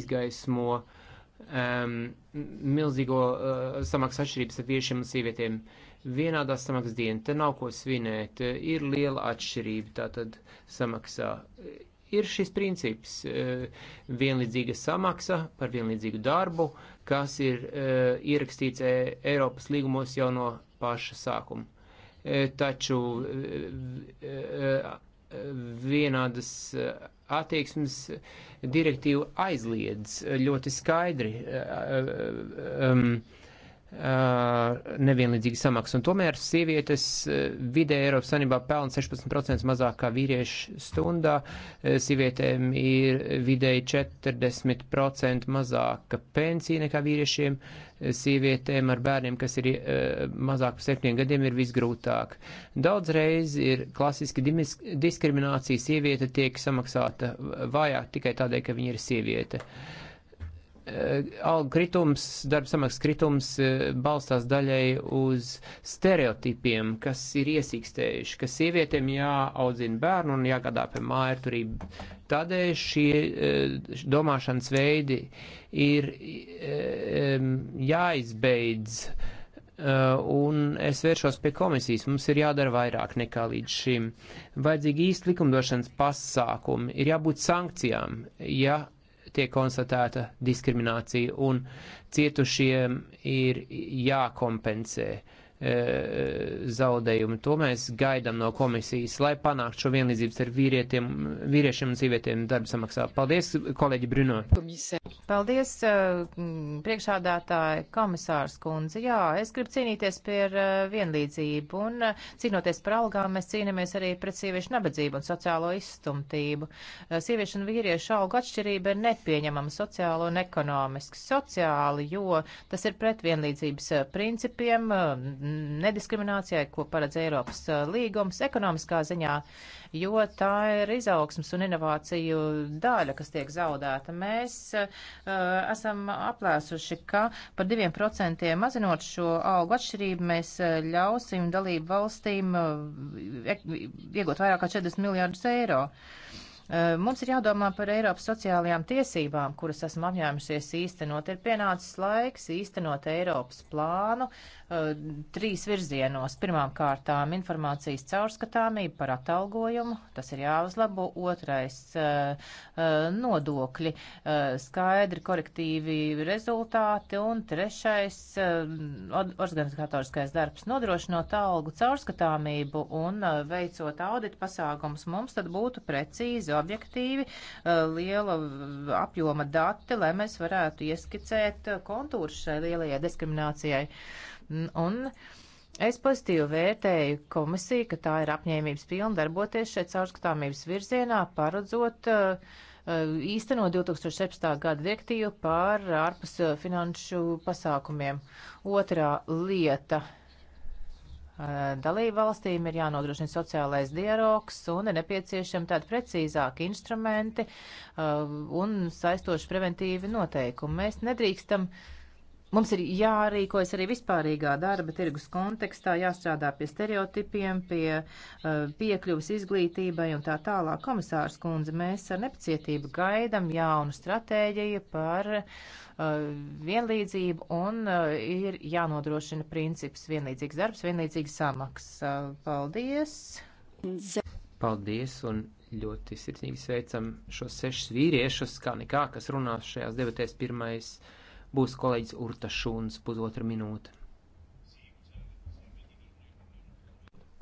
izgaismo um, milzīgo uh, eh, samaksas atšķirības ar viešiem un sievietēm. Vienādā samaksas diena, te nav ko svinēt, eh, ir liela atšķirība tātad samaksā. Ir šis princips uh, vienlīdzīga samaksa par vienlīdzīgu darbu, kas ir uh, ierakstīts Eiropas līgumos jau no paša sākuma. E, taču e, e, vienādas attieksmes direktīva aizliedz ļoti skaidri. Um, nevienlīdzīga samaksa. Un tomēr sievietes vidē Eiropas Sanībā pelna 16% mazāk kā vīrieši stundā, sievietēm ir vidēji 40% mazāka pensija nekā vīriešiem, sievietēm ar bērniem, kas ir mazāk par 7 gadiem, ir visgrūtāk. Daudzreiz ir klasiski diskriminācija, sieviete tiek samaksāta vājāk tikai tādēļ, ka viņa ir sieviete. Uh, Eh, algu kritums, darba samaksas kritums eh, balstās daļai uz stereotipiem, kas ir iesīkstējuši, ka sievietēm jāaudzina bērnu un jāgadā pie mājturību. Tādēļ šie eh, domāšanas veidi ir jāizbeidz. Un es vēršos pie komisijas. Mums ir jādara vairāk nekā līdz šim. Vajadzīgi īsti likumdošanas pasākumi, ir jābūt sankcijām, ja tiek konstatēta diskriminācija, un cietušiem ir jākompensē. Uh, E, zaudējumu. To mēs gaidām no komisijas, lai panāktu šo vienlīdzības ar vīrietiem, vīriešiem un sievietiem darba samaksā. Paldies, kolēģi Bruno. Paldies, e, priekšādātāji komisārs kundze. Jā, es gribu cīnīties par e, vienlīdzību un cīnoties par algām, mēs cīnāmies arī pret sieviešu nabadzību un sociālo izstumtību. Sieviešu un vīriešu algu atšķirība ir nepieņemama sociāli un ekonomiski. Sociāli, jo tas ir pret vienlīdzības principiem nediskriminācijai, ko paredz Eiropas uh, līgums ekonomiskā ziņā, jo tā ir izaugsmas un inovāciju daļa, kas tiek zaudēta. Mēs uh, esam aplēsuši, ka par diviem procentiem mazinot šo algu atšķirību mēs uh, ļausim dalību valstīm uh, e, iegūt vairāk kā 40 miljārdus eiro. Uh, Eh, mums ir jādomā par Eiropas sociālajām tiesībām, kuras esmu apņēmusies īstenot. Ir pienācis laiks īstenot Eiropas plānu eh, trīs virzienos. Pirmām kārtām informācijas caurskatāmība par atalgojumu, tas ir jāuzlabo. Otrais eh, nodokļi, skaidri korektīvi rezultāti. Un trešais organizatoriskais darbs nodrošinot algu caurskatāmību un veicot auditu pasākums mums tad būtu precīzi objektīvi, eh, liela apjoma dati, lai mēs varētu ieskicēt eh, kontūrus šai lielajai diskriminācijai. Un es pozitīvi vērtēju komisiju, ka tā ir apņēmības pilna darboties šeit caurskatāmības virzienā, paredzot eh, īsteno 2017. gada direktīvu par ārpus finanšu pasākumiem. Otrā lieta Dalību valstīm ir jānodrošina sociālais dialogs un ir nepieciešami tādi precīzāki instrumenti un saistoši preventīvi noteikumi. Mēs nedrīkstam uh, Mums ir jārīkojas arī vispārīgā darba tirgus kontekstā, jāstrādā pie stereotipiem, pie uh, piekļuvas izglītībai un tā tālāk. Komisārs kundze, mēs ar nepacietību gaidam jaunu stratēģiju par uh, vienlīdzību un uh, ir jānodrošina princips vienlīdzīgs darbs, vienlīdzīga samaksa. Uh, paldies! Paldies un ļoti sirsnīgi sveicam šos sešus vīriešus, kā nekā, kas runās šajās debatēs pirmais. Uh, būs kolēģis Urta Šūns pusotra minūte.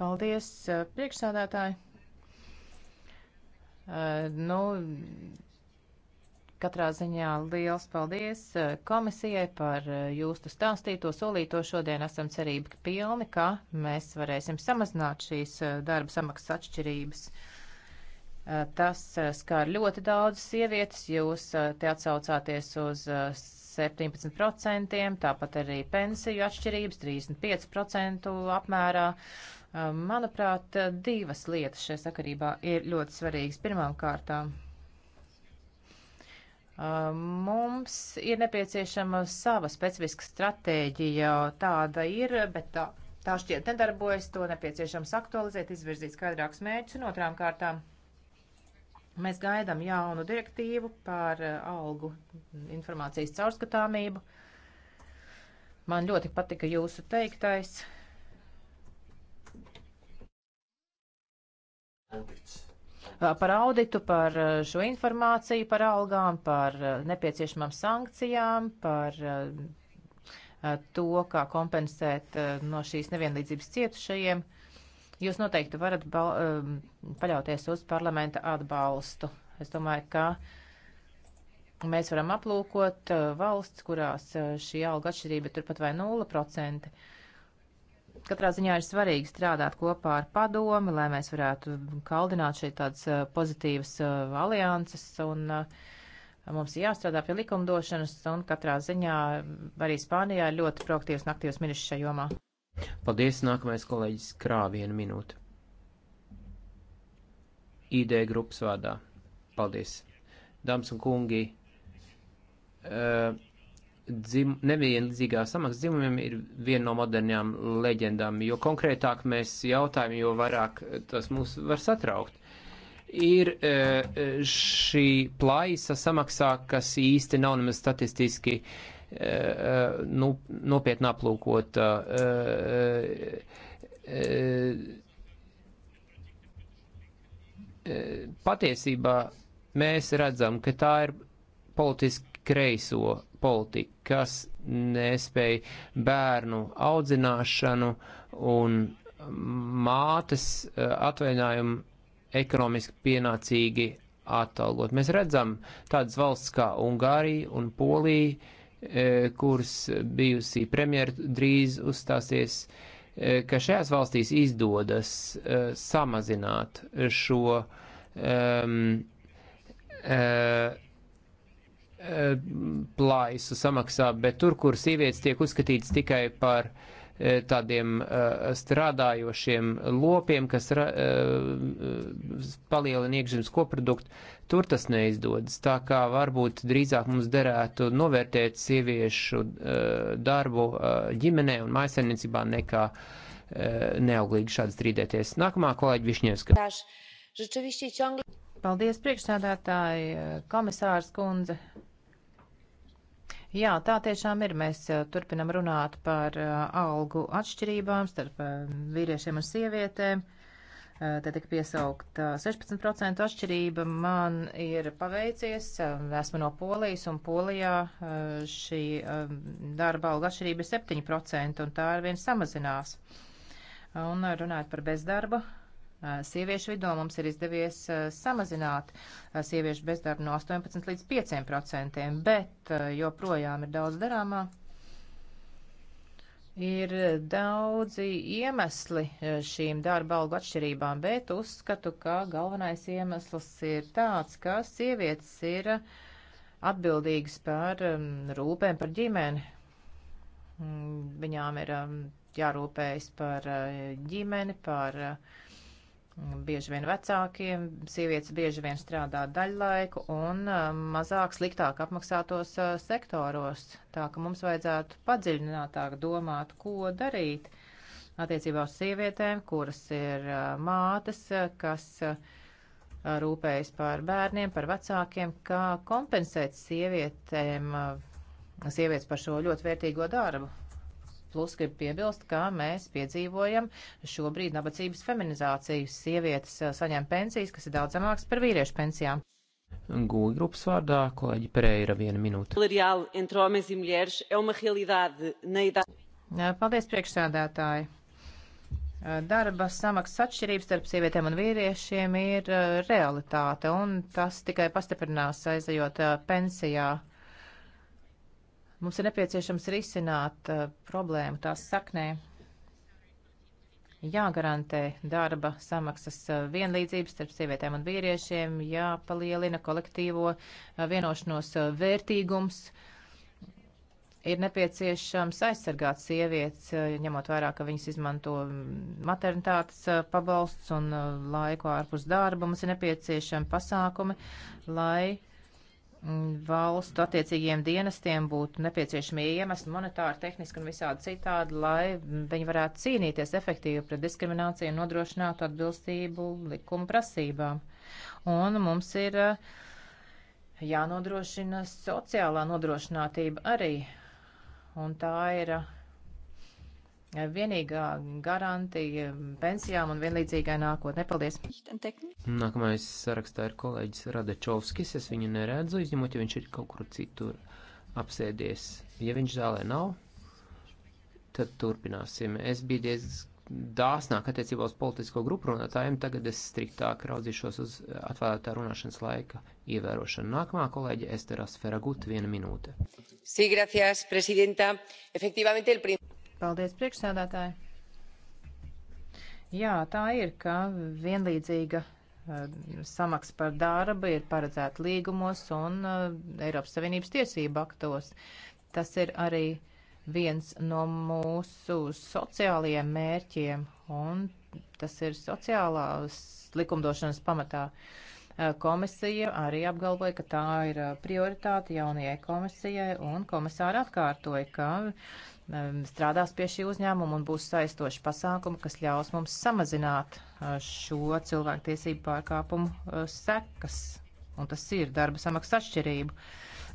Paldies, priekšsādātāji. Uh, nu, katrā ziņā liels paldies komisijai par jūsu stāstīto solīto. Šodien esam cerību pilni, ka mēs varēsim samazināt šīs darba samaksas atšķirības. Tas skar ļoti daudz sievietes. Jūs te atsaucāties uz 17%, tāpat arī pensiju atšķirības 35% apmērā. Um, manuprāt, divas lietas šajā sakarībā ir ļoti svarīgas. Pirmām kārtām um, mums ir nepieciešama sava specifiska stratēģija. Tāda ir, bet tā, tā šķiet nedarbojas. To nepieciešams aktualizēt, izvirzīt skaidrākus mērķus un otrām kārtām Mēs gaidām jaunu direktīvu par eh, algu informācijas caurskatāmību. Man ļoti patika jūsu teiktais. Audits. Eh, par auditu, par eh, šo informāciju, par algām, par nepieciešamām sankcijām, par to, kā kompensēt no šīs nevienlīdzības cietušajiem. Uh, Jūs noteikti varat bal, um, paļauties uz parlamenta atbalstu. Es domāju, ka mēs varam aplūkot uh, valsts, kurās uh, šī alga atšķirība turpat vai 0%. Katrā ziņā ir svarīgi strādāt kopā ar padomi, lai mēs varētu kaldināt šeit tādas uh, pozitīvas alianses un uh, mums ir jāstrādā pie likumdošanas, un katrā ziņā arī Spānijā ir ļoti proaktīvs un aktīvs ministrs šajā jomā. Paldies, nākamais kolēģis Krā vienu minūtu. ID grupas vārdā. Paldies. Dāmas un kungi, uh, dzim, nevienlīdzīgā samaksa dzimumiem ir viena no modernām leģendām, jo konkrētāk mēs jautājam, jo vairāk eh, tas mūs var satraukt. Ir uh, šī plaisa samaksā, kas īsti nav nemaz statistiski uh, Eh, eh, nu, nopietni aplūkota. Eh, patiesībā mēs redzam, ka tā ir politiski kreiso politika, kas nespēja bērnu audzināšanu un mātes atvaļinājumu ekonomiski pienācīgi atalgot. Mēs redzam tādas valsts kā Ungārija un Polija, E, kuras bijusī premjera drīz uzstāsies, e, ka šajās valstīs izdodas e, samazināt šo um, plaisu samaksā, bet tur, kur sievietes tiek uzskatītas tikai par uh, Eh, tādiem eh, strādājošiem lopiem, kas eh, palielina iekšzemes koproduktu, tur tas neizdodas. Tā kā varbūt drīzāk mums derētu novērtēt sieviešu darbu ģimenē un maisainiecībā nekā neauglīgi šādas strīdēties. Nākamā kolēģi Višņevska. Paldies, priekšsādātāji, komisārs kundze. Jā, tā tiešām ir. Mēs eh, turpinam runāt par eh, algu atšķirībām starp eh, vīriešiem un sievietēm. Te tika piesaukt 16% atšķirība. Man ir paveicies, esmu no Polijas, un Polijā šī darba alga atšķirība ir 7%, un tā ar vien samazinās. Un runājot par bezdarba Uh, sieviešu vidū mums ir izdevies uh, samazināt uh, sieviešu bezdarbu no 18 līdz 5 procentiem, bet joprojām ir daudz darāmā. Ir daudzi iemesli šīm darba algu atšķirībām, bet uzskatu, ka galvenais iemesls ir tāds, ka sievietes ir atbildīgas par um, rūpēm par ģimeni. Mm, viņām ir um, jārūpējas par ģimeni, par uh, bieži vien vecākiem, sievietes bieži vien strādā daļlaiku un uh, mazāk sliktāk apmaksātos uh, sektoros. Tā ka mums vajadzētu padziļinātāk domāt, ko darīt attiecībā uz sievietēm, kuras ir uh, mātes, kas rūpējas par bērniem, par vecākiem, kā kompensēt sievietēm, sievietes par šo ļoti vērtīgo darbu. Plus gribu piebilst, ka mēs piedzīvojam šobrīd nabadzības feminizāciju. Sievietes eh, saņem pensijas, kas ir daudz zemākas par vīriešu pensijām. Gūja grupas vārdā kolēģi Pereira viena minūte. E eh, paldies, priekšsēdētāji! Eh, darba samaksas atšķirības starp sievietēm un vīriešiem ir realitāte, un tas tikai pastiprinās aizejot pensijā. Mums ir nepieciešams risināt uh, problēmu tās saknē. Jāgarantē darba samaksas uh, vienlīdzības starp sievietēm un vīriešiem, jāpalielina kolektīvo uh, vienošanos vērtīgums. Ir nepieciešams aizsargāt sievietes, ņemot vairāk, ka viņas izmanto mm, maternitātes pabalsts un laiku ārpus darba. Mums ir nepieciešami pasākumi, lai valstu attiecīgiem dienestiem būtu nepieciešamie iemesli monetāri, tehniski un visādi citādi, lai viņi varētu cīnīties efektīvi pret diskrimināciju un nodrošinātu atbilstību likuma prasībām. Un mums ir eh, jānodrošina sociālā nodrošinātība arī. Un tā ir eh, Eh, vienīgā garantija pensijām un vienlīdzīgai nākotnē. Paldies! Nākamais sarakstā ir kolēģis Radečovskis. Es viņu neredzu, izņemot, ja viņš ir kaut kur citur apsēdies. Ja viņš zālē nav, tad turpināsim. Es biju diezgan dāsnāk attiecībā uz politisko grupu runātājiem, tagad es striktāk raudzīšos uz atvēlētā runāšanas laika ievērošanu. Nākamā kolēģe Esteras Feragut, viena minūte. Sí, gracias, presidenta. Efectivamente, el prim... Paldies, priekšsēdētāji. Jā, tā ir, ka vienlīdzīga eh, samaksa par darbu ir paredzēta līgumos un eh, Eiropas Savienības tiesību aktos. Tas ir arī viens no mūsu sociālajiem mērķiem, un tas ir sociālās likumdošanas pamatā. Eh, komisija arī apgalvoja, ka tā ir prioritāte jaunajai komisijai, un komisāra atkārtoja, ka strādās pie šī uzņēmuma un būs saistoši pasākumi, kas ļaus mums samazināt šo cilvēktiesību pārkāpumu sekas. Un tas ir darba samaksas atšķirību.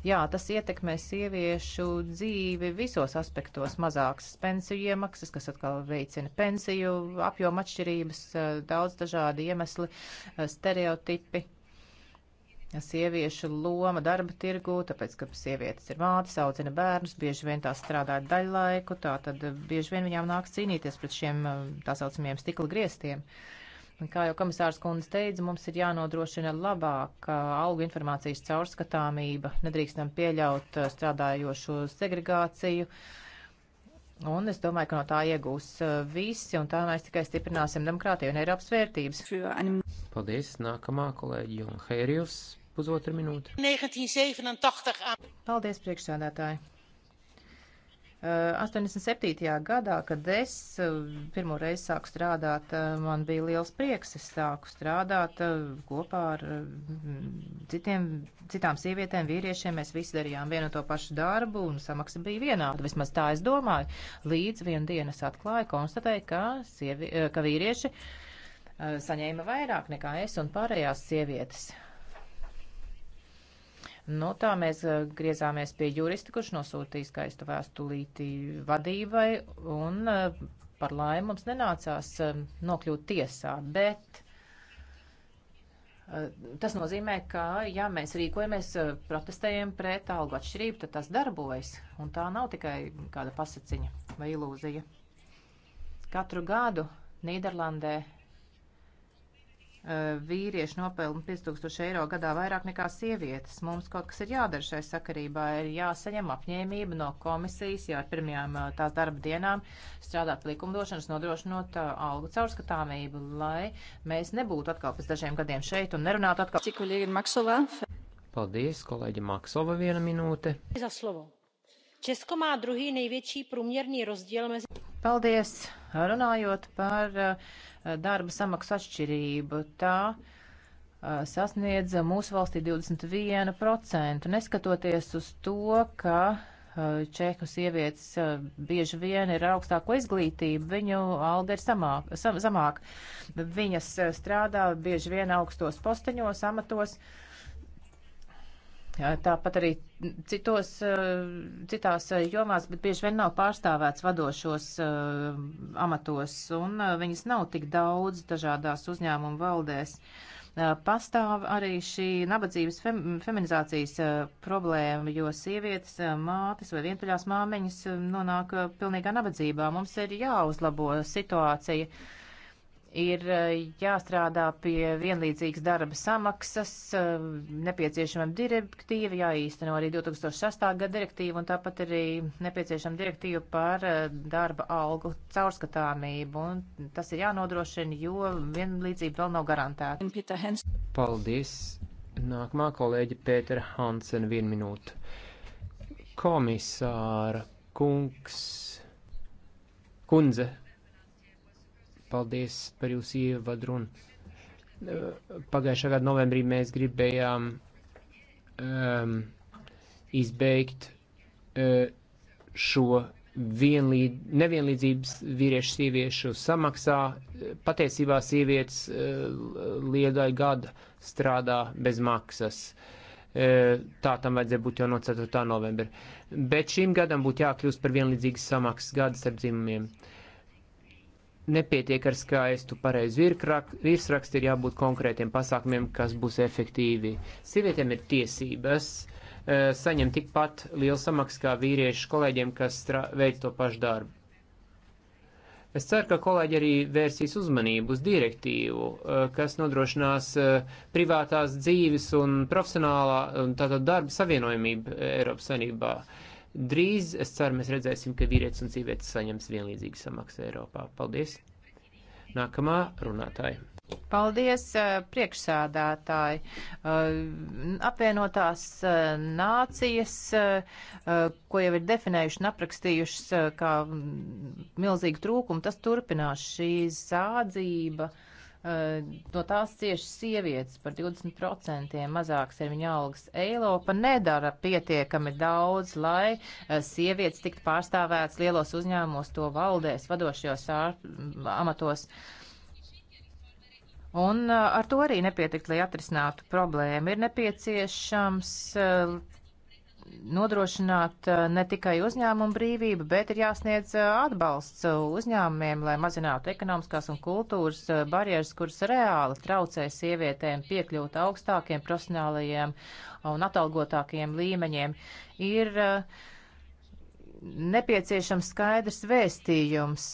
Jā, tas ietekmē sieviešu dzīvi visos aspektos - mazākas pensiju iemaksas, kas atkal veicina pensiju apjomu atšķirības, daudz dažādi iemesli, stereotipi sieviešu loma darba tirgū, tāpēc, ka sievietes ir mātes, audzina bērnus, bieži vien tās strādā daļlaiku, tā tad eh, bieži vien viņām nāks cīnīties pret šiem eh, tā saucamajiem stikla griestiem. Kā jau komisārs kundze teica, mums ir jānodrošina labāka algu informācijas caurskatāmība, nedrīkstam pieļaut eh, strādājošo segregāciju. Un es domāju, ka no tā iegūs visi, un tā mēs tikai stiprināsim demokrātiju un Eiropas vērtības. Paldies, nākamā kolēģi Junghērijus pusotru minūti. 1987. Paldies, priekšsēdētāji. 87. gadā, kad es pirmo reizi sāku strādāt, man bija liels prieks. Es sāku strādāt kopā ar citiem, citām sievietēm, vīriešiem. Mēs visi darījām vienu to pašu darbu un samaksa bija vienāda. Vismaz tā es domāju. Līdz vienu dienu es atklāju, konstatēju, ka, sievi, ka vīrieši saņēma vairāk nekā es un pārējās sievietes. Nu, tā mēs eh, griezāmies pie jurista, kurš nosūtīja skaistu vēstulīti vadībai, un eh, par laimi mums nenācās eh, nokļūt tiesā, bet. Tas nozīmē, ka, ja mēs rīkojamies, protestējam pret algu atšķirību, tad tas darbojas. Un tā nav tikai kāda pasaciņa vai ilūzija. Katru gadu Nīderlandē Eh, vīrieši nopelna 5000 eiro gadā vairāk nekā sievietes. Mums kaut kas ir jādara šai sakarībā, ir jāsaņem apņēmība no komisijas, jā, pirmajām eh, tās darba dienām strādāt likumdošanas, nodrošinot eh, algu caurskatāmību, lai mēs nebūtu atkal pēc dažiem gadiem šeit un nerunātu atkal. Paldies, kolēģi Maksova, viena minūte. Za slovo Česko má druhý největší průměrný rozdíl mezi. Paldies! Runājot par eh, darba samaksu atšķirību, tā eh, sasniedz mūsu valstī 21%, neskatoties uz to, ka eh, čehu sievietes bieži vien ir augstāko izglītību, viņu alga ir samāk, sam, zamāk. Viņas strādā bieži vien augstos posteņos, amatos. Uh, Tāpat arī citos, eh, citās jomās, bet bieži vien nav pārstāvēts vadošos eh, amatos, un eh, viņas nav tik daudz dažādās uzņēmumu valdēs. Pastāv arī šī nabadzības fem, feminizācijas problēma, jo sievietes, mātes vai vientuļās māmiņas nonāk pilnīgā nabadzībā. Mums ir jāuzlabo situācija. Uh, ir eh, jāstrādā pie vienlīdzīgas darba samaksas, eh, nepieciešama direktīva, jāīsteno arī 2006. gada direktīva un tāpat arī nepieciešama direktīva par eh, darba algu caurskatāmību. Un tas ir jānodrošina, jo vienlīdzība vēl nav garantēta. Paldies! Nākamā kolēģa Pētera Hansen, vienu minūtu. Komisāra kungs, kundze, Paldies par jūsu ievadrunu. Eh, pagājušā gada novembrī mēs gribējām um, izbeigt uh, šo vienlīd, nevienlīdzības vīriešu sieviešu samaksā. Patiesībā sievietes uh, eh, liedai gada strādā bez maksas. Uh, tā tam vajadzēja būt jau no 4. novembra. Bet šim gadam būtu jākļūst par vienlīdzīgas samaksas gadu starp dzimumiem. Uh, nepietiek ar skaistu pareizu virsrakstu, ir jābūt konkrētiem pasākumiem, kas būs efektīvi. Sievietēm ir tiesības e, saņem tikpat lielu samaksu kā vīriešu kolēģiem, kas veic to pašu darbu. Es ceru, ka kolēģi arī vērsīs uzmanību uz direktīvu, e, kas nodrošinās e, privātās dzīves un profesionālā un tātad darba savienojumību Eiropas Savienībā. Uh, drīz, es ceru, mēs redzēsim, ka vīrietis un sievietes saņems vienlīdzīgu samaksu Eiropā. Paldies! Nākamā runātāja. Paldies, eh, priekšsādātāji. Eh, apvienotās eh, nācijas, ko jau ir definējuši un aprakstījušas kā mm, milzīgu trūkumu, tas turpinās šī zādzība. Uh, Eh, no tās cieši sievietes par 20% mazāks ir viņa algas. Eiropa nedara pietiekami daudz, lai eh, sievietes tiktu pārstāvētas lielos uzņēmumos, to valdēs, vadošajos mm, amatos. Un eh, ar to arī nepietikt, lai atrisinātu problēmu. Ir nepieciešams nodrošināt eh, ne tikai uzņēmumu brīvību, bet ir jāsniedz eh, atbalsts eh, uzņēmumiem, lai mazinātu ekonomiskās un kultūras barjeras, kuras reāli traucē sievietēm piekļūt augstākiem profesionālajiem un atalgotākiem līmeņiem. Ir nepieciešams skaidrs vēstījums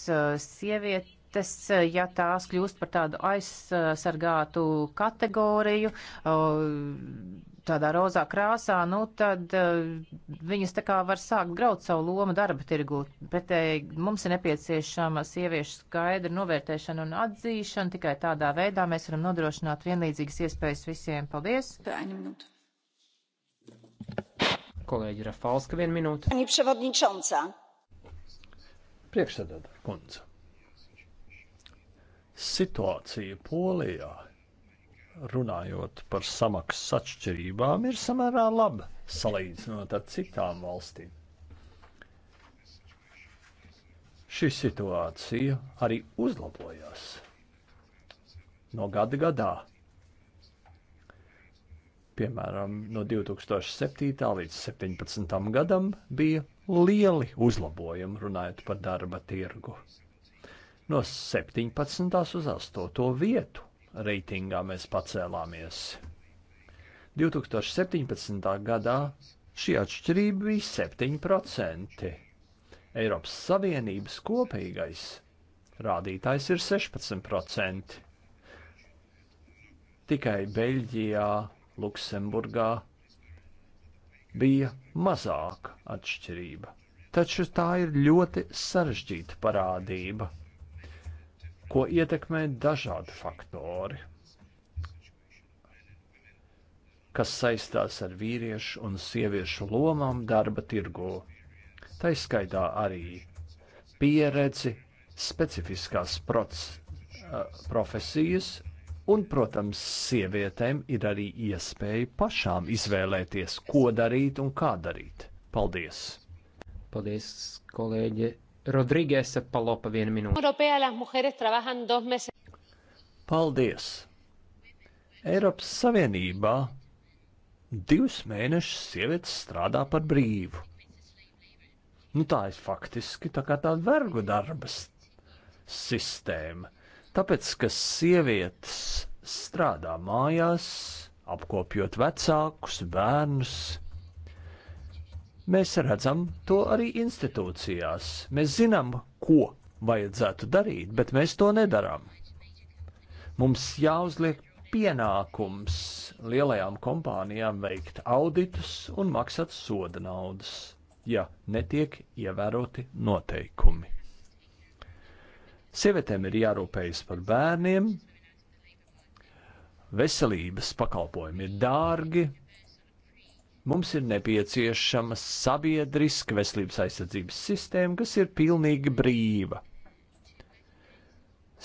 sievietēm sievietes, eh, ja tās kļūst par tādu aizsargātu kategoriju, tādā rozā krāsā, nu tad eh, viņas tā kā var sākt graut savu lomu darba tirgū. Pretēji mums ir nepieciešama sieviešu skaidra novērtēšana un atzīšana. Tikai tādā veidā mēs varam nodrošināt vienlīdzīgas iespējas visiem. Paldies! Kolēģi Rafalska, viena minūte. Priekšsēdētāja kundze. Situācija Polijā, runājot par samaksas atšķirībām, ir samērā laba salīdzinot ar citām valstīm. Šī situācija arī uzlabojās no gada gadā. Piemēram, no 2007. līdz 2017. gadam bija lieli uzlabojumi runājot par darba tirgu. No 17. uz 8. vietu reitingā mēs pacēlāmies. 2017. gadā šī atšķirība bija 7%. Eiropas Savienības kopīgais rādītājs ir 16%. Tikai Beļģijā, Luksemburgā bija mazāka atšķirība. Taču tā ir ļoti sarežģīta parādība ko ietekmē dažādi faktori, kas saistās ar vīriešu un sieviešu lomām darba tirgū. Tā izskaitā arī pieredzi, specifiskās proc, profesijas, un, protams, sievietēm ir arī iespēja pašām izvēlēties, ko darīt un kā darīt. Paldies! Paldies, kolēģi Rodrīgēsa Palopa viena minūte. Paldies! Eiropas Savienībā divus mēnešus sievietes strādā par brīvu. Nu, tā ir faktiski tā kā tāda vergu darbas sistēma. Tāpēc, ka sievietes strādā mājās, apkopjot vecākus, bērnus, Mēs redzam to arī institūcijās. Mēs zinām, ko vajadzētu darīt, bet mēs to nedarām. Mums jāuzliek pienākums lielajām kompānijām veikt auditus un maksāt soda naudas, ja netiek ievēroti noteikumi. Sievietēm ir jārūpējas par bērniem, veselības pakalpojumi ir dārgi, Mums ir nepieciešama sabiedriska veselības aizsardzības sistēma, kas ir pilnīgi brīva.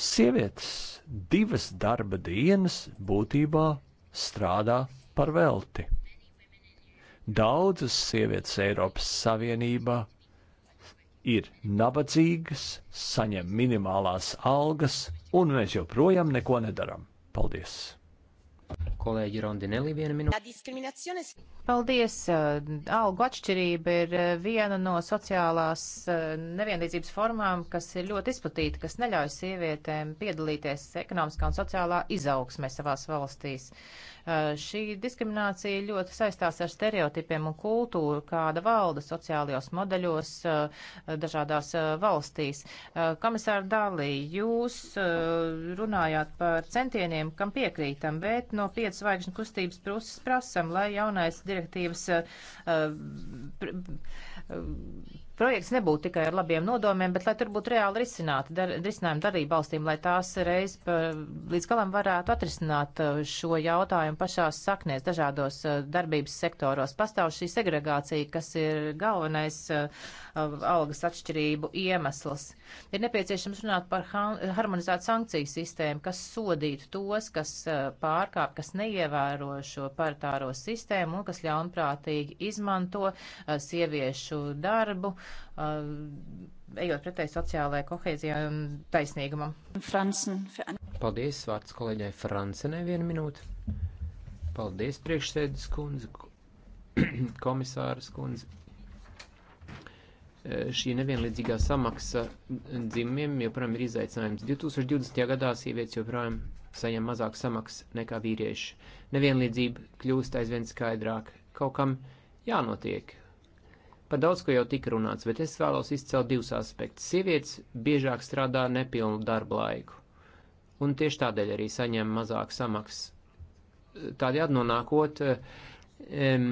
Sievietes divas darba dienas būtībā strādā par velti. Daudzas sievietes Eiropas Savienībā ir nabadzīgas, saņem minimālās algas, un mēs joprojām neko nedaram. Paldies! Kolēģi Rondinelli, viena minūte. Paldies. Eh, algu atšķirība ir eh, viena no sociālās eh, nevienlīdzības formām, kas ir ļoti izplatīta, kas neļauj sievietēm piedalīties ekonomiskā un sociālā izaugsmē savās valstīs. Šī diskriminācija ļoti saistās ar stereotipiem un kultūru, kāda valda sociālajos modeļos dažādās valstīs. Komisāra Dālī, jūs runājāt par centieniem, kam piekrītam, bet no piecas zvaigžņu kustības puses prasam, lai jaunais direktīvas projekts nebūtu tikai ar labiem nodomiem, bet lai tur būtu reāli risināti, dar, risinājumi darību valstīm, lai tās reiz pa, līdz galam varētu atrisināt uh, šo jautājumu pašās saknēs dažādos uh, darbības sektoros. Pastāv šī segregācija, kas ir galvenais uh, algas atšķirību iemesls. Ir nepieciešams runāt par harmonizētu sankciju sistēmu, kas sodītu tos, kas pārkāp, kas neievēro šo paritāro sistēmu un kas ļaunprātīgi izmanto sieviešu darbu Uh, ejot pretēji sociālajai kohēzijai un taisnīgumam. Fransen. Paldies, vārds kolēģai Francenē vienu minūti. Paldies, priekšsēdis kundze, <clears throat> komisāras kundze eh, šī nevienlīdzīgā samaksa dzimumiem joprojām ir izaicinājums. 2020. gadā sievietes joprojām saņem mazāk samaksas nekā vīrieši. Nevienlīdzība kļūst aizvien skaidrāk. Kaut kam jānotiek. Par daudz ko jau tika runāts, bet es vēlos izcelt divus aspektus. Sievietes biežāk strādā nepilnu darba laiku, un tieši tādēļ arī saņem mazāk samaksas. Tādējādi nonākot um,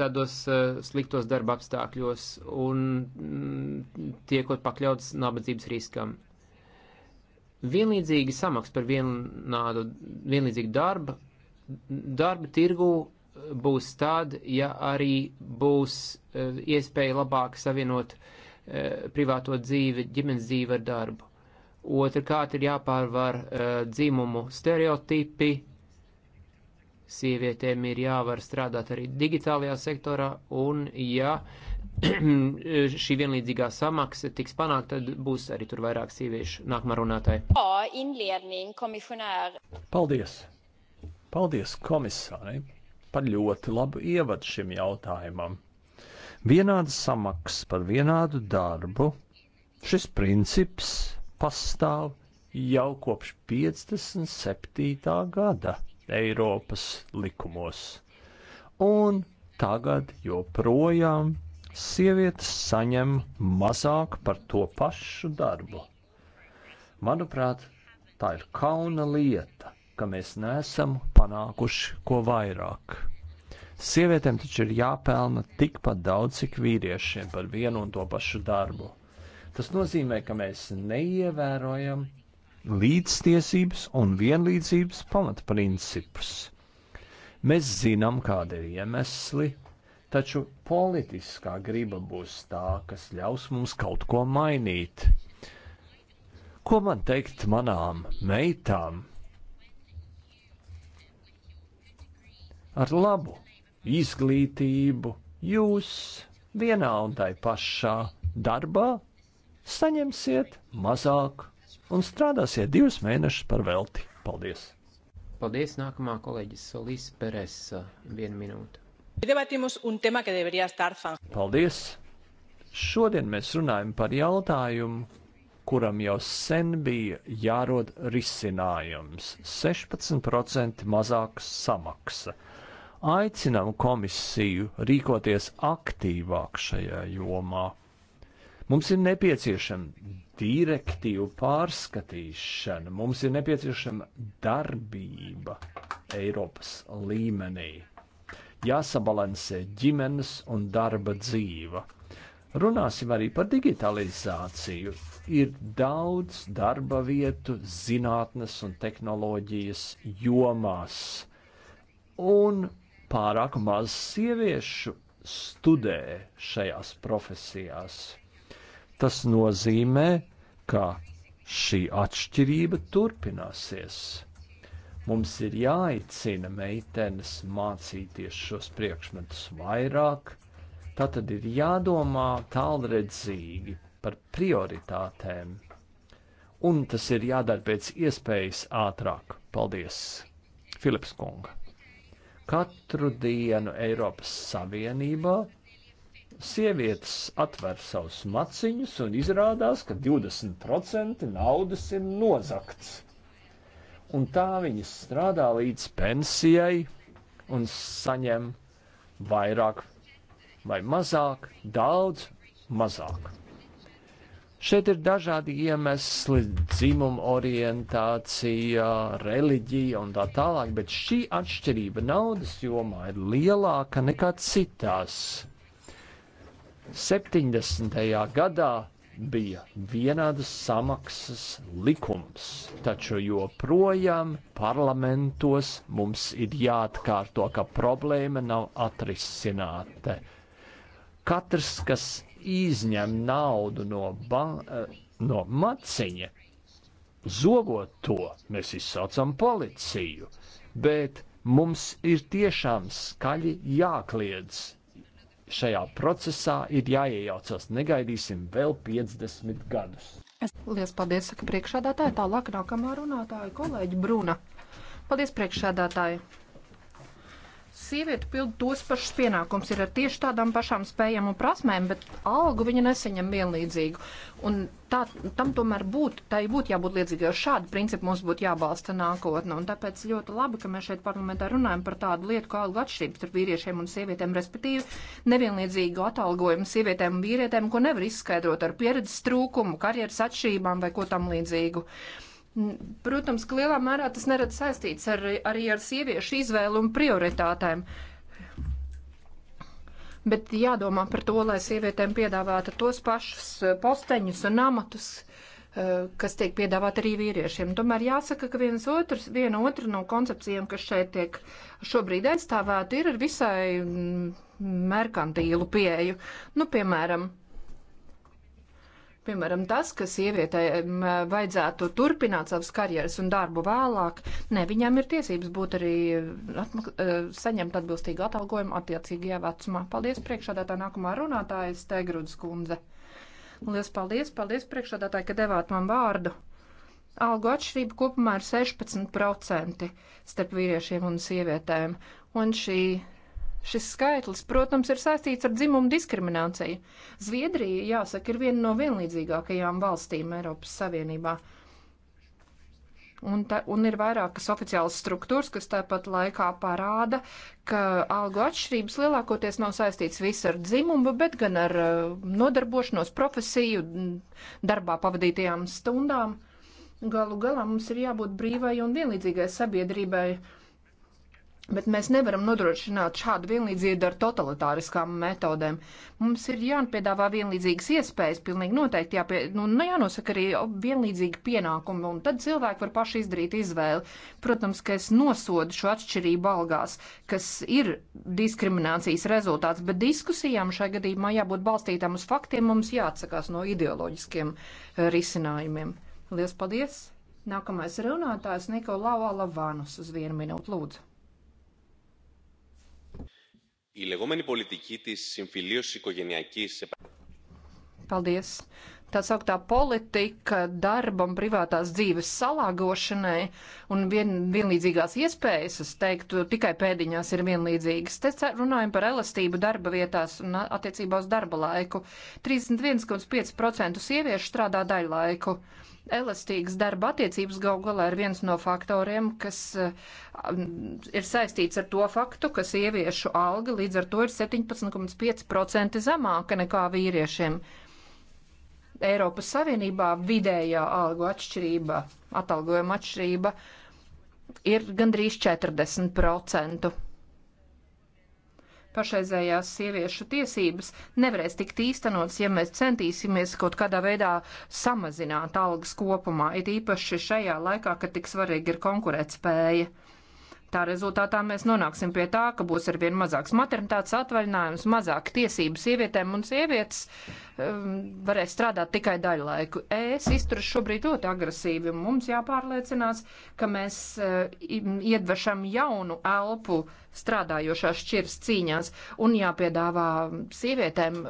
tādos eh, sliktos darba apstākļos un mm, tiekot pakļauts nabadzības riskam. Vienlīdzīgi samaks par vienādu, vienlīdzīgu darbu darba tirgu būs tad, ja arī būs eh, iespēja labāk savienot eh, privāto dzīvi, ģimenes dzīvi ar darbu. Otrakārt ir jāpārvar eh, dzimumu stereotipi, sievietēm ir jāvar strādāt arī digitālajā sektorā, un ja <clears throat> šī vienlīdzīgā samaksa tiks panākta, tad būs arī tur vairāk sieviešu nākamā runātāja. Paldies! Paldies komisārai! par ļoti labu ievadu šim jautājumam. Vienāda samaksa par vienādu darbu. Šis princips pastāv jau kopš 57. gada Eiropas likumos. Un tagad joprojām sievietes saņem mazāk par to pašu darbu. Manuprāt, tā ir kauna lieta ka mēs neesam panākuši ko vairāk. Sievietēm taču ir jāpelna tikpat daudz, cik vīriešiem par vienu un to pašu darbu. Tas nozīmē, ka mēs neievērojam līdztiesības un vienlīdzības pamatprincipus. Mēs zinām, kāda ir iemesli, taču politiskā griba būs tā, kas ļaus mums kaut ko mainīt. Ko man teikt manām meitām, ar labu izglītību jūs vienā un tai pašā darbā saņemsiet mazāk un strādāsiet divus mēnešus par velti. Paldies! Paldies! Nākamā kolēģis Solīs Peres, viena minūte. Paldies! Šodien mēs runājam par jautājumu, kuram jau sen bija jārod risinājums - 16% mazāks samaksa aicinām komisiju rīkoties aktīvāk šajā jomā. Mums ir nepieciešama direktīva pārskatīšana, mums ir nepieciešama darbība Eiropas līmenī. Jāsabalansē ģimenes un darba dzīve. Runāsim arī par digitalizāciju. Ir daudz darba vietu zinātnes un tehnoloģijas jomās. Un pārāk maz sieviešu studē šajās profesijās. Tas nozīmē, ka šī atšķirība turpināsies. Mums ir jāicina meitenes mācīties šos priekšmetus vairāk, tā tad ir jādomā tālredzīgi par prioritātēm, un tas ir jādara pēc iespējas ātrāk. Paldies, Filips Kunga! Katru dienu Eiropas Savienībā sievietes atver savus maciņus un izrādās, ka 20% naudas ir nozakts. Un tā viņas strādā līdz pensijai un saņem vairāk vai mazāk, daudz mazāk. Šeit ir dažādi iemesli, dzimuma orientācija, reliģija un tā tālāk, bet šī atšķirība naudas jomā ir lielāka nekā citās. 70. gadā bija vienādas samaksas likums, taču joprojām parlamentos mums ir jāatkārto, ka problēma nav atrisināta. Katrs, kas izņem naudu no, ba, eh, no maciņa, zogot to, mēs izsaucam policiju, bet mums ir tiešām skaļi jākliedz. Šajā procesā ir jāiejaucas. Negaidīsim vēl 50 gadus. Lielas paldies, saka priekšādātāja. Tālāk nākamā runātāja kolēģi Bruna. Paldies, priekšādātāja. Sieviete pild tos pašus pienākums, ir ar tieši tādām pašām spējām un prasmēm, bet algu viņa neseņem vienlīdzīgu. Un tā, tam tomēr būtu, tai būtu jābūt līdzīgai, jo šādi principi mums būtu jābalsta nākotnē. Un tāpēc ļoti labi, ka mēs šeit parlamentā runājam par tādu lietu, kā algu atšķirības starp vīriešiem un sievietēm, respektīvi nevienlīdzīgu atalgojumu sievietēm un vīrietēm, ko nevar izskaidrot ar pieredzes trūkumu, karjeras atšķirībām vai ko tam līdzīgu. Uh, Protams, ka lielā mērā tas nerad saistīts ar, arī ar sieviešu izvēlu un prioritātēm. Bet jādomā par to, lai sievietēm piedāvātu tos pašus eh, posteņus un amatus, eh, kas tiek piedāvāt arī vīriešiem. Tomēr jāsaka, ka viens otrs, viena otra no koncepcijiem, kas šeit tiek šobrīd aizstāvēta, ir ar visai mm, merkantīlu pieeju. Nu, piemēram, Piemēram, tas, ka sievietēm eh, vajadzētu turpināt savas karjeras un darbu vēlāk, ne, viņām ir tiesības būt arī eh, atmak, eh, saņemt atbilstīgu atalgojumu attiecīgajā vecumā. Paldies priekšādātā nākamā runātāja Stegrudas kundze. Lielas paldies, paldies priekšādātāji, ka devāt man vārdu. Algu atšķirība kopumā ir 16% starp vīriešiem un sievietēm, un šī Šis skaitlis, protams, ir saistīts ar dzimumu diskrimināciju. Zviedrija, jāsaka, ir viena no vienlīdzīgākajām valstīm Eiropas Savienībā. Un, ta, un ir vairākas oficiālas struktūras, kas tāpat laikā parāda, ka algu atšķirības lielākoties nav saistīts viss ar dzimumu, bet gan ar uh, nodarbošanos, profesiju, darbā pavadītajām stundām. Galu galā mums ir jābūt brīvai un vienlīdzīgai sabiedrībai Bet mēs nevaram nodrošināt šādu vienlīdzību ar totalitāriskām metodēm. Mums ir jāpiedāvā vienlīdzīgas iespējas, pilnīgi noteikti jāpie, nu, nu, jānosaka arī vienlīdzīgi pienākumi, un tad cilvēki var paši izdarīt izvēli. Protams, ka es nosodu šo atšķirību algās, kas ir diskriminācijas rezultāts, bet diskusijām šai gadījumā jābūt balstītām uz faktiem, mums jāatsakās no ideoloģiskiem eh, risinājumiem. Lielas paldies! Nākamais runātājs Nikolau Alavanus uz vienu minūtu lūdzu. Η λεγόμενη πολιτική της συμφιλίωσης οικογενειακής... Paldies! Tā sauktā politika darbam privātās dzīves salāgošanai un vien, vienlīdzīgās iespējas, es teiktu, tikai pēdiņās ir vienlīdzīgas. Te runājam par elastību darba vietās un attiecībā uz darba laiku. 31,5% sieviešu strādā daļlaiku. laiku Elastīgas darba attiecības gal galā ir viens no faktoriem, kas eh, ir saistīts ar to faktu, ka sieviešu alga līdz ar to ir 17,5% zemāka nekā vīriešiem. Eiropas Savienībā vidējā algu atšķirība, atalgojuma atšķirība ir gandrīz 40% pašreizējās sieviešu tiesības nevarēs tikt īstenots, ja mēs centīsimies kaut kādā veidā samazināt algas kopumā, it īpaši šajā laikā, kad tik svarīgi ir konkurētspēja. Tā rezultātā mēs nonāksim pie tā, ka būs arvien mazāks maternitātes atvaļinājums, mazāk tiesības sievietēm un sievietes um, varēs strādāt tikai daļu laiku. Es izturos šobrīd ļoti agresīvi un mums jāpārliecinās, ka mēs uh, iedvešam jaunu elpu strādājošās šķiras cīņās un jāpiedāvā sievietēm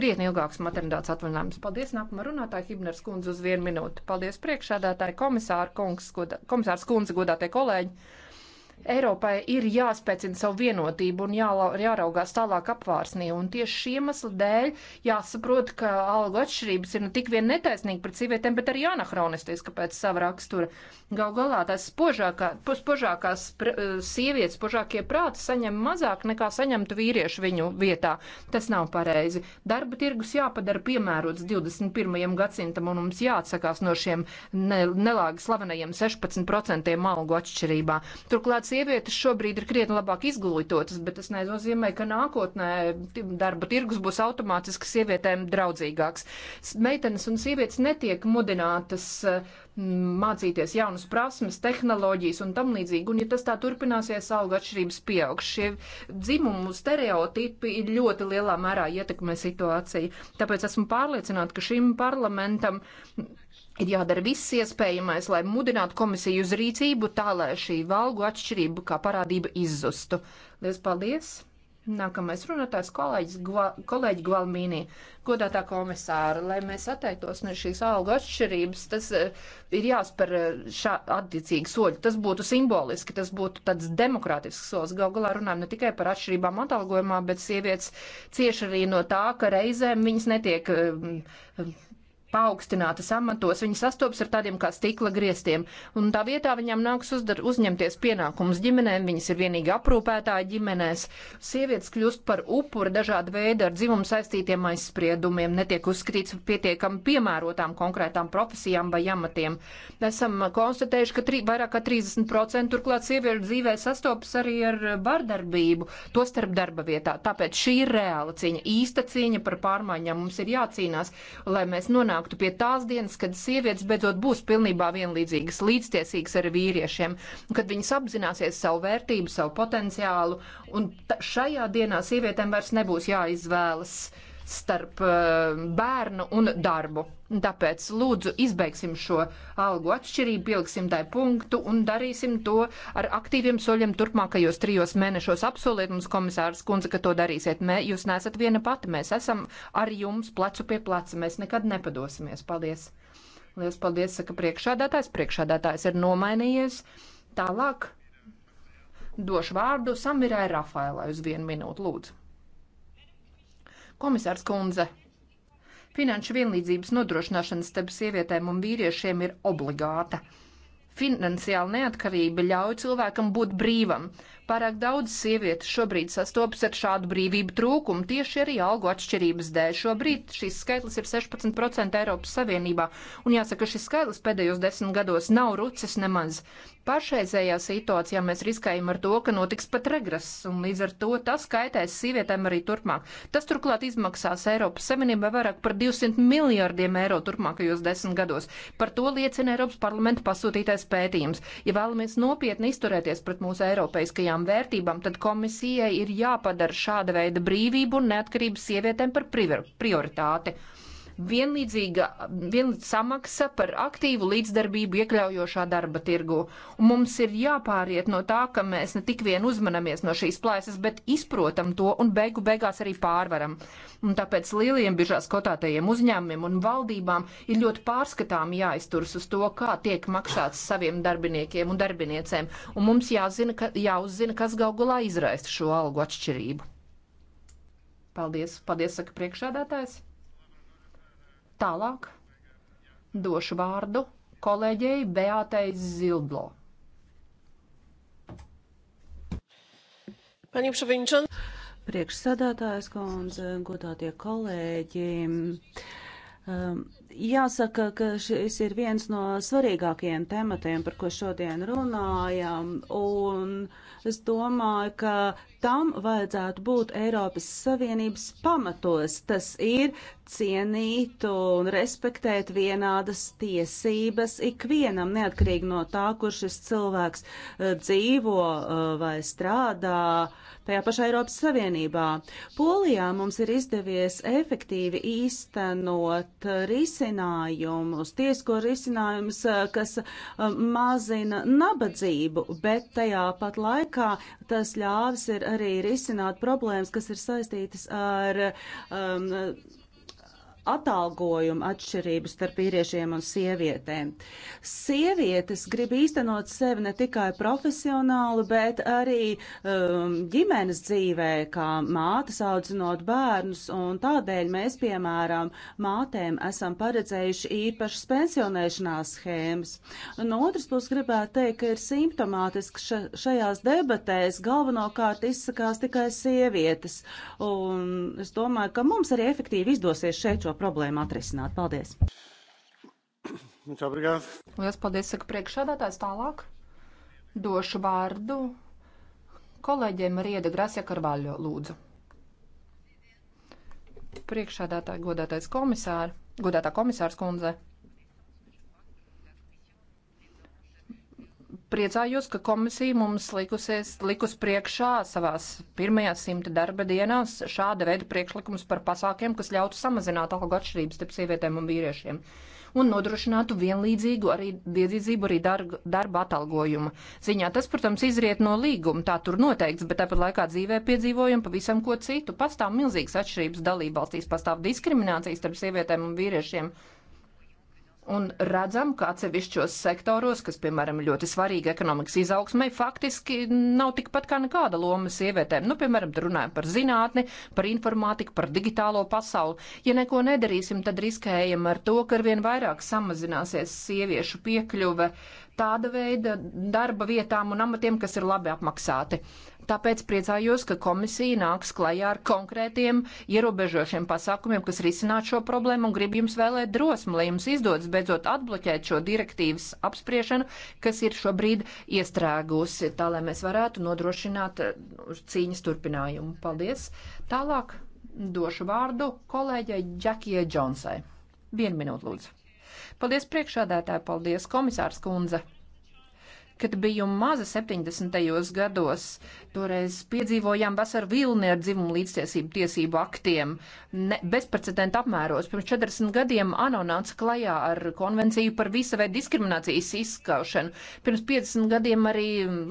krietni ilgāks maternitātes atvaļinājums. Paldies, nākamā runātāja Hibners kundze uz vienu minūti. Paldies priekšādātāji komisāra kungs, komisārs kundze, godātie kolēģi. Eiropai ir jāspēcina savu vienotību un jā, jāraugās tālāk apvārsnī, un tieši šī iemesla dēļ jāsaprot, ka algu atšķirības ir ne tik vien netaisnīgi pret sievietēm, bet arī anahronistiski pēc sava rakstura. Gal galā tās spožākā, spožākās pr, eh, sievietes, spožākie prāti saņem mazāk nekā saņemtu vīriešu viņu vietā. Tas nav pareizi. Darba tirgus jāpadara piemērots 21. gadsimtam, un mums jāatsakās no šiem ne, nelāgi slavenajiem 16% algu atšķirībā. Turklāt sievietes šobrīd ir krietni labāk izglītotas, bet tas nenozīmē, ka nākotnē darba tirgus būs automātiski sievietēm draudzīgāks. Meitenes un sievietes netiek mudinātas eh, mācīties jaunas prasmes, tehnoloģijas un tam līdzīgi, un ja tas tā turpināsies, alga atšķirības pieaugs. Šie dzimumu stereotipi ļoti lielā mērā ietekmē situāciju. Tāpēc esmu pārliecināta, ka šim parlamentam Ir jādara viss iespējamais, lai mudinātu komisiju uz rīcību tā, lai šī valgu atšķirība kā parādība izzustu. Lies paldies! Nākamais runātājs kolēģis, gva, kolēģi Gvalmīnī, godātā komisāra, lai mēs atteiktos no šīs algu atšķirības, tas uh, ir jāspēr eh, šā attiecīgi soļi. Tas būtu simboliski, tas būtu tāds demokrātisks solis. Gal galā runājam ne tikai par atšķirībām atalgojumā, bet sievietes cieši arī no tā, ka reizēm viņas netiek. Uh, uh paaugstinātas amatos, viņi sastopas ar tādiem kā stikla griestiem, un tā vietā viņām nāks uzdar, uzņemties pienākumus ģimenēm, viņas ir vienīgi aprūpētāji ģimenēs, sievietes kļūst par upuri dažāda veida ar dzimumu saistītiem aizspriedumiem, netiek uzskatīts pietiekami piemērotām konkrētām profesijām vai amatiem. Esam konstatējuši, ka trī, vairāk kā 30% turklāt sieviešu dzīvē sastopas arī ar vardarbību, to starp darba vietā. Tāpēc šī ir reāla cīņa, īsta cīņa par pārmaiņām mums ir jācīnās, lai mēs nonāktu nonāktu pie tās dienas, kad sievietes beidzot būs pilnībā vienlīdzīgas, līdztiesīgas ar vīriešiem, kad viņas apzināsies savu vērtību, savu potenciālu, un šajā dienā sievietēm vairs nebūs jāizvēlas. Uh, starp eh, bērnu un darbu. Tāpēc lūdzu izbeigsim šo algu atšķirību, pieliksim tai punktu un darīsim to ar aktīviem soļiem turpmākajos trijos mēnešos. Apsoliet mums, komisārs kundze, ka to darīsiet. Mē, jūs nesat viena pati, mēs esam ar jums plecu pie pleca, mēs nekad nepadosimies. Paldies! Lielas paldies, saka priekšādātājs. Priekšādātājs ir nomainījies. Tālāk došu vārdu Samirai Rafaelai uz vienu minūtu, lūdzu. Komisārs Kundze, finanšu vienlīdzības nodrošināšana starp sievietēm un vīriešiem ir obligāta. Finansiāla neatkarība ļauj cilvēkam būt brīvam, Pārāk daudz sievietes šobrīd sastopas ar šādu brīvību trūkumu tieši arī algu atšķirības dēļ. Šobrīd šis skaitlis ir 16% Eiropas Savienībā, un jāsaka, šis skaitlis pēdējos desmit gados nav rucis nemaz. Pašreizējā situācijā mēs riskējam ar to, ka notiks pat regress, un līdz ar to tas kaitēs sievietēm arī turpmāk. Tas turklāt izmaksās Eiropas Savienībai vairāk par 200 miljārdiem eiro turpmākajos desmit gados. Par to liecina Eiropas parlamenta pasūtītais pētījums. Ja vēlamies nopietni izturēties pret mūsu eiropeiskajām kopīgām vērtībām, tad komisijai ir jāpadara šāda veida brīvību un neatkarību sievietēm par prioritāti vienlīdzīga vienlīdz samaksa par aktīvu līdzdarbību iekļaujošā darba tirgu. Un mums ir jāpāriet no tā, ka mēs ne tik vien uzmanamies no šīs plēsas, bet izprotam to un beigu beigās arī pārvaram. Un tāpēc lieliem biržās kotātajiem uzņēmumiem un valdībām ir ļoti pārskatām jāizturas uz to, kā tiek maksāts saviem darbiniekiem un darbiniecēm. Un mums jāzina, ka, jāuzzina, kas gal galā izraist šo algu atšķirību. Paldies, paldies, saka priekšādātājs. Tālāk došu vārdu kolēģei Beātei Zilblo. Priekšsēdētājs kundze, godātie kolēģi. Um, Jāsaka, ka šis ir viens no svarīgākajiem tematiem, par ko šodien runājam, un es domāju, ka tam vajadzētu būt Eiropas Savienības pamatos. Tas ir cienīt un respektēt vienādas tiesības ikvienam, neatkarīgi no tā, kur šis cilvēks eh, dzīvo eh, vai strādā tajā pašā Eiropas Savienībā. Polijā mums ir izdevies efektīvi īstenot risinājumu risinājumus, tiesko risinājumus, eh, kas eh, mazina nabadzību, bet tajā pat laikā tas ļāvis ir arī risināt problēmas, kas ir saistītas ar um, atalgojuma atšķirības starp vīriešiem un sievietēm. Sievietes grib īstenot sevi ne tikai profesionāli, bet arī um, ģimenes dzīvē, kā mātes audzinot bērnus, un tādēļ mēs, piemēram, mātēm esam paredzējuši īpašas pensionēšanās schēmas. No otras puses gribētu teikt, ka ir simptomātiski ša šajās debatēs galvenokārt izsakās tikai sievietes, un es domāju, ka mums arī efektīvi izdosies šeit šo šo problēmu atrisināt. Paldies! Lielas paldies, saka priekšādātājs tālāk. Došu vārdu kolēģiem Rieda Grasja Karvaļo lūdzu. Priekšādātāji, godātais komisāri, godātā komisārs kundze. priecājos, ka komisija mums likusies, likus priekšā savās pirmajās simta darba dienās šāda veida priekšlikums par pasākiem, kas ļautu samazināt algu atšķirības starp sievietēm un vīriešiem un nodrošinātu vienlīdzīgu arī diedzīdzību arī darga, darba atalgojuma ziņā. Tas, protams, izriet no līguma, tā tur noteikts, bet tāpat laikā dzīvē piedzīvojam pavisam ko citu. Pastāv milzīgas atšķirības dalībvalstīs, pastāv diskriminācijas starp sievietēm un vīriešiem un redzam, ka atsevišķos sektoros, kas, piemēram, ļoti svarīgi ekonomikas izaugsmai, faktiski nav tikpat kā nekāda loma sievietēm. Nu, piemēram, runājam par zinātni, par informātiku, par digitālo pasauli. Ja neko nedarīsim, tad riskējam ar to, ka arvien vairāk samazināsies sieviešu piekļuve tāda veida darba vietām un amatiem, kas ir labi apmaksāti. Tāpēc priecājos, ka komisija nāks klajā ar konkrētiem ierobežošiem pasākumiem, kas risinātu šo problēmu, un gribu jums vēlēt drosmi, lai jums izdodas beidzot atbloķēt šo direktīvas apspriešanu, kas ir šobrīd iestrēgusi, tā lai mēs varētu nodrošināt eh, cīņas turpinājumu. Paldies! Tālāk došu vārdu kolēģei Džekijai Džonsai. Vienu minūtu, lūdzu. Paldies priekšādētāji, paldies komisārs kundze! Kad biju maza 70. gados, toreiz piedzīvojām vasaru vilni ar dzimumu līdztiesību tiesību aktiem. Ne, bezprecedenta apmēros pirms 40 gadiem ANO nāca klajā ar konvenciju par visa veida diskriminācijas izskaušanu. Pirms 50 gadiem arī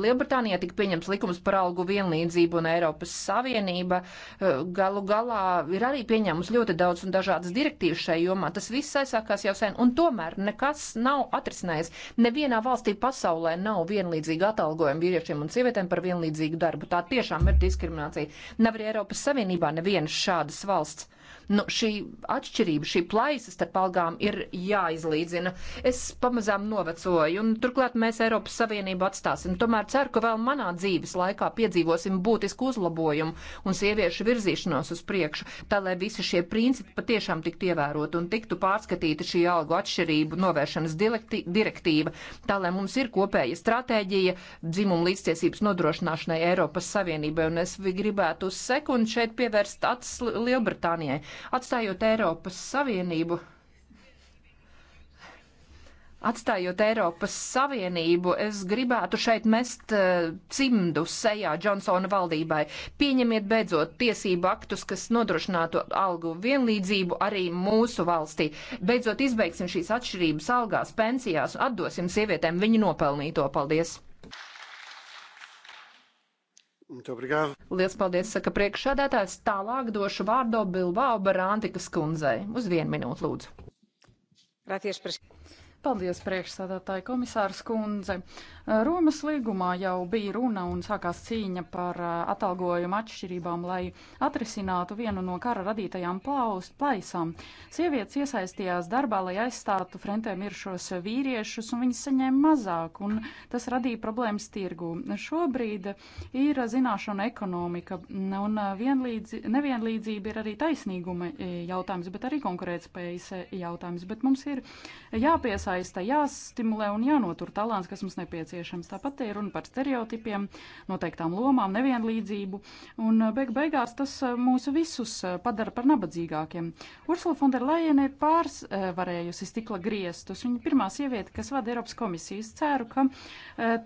Lielbritānijā tika pieņems likums par algu vienlīdzību un Eiropas Savienība eh, galu galā ir arī pieņēmusi ļoti daudz un dažādas direktīvas šai jomā. Tas viss aizsākās jau sen un tomēr nekas nav atrisinājies. Nevienā valstī pasaulē nav nav vienlīdzīga atalgojuma vīriešiem un sievietēm par vienlīdzīgu darbu. Tā tiešām ir diskriminācija. Nav arī Eiropas Savienībā nevienas šādas valsts. Nu, šī atšķirība, šī plaisa starp algām ir jāizlīdzina. Es pamazām novecoju, un turklāt mēs Eiropas Savienību atstāsim. Tomēr ceru, ka vēl manā dzīves laikā piedzīvosim būtisku uzlabojumu un sieviešu virzīšanos uz priekšu, tā lai visi šie principi patiešām tiktu ievērot un tiktu pārskatīta šī algu atšķirību novēršanas direktīva, tā lai mums ir kopēja stratēģija dzimumu līdztiesības nodrošināšanai Eiropas Savienībai. Un es gribētu uz sekundi šeit pievērst acis Lielbritānijai atstājot Eiropas Savienību Atstājot Eiropas Savienību, es gribētu šeit mest uh, cimdu sejā Džonsona valdībai. Pieņemiet beidzot tiesību aktus, kas nodrošinātu algu vienlīdzību arī mūsu valstī. Beidzot izbeigsim šīs atšķirības algās, pensijās un atdosim sievietēm viņu nopelnīto. Paldies! Lielas paldies, saka priekšsādātājs. Tālāk došu vārdu Bilbao Barantikas kundzei. Uz vienu minūtu lūdzu. Paldies, priekšsādātāji komisārs kundze. Romas līgumā jau bija runa un sākās cīņa par atalgojuma atšķirībām, lai atrisinātu vienu no kara radītajām plaust, plaisām. Sievietes iesaistījās darbā, lai aizstātu frentē miršos vīriešus, un viņas saņēma mazāk, un tas radīja problēmas tirgu. Šobrīd ir zināšana ekonomika, un vienlīdz, nevienlīdzība ir arī taisnīguma jautājums, bet arī konkurētspējas jautājums, bet mums ir jāpiesaista, jāstimulē un jānotur talants, kas mums nepieciešams nepieciešams. Tāpat te ir runa par stereotipiem, noteiktām lomām, nevienlīdzību, un eh, beig beigās tas eh, mūs visus eh, padara par nabadzīgākiem. Ursula Fonderlajena ir pārvarējusi stikla griestus. Viņa pirmā sieviete, kas vada Eiropas komisijas, ceru, ka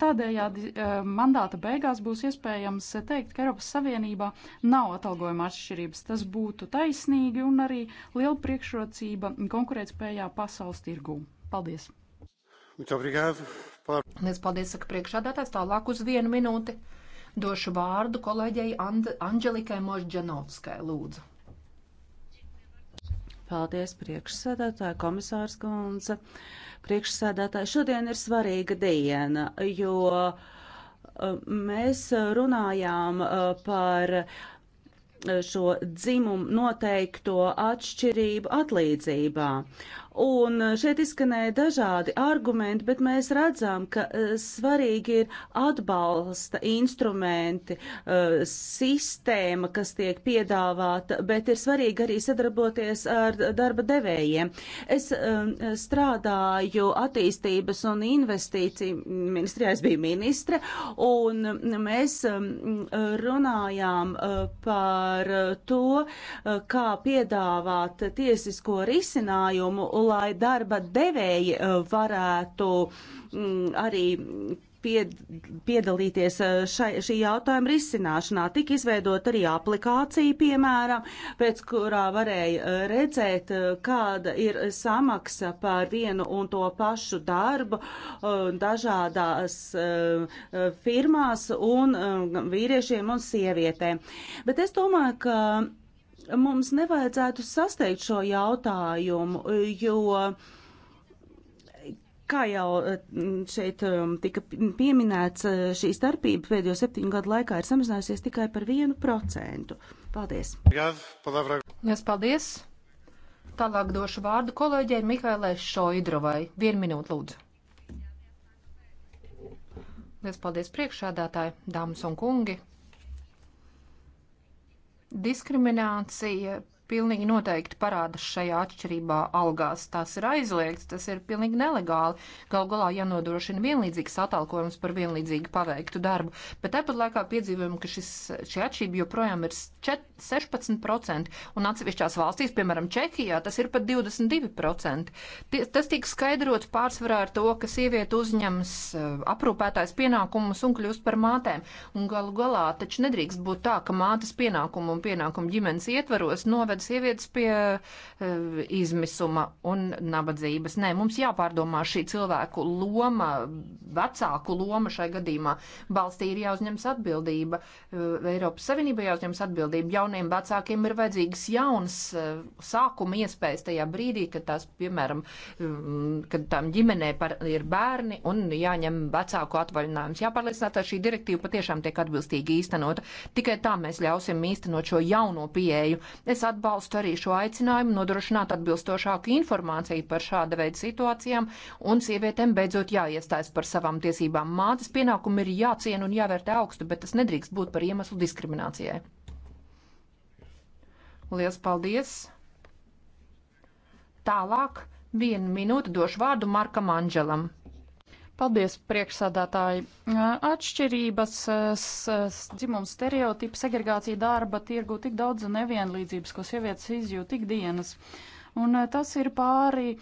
tādējādi mandāta beigās būs iespējams teikt, ka Eiropas Savienībā nav atalgojuma atšķirības. Tas būtu taisnīgi un arī liela priekšrocība konkurētspējā pasaules tirgū. Paldies! Muito obrigado par. Liels paldies, saka priekšādātājs, tālāk uz vienu minūti. Došu vārdu kolēģei And Anģelikai Možģanovskai, lūdzu. Paldies, priekšsēdētāja, komisārs Gonza. Priekšsēdētāja, šodien ir svarīga diena, jo uh, mēs runājām uh, par uh, šo dzimumu noteikto atšķirību atlīdzībā. Un eh, šeit izskanēja dažādi argumenti, bet mēs redzam, ka eh, svarīgi ir atbalsta instrumenti, eh, sistēma, kas tiek piedāvāta, bet ir svarīgi arī sadarboties ar darba devējiem. Es strādāju attīstības un investīciju ministrijā, es biju ministre, un mēs runājām par to, kā piedāvāt tiesisko risinājumu lai darba devēji eh, varētu mm, arī pied, piedalīties eh, šai, šī jautājuma risināšanā. Tik izveidot arī aplikācija, piemēram, pēc kurā varēja eh, redzēt, kāda ir samaksa par vienu un to pašu darbu dažādās firmās un vīriešiem un sievietēm. Bet es domāju, ka mums nevajadzētu sasteigt šo jautājumu, jo, kā jau mm, šeit mm, tika pieminēts, šī starpība pēdējo septiņu gadu laikā ir samazinājusies tikai par vienu procentu. Paldies! Lielas paldies! Tālāk došu vārdu kolēģei Mihēlē Šoidrovai. Vienu minūtu lūdzu. Lielas paldies priekšādātāji, dāmas un kungi! diskriminācija pilnīgi noteikti parādas šajā atšķirībā algās. Tas ir aizliegts, tas ir pilnīgi nelegāli. Gal galā jānodrošina vienlīdzīgs atalgojums par vienlīdzīgi paveiktu darbu, bet tāpat laikā piedzīvojam, ka šis, šī atšķirība joprojām ir 4, 16% un atsevišķās valstīs, piemēram, Čehijā, tas ir pat 22%. T tas tiek skaidrots pārsvarā ar to, ka sieviete uzņems eh, aprūpētājs pienākumus un kļūst par mātēm. Un galu galā taču nedrīkst būt tā, ka mātes pienākumu un pienākumu ģimenes ietvaros noved sievietes pie uh, izmisuma un nabadzības. Nē, mums jāpārdomā šī cilvēku loma, vecāku loma šai gadījumā. Balstī ir jāuzņems atbildība, uh, Eiropas Savienība jāuzņems atbildība. Jauniem vecākiem ir vajadzīgas jaunas uh, sākuma iespējas tajā brīdī, kad tās, piemēram, um, kad tām ģimenē par, ir bērni un jāņem vecāku atvaļinājums. Jāpārliecināt, ka šī direktīva patiešām tiek atbilstīgi īstenota. Tikai tā mēs ļausim īstenot šo jauno pieeju. Es atbalstu atbalstu arī šo aicinājumu nodrošināt atbilstošāku informāciju par šāda veida situācijām, un sievietēm beidzot jāiestājas par savām tiesībām. Mātes pienākumi ir jāciena un jāvērtē augstu, bet tas nedrīkst būt par iemeslu diskriminācijai. Lielas paldies! Tālāk vienu minūti došu vārdu Markam Anģelam. Paldies, priekšsādātāji. Atšķirības, dzimums stereotipi, segregācija darba tirgu tik daudz nevienlīdzības, ko sievietes izjūt ikdienas. Un tas ir pāri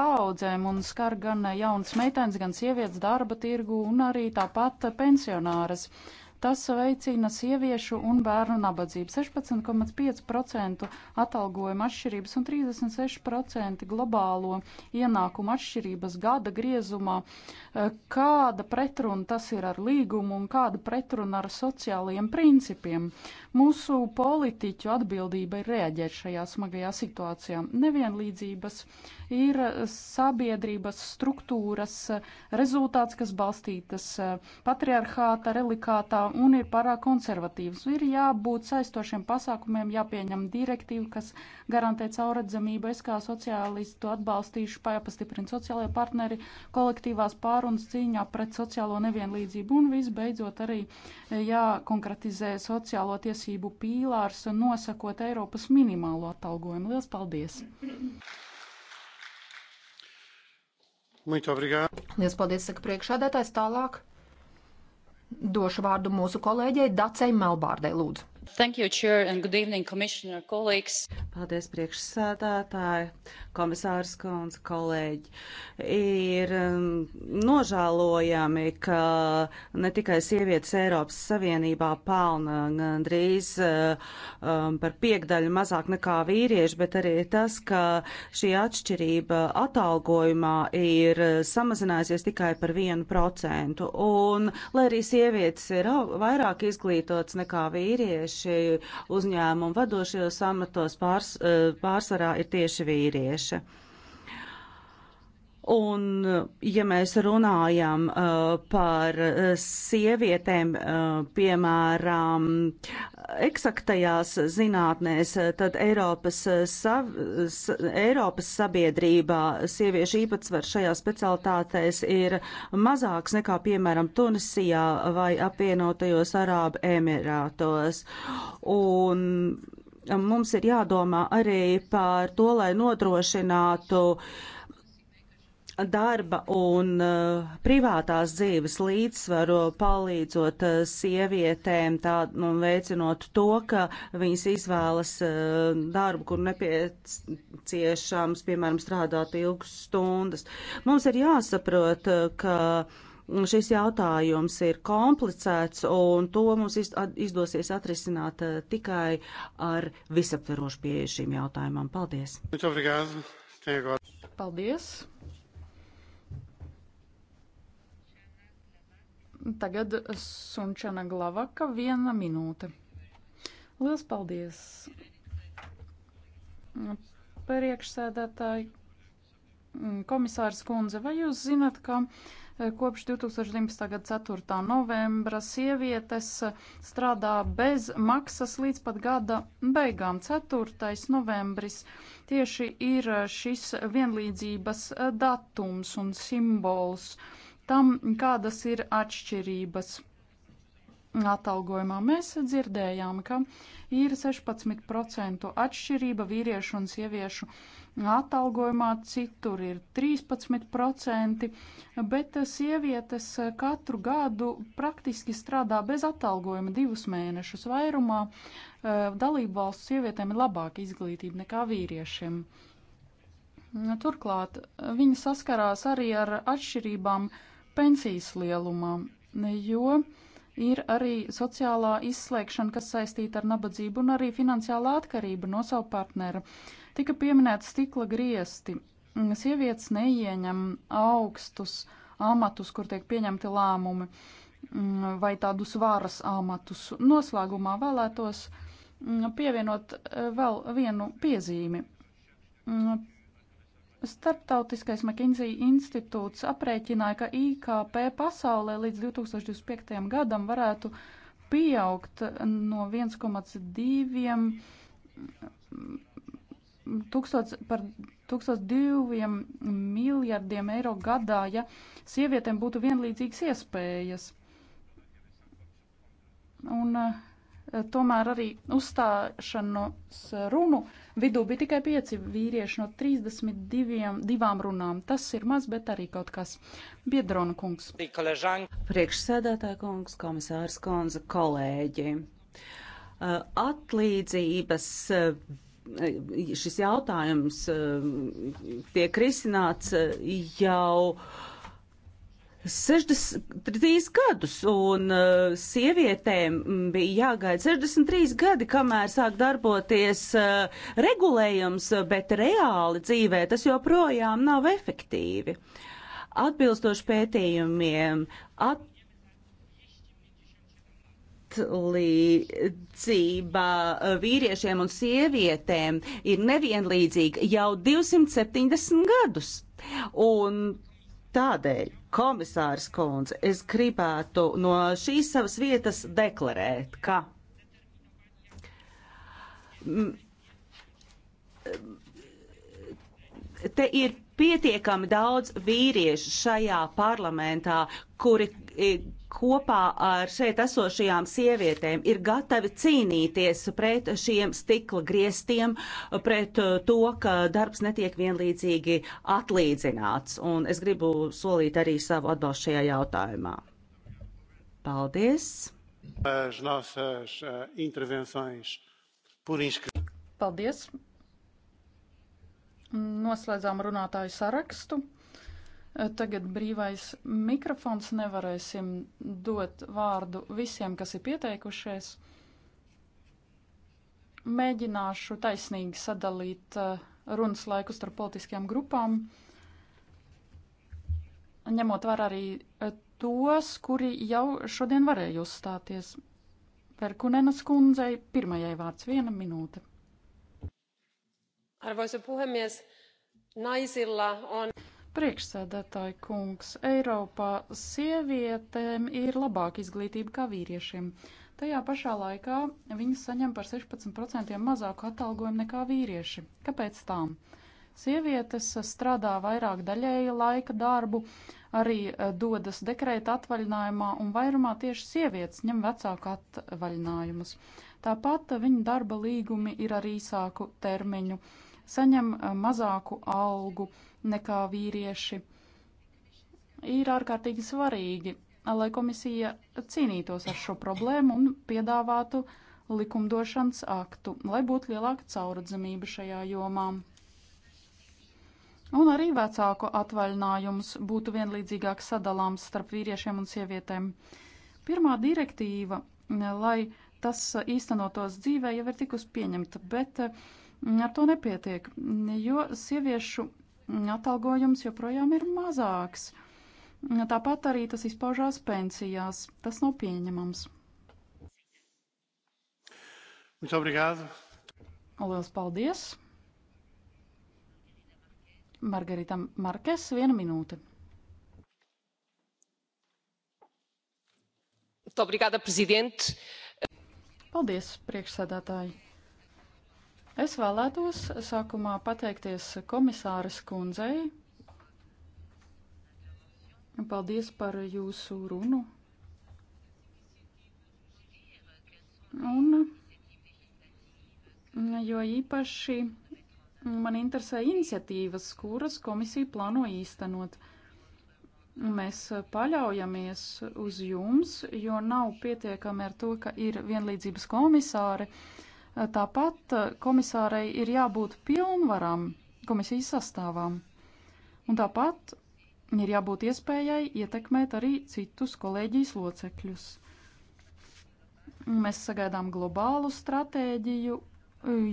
paudzēm un skar gan jaunas meitenes, gan sievietes darba tirgu un arī tāpat pensionāras. Uh, Tas veicina sieviešu un bērnu nabadzību. 16,5% atalgojuma atšķirības un 36% globālo ienākumu atšķirības gada griezumā. Eh, kāda pretruna tas ir ar līgumu un kāda pretruna ar sociālajiem principiem? Mūsu politiķu atbildība ir reaģēt šajā smagajā situācijā. Nevienlīdzības uh, ir sabiedrības struktūras rezultāts, kas balstītas e, patriarchāta relikātā un ir pārāk konservatīvs. Ir jābūt saistošiem pasākumiem, jāpieņem direktīva, kas garantē caurredzamību. Es kā sociālistu atbalstīšu pastiprinu sociālajie partneri kolektīvās pārunas cīņā pret sociālo nevienlīdzību un visbeidzot arī e, jākonkretizē sociālo tiesību pīlārs, nosakot Eiropas minimālo atalgojumu. Lielas paldies! Lielas paldies, saka priekšādētājs tālāk. Došu vārdu mūsu kolēģei Dacei Melbārdei, lūdzu. Thank you, Chair, and good evening, Commissioner, colleagues. Paldies, priekšsēdētāji, komisārs Kons, kolēģi. Ir um, nožēlojami, ka ne tikai sievietes Eiropas Savienībā pelna gandrīz uh, um, par piekdaļu mazāk nekā vīrieši, bet arī tas, ka šī atšķirība atalgojumā ir samazinājusies tikai par vienu procentu. Un, lai arī sievietes ir vairāk izglītotas nekā vīrieši, tieši uzņēmumu vadošajos amatos pārs, eh, pārsvarā ir tieši vīrieši. Un, ja mēs runājam uh, par uh, sievietēm, uh, piemēram, eksaktajās zinātnēs, uh, tad Eiropas, uh, sav, s, Eiropas sabiedrībā sieviešu īpatsvars šajā specialitātēs ir mazāks nekā, piemēram, Tunisijā vai apvienotajos Arābu Emirātos. Un, mums ir jādomā arī par to, lai nodrošinātu uh, darba un uh, privātās dzīves līdzsvaru, palīdzot uh, sievietēm, tā, nu, veicinot to, ka viņas izvēlas uh, darbu, kur nepieciešams, piemēram, strādāt ilgas stundas. Mums ir jāsaprot, uh, ka šis jautājums ir komplicēts, un to mums izdosies atrisināt uh, tikai ar visaptverošu pieeju šīm jautājumam. Paldies! Paldies! Tagad Sunčana Glavaka viena minūte. Lielas paldies! Priekšsēdētāji, komisārs kundze, vai jūs zinat, ka e, kopš 2011. gada 4. novembra sievietes e, strādā bez maksas līdz pat gada beigām? 4. novembris tieši ir e, šis vienlīdzības datums un simbols. Uh, tam, kādas ir atšķirības atalgojumā. Mēs dzirdējām, ka ir 16% atšķirība vīriešu un sieviešu atalgojumā, citur ir 13%, bet sievietes katru gadu praktiski strādā bez atalgojuma divus mēnešus vairumā. Eh, dalību valstu sievietēm ir labāka izglītība nekā vīriešiem. Turklāt viņi saskarās arī ar atšķirībām uh, pensijas lielumā, jo ir arī sociālā izslēgšana, kas saistīta ar nabadzību un arī finansiālā atkarība no savu partneru. Tika pieminēta stikla griesti. Sievietes neieņem augstus amatus, kur tiek pieņemti lēmumi, mm, vai tādus varas amatus. Noslēgumā vēlētos mm, pievienot eh, vēl vienu piezīmi. Mm, Startautiskais McKinsey institūts aprēķināja, ka IKP pasaulē līdz 2025. gadam varētu pieaugt no 1,2 tūkstots par 1200 miljardiem eiro gadā, ja sievietēm būtu vienlīdzīgas iespējas. Un eh, tomēr arī uzstāšanos runu uh, Vidū bija tikai pieci vīrieši no 32 divām runām. Tas ir maz, bet arī kaut kas. Biedrona kungs. Priekšsēdētāja kungs, komisārs Konza, kolēģi. Uh, atlīdzības uh, šis jautājums uh, tiek risināts jau 63 gadus, un uh, sievietēm mm, bija jāgaida 63 gadi, kamēr sāk darboties uh, regulējums, bet reāli dzīvē tas joprojām nav efektīvi. Atbilstoši pētījumiem, at atlīdzība eh, vīriešiem un sievietēm ir nevienlīdzīga jau 270 gadus. Un tādēļ Komisārs Kundze, es gribētu no šīs savas vietas deklarēt, ka te ir pietiekami daudz vīriešu šajā parlamentā, kuri e, kopā ar šeit esošajām sievietēm ir gatavi cīnīties pret šiem stikla griestiem, pret uh, to, ka darbs netiek vienlīdzīgi atlīdzināts. Un es gribu solīt arī savu atbalstu šajā jautājumā. Paldies! as nossas uh, intervenções por inscrição. Paldies! Noslēdzām runātāju sarakstu. Tagad brīvais mikrofons nevarēsim dot vārdu visiem, kas ir pieteikušies. Mēģināšu taisnīgi sadalīt eh, runas laiku starp politiskajām grupām, ņemot vērā arī eh, tos, kuri jau šodien varēja uzstāties. Perkunenas kundzei pirmajai vārds viena minūte. Arvoisa puhemies, naisilla on. Priekšsēdētāji kungs, Eiropā sievietēm ir labāka izglītība kā vīriešiem. Tajā pašā laikā viņas saņem par 16% mazāku atalgojumu nekā vīrieši. Kāpēc tām? Sievietes strādā vairāk daļēja laika darbu, arī eh, dodas dekrēta atvaļinājumā, un vairumā tieši sievietes ņem vecāku atvaļinājumus. Tāpat viņa darba līgumi ir ar īsāku termiņu saņem mazāku algu nekā vīrieši. Ir ārkārtīgi svarīgi, lai komisija cīnītos ar šo problēmu un piedāvātu likumdošanas aktu, lai būtu lielāka cauradzamība šajā jomā. Un arī vecāku atvaļinājums būtu vienlīdzīgāk sadalāms starp vīriešiem un sievietēm. Pirmā direktīva, lai tas īstenotos dzīvē, jau ir tikus pieņemta, bet uh, Ar to nepietiek, jo sieviešu atalgojums joprojām ir mazāks. Tāpat arī tas izpaužās pensijās. Tas nav pieņemams. Muito obrigado. Lielas paldies. Margarita Markes, viena minūte. Muito obrigada, presidente. Paldies, priekšsēdētāji. Es vēlētos sākumā pateikties komisāras kundzei. Paldies par jūsu runu. Un, jo īpaši man interesē iniciatīvas, kuras komisija plāno īstenot. Mēs paļaujamies uz jums, jo nav pietiekami ar to, ka ir vienlīdzības komisāri. Uh, Tāpat eh, komisārai ir jābūt pilnvaram komisijas sastāvām. Un tāpat ir jābūt iespējai ietekmēt arī citus kolēģijas locekļus. Mēs sagaidām globālu stratēģiju,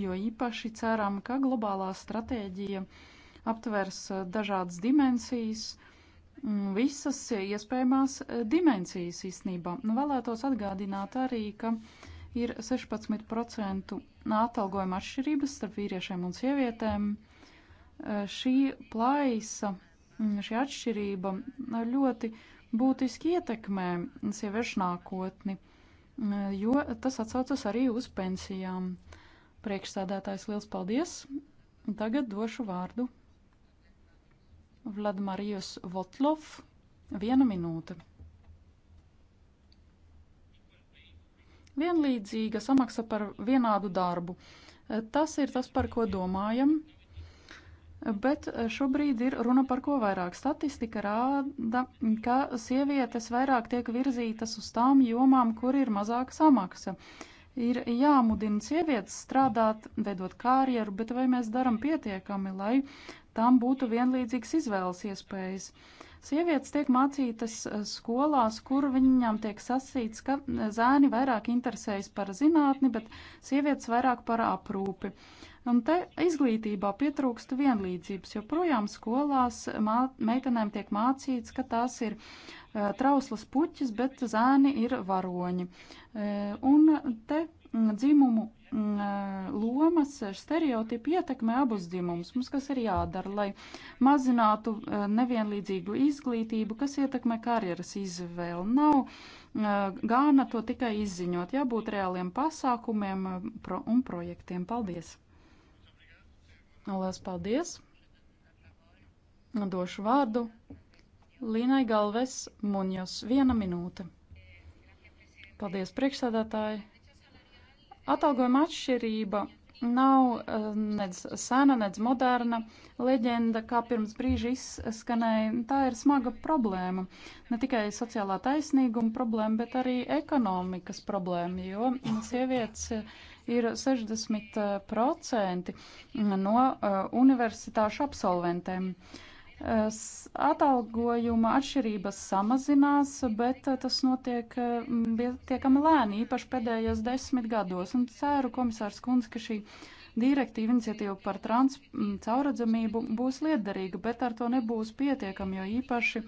jo īpaši ceram, ka globālā stratēģija aptvers eh, dažādas dimensijas, mm, visas iespējamās eh, dimensijas īstenībā. Nu, vēlētos atgādināt arī, ka ir 16% atalgojuma atšķirības starp vīriešiem un sievietēm. Šī plaisa, šī atšķirība ļoti būtiski ietekmē sieviešu nākotni, jo tas atsaucas arī uz pensijām. Priekšsēdētājs liels paldies! Tagad došu vārdu Vladimirijus Votlov. Viena minūte. vienlīdzīga samaksa par vienādu darbu. Eh, tas ir tas, par ko domājam, bet eh, šobrīd ir runa par ko vairāk. Statistika rāda, ka sievietes vairāk tiek virzītas uz tām jomām, kur ir mazāka samaksa. Ir jāmudina sievietes strādāt, veidot karjeru, bet vai mēs darām pietiekami, lai tām būtu vienlīdzīgas izvēles iespējas? Uh, Sievietes tiek mācītas eh, skolās, kur viņām tiek sasīts, ka eh, zēni vairāk interesējas par zinātni, bet sievietes vairāk par aprūpi. Un te izglītībā pietrūkst vienlīdzības, jo projām skolās mā, meitenēm tiek mācīts, ka tās ir e, trauslas puķis, bet zēni ir varoņi. E, un te mm, dzimumu Mm, eh, lomas stereotipi ietekmē abus dzimumus. Mums kas ir jādara, lai mazinātu eh, nevienlīdzīgu izglītību, kas ietekmē karjeras izvēli. Nav eh, gāna to tikai izziņot, jābūt reāliem pasākumiem un projektiem. Paldies! Lielas paldies! Došu vārdu Līnai Galves Muņos. Viena minūte. Paldies, priekšsādātāji! Atalgojuma atšķirība nav eh, nedz sena, nedz moderna leģenda, kā pirms brīža izskanēja. Tā ir smaga problēma. Ne tikai sociālā taisnīguma problēma, bet arī ekonomikas problēma, jo sievietes eh, ir 60% eh, no universitāšu absolventēm. Uh, atalgojuma atšķirības samazinās, bet eh, tas notiek pietiekami mm, lēni, īpaši pēdējos desmit gados. Un ceru, komisārs Kunz, ka šī direktīva iniciatīva par trans mm, cauradzamību būs liederīga, bet ar to nebūs pietiekami, jo īpaši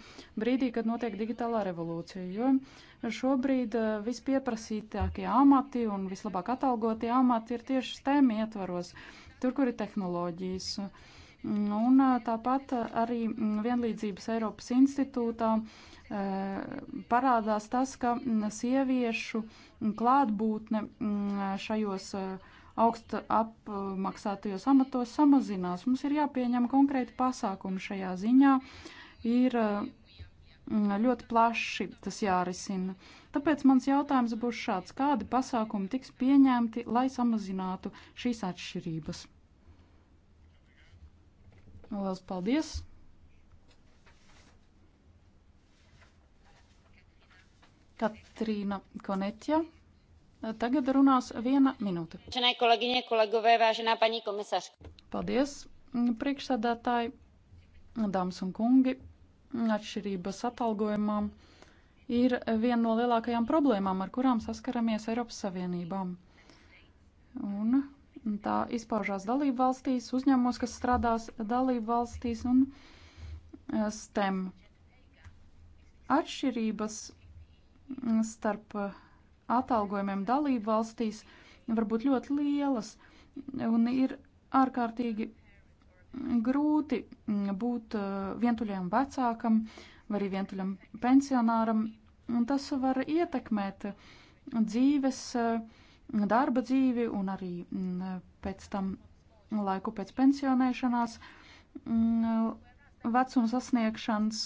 brīdī, kad notiek digitālā revolūcija, jo šobrīd eh, vispieprasītākie amati un vislabāk atalgotie amati ir tieši STEM ietvaros, tur, kur ir tehnoloģijas. Un tāpat arī mm, vienlīdzības Eiropas institūtā parādās tas, ka mm, sieviešu klātbūtne mm, šajos augst apmaksātajos amatos samazinās. Mums ir jāpieņem konkrēti pasākumi šajā ziņā. Ir ļoti plaši tas jārisina. Tāpēc mans jautājums būs šāds. Kādi pasākumi tiks pieņemti, lai samazinātu šīs atšķirības? Lielas paldies! Katrīna Konetja. Tagad runās viena minūte. Ženai kolēģiņie, kolegovē, vēženā paņī komisārska. Paldies, priekšsēdētāji, dāmas un kungi. Atšķirības atalgojumām ir viena no lielākajām problēmām, ar kurām saskaramies Eiropas Savienībām. Un Tā izpaužās dalību valstīs, uzņēmumos, kas strādās dalību valstīs un eh, STEM. Atšķirības mm, starp eh, atalgojumiem dalību valstīs var būt ļoti lielas un ir ārkārtīgi mm, grūti mm, būt eh, vientuļam vecākam vai arī vientuļam pensionāram, un tas var ietekmēt dzīves uh, darba dzīvi un arī mm, pēc tam laiku pēc pensionēšanās mm, vecuma sasniegšanas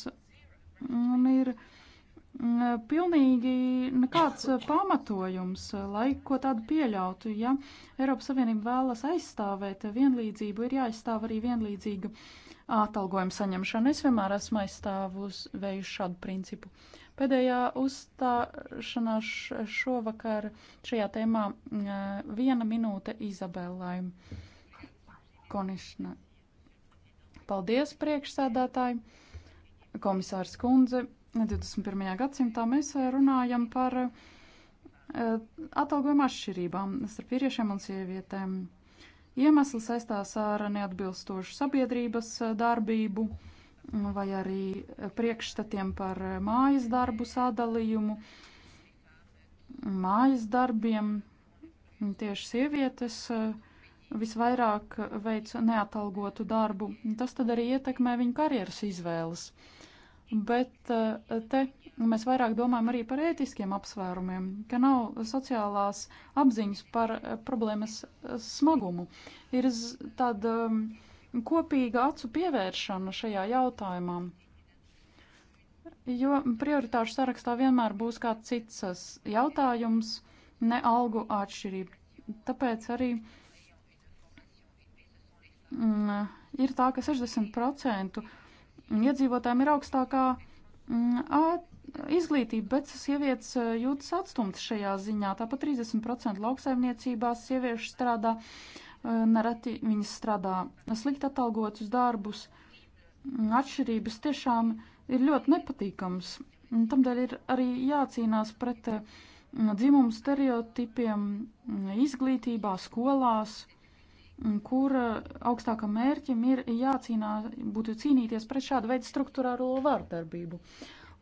un ir mm, pilnīgi nekāds pamatojums, lai ko tādu pieļautu. Ja Eiropas Savienība vēlas aizstāvēt vienlīdzību, ir jāaizstāv arī vienlīdzīga atalgojuma saņemšana. Es vienmēr esmu aizstāvus vēju šādu principu. Uh, Pēdējā uzstāšanās šovakar šajā tēmā eh, viena minūte Izabelai Konišna. Paldies priekšsēdētāji, komisārs kundze. 21. gadsimtā mēs eh, runājam par eh, atalgojuma atšķirībām starp vīriešiem un sievietēm. Iemesls saistās ar neatbilstošu sabiedrības darbību Nu, vai arī priekšstatiem par mājas darbu sadalījumu, mājas darbiem. Tieši sievietes eh, visvairāk veic neatalgotu darbu. Tas tad arī ietekmē viņu karjeras izvēles. Bet eh, te mēs vairāk domājam arī par ētiskiem apsvērumiem, ka nav sociālās apziņas par eh, problēmas smagumu. Ir tāda ehm, kopīga acu pievēršana šajā jautājumā. Jo prioritāšu sarakstā vienmēr būs kāds cits uh, jautājums, ne algu atšķirība. Tāpēc arī mm, ir tā, ka 60% iedzīvotājiem ir augstākā mm, izglītība, bet sievietes uh, jūtas atstumtas šajā ziņā. Tāpat 30% lauksaimniecībās sieviešu strādā uh, nereti viņas strādā slikti atalgotus darbus. Atšķirības tiešām ir ļoti nepatīkams. Tamdēļ ir arī jācīnās pret mm, dzimumu stereotipiem mm, izglītībā, skolās, mm, kur augstākam mērķim ir jācīnās, būtu cīnīties pret šādu veidu struktūrālo vārdarbību.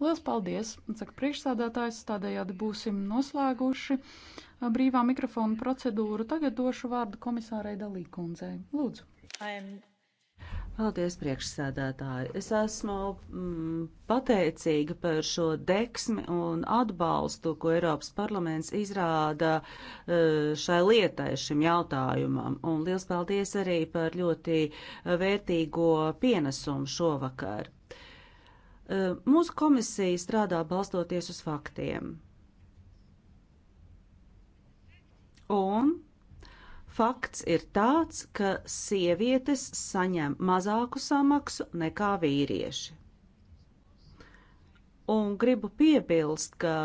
Lielas paldies, saka priekšsādātājs, tādējādi būsim noslēguši uh, brīvā mikrofona procedūru. Tagad došu vārdu komisārai Dalīkundzei. Lūdzu. Paldies, priekšsēdētāji. Es esmu mm, pateicīga par šo deksmi un atbalstu, ko Eiropas parlaments izrāda uh, šai lietai, šim jautājumam. Un liels paldies arī par ļoti uh, vērtīgo pienesumu šovakar. Eh, mūsu komisija strādā balstoties uz faktiem. Un fakts ir tāds, ka sievietes saņem mazāku samaksu nekā vīrieši. Un gribu piebilst, ka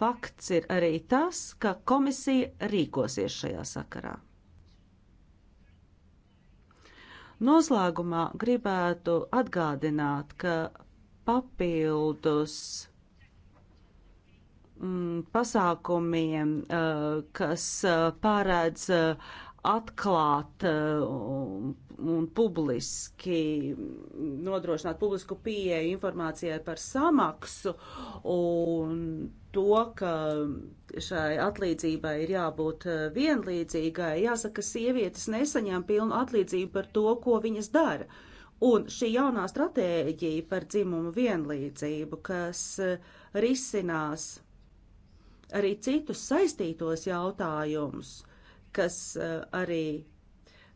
fakts ir arī tas, ka komisija rīkosies šajā sakarā. Noslēgumā gribētu atgādināt, ka papildus mm, pasākumiem, eh, kas eh, pārēdz eh, atklāt un publiski nodrošināt publisku pieeju informācijai par samaksu un to, ka šai atlīdzībai ir jābūt vienlīdzīgai. Jāsaka, sievietes nesaņem pilnu atlīdzību par to, ko viņas dara. Uh, Un šī jaunā stratēģija par dzimumu vienlīdzību, kas eh, risinās arī citus saistītos jautājumus, kas eh, arī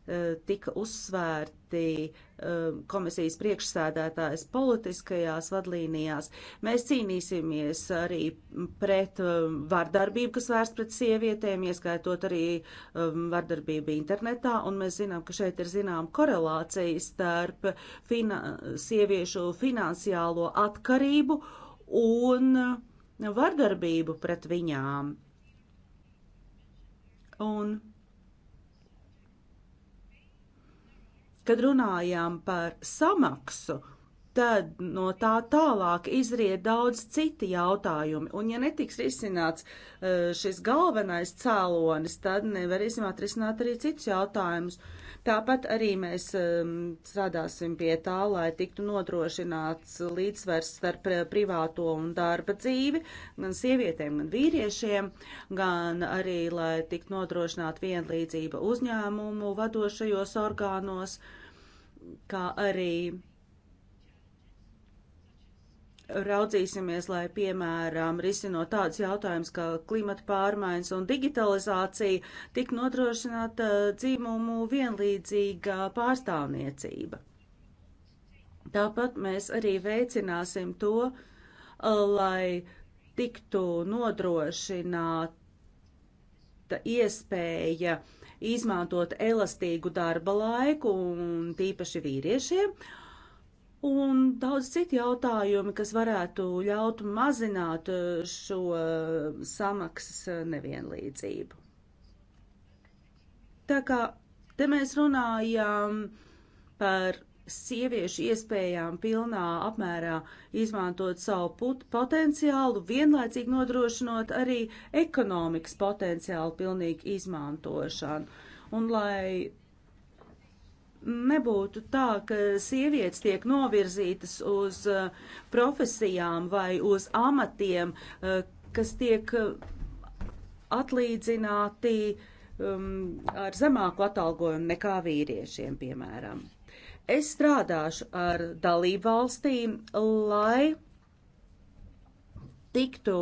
Eh, tika uzsvērti eh, komisijas priekšsēdētājas politiskajās vadlīnijās. Mēs cīnīsimies arī pret eh, vardarbību, kas vērsts pret sievietēm, ieskaitot arī vardarbību internetā, un mēs zinām, ka šeit ir zinām korelācija starp fina sieviešu finansiālo atkarību un vardarbību pret viņām. Un Kad runājām par samaksu, tad no tā tālāk izriet daudz citi jautājumi. Un ja netiks risināts e, šis galvenais cēlonis, tad nevarēsim atrisināt arī citus jautājumus. Tāpat arī mēs e, strādāsim pie tā, lai tiktu nodrošināts līdzsvers starp privāto un darba dzīvi, gan sievietēm, gan vīriešiem, gan arī, lai tiktu nodrošināta vienlīdzība uzņēmumu vadošajos orgānos. Uh, kā arī raudzīsimies, lai, piemēram, risinot tādus jautājumus kā klimata pārmaiņas un digitalizācija, tik nodrošināta uh, dzīmumu vienlīdzīga pārstāvniecība. Tāpat mēs arī veicināsim to, uh, lai tiktu nodrošināta iespēja uh, izmantot elastīgu darba laiku, un tīpaši vīriešiem. Un daudz citu jautājumu, kas varētu ļaut mazināt eh, šo eh, samaksas eh, nevienlīdzību. Tā kā te mēs runājam par sieviešu iespējām pilnā apmērā izmantot savu put, potenciālu, vienlaicīgi nodrošinot arī ekonomikas potenciālu pilnīgu izmantošanu. Un lai nebūtu tā, ka sievietes tiek novirzītas uz uh, profesijām vai uz amatiem, uh, kas tiek uh, atlīdzināti um, ar zemāku atalgojumu nekā vīriešiem, piemēram. Es strādāšu ar dalību valstīm, lai tiktu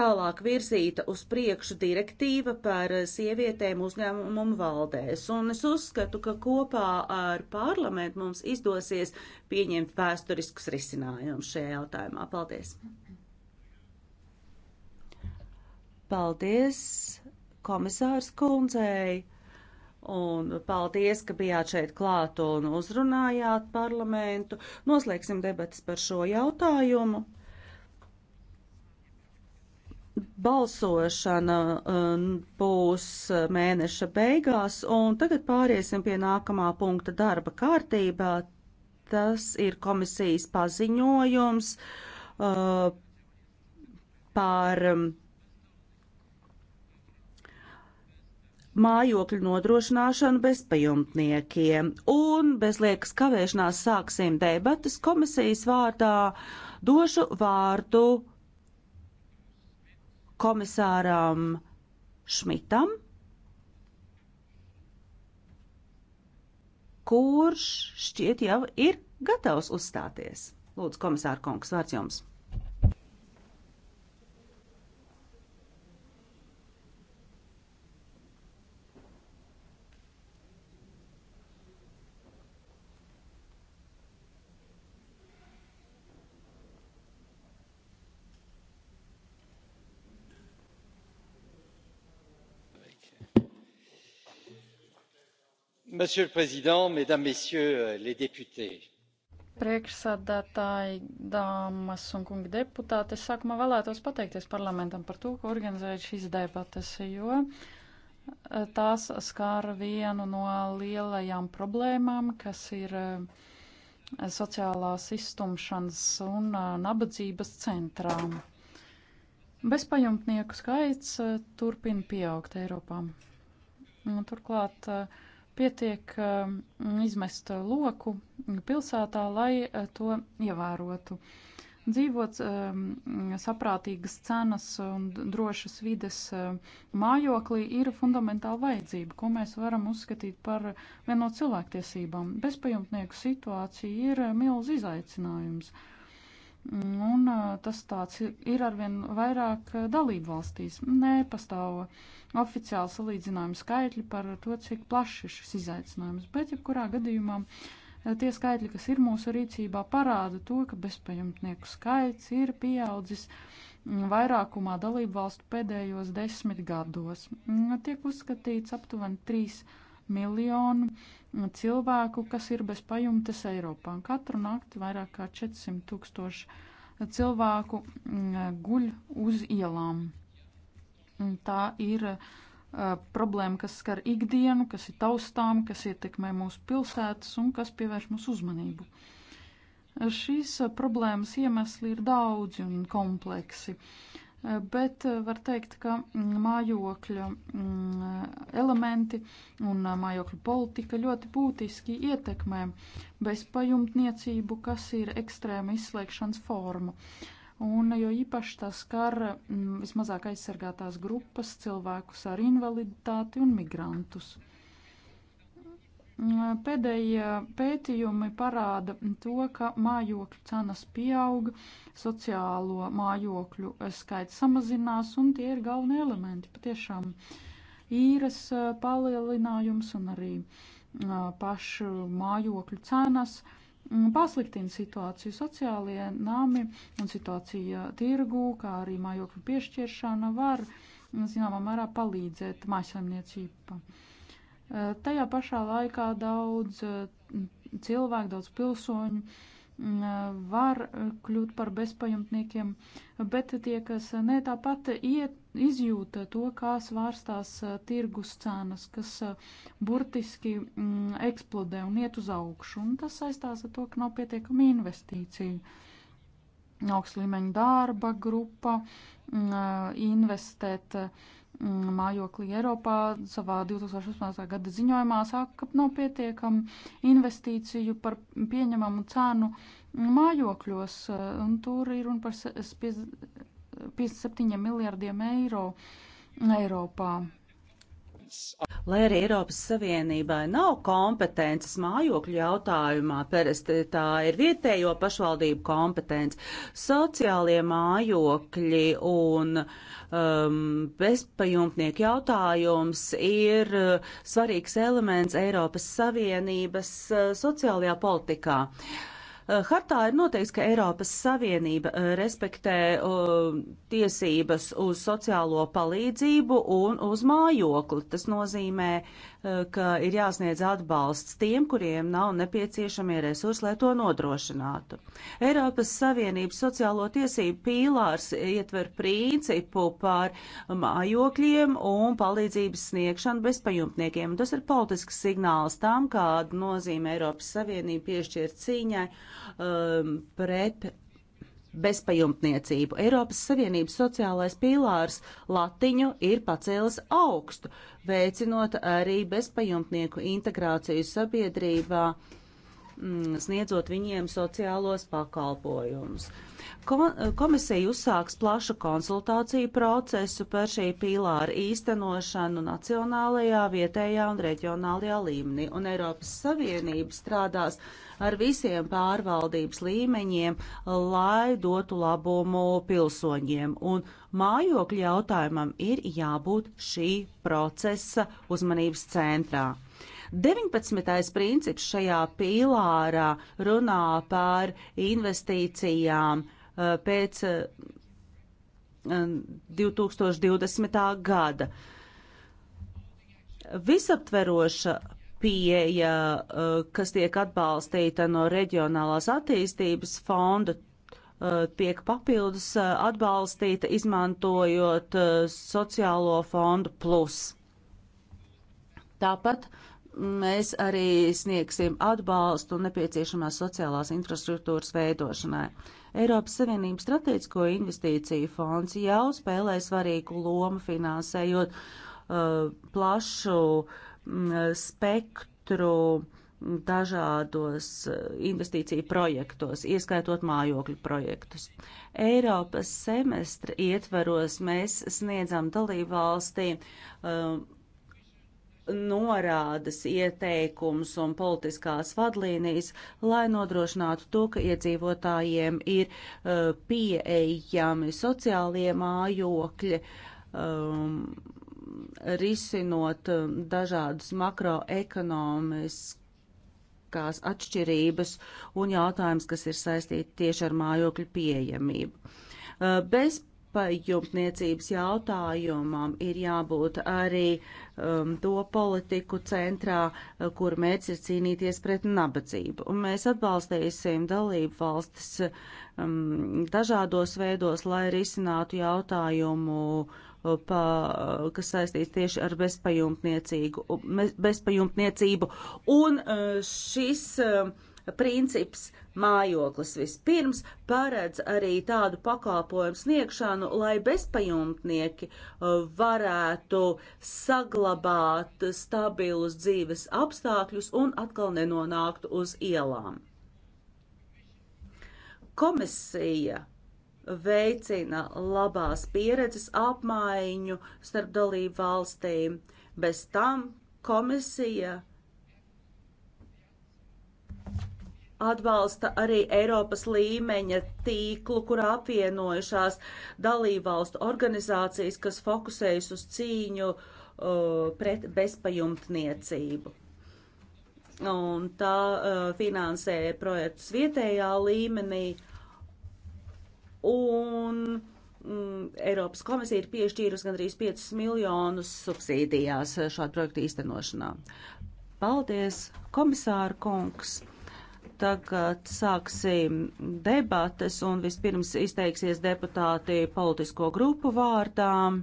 tālāk virzīta uz priekšu direktīva par sievietēm uzņēmumu valdēs. Un es uzskatu, ka kopā ar parlamentu mums izdosies pieņemt vēsturiskus risinājumus šajā jautājumā. Paldies! Paldies komisārs kundzei! Un paldies, ka bijāt šeit klāt un uzrunājāt parlamentu. Noslēgsim debatas par šo jautājumu. Balsošana uh, būs mēneša beigās, un tagad pāriesim pie nākamā punkta darba kārtībā. Tas ir komisijas paziņojums uh, par. Um, mājokļu nodrošināšanu bezpajumtniekiem. Un bez liekas kavēšanās sāksim debatas komisijas vārdā. Došu vārdu komisāram Šmitam, kurš šķiet jau ir gatavs uzstāties. Lūdzu, komisāra kungs, vārds jums! monsieur le président mesdames messieurs euh, les députés Priekšsādātāji, dāmas un kungi deputāti, es sākumā vēlētos pateikties parlamentam par to, ka organizēja šīs debatas, jo eh, tās skāra vienu no lielajām problēmām, kas ir eh, sociālās izstumšanas un eh, nabadzības centrām. Bezpajumtnieku skaits turpina pieaugt Eiropā. Turklāt uh, Pietiek um, izmest loku pilsētā, lai uh, to ievērotu. Dzīvot um, saprātīgas cenas un drošas vides um, mājoklī ir fundamentāla vajadzība, ko mēs varam uzskatīt par vienu no cilvēktiesībām. Bezpajumtnieku situācija ir uh, milz izaicinājums. Un tas tāds ir arvien vairāk dalību valstīs. Nepastāv oficiāli salīdzinājumi skaitļi par to, cik plaši ir šis izaicinājums, bet jebkurā gadījumā tie skaitļi, kas ir mūsu rīcībā, parāda to, ka bezpajumtnieku skaits ir pieaudzis vairākumā dalību valstu pēdējos desmit gados. Tiek uzskatīts aptuveni trīs gadus miljonu cilvēku, kas ir bez pajumtes Eiropā. Katru nakti vairāk kā 400 tūkstoši cilvēku mm, guļ uz ielām. Tā ir eh, problēma, kas skar ikdienu, kas ir taustām, kas ietekmē mūsu pilsētas un kas pievērš mūsu uzmanību. Šīs eh, problēmas iemesli ir daudzi un kompleksi. Uh, bet eh, var teikt, ka mm, mājokļa mm, elementi un eh, mājokļa politika ļoti būtiski ietekmē bezpajumtniecību, kas ir ekstrēma izslēgšanas forma. Un jo īpaši tas skar mm, vismazāk aizsargātās grupas, cilvēkus ar invaliditāti un migrantus. Pēdējie pētījumi parāda to, ka mājokļu cenas pieaug, sociālo mājokļu skaits samazinās, un tie ir galvenie elementi. Patiešām īres palielinājums un arī pašu mājokļu cenas pasliktina situāciju sociālajie nami un situācija tirgū, kā arī mājokļu piešķiršana var, zināmā mērā, palīdzēt mājasemniecībai. Eh, tajā pašā laikā daudz eh, cilvēku, daudz pilsoņu mm, eh, var kļūt par bezpajumtniekiem, bet tie, kas ne tāpat iet, izjūta to, kā svārstās tirgus cenas, kas burtiski mm, eksplodē un iet uz augšu, un tas saistās ar to, ka nav pietiekami investīciju. Augst līmeņa darba grupa, mm, investēt uh, Mm, mājoklī Eiropā savā 2018. gada ziņojumā saka, ka nav pietiekami investīciju par pieņemamu cenu mājokļos, un tur ir un par 57 miljardiem eiro Eiropā. Lai arī Eiropas Savienībai nav kompetences mājokļu jautājumā, parasti tā ir vietējo pašvaldību kompetence, sociālie mājokļi un um, bezpajumtnieku jautājums ir uh, svarīgs elements Eiropas Savienības uh, sociālajā politikā. Uh, Eh, hartā ir noteikts, ka Eiropas Savienība eh, respektē eh, tiesības uz sociālo palīdzību un uz mājokli. Tas nozīmē Eh, ka ir jāsniedz atbalsts tiem, kuriem nav nepieciešamie resursi, lai to nodrošinātu. Eiropas Savienības sociālo tiesību pīlārs ietver principu par mājokļiem un palīdzības sniegšanu bezpajumtniekiem. Tas ir politisks signāls tam, kādu nozīmi Eiropas Savienība piešķir cīņai um, pret bezpajumtniecību. Eiropas Savienības sociālais pīlārs latiņu ir pacēlis augstu, veicinot arī bezpajumtnieku integrāciju sabiedrībā. Uh, Mm, sniedzot viņiem sociālos pakalpojumus. Ko, komisija uzsāks plašu konsultāciju procesu par šī pīlāra īstenošanu nacionālajā, vietējā un reģionālajā līmenī, un Eiropas Savienība strādās ar visiem pārvaldības līmeņiem, lai dotu labumu pilsoņiem. Un mājokļu jautājumam ir jābūt šī procesa uzmanības centrā. 19. princips šajā pīlārā runā par investīcijām uh, pēc 2020. Uh, gada. Visaptveroša pieeja, uh, kas tiek atbalstīta no reģionālās attīstības fonda, tiek papildus atbalstīta izmantojot sociālo fondu plus. Tāpat uh, mēs arī sniegsim atbalstu nepieciešamās sociālās infrastruktūras veidošanai. Eiropas Savienības strateģisko investīciju fonds jau spēlē svarīgu lomu finansējot uh, plašu mm, spektru dažādos uh, investīciju projektos, ieskaitot mājokļu projektus. Eiropas semestra ietvaros mēs sniedzam dalībvalstī uh, norādes, ieteikums un politiskās vadlīnijas, lai nodrošinātu to, ka iedzīvotājiem ir uh, pieejami sociālie mājokļi, um, risinot um, dažādus makroekonomiskus ekonomiskās atšķirības un jautājums, kas ir saistīti tieši ar mājokļu pieejamību. Uh, bez apjumtniecības jautājumam ir jābūt arī um, to politiku centrā, kur mērķis ir cīnīties pret nabadzību. Un mēs atbalstīsim dalību valstis um, dažādos veidos, lai risinātu jautājumu uh, pa, kas saistīts tieši ar bezpajumtniecību. Un uh, šis uh, princips mājoklis vispirms paredz arī tādu pakalpojumu sniegšanu, lai bezpajumtnieki uh, varētu saglabāt stabilus dzīves apstākļus un atkal nenonākt uz ielām. Komisija veicina labās pieredzes apmaiņu starp dalību valstīm. Bez tam komisija atbalsta arī Eiropas līmeņa tīklu, kurā apvienojušās dalībvalstu organizācijas, kas fokusējas uz cīņu uh, pret bezpajumtniecību. Un tā uh, finansē projektus vietējā līmenī. Un mm, Eiropas komisija ir piešķīrusi gandrīz 5 miljonus subsīdijās uh, šādu projektu īstenošanā. Paldies, komisāra kungs! Tagad sāksim debates un vispirms izteiksies deputāti politisko grupu vārdām.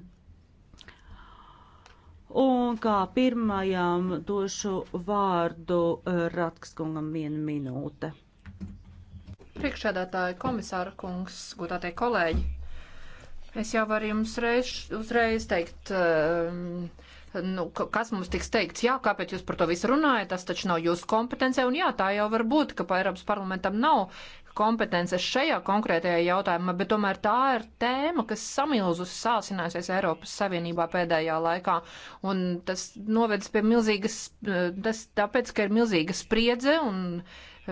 Un kā pirmajam došu vārdu eh, Ratkaskungam vienu minūte. Priekšādātāja komisāra kungs, godātie kolēģi, es jau varu jums reiz, uzreiz teikt. Uh, nu, kas mums tiks teikts, jā, kāpēc jūs par to visu runājat, tas taču nav jūsu kompetencija, un jā, tā jau var būt, ka pa Eiropas parlamentam nav kompetences šajā konkrētajā jautājumā, bet tomēr tā ir tēma, kas samilzus sāsināsies Eiropas Savienībā pēdējā laikā, un tas novedis pie milzīgas, eh, tas tāpēc, ka ir milzīga spriedze, un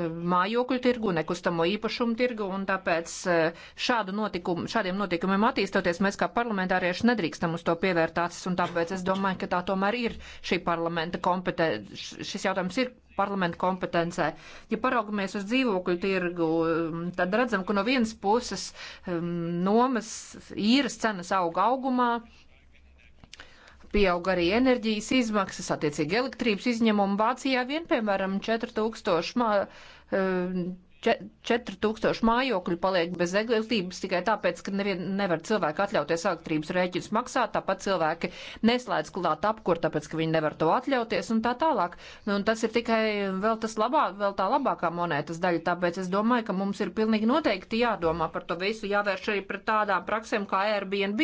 mājokļu tirgu, nekustamo īpašumu tirgu, un tāpēc eh, šādu notikumu, šādiem notikumiem attīstoties mēs kā parlamentārieši nedrīkstam uz to pievērtāties, un tāpēc es domāju, ka tā tomēr ir šī parlamenta kompetence, šis jautājums ir parlamenta kompetencē. Ja paraugamies uz dzīvokļu tirgu, mm, tad redzam, ka no vienas puses um, nomas īres cenas auga augumā, pieaug arī enerģijas izmaksas, attiecīgi elektrības izņemumu. Vācijā vien, piemēram, 4000 mā, 4000 mājokļu paliek bez elektrības tikai tāpēc, ka nevien, nevar cilvēki atļauties elektrības rēķinus maksāt, tāpat cilvēki neslēdz klāt apkur, tāpēc, ka viņi nevar to atļauties un tā tālāk. Nu, un tas ir tikai vēl tas labā, vēl tā labākā monētas daļa, tāpēc es domāju, ka mums ir pilnīgi noteikti jādomā par to visu, jāvērš arī pret tādām praksēm kā Airbnb,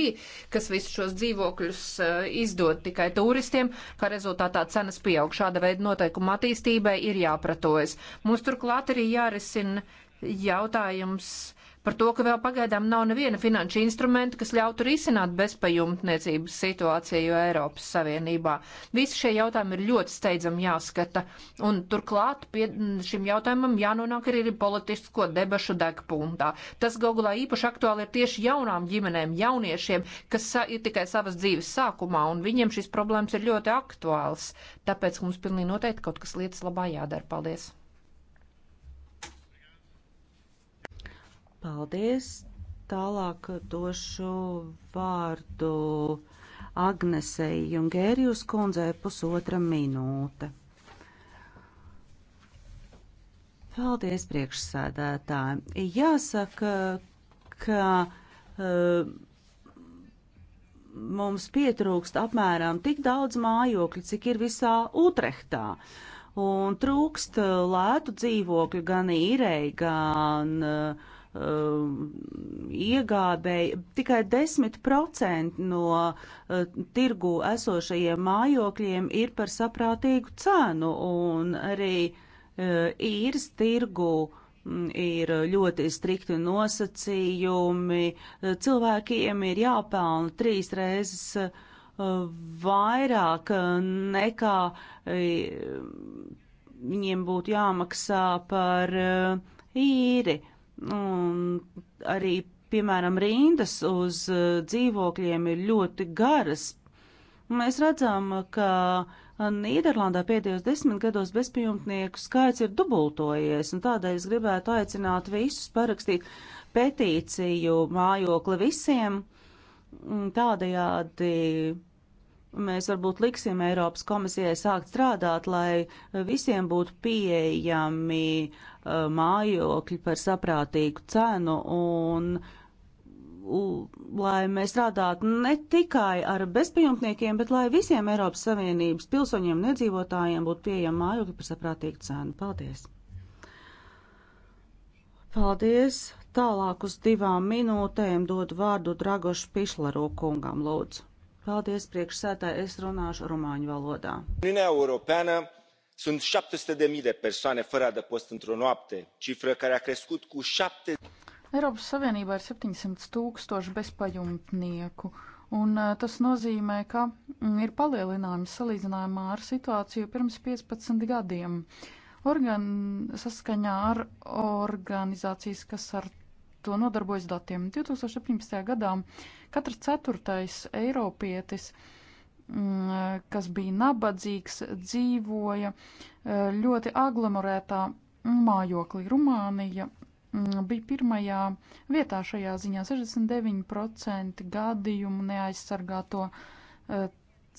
kas visus šos dzīvokļus eh, izdod tikai turistiem, kā rezultātā cenas pieaug. Šāda veida noteikuma attīstībai ir jāpratojas. Mums turklāt arī jārisina jārisina jautājums par to, ka vēl pagaidām nav neviena finanšu instrumenta, kas ļautu risināt bezpajumtniecības situāciju Eiropas Savienībā. Visi šie jautājumi ir ļoti steidzami jāskata, un turklāt pie šim jautājumam jānonāk arī politisko debašu degpuntā. Tas gaugulā īpaši aktuāli ir tieši jaunām ģimenēm, jauniešiem, kas ir tikai savas dzīves sākumā, un viņiem šis problēmas ir ļoti aktuāls. Tāpēc mums pilnīgi noteikti kaut kas lietas labā jādara. Paldies! Paldies! Tālāk došu vārdu Agnesei Jungērijus kundzei pusotra minūte. Paldies priekšsēdētāji. Jāsaka, ka uh, mums pietrūkst apmēram tik daudz mājokļu, cik ir visā Utrehtā. Un trūkst eh, lētu dzīvokļu gan īrei, gan uh, Um, iegādēji tikai 10% no uh, tirgu esošajiem mājokļiem ir par saprātīgu cenu, un arī uh, īres tirgu mm, ir ļoti strikti nosacījumi. Uh, cilvēkiem ir jāpelna trīs reizes uh, vairāk uh, nekā uh, viņiem būtu jāmaksā par īri. Un arī, piemēram, rindas uz uh, dzīvokļiem ir ļoti garas. Mēs redzam, ka uh, Nīderlandē pēdējos desmit gados bezpajumtnieku skaits ir dubultojies, un tādēļ es gribētu aicināt visus parakstīt petīciju mājokli visiem. Tādējādi Mēs varbūt liksim Eiropas komisijai sākt strādāt, lai visiem būtu pieejami uh, mājokļi par saprātīgu cenu un lai mēs strādātu ne tikai ar bezpajumtniekiem, bet lai visiem Eiropas Savienības pilsoņiem un iedzīvotājiem būtu pieejama mājokļa par saprātīgu cenu. Paldies! Paldies! Tālāk uz divām minūtēm dod vārdu Dragošu Pišlaro kungam, lūdzu. Paldies, priekšsētāji, es runāšu rumāņu valodā. Uniunea Europeană sunt 700 de mii de persoane fără adăpost într-o noapte, cifră care a crescut cu 7... Eiropas Savienībā ir 700 tūkstoši bezpajumtnieku, un tas nozīmē, ka mm, ir palielinājums salīdzinājumā ar situāciju pirms 15 gadiem. Organ, saskaņā ar organizācijas, kas ar to nodarbojas datiem, 2017. gadā Katrs ceturtais eiropietis, mm, kas bija nabadzīgs, dzīvoja e, ļoti aglomerētā mājoklī. Rumānija mm, bija pirmajā vietā šajā ziņā 69% gadījumu neaizsargāto e,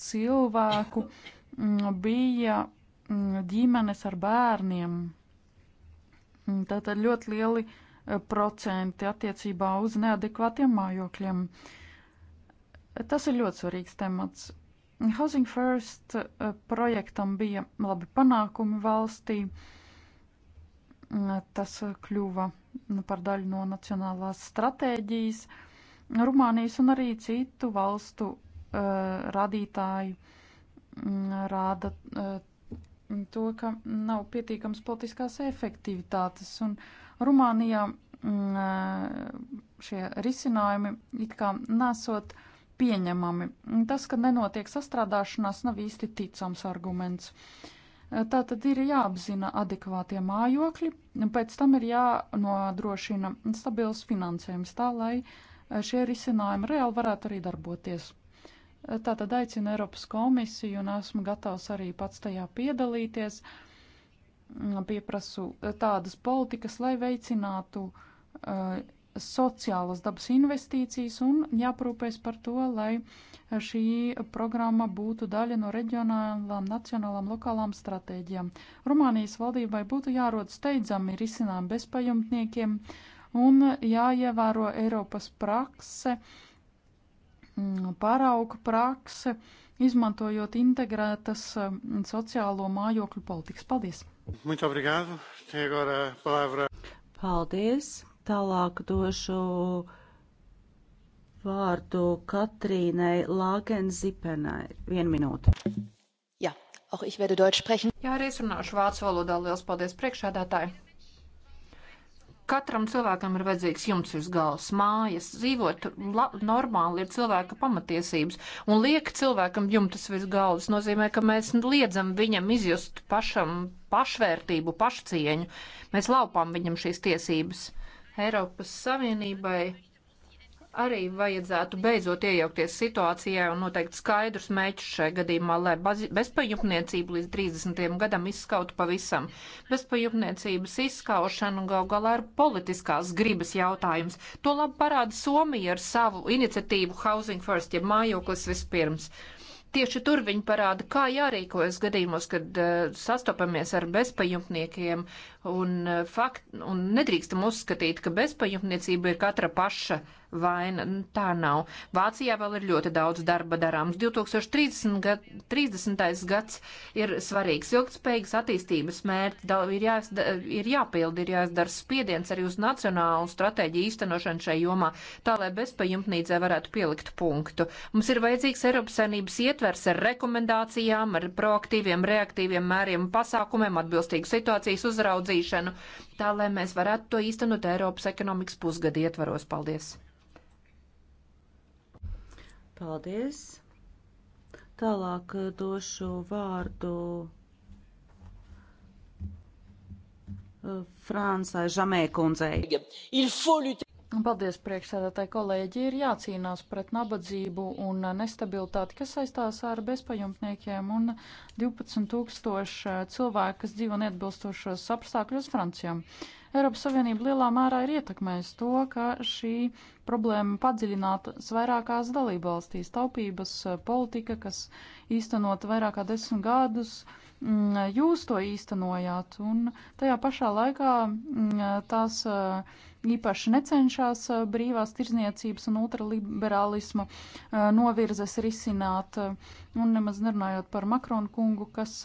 cilvēku mm, bija ģimenes ar bērniem. Tātad ļoti lieli e, procenti attiecībā uz neadekvātiem mājokļiem. Uh, Tas ir ļoti svarīgs temats. Housing First eh, projektam bija labi panākumi valstī. Eh, tas eh, kļuva nu, par daļu no nacionālās stratēģijas Rumānijas un arī citu valstu uh, radītāju mm, rāda uh, to, ka nav pietiekams politiskās efektivitātes. Un Rumānijā uh, šie risinājumi it kā nesot uh, pieņemami. Tas, ka nenotiek sastrādāšanās, nav īsti ticams arguments. Tā tad ir jāapzina adekvātie mājokļi, pēc tam ir jānodrošina stabils finansējums tā, lai šie risinājumi reāli varētu arī darboties. Tā tad aicina Eiropas komisiju un esmu gatavs arī pats tajā piedalīties. Pieprasu tādas politikas, lai veicinātu uh, sociālas dabas investīcijas un jāprūpēs par to, lai šī programma būtu daļa no reģionālām, nacionālām, lokālām stratēģijām. Rumānijas valdībai būtu jārod steidzami risinājumi bezpajumtniekiem un jāievēro Eiropas prakse, mm, parauga prakse, izmantojot integrētas mm, sociālo mājokļu politikas. Paldies! Muito obrigado. Tem agora a palavra. Paldies. Tālāk došu vārdu Katrīnai Lāgenzipenai. Vienu minūtu. Jā, ja, auch ich werde Deutsch sprechen. Jā, arī es runāšu vācu valodā. Liels paldies priekšādātāji. Katram cilvēkam ir vajadzīgs jumts uz galvas, mājas, dzīvot la, normāli ir cilvēka pamatiesības. Un liek cilvēkam jumtas virs galvas nozīmē, ka mēs liedzam viņam izjust pašam pašvērtību, pašcieņu. Mēs laupām viņam šīs tiesības. Eiropas Savienībai arī vajadzētu beidzot iejaukties situācijā un noteikt skaidrus mērķus šai gadījumā, lai bezpajumtniecību līdz 30. gadam izskautu pavisam. Bezpajumtniecības izskaušana gal galā ir politiskās gribas jautājums. To labi parāda Somija ar savu iniciatīvu Housing First, jeb ja mājoklis vispirms. Tieši tur viņi parāda, kā jārīkojas gadījumos, kad uh, sastopamies ar bezpajumtniekiem un, eh, fakt, un nedrīkstam uzskatīt, ka bezpajumtniecība ir katra paša vaina. Nu, tā nav. Vācijā vēl ir ļoti daudz darba darāms. 2030. Gad, 30. gads ir svarīgs. Ilgtspējīgas attīstības mērķi ir, jās, ir jāpilda, ir jāizdara spiediens arī uz nacionālu stratēģiju īstenošanu šai jomā, tā lai bezpajumtnīcē varētu pielikt punktu. Mums ir vajadzīgs Eiropas saimnības ietvers ar rekomendācijām, ar proaktīviem, reaktīviem mēriem un pasākumiem, atbilstīgu situācijas uzraudzību grozīšanu, tā lai mēs varētu to īstenot Eiropas ekonomikas pusgada ietvaros. Paldies! Paldies! Tālāk eh, došu vārdu eh, Francai Žamē kundzei. Paldies, priekšsēdētāji kolēģi, ir jācīnās pret nabadzību un nestabilitāti, kas saistās ar bezpajumtniekiem un 12 tūkstoši cilvēku, kas dzīvo neatbilstošos apstākļos Francijam. Eiropas Savienība lielā mērā ir ietekmējusi to, ka šī problēma padziļinātas vairākās dalībvalstīs. Taupības politika, kas īstenot vairāk kā desmit gadus, uh, Mm, jūs to īstenojāt, un tajā pašā laikā mm, tās eh, īpaši necenšas eh, brīvās tirzniecības un ultraliberālisma eh, novirzes risināt, un nemaz nerunājot par Makronu kungu, kas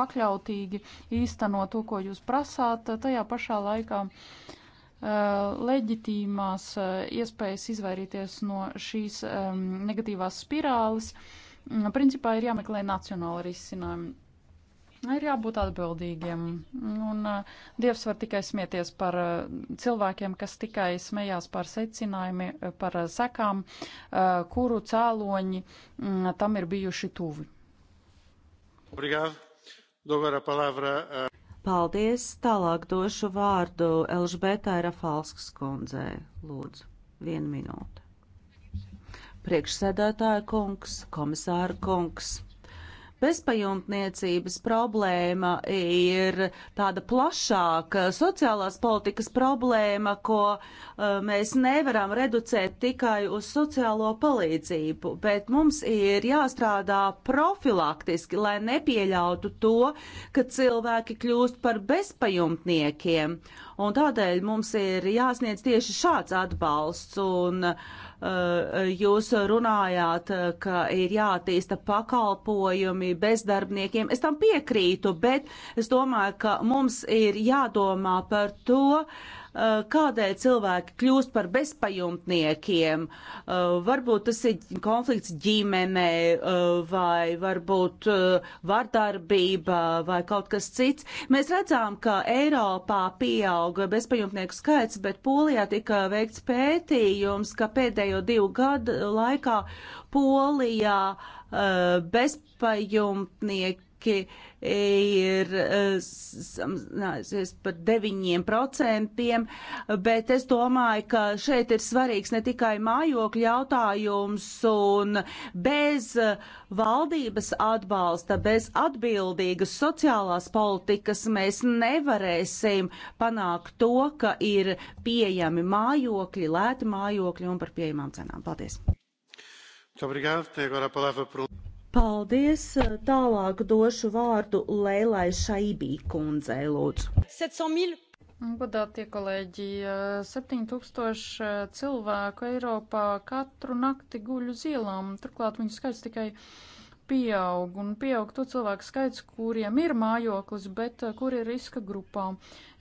pakļautīgi īsteno to, ko jūs prasāt, tajā pašā laikā leģitīmās iespējas izvairīties no šīs negatīvās spirāles, mm, principā ir jāmeklē nacionāla risinājuma ir jābūt atbildīgiem. Un uh, Dievs var tikai smieties par uh, cilvēkiem, kas tikai smējās par secinājumi, uh, par uh, sekām, uh, kuru cēloņi um, tam ir bijuši tuvi. Paldies. Tālāk došu vārdu Elžbetai Rafalskas kundzei. Lūdzu, vienu minūti. Priekšsēdētāja kungs, komisāra kungs bezpajumtniecības problēma ir tāda plašāka sociālās politikas problēma, ko uh, mēs nevaram reducēt tikai uz sociālo palīdzību, bet mums ir jāstrādā profilaktiski, lai nepieļautu to, ka cilvēki kļūst par bezpajumtniekiem. Un tādēļ mums ir jāsniedz tieši šāds atbalsts. Un, uh, Eh, jūs runājāt, eh, ka ir jātīsta pakalpojumi bezdarbniekiem. Es tam piekrītu, bet es domāju, ka mums ir jādomā par to, uh, Eh, kādēļ cilvēki kļūst par bezpajumtniekiem. Eh, varbūt tas ir konflikts ģimenē, eh, vai varbūt vardarbība, vai kaut kas cits. Mēs redzām, ka Eiropā pieauga bezpajumtnieku skaits, bet Polijā tika veikts pētījums, ka pēdējo divu gadu laikā Polijā bezpajumtnieki banki ir eh, samazinājusies par 9%, bet es domāju, ka šeit ir svarīgs ne tikai mājokļu jautājums un bez valdības atbalsta, bez atbildīgas sociālās politikas mēs nevarēsim panākt to, ka ir pieejami mājokļi, lēti mājokļi un par pieejamām cenām. Paldies! Obrigado. Tem agora a palavra para o Paldies! Tālāk došu vārdu Leilai Šaibī kundzei, lūdzu. 700 000 Godātie kolēģi, 7000 cilvēku Eiropā katru nakti guļ uz ielām, turklāt viņu skaits tikai pieaug, un pieaug to cilvēku skaits, kuriem ir mājoklis, bet uh, kuri ir riska grupā.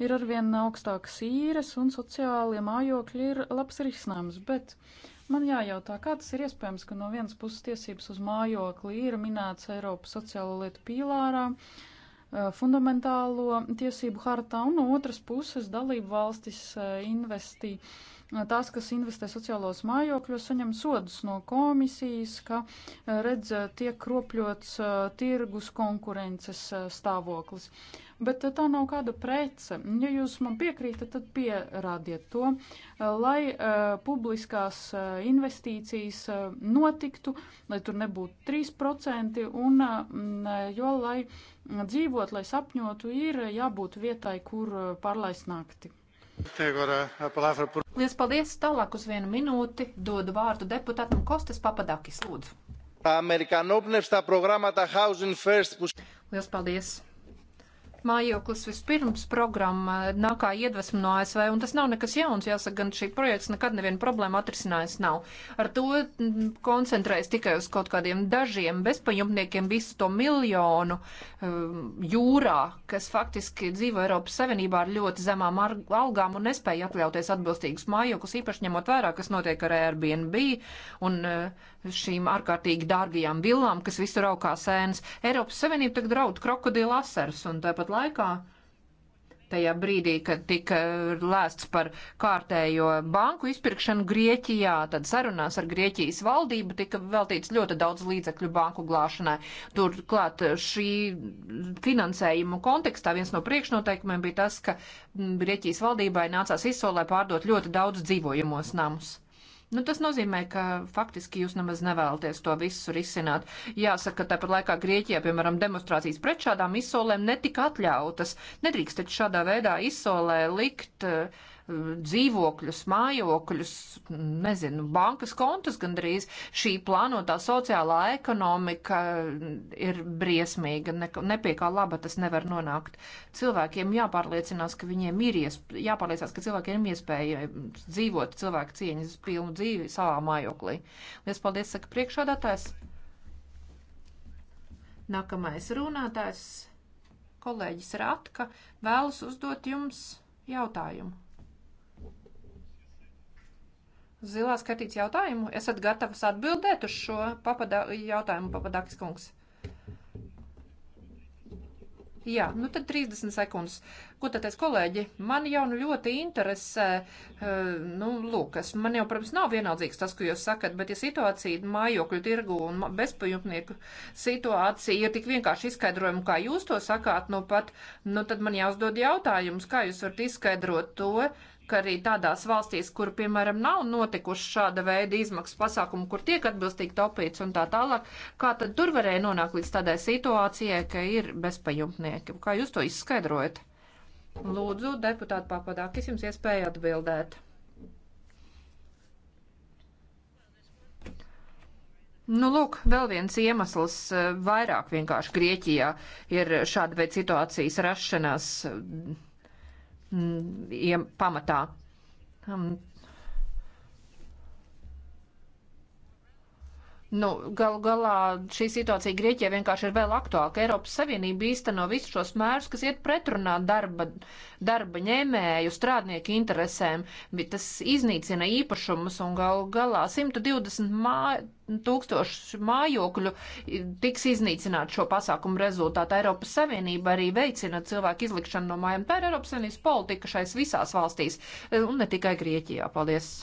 Ir arvien augstākas īres, un sociālie mājokļi ir labs risinājums, bet Man jājautā, kā tas ir iespējams, ka no vienas puses tiesības uz mājokli ir minēts Eiropas sociālo lietu pīlārā, eh, fundamentālo tiesību hartā, un no otras puses dalību valstis eh, investī. Eh, tās, kas investē sociālos mājokļos, saņem sodus no komisijas, ka, redz, tiek kropļots tirgus konkurences stāvoklis. Uh, bet uh, tā nav kāda prece. Ja jūs man piekrītat, tad pierādiet to, uh, lai uh, publiskās uh, investīcijas uh, notiktu, lai tur nebūtu 3%, un mm, uh, jo, lai mm, dzīvot, lai sapņotu, ir jābūt vietai, kur uh, pārlaist nakti. Uh, Lielas paldies! Tālāk uz vienu minūti dodu vārdu deputātam Kostas Papadakis, lūdzu. Lielas paldies! Mājoklis vispirms programma nāk kā iedvesma no ASV, un tas nav nekas jauns. Jāsaka, gan šī projekts nekad nevienu problēmu atrisinājis nav. Ar to mm, koncentrējas tikai uz kaut kādiem dažiem bezpajumtniekiem visu to miljonu um, jūrā, kas faktiski dzīvo Eiropas Savienībā ar ļoti zemām algām un nespēja atļauties atbilstīgus mājoklis, īpaši ņemot vērā, kas notiek ar Airbnb un uh, šīm ārkārtīgi dārgajām villām, kas visur augā sēnes. Eiropas Savienība tagad draud krokodila asars un tāpat laikā. Tajā brīdī, kad tika lēsts par kārtējo banku izpirkšanu Grieķijā, tad sarunās ar Grieķijas valdību tika veltīts ļoti daudz līdzekļu banku glāšanai. Turklāt šī finansējumu kontekstā viens no priekšnoteikumiem bija tas, ka Grieķijas valdībai nācās izsolē pārdot ļoti daudz dzīvojamos namus. Nu, tas nozīmē, ka faktiski jūs nemaz nevēlaties to visu risināt. Jāsaka, ka tāpat laikā Grieķijā, piemēram, demonstrācijas pret šādām izsolēm netika atļautas. Nedrīkst taču šādā veidā izsolē likt uh, dzīvokļus, mājokļus, nezinu, bankas kontus gandrīz. Šī plānotā sociālā ekonomika ir briesmīga, ne, nepiekā laba tas nevar nonākt. Cilvēkiem jāpārliecinās, ka viņiem ir iespēja, jāpārliecinās, ka cilvēkiem ir iespēja dzīvot cilvēku cieņas pilnu dzīvi savā mājoklī. Lies paldies, saka priekšādātājs. Nākamais runātājs, kolēģis Ratka, vēlas uzdot jums jautājumu zilās kartītes jautājumu. Esat gatavs atbildēt uz šo papada, jautājumu, papadakis kungs? Jā, nu tad 30 sekundes. Ko tad es, kolēģi, man jau nu ļoti interesē, eh, nu, lūk, es, man jau, protams, nav vienaldzīgs tas, ko jūs sakat, bet ja situācija mājokļu tirgu un bezpajumtnieku situācija ir tik vienkārši izskaidrojama, kā jūs to sakāt, nu pat, nu tad man jāuzdod jautājums, kā jūs varat izskaidrot to, ka arī tādās valstīs, kur, piemēram, nav notikuši šāda veida izmaksu pasākumu, kur tiek atbilstīgi taupīts un tā tālāk, kā tad tur varēja nonākt līdz tādai situācijai, ka ir bezpajumtnieki? Kā jūs to izskaidrojat? Lūdzu, deputāti Papadākis, jums iespēja atbildēt. Nu, lūk, vēl viens iemesls vairāk vienkārši Grieķijā ir šāda veida situācijas rašanās Mm, pamatā. Mm, Nu, gal galā šī situācija Grieķijā vienkārši ir vēl aktuālāka. Eiropas Savienība īsteno visus šos mērus, kas iet pretrunā darba, darba ņēmēju, strādnieku interesēm, bet tas iznīcina īpašumus un gal galā 120 mā, tūkstoši mājokļu tiks iznīcināt šo pasākumu rezultātā. Eiropas Savienība arī veicina cilvēku izlikšanu no mājām. Tā ir Eiropas Savienības politika šais visās valstīs un ne tikai Grieķijā. Paldies.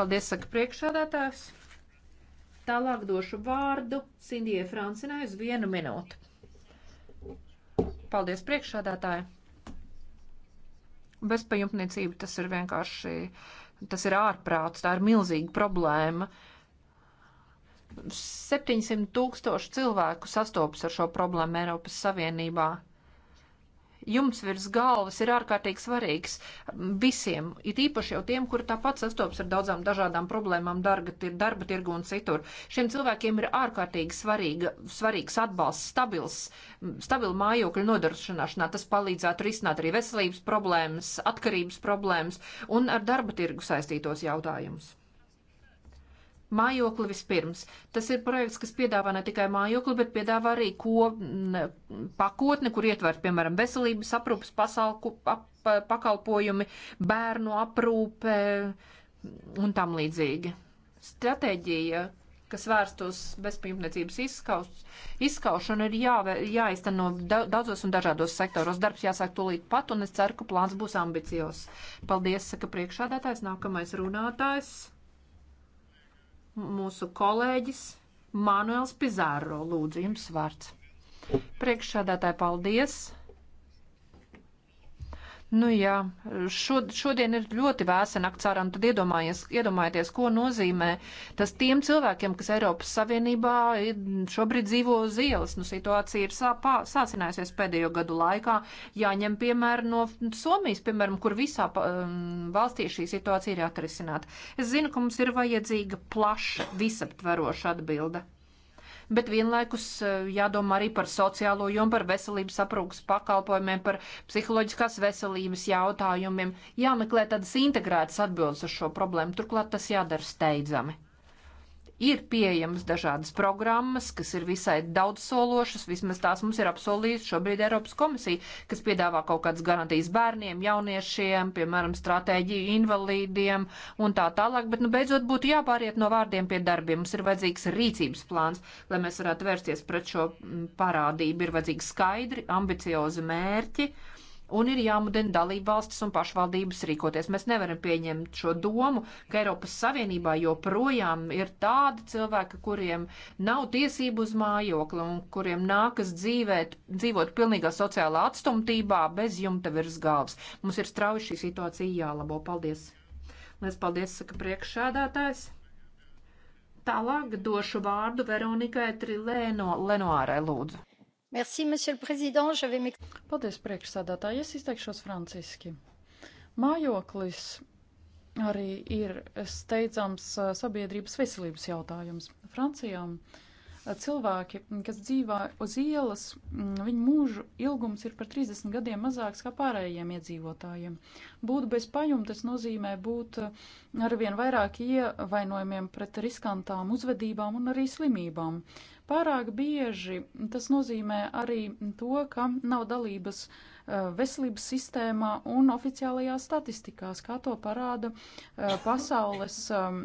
Paldies, saka priekšsēdētājs. Tālāk došu vārdu Sindijai Francinai uz vienu minūtu. Paldies priekšādātāji. Bezpajumtniecība tas ir vienkārši, tas ir ārprāts, tā ir milzīga problēma. 700 tūkstoši cilvēku sastopas ar šo problēmu Eiropas Savienībā jums virs galvas ir ārkārtīgi svarīgs visiem, it īpaši jau tiem, kuri tāpat sastopas ar daudzām dažādām problēmām darga, darba tirgu un citur. Šiem cilvēkiem ir ārkārtīgi svarīga, svarīgs atbalsts, stabils, stabila mājokļa nodrošināšanā. Tas palīdzētu risināt arī veselības problēmas, atkarības problēmas un ar darba tirgu saistītos jautājumus. Mājokli vispirms. Tas ir projekts, kas piedāvā ne tikai mājokli, bet piedāvā arī ko, pakotni, kur ietver, piemēram, veselības aprūpas pasalku, ap, pakalpojumi, bērnu aprūpe un tam līdzīgi. Stratēģija, kas vērstos bezpajumtniecības izskaušanu, ir jā, jāizteno daudzos un dažādos sektoros. Darbs jāsāk tūlīt pat, un es ceru, ka plāns būs ambicios. Paldies, saka priekšādātājs, nākamais runātājs mūsu kolēģis Manuels Pizārro. Lūdzu, jums vārds. Priekšsādātāji, paldies! Nu jā, šod, šodien ir ļoti vēsa nakts ārā, un tad iedomājieties, ko nozīmē tas tiem cilvēkiem, kas Eiropas Savienībā šobrīd dzīvo uz ielas. Nu, situācija ir sāpā, sāsinājusies pēdējo gadu laikā. Jāņem piemēram no Somijas, piemēram, kur visā um, valstī šī situācija ir atrisināta. Es zinu, ka mums ir vajadzīga plaša, visaptveroša atbilde bet vienlaikus eh, jādomā arī par sociālo jomu, par veselības aprūpas pakalpojumiem, par psiholoģiskās veselības jautājumiem. Jāmeklē tādas integrētas atbildes uz šo problēmu, turklāt tas jādara steidzami ir pieejamas dažādas programmas, kas ir visai daudzsološas, vismaz tās mums ir apsolījusi šobrīd Eiropas komisija, kas piedāvā kaut kādas garantijas bērniem, jauniešiem, piemēram, stratēģiju invalīdiem un tā tālāk, bet, nu, beidzot būtu jāpāriet no vārdiem pie darbiem. Mums ir vajadzīgs rīcības plāns, lai mēs varētu vērsties pret šo mm, parādību. Ir vajadzīgi skaidri, ambiciozi mērķi un ir jāmudina dalību valstis un pašvaldības rīkoties. Mēs nevaram pieņemt šo domu, ka Eiropas Savienībā joprojām ir tādi cilvēki, kuriem nav tiesību uz mājokli un kuriem nākas dzīvēt, dzīvot pilnīgā sociālā atstumtībā bez jumta virs galvas. Mums ir strauji šī situācija jālabo. Paldies! Lies paldies, saka priekšsēdētājs. Tālāk došu vārdu Veronikai Trilēno Lenoārai lūdzu. Merci, monsieur le président. Vais... Paldies, priekšsādātāji. Es izteikšos franciski. Mājoklis arī ir steidzams sabiedrības veselības jautājums. Francijām cilvēki, kas dzīvo uz ielas, viņu mūžu ilgums ir par 30 gadiem mazāks kā pārējiem iedzīvotājiem. Būt bez pajumtes nozīmē būt arvien vairāk ievainojumiem pret riskantām uzvedībām un arī slimībām. Pārāk bieži tas nozīmē arī to, ka nav dalības eh, veselības sistēmā un oficiālajā statistikās, kā to parāda eh, pasaules ehm,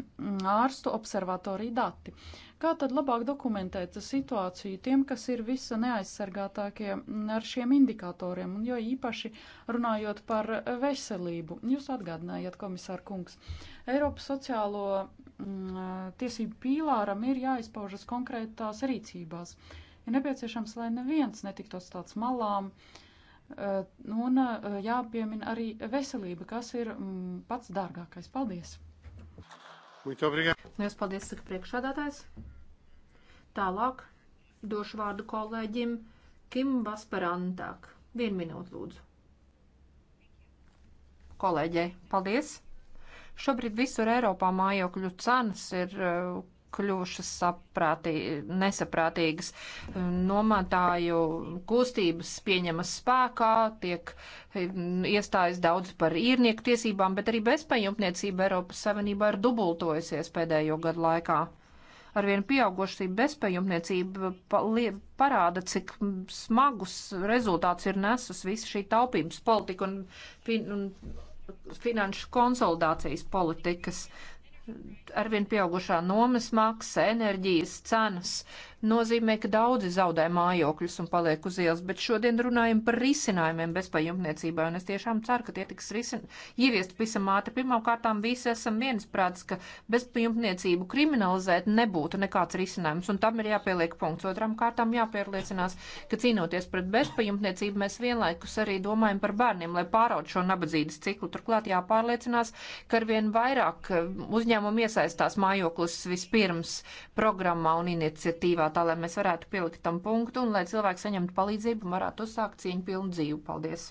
ārstu observatorija dati. Kā tad labāk dokumentēt situāciju tiem, kas ir visa neaizsargātākie ar šiem indikatoriem, un jo īpaši runājot par veselību? Jūs atgādinājāt, komisār kungs, Eiropas sociālo Mm, tiesību pīlāram ir jāizpaužas konkrētās rīcībās. Ir nepieciešams, lai neviens netiktu atstāts malām, un jāpiemina arī veselība, kas ir mm, pats dārgākais. Paldies! Lielas paldies, saka priekšādātājs. Tālāk došu vārdu kolēģim Kim Vasparantāk. Vienu minūtu lūdzu. Kolēģei, paldies! Šobrīd visur Eiropā mājokļu cenas ir e, kļuvušas saprātī, nesaprātīgas. E, Nomātāju kustības pieņemas spēkā, tiek e, iestājas daudz par īrnieku tiesībām, bet arī bezpajumtniecība Eiropas Savienībā ir dubultojusies pēdējo gadu laikā. Arvien pieaugušī bezpajumtniecība parāda, cik smagus rezultāts ir nesus visa šī taupības politika un, un finanšu konsolidācijas politikas, arvien pieaugušā nomas maksa, enerģijas cenas, nozīmē, ka daudzi zaudē mājokļus un paliek uz ielas, bet šodien runājam par risinājumiem bezpajumtniecībā, un es tiešām ceru, ka tie tiks risin... ieviest visam ātri. Pirmkārtām visi esam viensprāts, ka bezpajumtniecību kriminalizēt nebūtu nekāds risinājums, un tam ir jāpieliek punkts. Otram kārtām jāpierliecinās, ka cīnoties pret bezpajumtniecību mēs vienlaikus arī domājam par bērniem, lai pāraud šo nabadzības ciklu. Turklāt jāpārliecinās, ka arvien vairāk um, uzņēmumu iesaistās mājoklis vispirms programmā un iniciatīvā laikā, tā lai mēs varētu pielikt tam punktu un lai cilvēki saņemtu palīdzību un varētu uzsākt cieņu pilnu dzīvi. Paldies!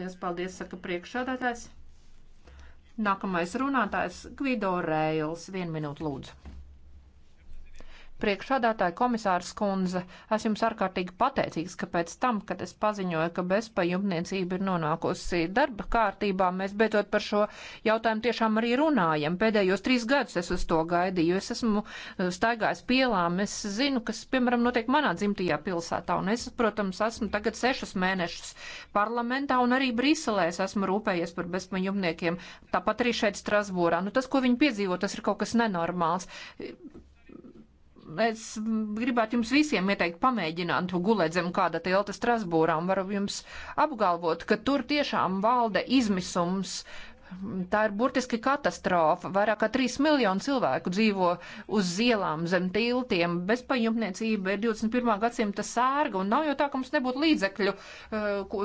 Liels paldies, saka priekšādātājs. Nākamais runātājs Gvido Rēils. Vienu minūtu lūdzu. Priekšādātāja komisārs Kunze, es jums ārkārtīgi pateicīgs, ka pēc tam, kad es paziņoju, ka bezpajumtniecība ir nonākusi darba kārtībā, mēs beidzot par šo jautājumu tiešām arī runājam. Pēdējos trīs gadus es uz to gaidīju, es esmu uh, staigājis pielām, es zinu, kas, piemēram, notiek manā dzimtajā pilsētā, un es, protams, esmu tagad sešus mēnešus parlamentā, un arī Briselē es esmu rūpējies par bezpajumtniekiem, tāpat arī šeit Strasbūrā. Nu, tas, ko viņi piedzīvo, tas ir kaut kas nenormāls es gribētu jums visiem ieteikt pamēģināt gulēt zem kāda telta Strasbūrā un varu jums apgalvot, ka tur tiešām valda izmisums Tā ir burtiski katastrofa. Vairāk kā 3 miljonu cilvēku dzīvo uz ielām, zem tiltiem. Bezpajumtniecība ir 21. gadsimta sērga, un nav jau tā, ka mums nebūtu līdzekļu, eh,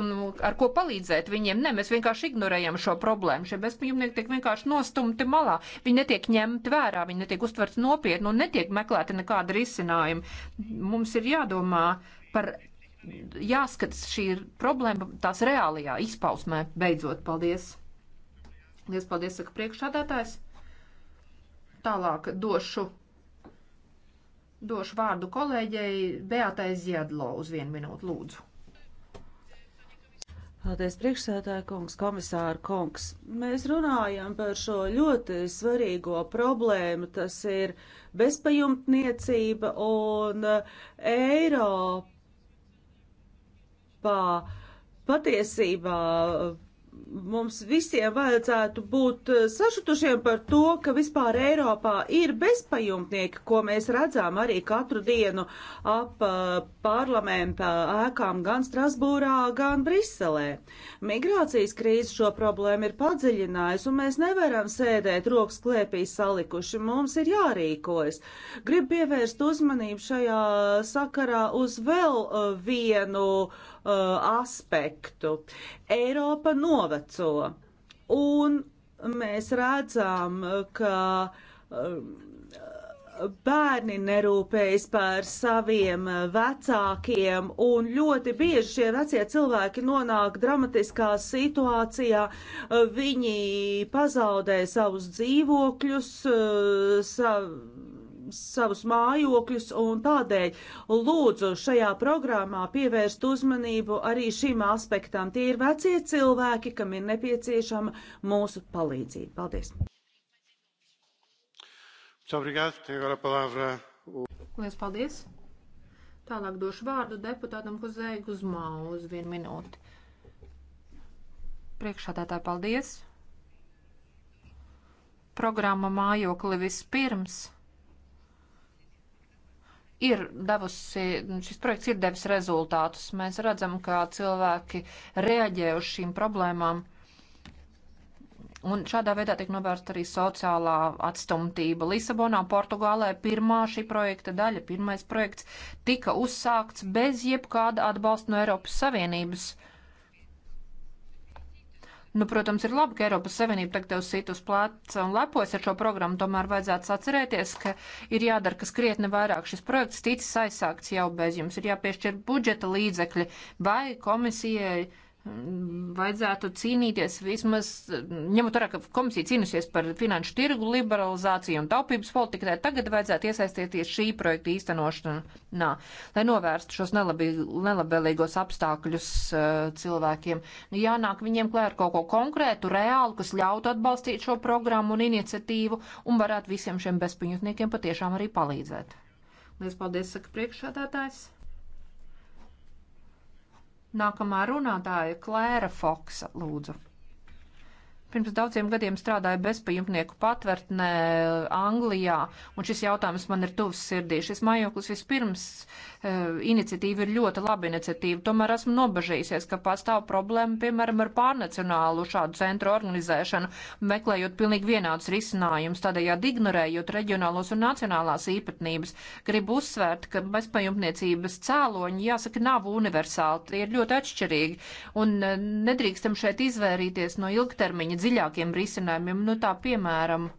ar ko palīdzēt viņiem. Nē, mēs vienkārši ignorējam šo problēmu. Šie bezpajumtnieki tiek vienkārši nostumti malā. Viņi netiek ņemti vērā, viņi netiek uztverts nopietni un netiek meklēti nekāda risinājuma. Mums ir jādomā par. Jāskatās šī problēma tās reālajā izpausmē. Beidzot, paldies! Lies paldies, saka priekšādātājs. Tālāk došu, došu vārdu kolēģei Beatai Ziedlo uz vienu minūtu lūdzu. Paldies, priekšsētāja kungs, komisāra kungs. Mēs runājam par šo ļoti svarīgo problēmu, tas ir bezpajumtniecība un Eiropā patiesībā mums visiem vajadzētu būt eh, sašutušiem par to, ka vispār Eiropā ir bezpajumtnieki, ko mēs redzam arī katru dienu ap eh, parlamenta ēkām gan Strasbūrā, gan Briselē. Migrācijas krīze šo problēmu ir padziļinājusi, un mēs nevaram sēdēt rokas klēpī salikuši. Mums ir jārīkojas. Gribu pievērst uzmanību šajā sakarā uz vēl eh, vienu uh, Uh, aspektu. Eiropa noveco, un mēs redzam, ka uh, bērni nerūpējas par saviem vecākiem, un ļoti bieži šie vecie cilvēki nonāk dramatiskā situācijā. Uh, viņi pazaudē savus dzīvokļus, savu savus mājokļus, un tādēļ lūdzu šajā programmā pievērst uzmanību arī šim aspektam. Tie ir vecie cilvēki, kam ir nepieciešama mūsu palīdzība. Paldies! Lielas paldies! Tālāk došu vārdu deputātam Huzēju Guzmāu uz vienu minūti. Priekšādātāji, paldies! Programma mājokli vispirms ir devusi, šis projekts ir devis rezultātus. Mēs redzam, kā cilvēki reaģē uz šīm problēmām. Un šādā veidā tiek novērsta arī sociālā atstumtība. Lisabonā, Portugālē pirmā šī projekta daļa, pirmais projekts tika uzsākts bez jebkāda atbalsta no Eiropas Savienības. Uh, Nu, protams, ir labi, ka Eiropas Savienība tagad jau sit uz plāca un lepojas ar šo programmu, tomēr vajadzētu atcerēties, ka ir jādara kas krietni vairāk. Šis projekts ticis aizsākts jau bez jums, ir jāpiešķir budžeta līdzekļi vai komisijai vajadzētu cīnīties vismaz, ņemot vērā, ka komisija cīnusies par finanšu tirgu liberalizāciju un taupības politikai, tagad vajadzētu iesaistīties šī projekta īstenošanā, lai novērstu šos nelabi, nelabēlīgos apstākļus uh, cilvēkiem. Nu, jānāk viņiem klāt ar kaut ko konkrētu, reālu, kas ļautu atbalstīt šo programmu un iniciatīvu un varētu visiem šiem bezpajumtniekiem patiešām arī palīdzēt. Liels paldies, saka priekšsādātājs. Nākamā runātāja Klēra Foksa, lūdzu. Pirms daudziem gadiem strādāju bezpajumtnieku patvērtnē eh, Anglijā, un šis jautājums man ir tuvs sirdī. Šis mājoklis vispirms e, iniciatīva ir ļoti laba iniciatīva, tomēr esmu nobežījusies, ka pastāv problēma, piemēram, ar pārnacionālu šādu centru organizēšanu, meklējot pilnīgi vienādus risinājumus, tādējādi ignorējot reģionālos un nacionālās īpatnības. Gribu uzsvērt, ka bezpajumtniecības cēloņi, jāsaka, nav universāli, tie ir ļoti atšķirīgi, un eh, nedrīkstam šeit izvairīties no ilgtermiņa dziļākiem risinājumiem, nu tā piemēram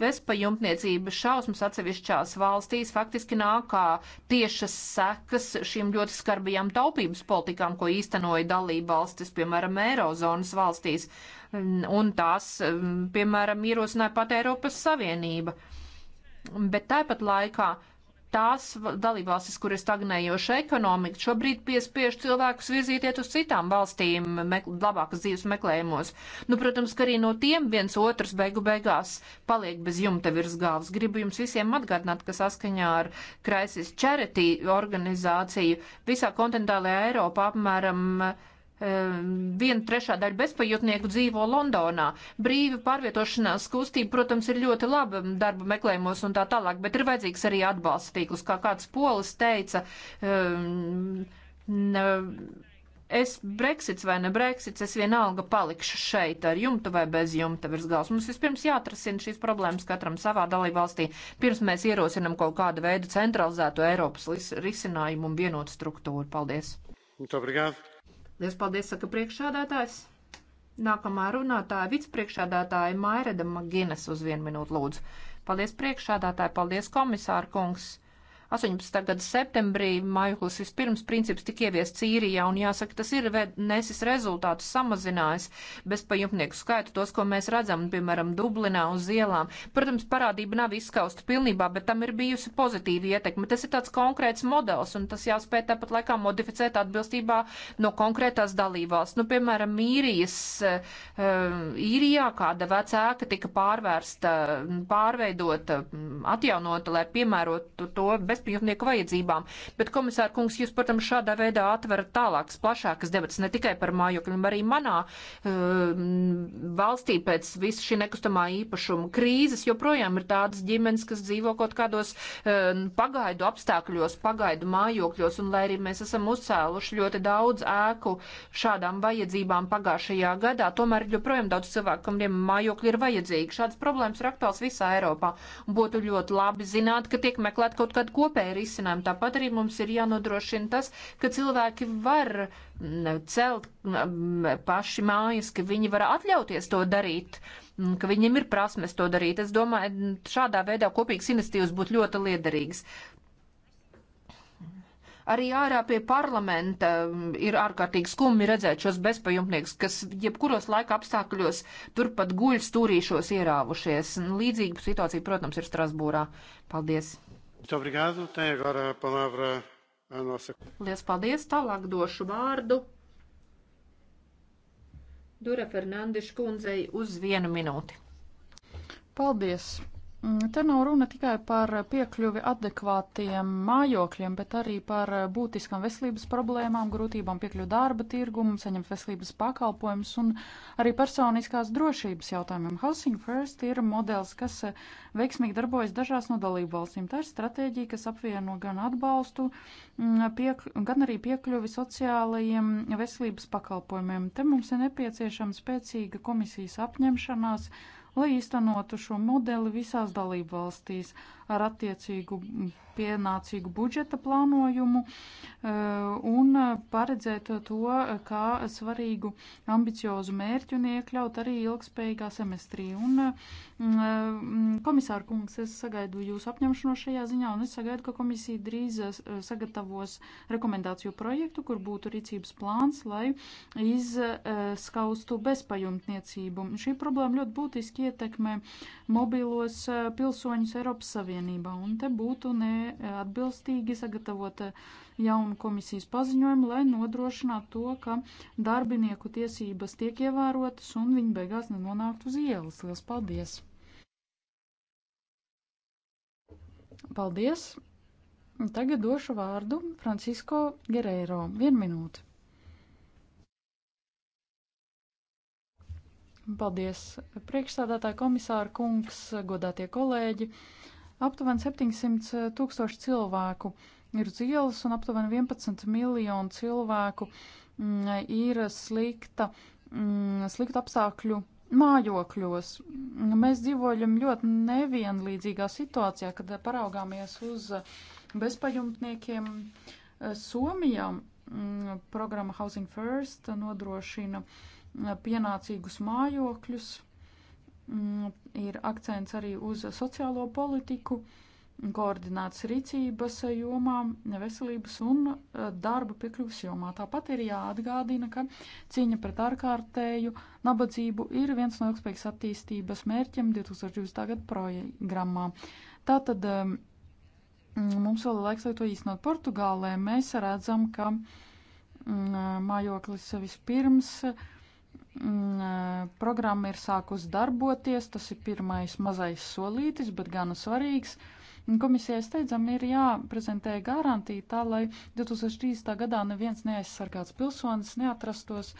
bezpajumtniecība šausmas atsevišķās valstīs faktiski nāk kā tiešas sekas šīm ļoti skarbajām taupības politikām, ko īstenoja dalība valstis, piemēram, Eirozonas valstīs, un tās, piemēram, ierosināja pat Eiropas Savienība. Bet tāpat laikā tās dalībvalstis, kur ir stagnējoša ekonomika, šobrīd piespiež cilvēkus virzīties uz citām valstīm labākas dzīves meklējumos. Nu, protams, ka arī no tiem viens otrs beigu beigās paliek bez jumta virs galvas. Gribu jums visiem atgādināt, ka saskaņā ar Crisis Charity organizāciju visā kontinentālajā Eiropā apmēram viena trešā daļa bezpajumtnieku dzīvo Londonā. Brīva pārvietošanās kustība, protams, ir ļoti laba darba meklējumos un tā tālāk, bet ir vajadzīgs arī atbalsta tīklus, kā kāds polis teica. Es Brexits vai ne Brexits, es vienalga palikšu šeit ar jumtu vai bez jumta virs galvas. Mums vispirms jāatrasina šīs problēmas katram savā dalībvalstī, pirms mēs ierosinam kaut kādu veidu centralizēto Eiropas risinājumu un vienotu struktūru. Paldies! Muito obrigado. Liels paldies, saka priekšādātājs. Nākamā runātāja vicepriekšādātāja Maireda Maginas uz vienu minūtu lūdzu. Paldies priekšādātāji, paldies komisāra kungs. 18. gada septembrī Maikls vispirms princips tika ieviests īrijā, un jāsaka, tas ir nesis rezultātus samazinājis bezpajumtnieku skaitu, tos, ko mēs redzam, piemēram, Dublinā uz ielām. Protams, parādība nav izskausta pilnībā, bet tam ir bijusi pozitīva ietekme. Tas ir tāds konkrēts modelis, un tas jāspēj tāpat laikā modificēt atbilstībā no konkrētās dalībvalsts. Nu, piemēram, īrijas, eh, eh, īrijā kāda vecāka tika pārvērsta, pārveidota, atjaunota, lai piemērotu to bez aizpildnieku vajadzībām. Bet, komisāra kungs, jūs, protams, šādā veidā atverat tālākas, plašākas debatas ne tikai par mājokļiem, arī manā uh, valstī pēc visu šī nekustamā īpašuma krīzes joprojām ir tādas ģimenes, kas dzīvo kaut kādos uh, pagaidu apstākļos, pagaidu mājokļos, un lai arī mēs esam uzcēluši ļoti daudz ēku šādām vajadzībām pagājušajā gadā, tomēr joprojām daudz cilvēku, kamiem mājokļi ir vajadzīgi. Šādas problēmas ir aktuāls visā Eiropā. Būtu ļoti labi zināt, ka tiek meklēt kaut kādu kopēju risinājumu. Tāpat arī mums ir jānodrošina tas, ka cilvēki var mm, celt mm, paši mājas, ka viņi var atļauties to darīt, mm, ka viņiem ir prasmes to darīt. Es domāju, šādā veidā kopīgas investīvas būtu ļoti liederīgas arī ārā pie parlamenta ir ārkārtīgi skumji redzēt šos bezpajumtniekus, kas jebkuros laika apstākļos turpat guļ stūrīšos ierāvušies. Līdzīga situācija, protams, ir Strasbūrā. Paldies! Lielas paldies! Tālāk došu vārdu Dura Fernandeša kundzei uz vienu minūti. Paldies! Te nav runa tikai par piekļuvi adekvātiem mājokļiem, bet arī par būtiskām veselības problēmām, grūtībām piekļuvi darba tirgumu, saņemt veselības pakalpojumus un arī personiskās drošības jautājumiem. Housing First ir modelis, kas veiksmīgi darbojas dažās no dalību valstīm. Tā ir stratēģija, kas apvieno gan atbalstu, mm, piek, gan arī piekļuvi sociālajiem veselības pakalpojumiem. Te mums ir nepieciešama spēcīga komisijas apņemšanās lai īstenotu šo modeli visās dalību valstīs, ar attiecīgu pienācīgu budžeta plānojumu e, un paredzēt to kā svarīgu ambiciozu mērķu un iekļaut arī ilgspējīgā semestrī. Un e, komisāra kungs, es sagaidu jūsu apņemšanos šajā ziņā un es sagaidu, ka komisija drīz e, sagatavos rekomendāciju projektu, kur būtu rīcības plāns, lai izskaustu bezpajumtniecību. Šī problēma ļoti būtiski ietekmē mobilos pilsoņus Eiropas Savienībā. Savienībā, un te būtu neatbilstīgi sagatavot eh, jaunu komisijas paziņojumu, lai nodrošinātu to, ka darbinieku tiesības tiek ievērotas un viņi beigās nenonāktu uz ielas. Lielas paldies! Paldies! Tagad došu vārdu Francisko Gerēro. Vienu minūti. Paldies, priekšstādātāja komisāra kungs, godātie kolēģi. Aptuveni 700 tūkstoši cilvēku ir uz ielas un aptuveni 11 miljonu cilvēku mm, ir slikta, mm, slikta apstākļu mājokļos. Mēs dzīvojam ļoti nevienlīdzīgā situācijā, kad paraugāmies uz bezpajumtniekiem. Somijam mm, programma Housing First nodrošina pienācīgus mājokļus Mm, ir akcents arī uz sociālo politiku, koordinētas rīcības jomā, veselības un eh, darba piekļuvas jomā. Tāpat ir jāatgādina, ka cīņa pret ārkārtēju nabadzību ir viens no ilgspējīgas attīstības mērķiem 2020. gada programmā. Tātad eh, mm, mums vēl ir laiks, lai to īstenot Portugālē. Mēs redzam, ka mm, mājoklis vispirms pirms Mm, programma ir sākus darboties, tas ir pirmais mazais solītis, bet gana svarīgs. Komisijai steidzam ir jāprezentē garantija tā, lai 2030. gadā neviens neaizsargāts pilsonis neatrastos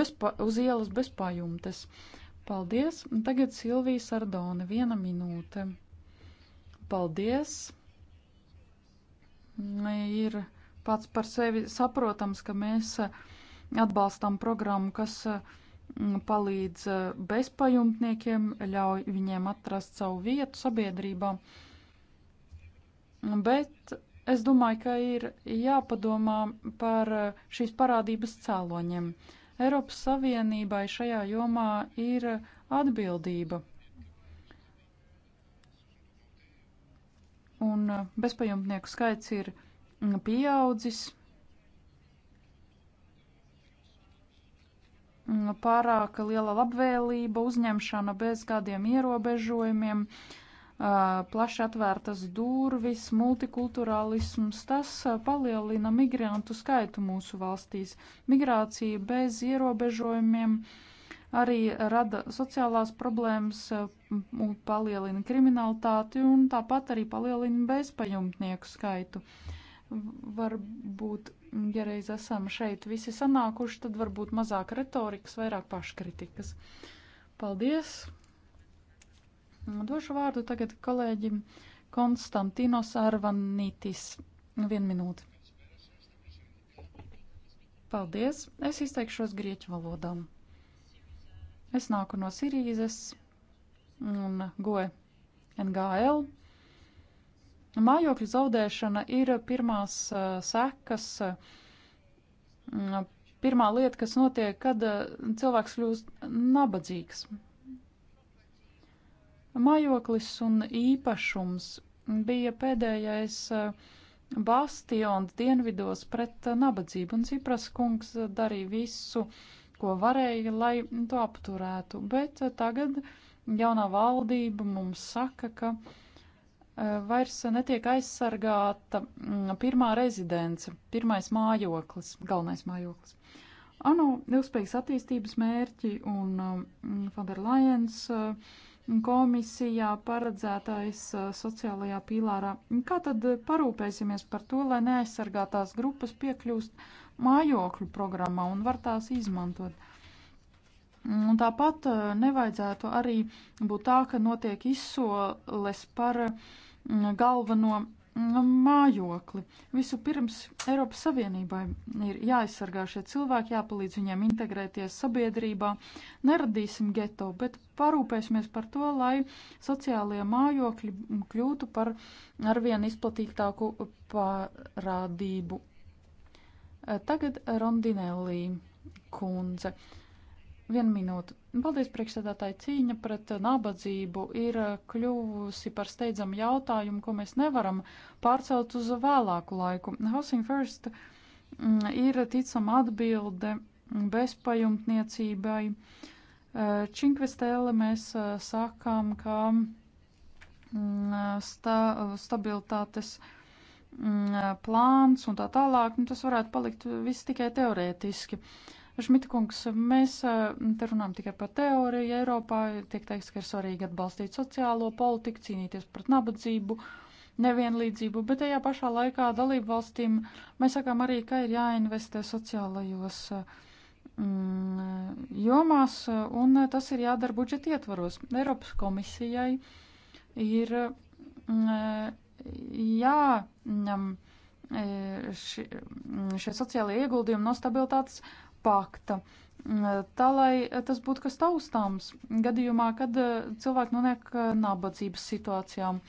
bez pa, uz ielas bez pajumtes. Paldies! Tagad Silvija Sardone, viena minūte. Paldies! Ir pats par sevi saprotams, ka mēs atbalstām programmu, kas uh, Mm, palīdz eh, bezpajumtniekiem, ļauj viņiem atrast savu vietu sabiedrībā. Bet es domāju, ka ir jāpadomā par eh, šīs parādības cēloņiem. Eiropas Savienībai šajā jomā ir atbildība. Un eh, bezpajumtnieku skaits ir mm, pieaudzis, Mm, pārāk liela labvēlība, uzņemšana bez kādiem ierobežojumiem, plaši atvērtas durvis, multikulturālisms, tas palielina migrantu skaitu mūsu valstīs. Migrācija bez ierobežojumiem arī rada sociālās problēmas, palielina kriminalitāti un tāpat arī palielina bezpajumtnieku skaitu. Varbūt ja reiz esam šeit visi sanākuši, tad varbūt mazāk retorikas, vairāk paškritikas. Paldies! Nu, došu vārdu tagad kolēģim Konstantinos Arvanītis. Vienu minūti. Paldies! Es izteikšos grieķu valodām. Es nāku no Sirīzes un goe NGL Mājokļu zaudēšana ir pirmās eh, sekas, mm, pirmā lieta, kas notiek, kad eh, cilvēks kļūst nabadzīgs. Mājoklis un īpašums bija pēdējais eh, bastions dienvidos pret nabadzību, un Cipras kungs darīja visu, ko varēja, lai to apturētu, bet tagad jaunā valdība mums saka, ka Eh, vairs netiek aizsargāta mm, pirmā rezidence, pirmais mājoklis, galvenais mājoklis. ANO ilgspējīgas attīstības mērķi un Fonderlajens mm, eh, komisijā paredzētais eh, sociālajā pīlārā. Kā tad parūpēsimies par to, lai neaizsargātās grupas piekļūst mājokļu programmā un var tās izmantot? Mm, un tāpat nevajadzētu arī būt tā, ka notiek izsoles par uh, galveno mm, mājokli. Vispirms Eiropas Savienībai ir jāaizsargā šie cilvēki, jāpalīdz viņiem integrēties sabiedrībā. Neradīsim geto, bet parūpēsimies par to, lai sociālie mājokļi kļūtu par arvien izplatītāku parādību. Tagad Rondinellī kundze. Uh, Vienu minūti. Paldies, priekšsēdētāji. Cīņa pret nabadzību ir kļuvusi par steidzamu jautājumu, ko mēs nevaram pārcelt uz vēlāku laiku. Housing First mm, ir ticama atbilde bezpajumtniecībai. Činkvestēle eh, mēs eh, sākām, ka mm, sta, stabilitātes mm, plāns un tā tālāk, nu, tas varētu palikt viss tikai teorētiski. Uh, Šmita kungs, mēs te runājam tikai par teoriju Eiropā, tiek teiks, ka ir svarīgi atbalstīt sociālo politiku, cīnīties pret nabadzību, nevienlīdzību, bet tajā pašā laikā dalību valstīm mēs sakām arī, ka ir jāinvestē sociālajos mm, jomās, un tas ir jādara budžeta ietvaros. Eiropas komisijai ir mm, jāņem. Mm, šie, šie sociālie ieguldījumi no stabilitātes pakta. Mm, tā lai tas būtu kas taustāms gadījumā, kad eh, cilvēki nonāk eh, nabadzības situācijām.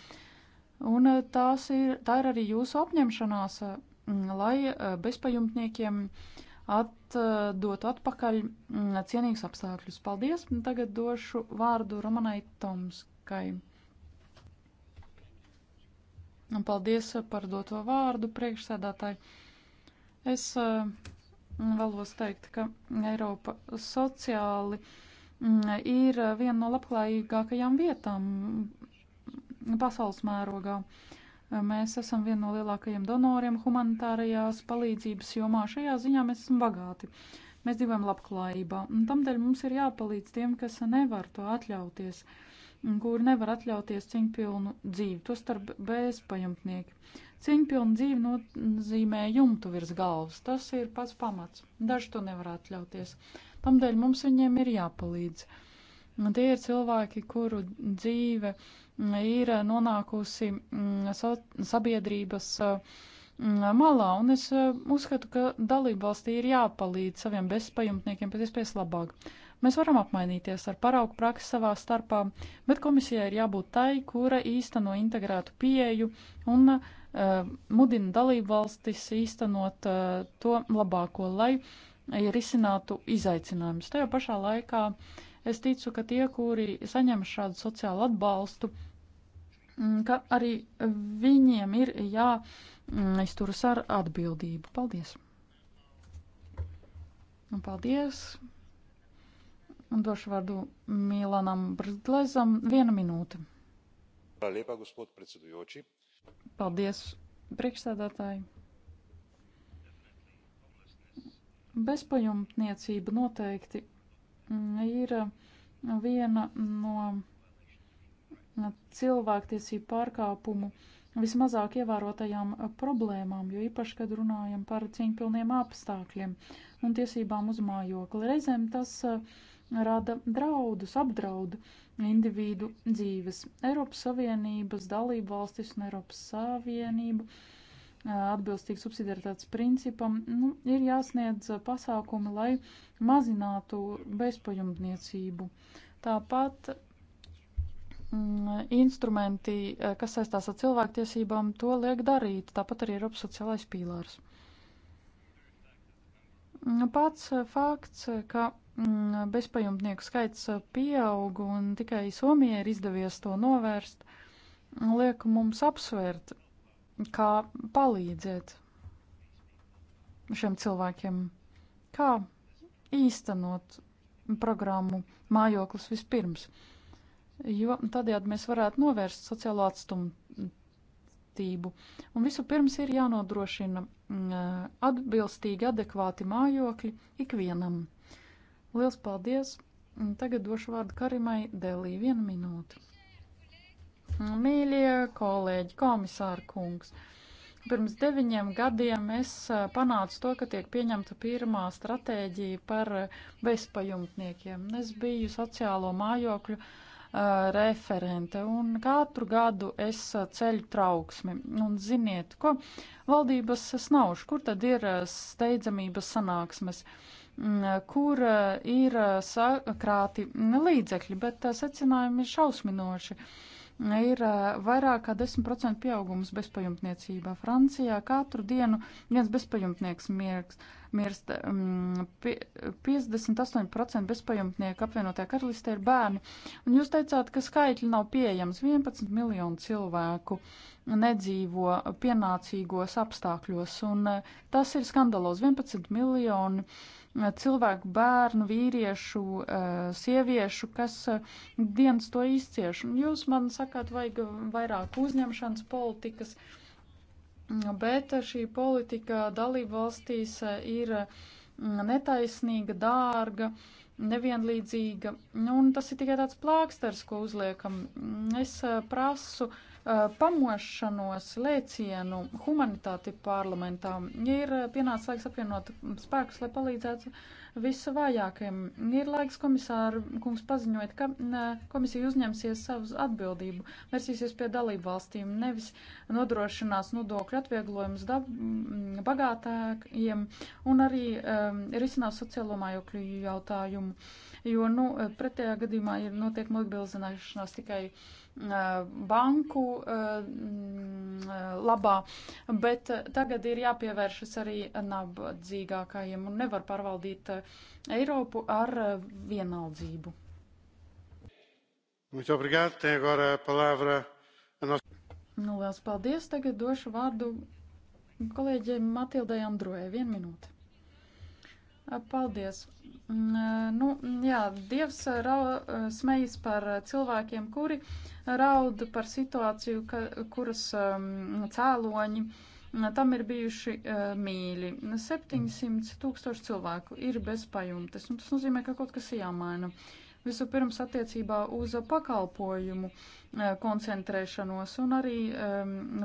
Un eh, tās ir, tā ir arī jūsu apņemšanās, mm, lai bezpajumtniekiem atdot atpakaļ mm, cienīgus apstākļus. Paldies! Tagad došu vārdu Romanai Tomskai. Paldies par doto vārdu priekšsēdātāji. Es uh, Vēlos teikt, ka Eiropa sociāli mm, ir viena no labklājīgākajām vietām pasaules mērogā. Mēs esam viena no lielākajiem donoriem humanitārajās palīdzības jomā. Šajā ziņā mēs esam bagāti. Mēs dzīvojam labklājībā, un tamdēļ mums ir jāpalīdz tiem, kas nevar to atļauties. Uh, kuri nevar atļauties cieņpilnu dzīvi, tostarp bezpajumtnieki. Cieņpilna dzīve nozīmē jumtu virs galvas, tas ir pats pamats. Daži to nevar atļauties. Tamdēļ mums viņiem ir jāpalīdz. Tie ir cilvēki, kuru dzīve ir nonākusi mm, sabiedrības mm, malā, un es mm, uzskatu, ka dalībvalstī ir jāpalīdz saviem bezpajumtniekiem pēc iespējas labāk. Mēs varam apmainīties ar paraugu praksi savā starpā, bet komisijai ir jābūt tai, kura īsteno integrētu pieeju un uh, mudina dalību valstis īstenot uh, to labāko, lai eh, risinātu izaicinājumus. Tajā pašā laikā es ticu, ka tie, kuri saņem šādu sociālu atbalstu, mm, ka arī viņiem ir jāizturas ar atbildību. Paldies! Un paldies! Un došu vārdu Milanam Brzdlezam. Viena minūte. Paldies, priekšsēdētāji. Bezpajumtniecība noteikti mm, ir viena no cilvēktiesību pārkāpumu vismazāk ievērotajām problēmām, jo īpaši, kad runājam par cīņpilniem apstākļiem un tiesībām uz mājokli. Reizēm tas uh, rada draudus, apdraud individu dzīves. Eiropas Savienības dalību valstis un Eiropas Savienību atbilstīgi subsidiaritātes principam nu, ir jāsniedz pasākumi, lai mazinātu bezpajumtniecību. Tāpat mm, instrumenti, kas saistās ar cilvēktiesībām, to liek darīt, tāpat arī Eiropas sociālais pīlārs. Pats fakts, ka Mm, bezpajumtnieku skaits uh, pieaug, un tikai Somijai ir izdevies to novērst, liek mums apsvērt, kā palīdzēt šiem cilvēkiem, kā īstenot programmu mājoklis vispirms, jo tādējādi mēs varētu novērst sociālo atstumtību. Un visu pirms ir jānodrošina mm, atbilstīgi, adekvāti mājokļi ikvienam Liels paldies! Tagad došu vārdu Karimai Delī vienu minūti. Mīļie kolēģi, komisāra kungs! Pirms deviņiem gadiem es panācu to, ka tiek pieņemta pirmā stratēģija par bezpajumtniekiem. Es biju sociālo mājokļu uh, referente un katru gadu es ceļu trauksmi. Un ziniet, ko valdības snauš, kur tad ir steidzamības sanāksmes? Uh, Mm, kur uh, ir uh, sakrāti līdzekļi, bet uh, secinājumi ir šausminoši. Ir vairāk kā 10% pieaugums bezpajumtniecībā. Francijā katru dienu viens bezpajumtnieks mirks, mirst. 58% mm, bezpajumtnieku apvienotajā karalistē ir bērni. Un jūs teicāt, ka skaitļi nav pieejams. 11 miljonu cilvēku nedzīvo pienācīgos apstākļos. Un tas ir skandalos. 11 miljoni cilvēku cilvēku, bērnu, vīriešu, sieviešu, kas dienas to izcieš. Un jūs man sakāt, vajag vairāk uzņemšanas politikas, bet šī politika dalību valstīs ir netaisnīga, dārga, nevienlīdzīga. Nu, un tas ir tikai tāds plāksters, ko uzliekam. Es prasu. Uh, Eh, pamošanos lēcienu humanitāti parlamentā ir eh, pienācis laiks apvienot spēkus, lai palīdzētu visvājākiem. Ir laiks komisāru kungs paziņot, ka komisija uzņemsies savus atbildību, versīsies pie dalību valstīm, nevis nodrošinās nodokļu atvieglojumus mm, bagātākiem un arī um, risinās sociālo mājokļu jautājumu. Uh, jo nu, pretējā gadījumā ir notiek mobilizēšanās tikai banku mm, labā, bet tagad ir jāpievēršas arī nabadzīgākajiem un nevar pārvaldīt Eiropu ar vienaldzību. Muito obrigado. Tem agora a palavra a nossa. Nu, liels paldies. Tagad došu vārdu kolēģiem Matildai Androjai. Vienu minūti. Paldies! Nu, jā, Dievs rau, smejas par cilvēkiem, kuri raud par situāciju, ka, kuras cēloņi tam ir bijuši mīļi. 700 tūkstoši cilvēku ir bez pajumtes, un nu, tas nozīmē, ka kaut kas jāmaina. Uh, Vispirms attiecībā uz pakalpojumu eh, koncentrēšanos un arī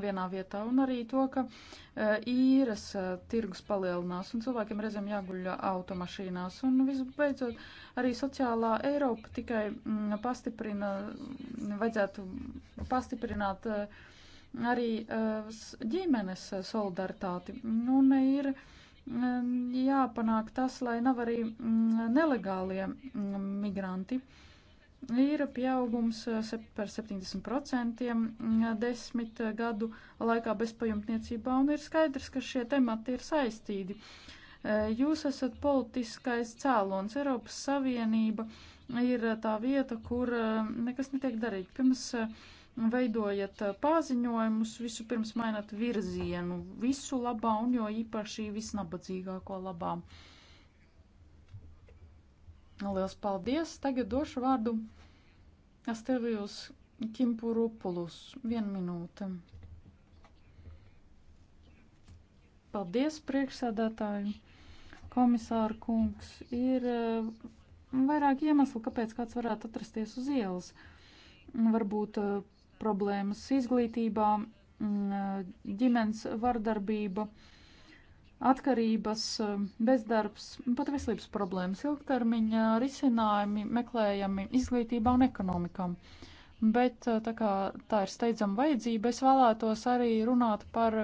vienā vietā, un arī to, ka eh, īres eh, tirgus palielinās un cilvēkiem reizēm jāguļ automašīnās. Un visbeidzot, arī sociālā Eiropa tikai mm, pastiprina, vajadzētu pastiprināt arī ģimenes solidaritāti. Nu, ir, uh, Mm, jāpanāk tas, lai nav arī mm, nelegālie mm, migranti. Ir pieaugums eh, par 70% desmit gadu laikā bezpajumtniecībā, un ir skaidrs, ka šie temati ir saistīti. Eh, jūs esat politiskais cēlons, Eiropas Savienība ir tā vieta, kur eh, nekas netiek darīt. Pirms uh, veidojat paziņojumus, vispirms mainat virzienu visu labā un jo īpaši visnabadzīgāko labā. Lielas paldies! Tagad došu vārdu Astelijus Kimpurupulus. Vienu minūte. Paldies, priekšsēdētāji! Komisāra kungs ir vairāk iemeslu, kāpēc kāds varētu atrasties uz ielas. Varbūt problēmas izglītībā, mm, ģimenes vardarbība, atkarības, bezdarbs, pat veselības problēmas, ilgtermiņa risinājumi meklējami izglītībā un ekonomikā. Bet eh, tā kā tā ir steidzama vajadzība, es vēlētos arī runāt par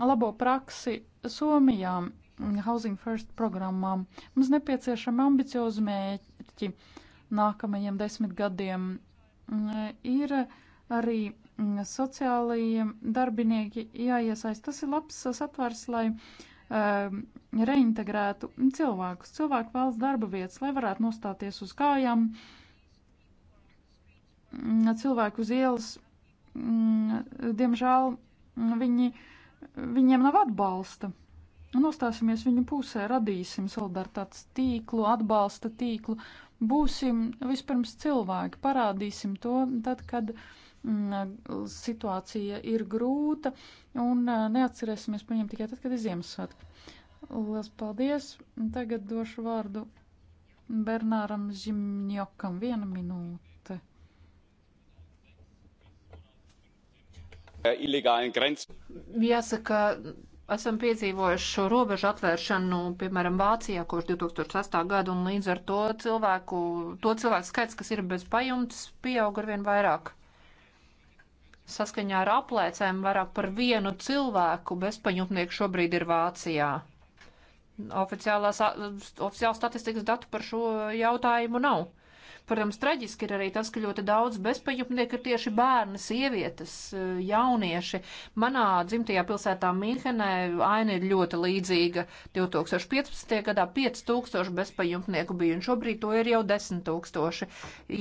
labo praksi Somijā Housing First programmām. Mums nepieciešami ambiciozi mērķi nākamajiem desmit gadiem. Mm, ir uh, arī mm, sociālajie darbinieki jāiesaist. Tas ir labs uh, satvers, lai um, reintegrētu cilvēkus. Cilvēki vēlas darba vietas, lai varētu nostāties uz kājām. Mm, cilvēku uz ielas, um, diemžēl, viņi, viņiem nav atbalsta. Nostāsimies viņu pusē, radīsim solidaritātes tīklu, atbalsta tīklu, būsim vispirms cilvēki, parādīsim to tad, kad uh, Mm, situācija ir grūta un uh, neatcerēsimies par viņiem tikai tad, kad ir Ziemassvētki. Lielas paldies! Tagad došu vārdu Bernāram Zimņokam. Viena minūte. Jāsaka, esam piedzīvojuši šo robežu atvēršanu, piemēram, Vācijā kopš 2008. gada, un līdz ar to cilvēku, to cilvēku skaits, kas ir bez pajumtes, pieaug arvien vairāk. Saskaņā ar aplēcēm vairāk par vienu cilvēku bezpajumtnieku šobrīd ir Vācijā. Oficiālās, oficiāla statistikas datu par šo jautājumu nav. Protams, traģiski ir arī tas, ka ļoti daudz bezpajumtnieku ir tieši bērni, sievietes, e, jaunieši. Manā dzimtajā pilsētā Mīnhenē aina ir ļoti līdzīga. 2015. gadā 5000 bezpajumtnieku bija, un šobrīd to ir jau 10 tūkstoši.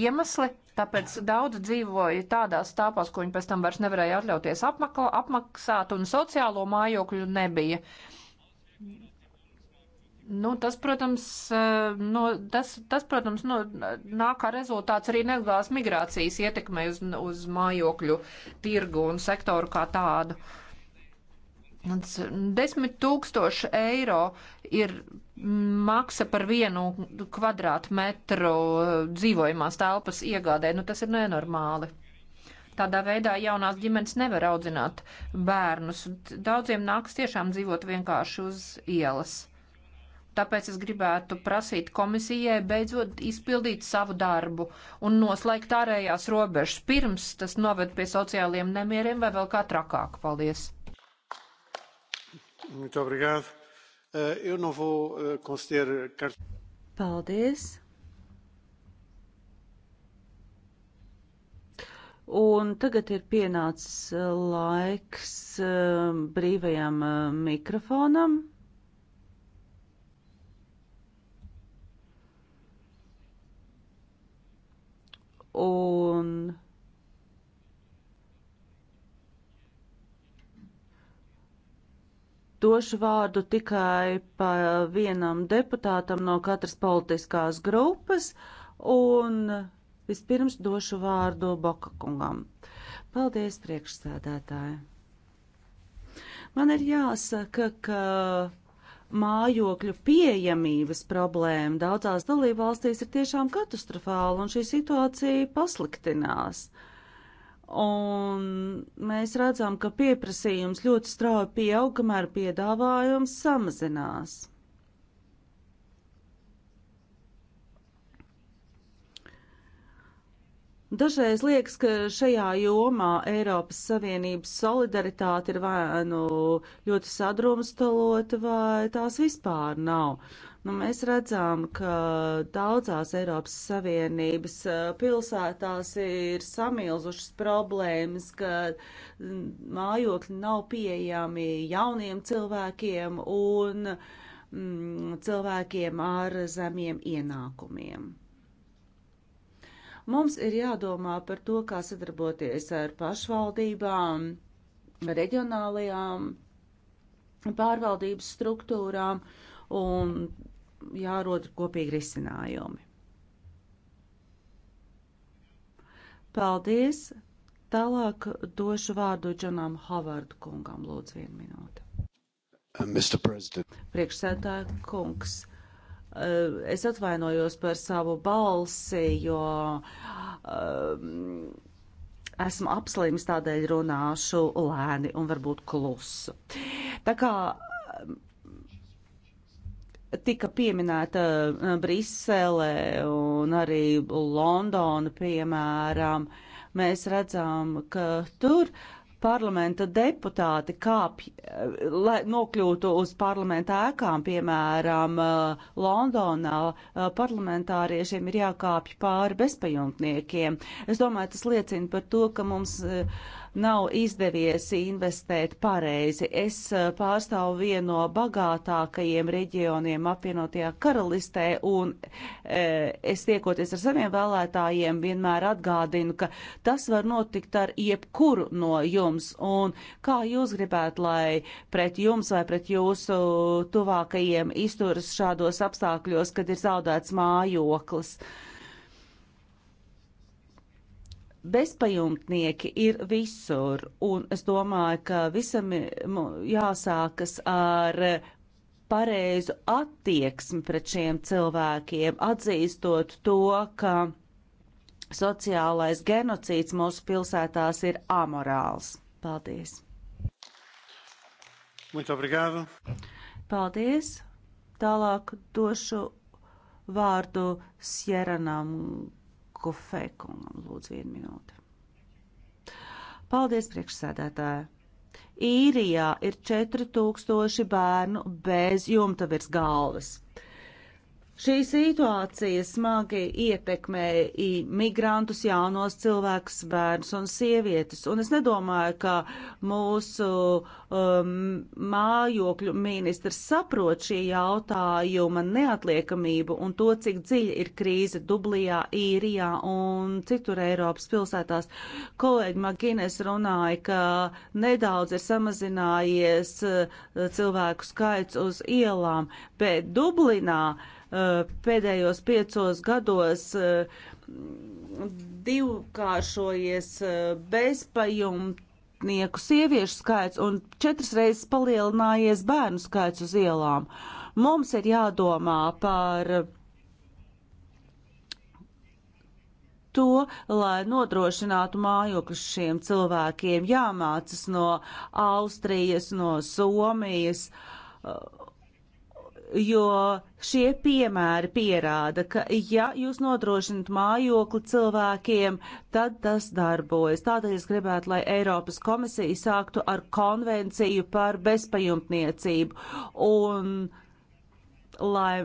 Iemesli Tāpēc daudz dzīvoja tādās tāpās, ko viņi pēc tam vairs nevarēja atļauties apmakla, apmaksāt, un sociālo mājokļu nebija. Uh, Nu, tas, protams, eh, no, tas, tas, protams no, nāk kā rezultāts arī nelegālas migrācijas ietekmei uz, uz mājokļu tirgu un sektoru kā tādu. Desmit tūkstoši eiro ir maksa par vienu kvadrātmetru eh, dzīvojumās telpas iegādē. Nu, tas ir nenormāli. Tādā veidā jaunās ģimenes nevar audzināt bērnus. Daudziem nāks tiešām dzīvot vienkārši uz ielas. Tāpēc es gribētu prasīt komisijai beidzot izpildīt savu darbu un noslēgt ārējās robežas pirms tas noved pie sociāliem nemieriem vai vēl kā trakāk. Paldies! Eh, eh, Paldies! Un tagad ir pienācis laiks eh, brīvajam mikrofonam. un došu vārdu tikai pa vienam deputātam no katras politiskās grupas, un vispirms došu vārdu Bokakungam. Paldies, priekšsēdētāji! Man ir jāsaka, ka mājokļu pieejamības problēma daudzās dalībvalstīs ir tiešām katastrofāla, un šī situācija pasliktinās. Un mēs redzam, ka pieprasījums ļoti strauji pieaug, kamēr piedāvājums samazinās. Dažreiz liekas, ka šajā jomā Eiropas Savienības solidaritāte ir vai nu ļoti sadrumstalota, vai tās vispār nav. Nu, mēs redzam, ka daudzās Eiropas Savienības pilsētās ir samilzušas problēmas, ka mājokļi nav pieejami jauniem cilvēkiem un mm, cilvēkiem ar zemiem ienākumiem. Mums ir jādomā par to, kā sadarboties ar pašvaldībām, reģionālajām pārvaldības struktūrām un jārod kopīgi risinājumi. Paldies! Tālāk došu vārdu Džonam Havardu kungam. Lūdzu, vienu minūti. Uh, Priekšsēdētāja kungs. Eh, es atvainojos par savu balsi, jo um, esmu apslims, tādēļ runāšu lēni un varbūt klusu. Tā kā eh, tika pieminēta Brisele un arī Londona, piemēram, mēs redzam, ka tur uh, parlamenta deputāti kāpj, eh, lai nokļūtu uz parlamenta ēkām, piemēram, eh, Londonā, eh, parlamentāriešiem ir jākāpj pāri bezpajumtniekiem. Es domāju, tas liecina par to, ka mums. Uh, nav izdevies investēt pareizi. Es eh, pārstāvu vienu no bagātākajiem reģioniem apvienotajā karalistē, un e, es tiekoties ar saviem vēlētājiem vienmēr atgādinu, ka tas var notikt ar jebkuru no jums, un kā jūs gribētu, lai pret jums vai pret jūsu tuvākajiem izturas šādos apstākļos, kad ir zaudēts mājoklis. Uh, bezpajumtnieki ir visur, un es domāju, ka visam jāsākas ar pareizu attieksmi pret šiem cilvēkiem, atzīstot to, ka sociālais genocīds mūsu pilsētās ir amorāls. Paldies! Muito obrigado. Paldies! Tālāk došu vārdu Sieranam Kufē kungam. Lūdzu, vienu minūti. Paldies, priekšsēdētāji! Īrijā ir 4000 bērnu bez jumta virs galvas. Šī situācija smagi ietekmē migrantus, jaunos cilvēkus, bērnus un sievietes. Un es nedomāju, ka mūsu um, mājokļu ministrs saprot šī jautājuma neatliekamību un to, cik dziļa ir krīze Dublijā, Īrijā un citur Eiropas pilsētās. Kolēģi Magines runāja, ka nedaudz ir samazinājies uh, cilvēku skaits uz ielām, bet Dublinā Eh, pēdējos piecos gados eh, divkāršojies eh, bezpajumtnieku sieviešu skaits un četras reizes palielinājies bērnu skaits uz ielām. Mums ir jādomā par to, lai nodrošinātu mājokļus šiem cilvēkiem, jāmācas no Austrijas, no Somijas. Uh, jo šie piemēri pierāda, ka ja jūs nodrošinat mājokli cilvēkiem, tad tas darbojas. Tādēļ es gribētu, lai Eiropas komisija sāktu ar konvenciju par bezpajumtniecību un lai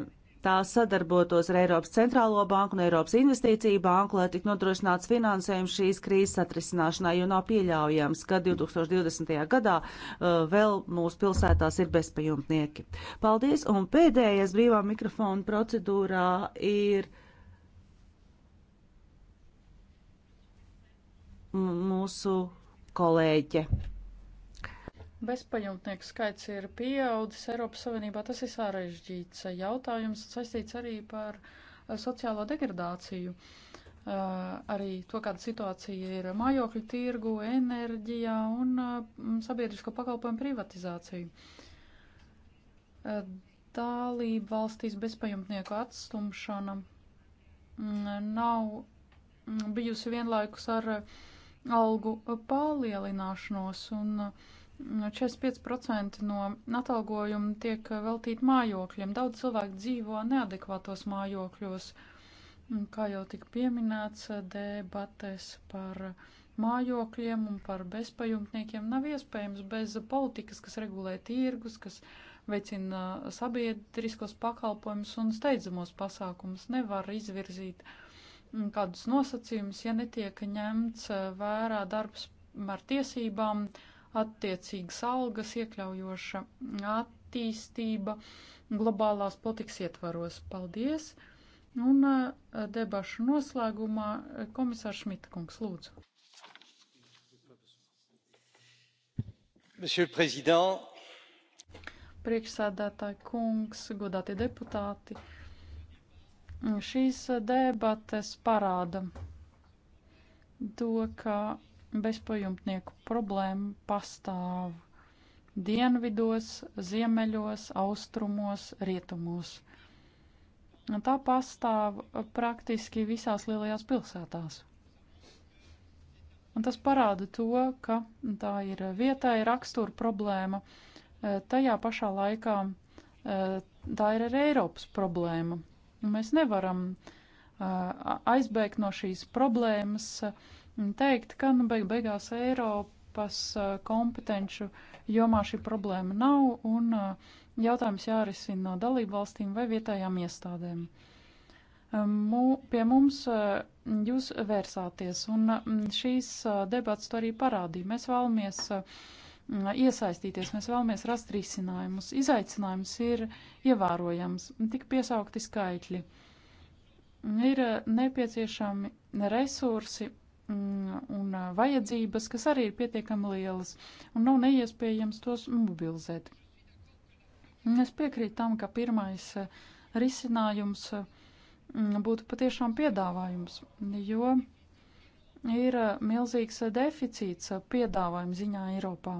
tās sadarbotos ar Eiropas centrālo banku un Eiropas investīciju banku, lai tik nodrošināts finansējums šīs krīzes atrisināšanai, jo nav pieļaujams, ka 2020. gadā uh, vēl mūsu pilsētās ir bezpajumtnieki. Paldies, un pēdējais brīvā mikrofona procedūrā ir. mūsu kolēģe bezpajumtnieku skaits ir pieaudzis Eiropas Savienībā. Tas ir sarežģīts jautājums, saistīts arī par eh, sociālo degradāciju. Eh, arī to, kāda situācija ir mājokļu tirgu, enerģijā un eh, sabiedrisko pakalpojumu privatizāciju. Dalība valstīs bezpajumtnieku atstumšana mm, nav mm, bijusi vienlaikus ar algu palielināšanos un uh, 45% mm, no atalgojuma tiek eh, veltīti mājokļiem. Daudz cilvēku dzīvo neadekvātos mājokļos. Kā jau tika pieminēts, eh, debates par mājokļiem un par bezpajumtniekiem nav iespējams bez politikas, kas regulē tirgus, kas veicina eh, sabiedriskos pakalpojumus un steidzamos pasākumus. Nevar izvirzīt mm, kādus nosacījumus, ja netiek ņemts vērā darbs ar tiesībām, uh, attiecīgas algas, iekļaujoša attīstība globālās politikas ietvaros. Paldies! Un eh, debašu noslēgumā eh, komisārs Šmita kungs lūdzu. Monsieur le Président, priekšsēdētāji kungs, godātie deputāti, šīs debates parāda to, ka bezpajumtnieku problēma pastāv dienvidos, ziemeļos, austrumos, rietumos. Tā pastāv praktiski visās lielajās pilsētās. Un tas parāda to, ka tā ir vietēja rakstura problēma. Eh, tajā pašā laikā eh, tā ir arī Eiropas problēma. Mēs nevaram eh, aizbēgt no šīs problēmas, uh, teikt, ka nu, beig beigās Eiropas kompetenču jomā šī problēma nav un jautājums jārisina no dalību valstīm vai vietējām iestādēm. Mū, pie mums jūs vērsāties, un šīs debats to arī parādīja. Mēs vēlamies iesaistīties, mēs vēlamies rast risinājumus. Izaicinājums ir ievērojams, tik piesaukti skaitļi. Ir nepieciešami resursi Mm, un vajadzības, kas arī ir pietiekami lielas, un nav neiespējams tos mobilizēt. Es piekrītu tam, ka pirmais risinājums mm, būtu patiešām piedāvājums, jo ir milzīgs deficīts piedāvājuma ziņā Eiropā.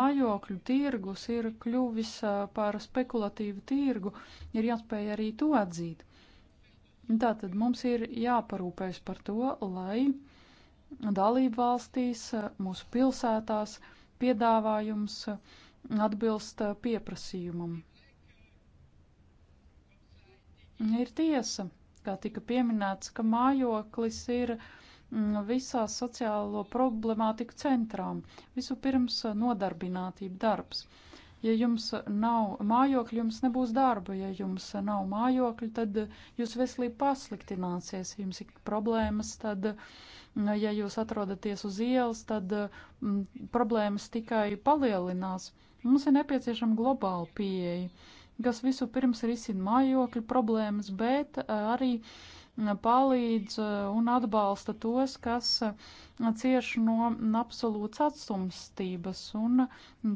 Mājokļu tirgus ir kļuvis par spekulatīvu tirgu, ir jāspēj arī to atzīt. Tātad mums ir jāparūpēs par to, lai dalību valstīs, mūsu pilsētās piedāvājums atbilst pieprasījumam. Ir tiesa, kā tika pieminēts, ka mājoklis ir mm, visās sociālo problemātiku centrām. Vispirms nodarbinātība darbs. Ja jums nav mājokļa, jums nebūs darba. Ja jums nav mājokļa, tad jūs veselība pasliktināsies. Ja jums ir problēmas, tad, ja jūs atrodaties uz ielas, tad m, mm, problēmas tikai palielinās. Mums ir nepieciešama globāla pieeja, kas visu pirms risina mājokļu problēmas, bet eh, arī uh, palīdz uh, un atbalsta tos, kas uh, cieš no absolūts atstumstības un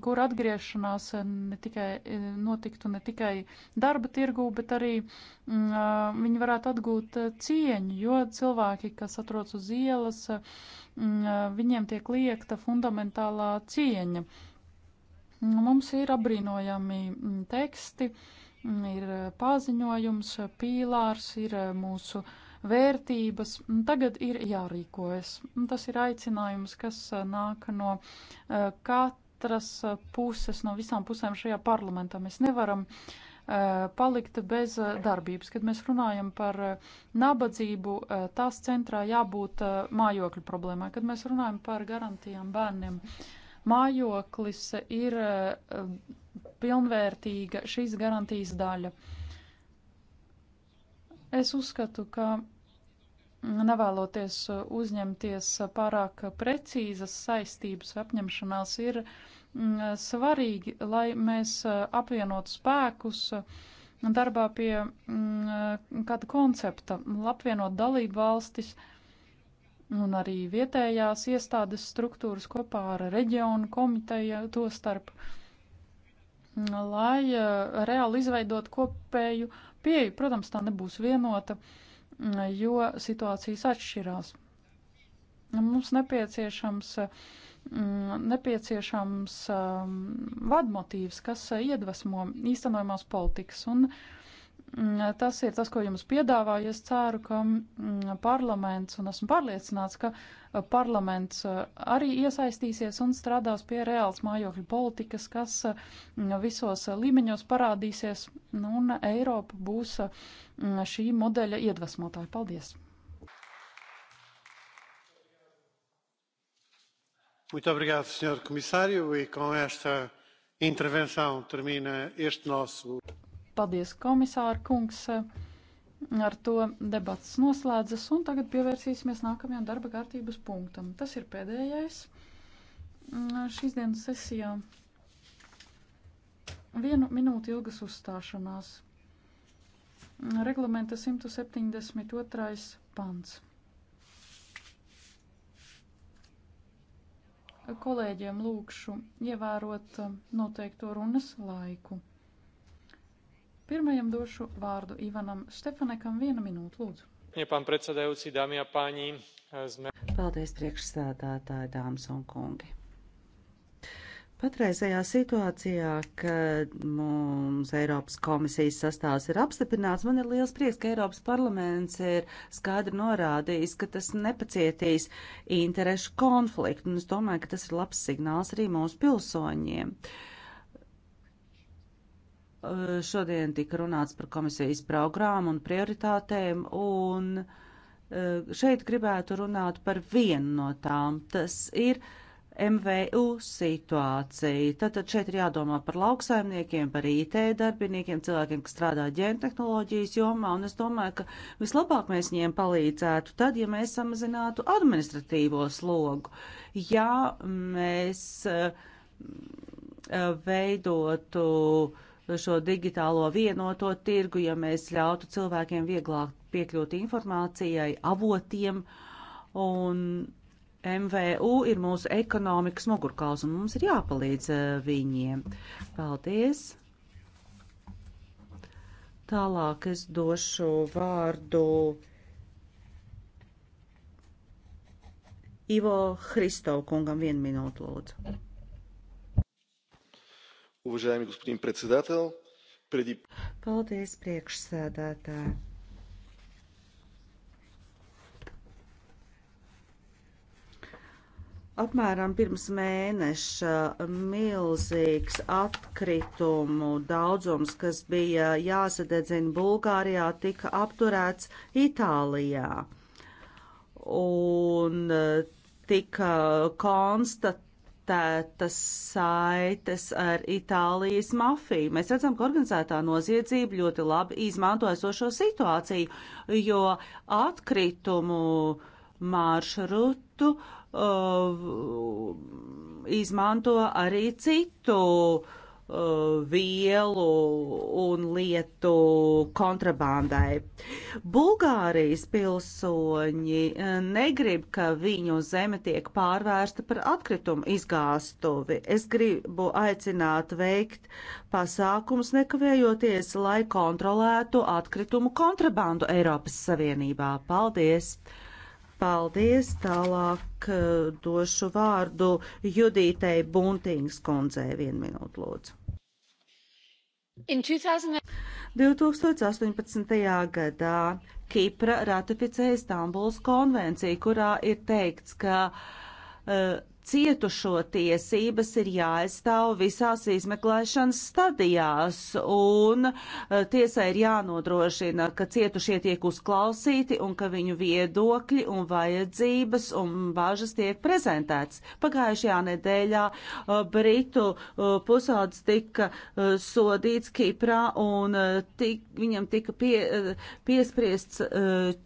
kur atgriešanās uh, ne tikai, notiktu ne tikai darba tirgū, bet arī mm, viņi varētu atgūt cieņu, jo cilvēki, kas atrodas uz ielas, mm, viņiem tiek liekta fundamentālā cieņa. Mums ir apbrīnojami mm, teksti, uh, ir eh, paziņojums, eh, pīlārs, ir eh, mūsu vērtības. Tagad ir jārīkojas. Tas ir aicinājums, kas nāk no katras puses, no visām pusēm šajā parlamentā. Mēs nevaram palikt bez darbības. Kad mēs runājam par nabadzību, tās centrā jābūt mājokļu problēmai. Kad mēs runājam par garantijām bērniem, mājoklis ir pilnvērtīga šīs garantijas daļa. Es uzskatu, ka nevēloties uzņemties pārāk precīzas saistības apņemšanās, ir mm, svarīgi, lai mēs apvienotu spēkus darbā pie mm, kāda koncepta, apvienot dalību valstis un arī vietējās iestādes struktūras kopā ar reģionu komiteju to starp. Uh, lai eh, reāli izveidot kopēju pieeju. Protams, tā nebūs vienota, mm, jo situācijas atšķirās. Mums nepieciešams, eh, mm, nepieciešams eh, vadmotīvs, kas iedvesmo īstenojumās politikas. Un, uh, Mm, tas ir tas, ko jums piedāvāju. Es ceru, ka mm, parlaments, un esmu pārliecināts, ka eh, parlaments eh, arī iesaistīsies un strādās pie reāls mājokļu politikas, kas mm, visos eh, līmeņos parādīsies, nu, un Eiropa būs šī modeļa iedvesmotāja. Paldies! Muito obrigado, Sr. Comissário, e com esta intervenção termina este nosso. Paldies, komisāra kungs! Ar to debats noslēdzas, un tagad pievērsīsimies nākamajam darba kārtības punktam. Tas ir pēdējais mm, šīs dienas sesijā. Vienu minūti ilgas uzstāšanās. Reglamenta 172. pants. Kolēģiem lūkšu ievērot noteikto runas laiku. Pirmajam došu vārdu Ivanam Štefanekam viena minūte, lūdzu. Eh, Paldies, priekšsēdētāji, dāmas un kungi. Patreizajā situācijā, kad mums Eiropas komisijas sastāvs ir apstiprināts, man ir liels prieks, ka Eiropas parlaments ir skaidri norādījis, ka tas nepacietīs interešu konfliktu, un es domāju, ka tas ir labs signāls arī mūsu pilsoņiem. Uh, Eh, šodien tika runāts par komisijas programmu un prioritātēm, un eh, šeit gribētu runāt par vienu no tām. Tas ir MVU situācija. Tātad šeit ir jādomā par lauksaimniekiem, par IT darbiniekiem, cilvēkiem, kas strādā ģēntehnoloģijas jomā, un es domāju, ka vislabāk mēs viņiem palīdzētu tad, ja mēs samazinātu administratīvo slogu. Ja mēs eh, veidotu uh, šo digitālo vienoto tirgu, ja mēs ļautu cilvēkiem vieglāk piekļūt informācijai, avotiem. Un MVU ir mūsu ekonomikas mugurkauls, un mums ir jāpalīdz eh, viņiem. Paldies! Tālāk es došu vārdu Ivo Hristo kungam vienu minūtu lūdzu. Уважаеми господин председател, преди... Paldies, priekšsēdētāji. Apmēram pirms mēneša milzīgs atkritumu daudzums, kas bija jāsadedzina Bulgārijā, tika apturēts Itālijā. Un eh, tika konstat konstatētas saites ar Itālijas mafiju. Mēs redzam, ka organizētā noziedzība ļoti labi izmanto esošo situāciju, jo atkritumu maršrutu uh, izmanto arī citu uh, Uh, vielu un lietu kontrabandai. Bulgārijas pilsoņi uh, negrib, ka viņu zeme tiek pārvērsta par atkritumu izgāstuvi. Es gribu aicināt veikt pasākums nekavējoties, lai kontrolētu atkritumu kontrabandu Eiropas Savienībā. Paldies! Paldies! Tālāk eh, došu vārdu Judītei Buntīngas kundzei. Vienu minūtu lūdzu. 2000... 2018. gadā Kipra ratificēja Stambuls konvenciju, kurā ir teikts, ka uh, Cietušo tiesības ir jāaizstāv visās izmeklēšanas stadijās, un eh, tiesai ir jānodrošina, ka cietušie tiek uzklausīti un ka viņu viedokļi un vajadzības un bāžas tiek prezentēts. Pagājušajā nedēļā eh, Britu eh, pusauds tika sodīts Kiprā un tik, viņam tika pie, piespriests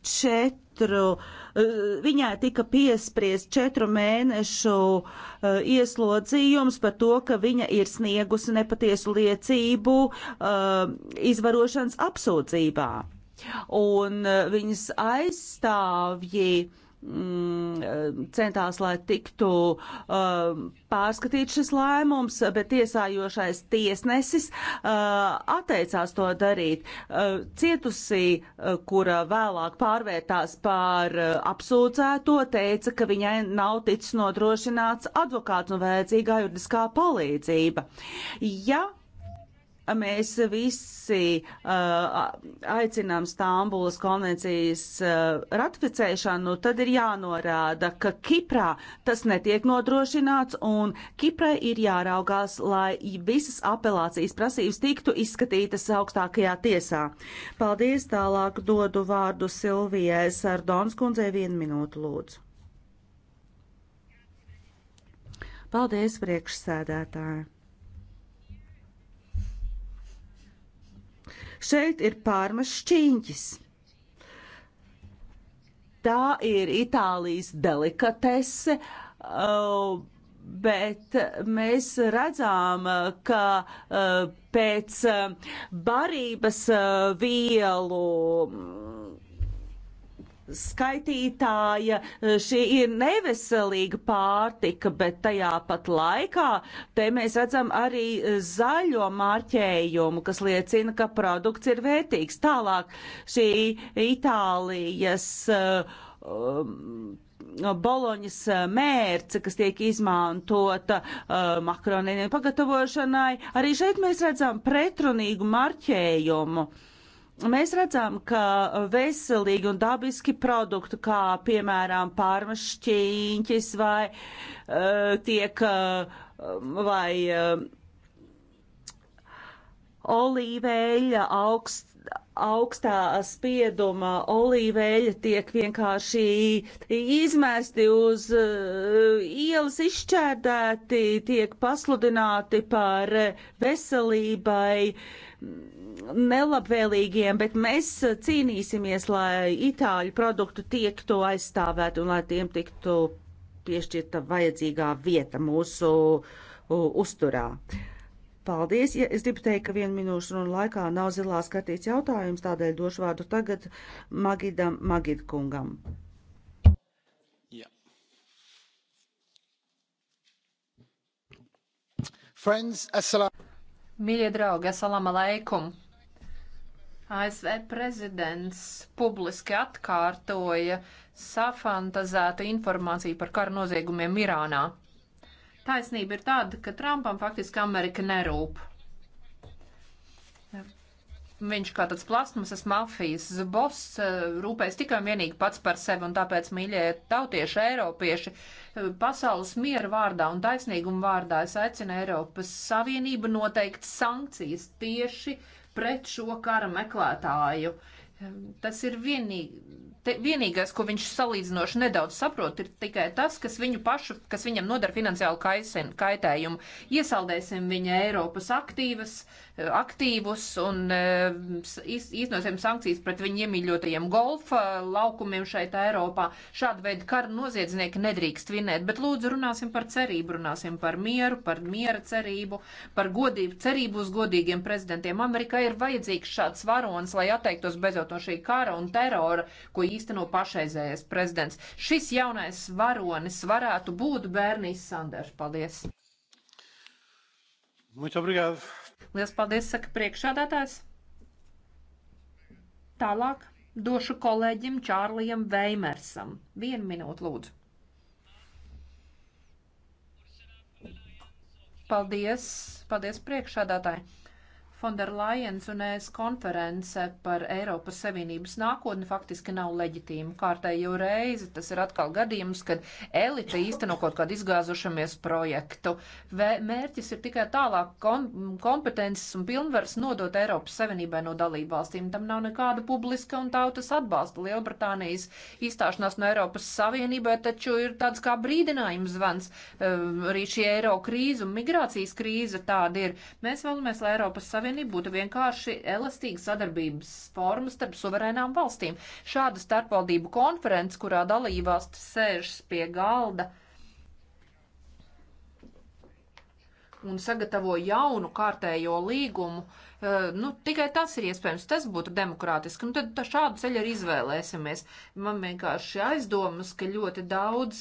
četri četru, eh, viņai tika piespriest četru mēnešu eh, ieslodzījums par to, ka viņa ir sniegusi nepatiesu liecību eh, izvarošanas apsūdzībā. Un viņas aizstāvji Mm, centās, lai tiktu uh, pārskatīts šis lēmums, bet tiesājošais tiesnesis uh, atteicās to darīt. Uh, cietusī, uh, kura vēlāk pārvērtās par uh, apsūdzēto, teica, ka viņai nav ticis nodrošināts advokāts un vajadzīgā juridiskā palīdzība. Ja mēs visi uh, aicinām Stambulas konvencijas uh, ratificēšanu, nu, tad ir jānorāda, ka Kiprā tas netiek nodrošināts un Kiprai ir jāraugās, lai visas apelācijas prasības tiktu izskatītas augstākajā tiesā. Paldies, tālāk dodu vārdu Silvijai Sardonskundzei vienu minūtu lūdzu. Paldies, priekšsēdētāji! Šeit ir pārmas šķīņķis. Tā ir Itālijas delikatese, uh, bet mēs redzām, ka uh, pēc uh, barības vielu skaitītāja, eh, šī ir neveselīga pārtika, bet tajā pat laikā te mēs redzam arī eh, zaļo marķējumu, kas liecina, ka produkts ir vērtīgs. Tālāk šī Itālijas eh, um, Boloņas mērce, kas tiek izmantota uh, makaroniem pagatavošanai, arī šeit mēs redzam pretrunīgu marķējumu. Uh, mēs redzam, ka veselīgi un dabiski produktu, kā piemēram pārmašķīņķis vai uh, tiek uh, vai uh, olīveļa augst, augstā spieduma olīveļa tiek vienkārši izmesti uz uh, ielas, izšķērdēti, tiek pasludināti par veselībai. Uh, nelabvēlīgiem, bet mēs cīnīsimies, lai itāļu produktu tiektu aizstāvēt un lai tiem tiktu piešķirta vajadzīgā vieta mūsu uzturā. Paldies! Ja es gribu teikt, ka vienu minūšu runu laikā nav zilā skatīts jautājums, tādēļ došu vārdu tagad Magidam Magidkungam. Yeah. Friends, assalamu. Mīļie draugi, assalamu alaikum! ASV prezidents publiski atkārtoja safantazētu informāciju par kara noziegumiem Irānā. Taisnība ir tāda, ka Trumpam faktiski Amerika nerūp. Viņš kā tāds plasmasas mafijas boss eh, rūpēs tikai un vienīgi pats par sevi, un tāpēc, mīļie tautieši, eiropieši, eh, pasaules miera vārdā un taisnīguma vārdā es aicinu Eiropas Savienību noteikt sankcijas tieši uh, pret šo kara meklētāju. Tas ir vienīgi, te, vienīgais, ko viņš salīdzinoši nedaudz saprot, ir tikai tas, kas viņu pašu, kas viņam nodara finansiālu kaisen, kaitējumu. Iesaldēsim viņa Eiropas aktīvas, uh, aktīvus un īstenosim eh, sankcijas pret viņu iemīļotajiem golfa eh, laukumiem šeit Eiropā. Šāda veida kara noziedznieki nedrīkst vinēt, bet lūdzu runāsim par cerību, runāsim par mieru, par miera cerību, par godību, cerību uz godīgiem prezidentiem. Amerikā ir vajadzīgs šāds varons, lai atteiktos beidzot no šī kara un terora, ko īsteno pašreizējais prezidents. Šis jaunais varonis varētu būt Bērnijas Sanders. Paldies! Muito obrigado. Lielas paldies, saka priekšādātājs. Tālāk došu kolēģim Čārlijam Veimersam. Vienu minūtu lūdzu. Paldies, paldies priekšādātāji. Fonderlajens un es konference par Eiropas Savienības nākotni faktiski nav leģitīma. Kārtējo reizi tas ir atkal gadījums, kad elite īsteno kaut kādu izgāzušamies projektu. Vē, mērķis ir tikai tālāk kom kompetences un pilnvars nodot Eiropas Savienībai no dalību valstīm. Tam nav nekāda publiska un tautas atbalsta. Lielbritānijas izstāšanās no Eiropas Savienībai taču ir tāds kā brīdinājums zvans. Um, arī šī eiro krīze un migrācijas krīze tāda ir. Mēs vēlamies, lai Eiropas Savienība Savienību būtu vienkārši elastīga sadarbības forma starp suverēnām valstīm. Šāda starpvaldību konference, kurā dalībvalstis sēžas pie galda un sagatavo jaunu kārtējo līgumu, uh, Eh, nu, tikai tas ir iespējams, tas būtu demokrātiski, un nu, tad šādu ceļu arī izvēlēsimies. Man vienkārši aizdomas, ka ļoti daudz,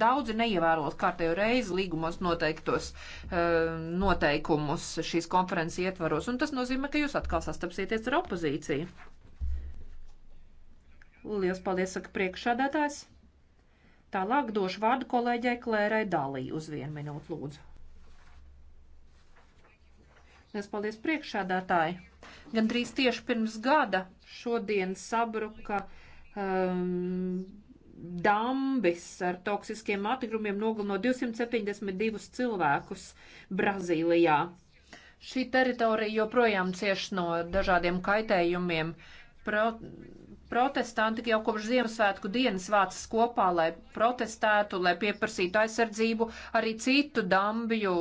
daudzi neievēros kārtējo reizi līgumos noteiktos eh, noteikumus šīs konferences ietvaros, un tas nozīmē, ka jūs atkal sastapsieties ar opozīciju. Lielas paldies, saka priekšsādātājs. Tālāk došu vārdu kolēģei Klērai Dalī uz vienu minūtu lūdzu. Liels paldies priekšādātāji! Gan drīz tieši pirms gada šodien sabruka um, dambis ar toksiskiem atkrumiem nogalino 272 cilvēkus Brazīlijā. Šī teritorija joprojām cieš no dažādiem kaitējumiem. Pro, protestanti jau kopš Ziemassvētku dienas vācas kopā, lai protestētu, lai pieprasītu aizsardzību arī citu dambju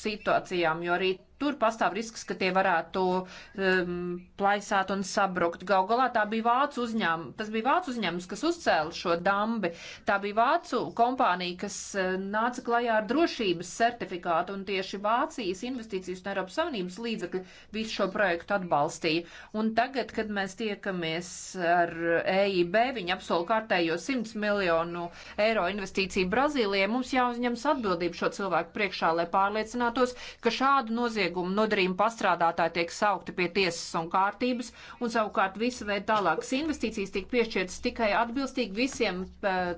situācijām, jo arī tur pastāv risks, ka tie varētu um, plaisāt un sabrukt. Gal galā tā bija vācu uzņēmums, tas bija vācu uzņēmums, kas uzcēla šo dambi. Tā bija vācu kompānija, kas uh, nāca klajā ar drošības certifikātu un tieši Vācijas investīcijas un Eiropas Savienības līdzekļi visu šo projektu atbalstīja. Un tagad, kad mēs tiekamies ar EIB, viņi apsola kārtējo 100 miljonu eiro investīciju Brazīlijai, mums jāuzņems atbildību šo cilvēku priekšā, lai pārliecinātos, ka šādu noziegumu noziegumu nodarījumu pastrādātāji tiek saukti pie tiesas un kārtības, un savukārt visa veida tālākas investīcijas tiek piešķirtas tikai atbilstīgi visiem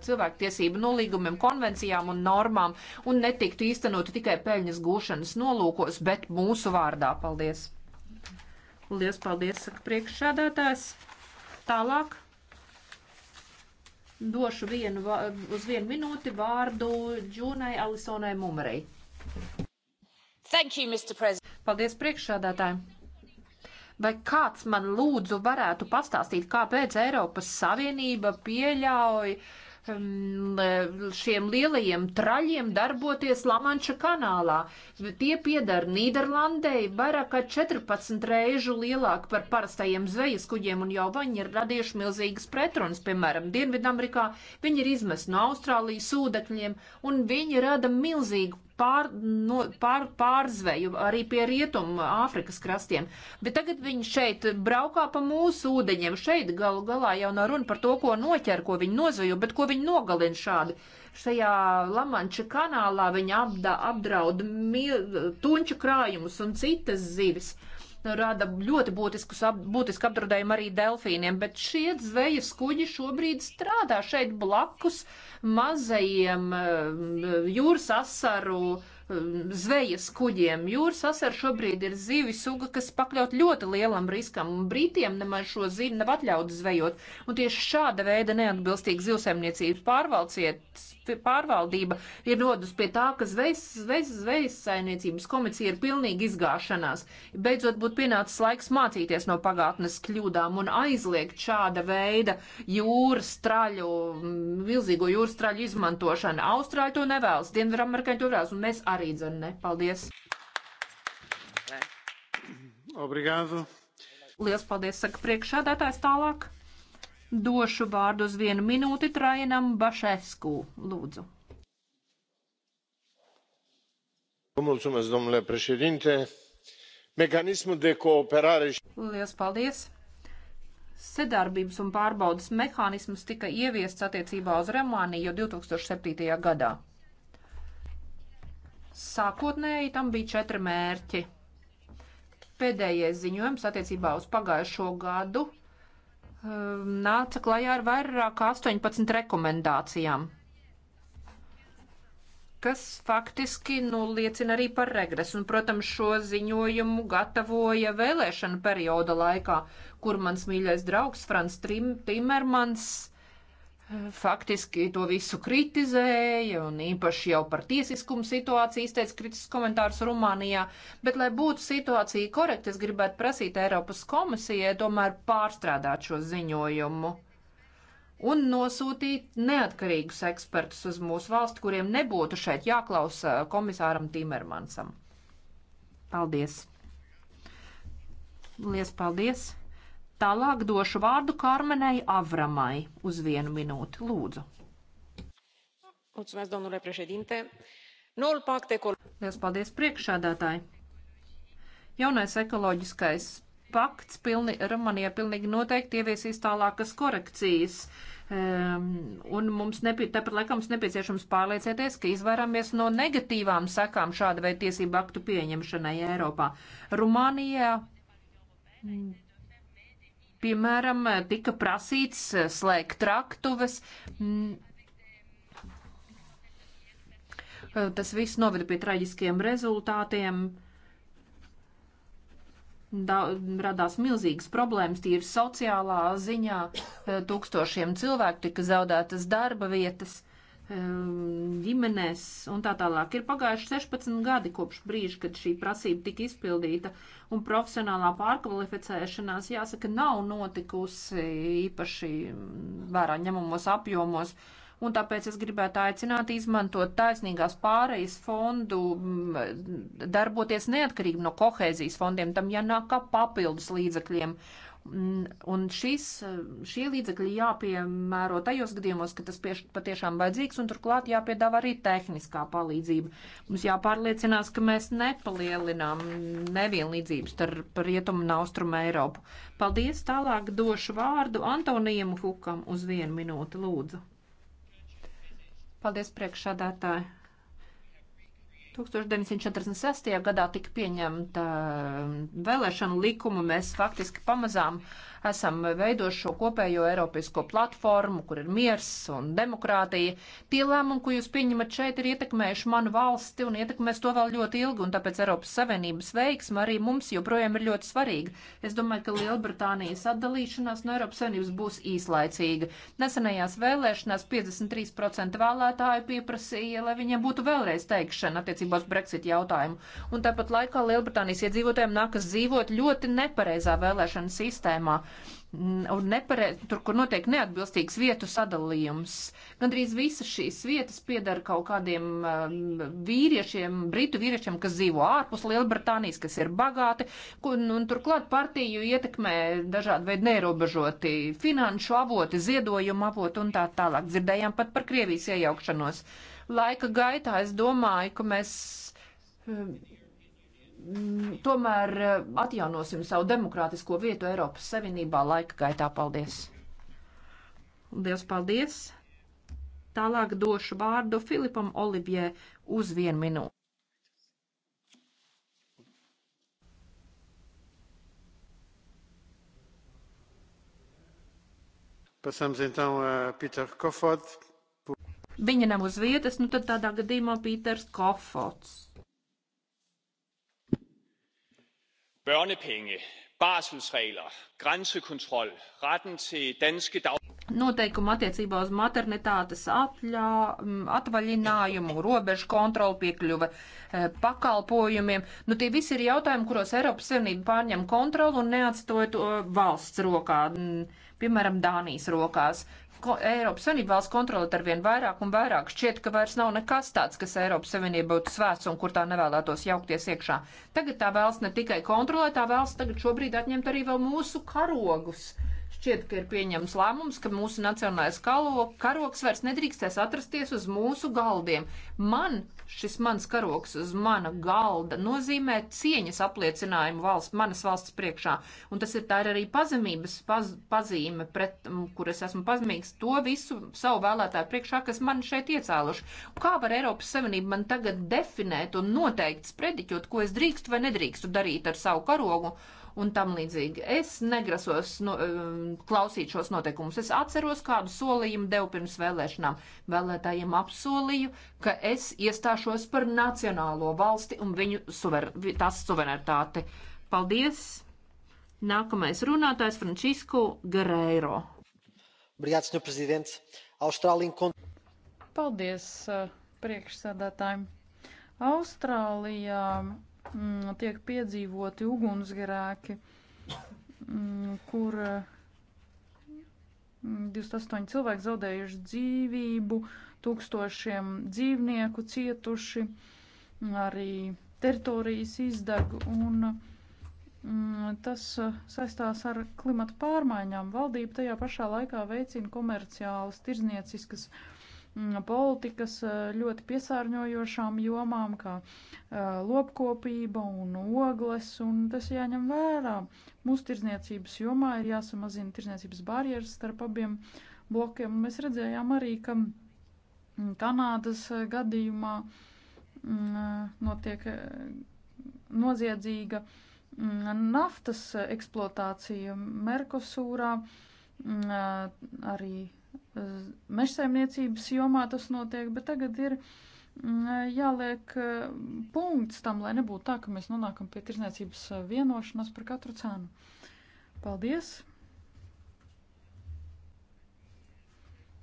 cilvēktiesību nolīgumiem, konvencijām un normām, un netiktu īstenot tikai peļņas gūšanas nolūkos, bet mūsu vārdā. Paldies! Lielas paldies, saka priekšsādātājs. Tālāk došu vienu, uz vienu minūti vārdu Džūnai Alisonai Mumerei. Thank you, Mr. President. Paldies priekšsādātājiem! Vai kāds man lūdzu varētu pastāstīt, kāpēc Eiropas Savienība pieļauj um, šiem lielajiem traļiem darboties Lamanča kanālā? Tie piedara Nīderlandei vairāk kā 14 reižu lielāk par parastajiem zvejas kuģiem, un jau viņi ir radījuši milzīgas pretrunas. Piemēram, Dienvidamerikā viņi ir izmest no Austrālijas ūdekļiem, un viņi rada milzīgu pār, no, pār, pārzveju arī pie rietumu Āfrikas krastiem. Bet tagad viņi šeit braukā pa mūsu ūdeņiem. Šeit galu galā jau nav runa par to, ko noķer, ko viņi nozvejo, bet ko viņi nogalina šādi. Šajā Lamanča kanālā viņi apda, apdraud mil, tunču krājumus un citas zivis. Uh, Nu, rada ļoti būtiskus, ap, būtisku apdraudējumu arī delfīniem, bet šie zvejas kuģi šobrīd strādā šeit blakus mazajiem eh, jūras asaru eh, zvejas kuģiem. Jūras asara šobrīd ir zivi suga, kas pakļaut ļoti lielam riskam, un brītiem nemaz šo zivi nav atļauts zvejot. Un tieši šāda veida neatbilstīga zivsaimniecības pārvalciet pārvaldība ir rodus pie tā, ka zvejas, zvejas, zvejas saimniecības komisija ir pilnīgi izgāšanās. Beidzot būtu pienācis laiks mācīties no pagātnes kļūdām un aizliegt šāda veida jūras traļu, milzīgo jūras traļu izmantošanu. Austrāļi to nevēlas, Dienvidamerikāņi to vēlas, un mēs arī dzen ne. Paldies! Obrigado. Lielas paldies, saka priekšādātājs tālāk. Došu vārdu uz vienu minūti Trajanam Bašesku. Lūdzu. Mulțumesc, domnule președinte. Mecanismul de cooperare și... Lielas paldies! Sadarbības un pārbaudas mehānisms tika ieviests attiecībā uz Rumāniju jau 2007. gadā. Sākotnēji tam bija četri mērķi. Pēdējais ziņojums attiecībā uz pagājušo gadu Um, nāca klajā ar vairāk kā 18 rekomendācijām, kas faktiski nu, liecina arī par regresu. Un, protams, šo ziņojumu gatavoja vēlēšana perioda laikā, kur mans mīļais draugs Frans Tim Timermans faktiski to visu kritizēja un īpaši jau par tiesiskumu situāciju izteica kritisks komentārs Rumānijā. Bet, lai būtu situācija korekta, es gribētu prasīt Eiropas komisijai tomēr pārstrādāt šo ziņojumu un nosūtīt neatkarīgus ekspertus uz mūsu valsti, kuriem nebūtu šeit jāklausa komisāram Timermansam. Paldies! Lies paldies! Tālāk došu vārdu Kārmenei Avramai uz vienu minūti. Lūdzu. Mulțumesc, domnule președinte. Noul pact ecologic. Lielas paldies priekšādātāji. Jaunais ekoloģiskais pakts pilni, Romanijā pilnīgi noteikti ieviesīs tālākas korekcijas. Um, un mums nepie, tāpat laikam mums nepieciešams pārliecēties, ka izvairāmies no negatīvām sekām šāda veida tiesību aktu pieņemšanai Eiropā. Rumānijā mm, Piemēram, tika prasīts eh, slēgt traktuves. Mm. Eh, tas viss noveda pie traģiskiem rezultātiem. Da, radās milzīgas problēmas tīri sociālā ziņā. Eh, tūkstošiem cilvēku tika zaudētas darba vietas ģimenēs un tā tālāk. Ir pagājuši 16 gadi kopš brīža, kad šī prasība tika izpildīta, un profesionālā pārkvalificēšanās, jāsaka, nav notikusi īpaši vērā ņemumos apjomos. Un tāpēc es gribētu aicināt izmantot taisnīgās pārejas fondu, darboties neatkarīgi no kohēzijas fondiem, tam jānāk kā papildus līdzekļiem. Mm, un šis, eh, šie līdzekļi jāpiemēro tajos gadījumos, ka tas pieš, patiešām vajadzīgs, un turklāt jāpiedāvā arī tehniskā palīdzība. Mums jāpārliecinās, ka mēs nepalielinām nevienlīdzības starp rietumu un austrumu Eiropu. Paldies, tālāk došu vārdu Antonijam Hukam uz vienu minūti, lūdzu. Paldies, priekšādātāji. 1946. gadā tika pieņemta eh, vēlēšana likuma, mēs faktiski pamazām uh, esam veidojuši šo kopējo Eiropisko platformu, kur ir miers un demokrātija. Tie lēmumi, ko jūs pieņemat šeit, ir ietekmējuši manu valsti un ietekmēs to vēl ļoti ilgi, un tāpēc Eiropas Savienības veiksma arī mums joprojām ir ļoti svarīga. Es domāju, ka Lielbritānijas atdalīšanās no Eiropas Savienības būs īslaicīga. Nesenajās vēlēšanās 53% vēlētāju pieprasīja, lai viņiem būtu vēlreiz teikšana attiecībā uz Brexit jautājumu. Un tāpat laikā Lielbritānijas iedzīvotājiem nākas dzīvot ļoti nepareizā vēlēšana sistēmā un nepareiz, tur, kur notiek neatbilstīgs vietu sadalījums. Gandrīz visas šīs vietas piedara kaut kādiem eh, vīriešiem, britu vīriešiem, kas dzīvo ārpus Lielbritānijas, kas ir bagāti, un, un turklāt partiju ietekmē dažādi veidi neierobežoti finanšu avoti, ziedojumu avoti un tā tālāk. Dzirdējām pat par Krievijas iejaukšanos. Laika gaitā es domāju, ka mēs eh, Mm, tomēr eh, atjaunosim savu demokrātisko vietu Eiropas Savienībā laika gaitā. Paldies! Lielas paldies! Tālāk došu vārdu Filipam Olivie uz vienu minūti. Passamos então eh, a Peter Kofod. Viņa nav uz vietas, nu tad tādā gadījumā Pīters Kofods Børnepenge, barselsregler, grænsekontrol, retten til danske dag... Noteikumi attiecībā uz maternitātes atļā, mm, atvaļinājumu, robežu kontroli piekļuva eh, pakalpojumiem. Nu, tie visi ir jautājumi, kuros Eiropas Savienība pārņem kontroli un neatstoja to eh, valsts rokā, mm, piemēram, Dānijas rokās ko, Eiropas Savienība vēlas kontrolēt ar vien vairāk un vairāk. Šķiet, ka vairs nav nekas tāds, kas Eiropas Savienība būtu svēts un kur tā nevēlētos jaukties iekšā. Tagad tā vēlas ne tikai kontrolēt, tā vēlas tagad šobrīd atņemt arī vēl mūsu karogus. Šķiet, ka ir pieņems lēmums, ka mūsu nacionālais kalo, karoks vairs nedrīkstēs atrasties uz mūsu galdiem. Man šis mans karoks uz mana galda nozīmē cieņas apliecinājumu valsts, manas valsts priekšā. Un tas ir tā ir arī pazemības paz, pazīme, pret, kur es esmu pazemīgs, to visu savu vēlētāju priekšā, kas man šeit iecēluši. Kā var Eiropas Savienība man tagad definēt un noteikt sprediķot, ko es drīkstu vai nedrīkstu darīt ar savu karogu? un tam līdzīgi. Es negrasos no, um, klausīt šos noteikumus. Es atceros, kādu solījumu devu pirms vēlēšanām. Vēlētājiem apsolīju, ka es iestāšos par nacionālo valsti un viņu suver, tās suverenitāti. Paldies! Nākamais runātājs Francisco Guerreiro. Obrigado, Sr. Presidente. Austrálija encontra. Paldies eh, priekšsēdētājiem. Austrālijā Mm, tiek piedzīvoti ugunsgrēki, mm, kur 28 mm, cilvēki zaudējuši dzīvību, tūkstošiem dzīvnieku cietuši, arī teritorijas izdeg, un tas eh, saistās ar klimata pārmaiņām. Valdība tajā pašā laikā veicina komerciālas, tirznieciskas, uh, Mm, politikas eh, ļoti piesārņojošām jomām, kā eh, lopkopība un ogles, un tas jāņem vērā. Mūsu tirzniecības jomā ir jāsamazina tirzniecības barjeras starp abiem blokiem, un mēs redzējām arī, ka mm, Kanādas eh, gadījumā mm, notiek noziedzīga naftas eksploatācija Merkosūrā, arī mežsaimniecības jomā tas notiek, bet tagad ir mm, jāliek eh, punkts tam, lai nebūtu tā, ka mēs nonākam pie tirzniecības eh, vienošanās par katru cenu. Paldies!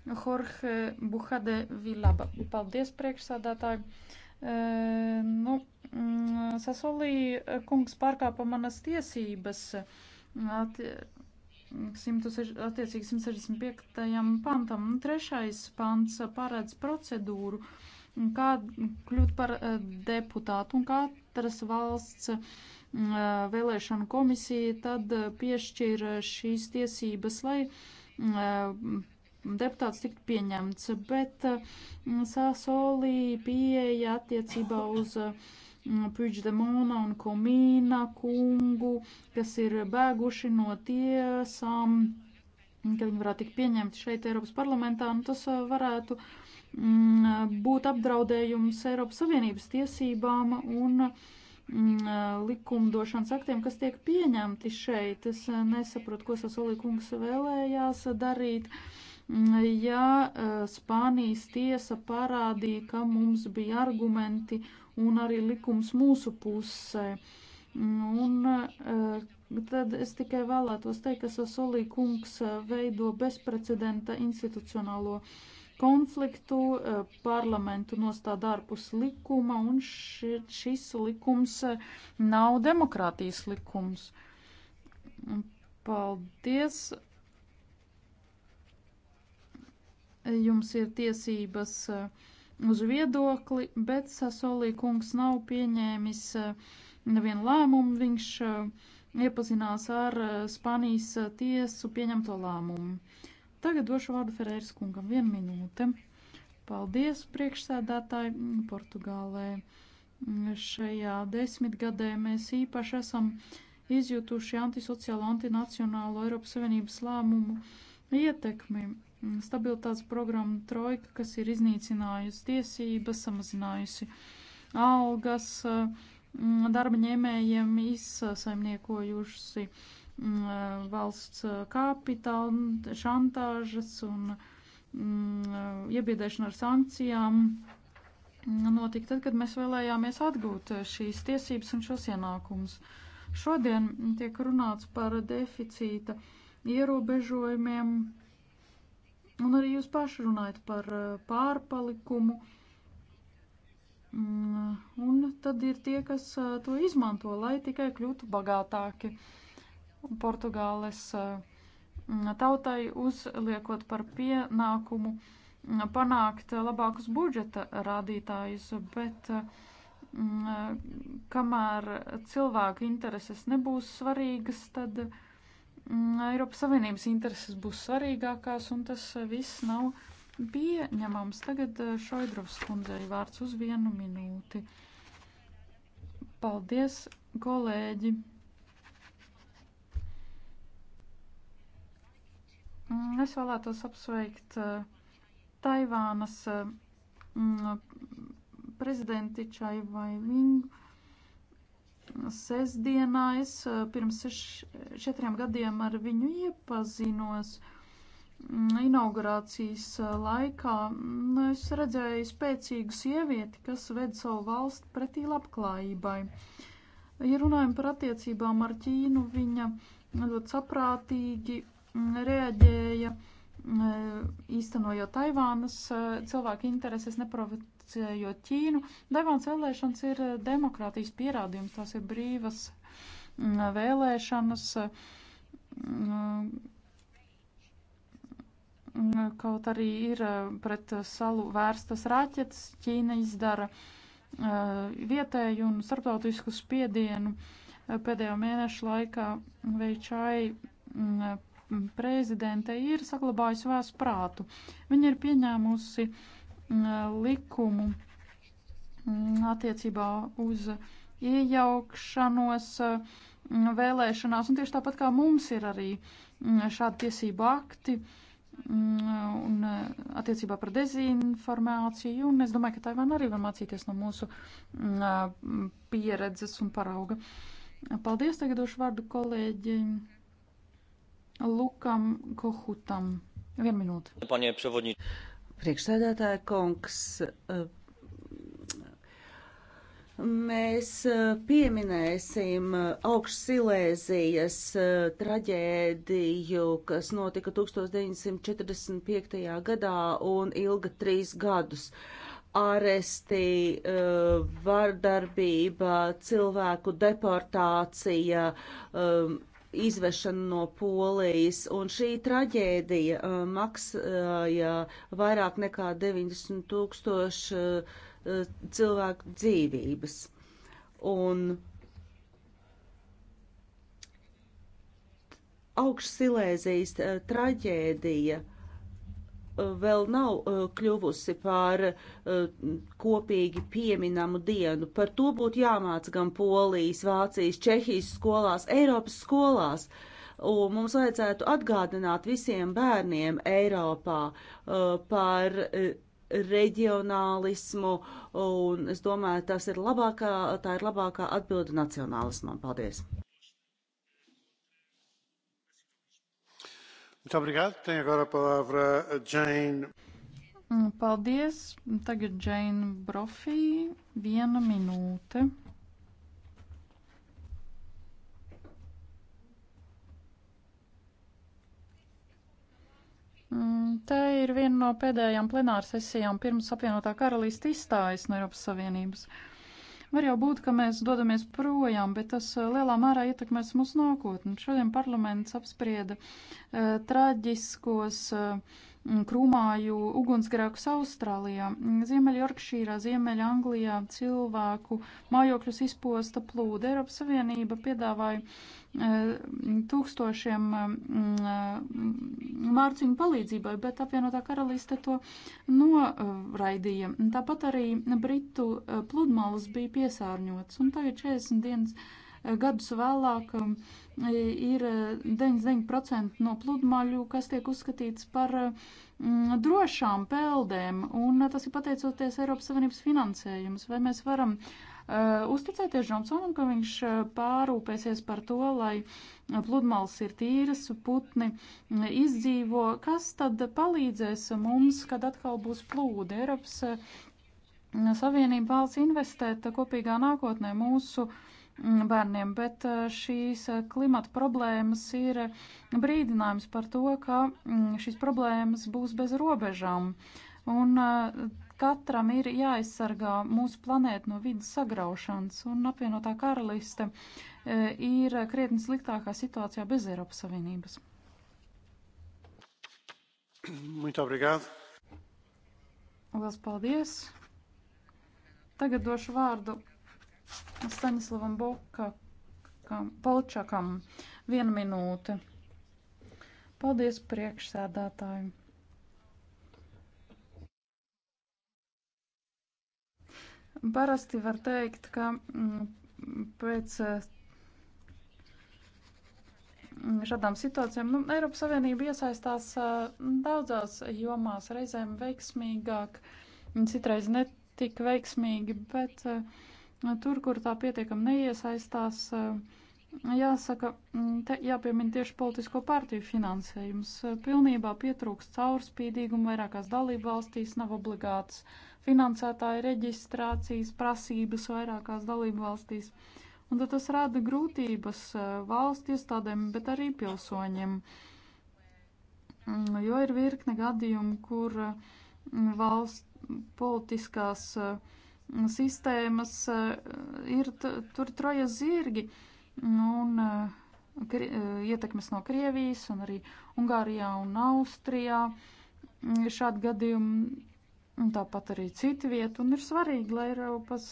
Jorge Buhade Vilaba. Paldies, priekšsādātāji! E, nu, mm, Sasolī kungs pārkāpa manas tiesības. At, attiecīgi 165. pantam. Un trešais pants paredz procedūru, kā kļūt par eh, deputātu, un katras valsts eh, vēlēšana komisija tad piešķir šīs tiesības, lai eh, deputāts tiktu pieņemts, bet Sāsolī pieeja attiecībā uz uh, Mm, Puigdemona un Komīna kungu, kas ir bēguši no tiesām, ka viņi varētu tikt pieņemti šeit Eiropas parlamentā, un nu, tas uh, varētu mm, būt apdraudējums Eiropas Savienības tiesībām un mm, uh, likumdošanas aktiem, kas tiek pieņemti šeit. Es uh, nesaprotu, ko Sasolī kungs vēlējās darīt. Ja Spānijas tiesa parādīja, ka mums bija argumenti uh, un arī likums mūsu pusē. Un eh, tad es tikai vēlētos teikt, ka Sasolī kungs eh, veido bezprecedenta institucionālo konfliktu, eh, parlamentu nostāda ārpus likuma, un šis likums nav demokrātijas likums. Paldies! Jums ir tiesības uh, uz viedokli, bet Sasolī kungs nav pieņēmis eh, nevienu lēmumu. Viņš eh, iepazinās ar eh, Spānijas tiesu pieņemto lēmumu. Tagad došu vārdu Ferēras kungam. Vienu minūte. Paldies priekšsēdētāji Portugālē. Šajā desmitgadē mēs īpaši esam izjutuši antisociālo, antinacionālo Eiropas Savienības lēmumu ietekmi stabilitātes programma Trojka, kas ir iznīcinājusi tiesības, samazinājusi algas, mm, darba ņēmējiem izsaimniekojuši mm, valsts kapitālu, šantāžas un mm, iebiedēšana ar sankcijām notika tad, kad mēs vēlējāmies atgūt šīs tiesības un šos ienākumus. Šodien tiek runāts par deficīta ierobežojumiem, Un arī jūs paši runājat par eh, pārpalikumu. Mm, un tad ir tie, kas eh, to izmanto, lai tikai kļūtu bagātāki. Portugāles eh, tautai uzliekot par pienākumu mm, panākt labākus budžeta rādītājus, bet mm, kamēr cilvēku intereses nebūs svarīgas, tad uh, Mm, Eiropas Savienības intereses būs svarīgākās, un tas eh, viss nav pieņemams. Tagad eh, Šoidrovs kundzei vārds uz vienu minūti. Paldies, kolēģi! Mm, es vēlētos apsveikt eh, Taivānas mm, prezidenti Čai Vai Vingu sestdienā es eh, pirms četriem gadiem ar viņu iepazinos mm, inaugurācijas eh, laikā. Mm, es redzēju spēcīgu sievieti, kas ved savu valstu pretī labklājībai. Ja runājam par attiecībām ar Ķīnu, viņa ļoti saprātīgi mm, reaģēja īstenojot Taivānas eh, cilvēku intereses, neprofit kritizējot Ķīnu, Daivāns vēlēšanas ir eh, demokrātijas pierādījums, tās ir brīvas mm, vēlēšanas. Mm, mm, kaut arī ir eh, pret salu vērstas raķetes, Ķīna izdara eh, vietēju un starptautisku spiedienu pēdējo mēnešu laikā Veičai prezidente ir saglabājusi vēs prātu. Viņa ir pieņēmusi uh, Mm, likumu mm, attiecībā uz iejaukšanos mm, vēlēšanās, un tieši tāpat kā mums ir arī šādi tiesību akti un attiecībā par dezinformāciju, un es domāju, ka Taivāna arī var mācīties no mūsu pieredzes un parauga. Paldies, tagad došu vārdu kolēģi Lukam Kohutam. Vienu minūti. Priekšsēdētāja kungs, eh, mēs eh, pieminēsim eh, augšsilēzijas traģēdiju, kas notika 1945. gadā un ilga trīs gadus. Aresti, vardarbība, cilvēku deportācija, izvešanu no Polijas, un šī traģēdija uh, maksāja vairāk nekā 90 tūkstoši uh, cilvēku dzīvības. Un augšsilēzijas uh, traģēdija vēl nav eh, kļuvusi par eh, kopīgi pieminamu dienu. Par to būtu jāmāc gan Polijas, Vācijas, Čehijas skolās, Eiropas skolās. Un mums vajadzētu atgādināt visiem bērniem Eiropā eh, par reģionālismu, un es domāju, tas ir labākā, tā ir labākā atbilde nacionālismam. Paldies! Paldies. Tagad Džeina Brofī, viena minūte. Mm, Tā ir viena no pēdējām plenāra sesijām pirms apvienotā karalīste izstājas no Eiropas Savienības. Uh, Var jau būt, ka mēs dodamies projām, bet tas eh, lielā mērā ietekmēs mūsu nākotni. Šodien parlaments apsprieda uh, traģiskos. Uh, krūmāju ugunsgrēkus Austrālijā, Ziemeļjorkšīrā, Ziemeļanglijā cilvēku mājokļus izposta plūdi. Eiropas Savienība piedāvāja tūkstošiem mm, mārciņu palīdzībai, bet apvienotā karaliste to noraidīja. Tāpat arī Britu eh, pludmales bija piesārņotas, un tagad 40 dienas eh, gadus vēlāk eh, ir 99% no pludmaļu, kas tiek uzskatīts par mm, drošām peldēm, un tas ir pateicoties Eiropas Savienības finansējums. Vai mēs varam uh, Eh, uzticēties Džonsonam, ka viņš eh, pārūpēsies par to, lai eh, pludmales ir tīras, putni izdzīvo. Kas tad palīdzēs mums, kad atkal būs plūdi? Eiropas Savienība valsts investēt kopīgā nākotnē mūsu mm, bērniem, bet šīs klimata problēmas ir brīdinājums par to, ka mm, šīs problēmas būs bez robežām. Un katram ir jāaizsargā mūsu planēta no vidas sagraušanas, un apvienotā karaliste e, ir krietni sliktākā situācijā bez Eiropas Savienības. Muito obrigado. Lielas paldies. Tagad došu vārdu Staņislavam Bokakam, Polčakam. Viena minūte. Paldies priekšsēdētājiem. Parasti var teikt, ka mm, pēc mm, šādām situācijām nu, Eiropas Savienība iesaistās daudzās jomās, reizēm veiksmīgāk, citreiz netik veiksmīgi, bet tur, kur tā pietiekam neiesaistās, jāsaka, mm, te jāpiemina tieši politisko partiju finansējums. Pilnībā pietrūkst caurspīdīgumu, vairākās dalību valstīs nav obligāts uh, finansētāja reģistrācijas prasības vairākās dalību valstīs. Un tad tas rada grūtības eh, valsts iestādēm, bet arī pilsoņiem. Mm, jo ir virkne gadījumu, kur mm, valsts politiskās eh, sistēmas eh, ir tur trojas zirgi un ietekmes no Krievijas un arī Ungārijā un Austrijā. Mm, šādi gadījumi un tāpat arī citu vietu, un ir svarīgi, lai Eiropas,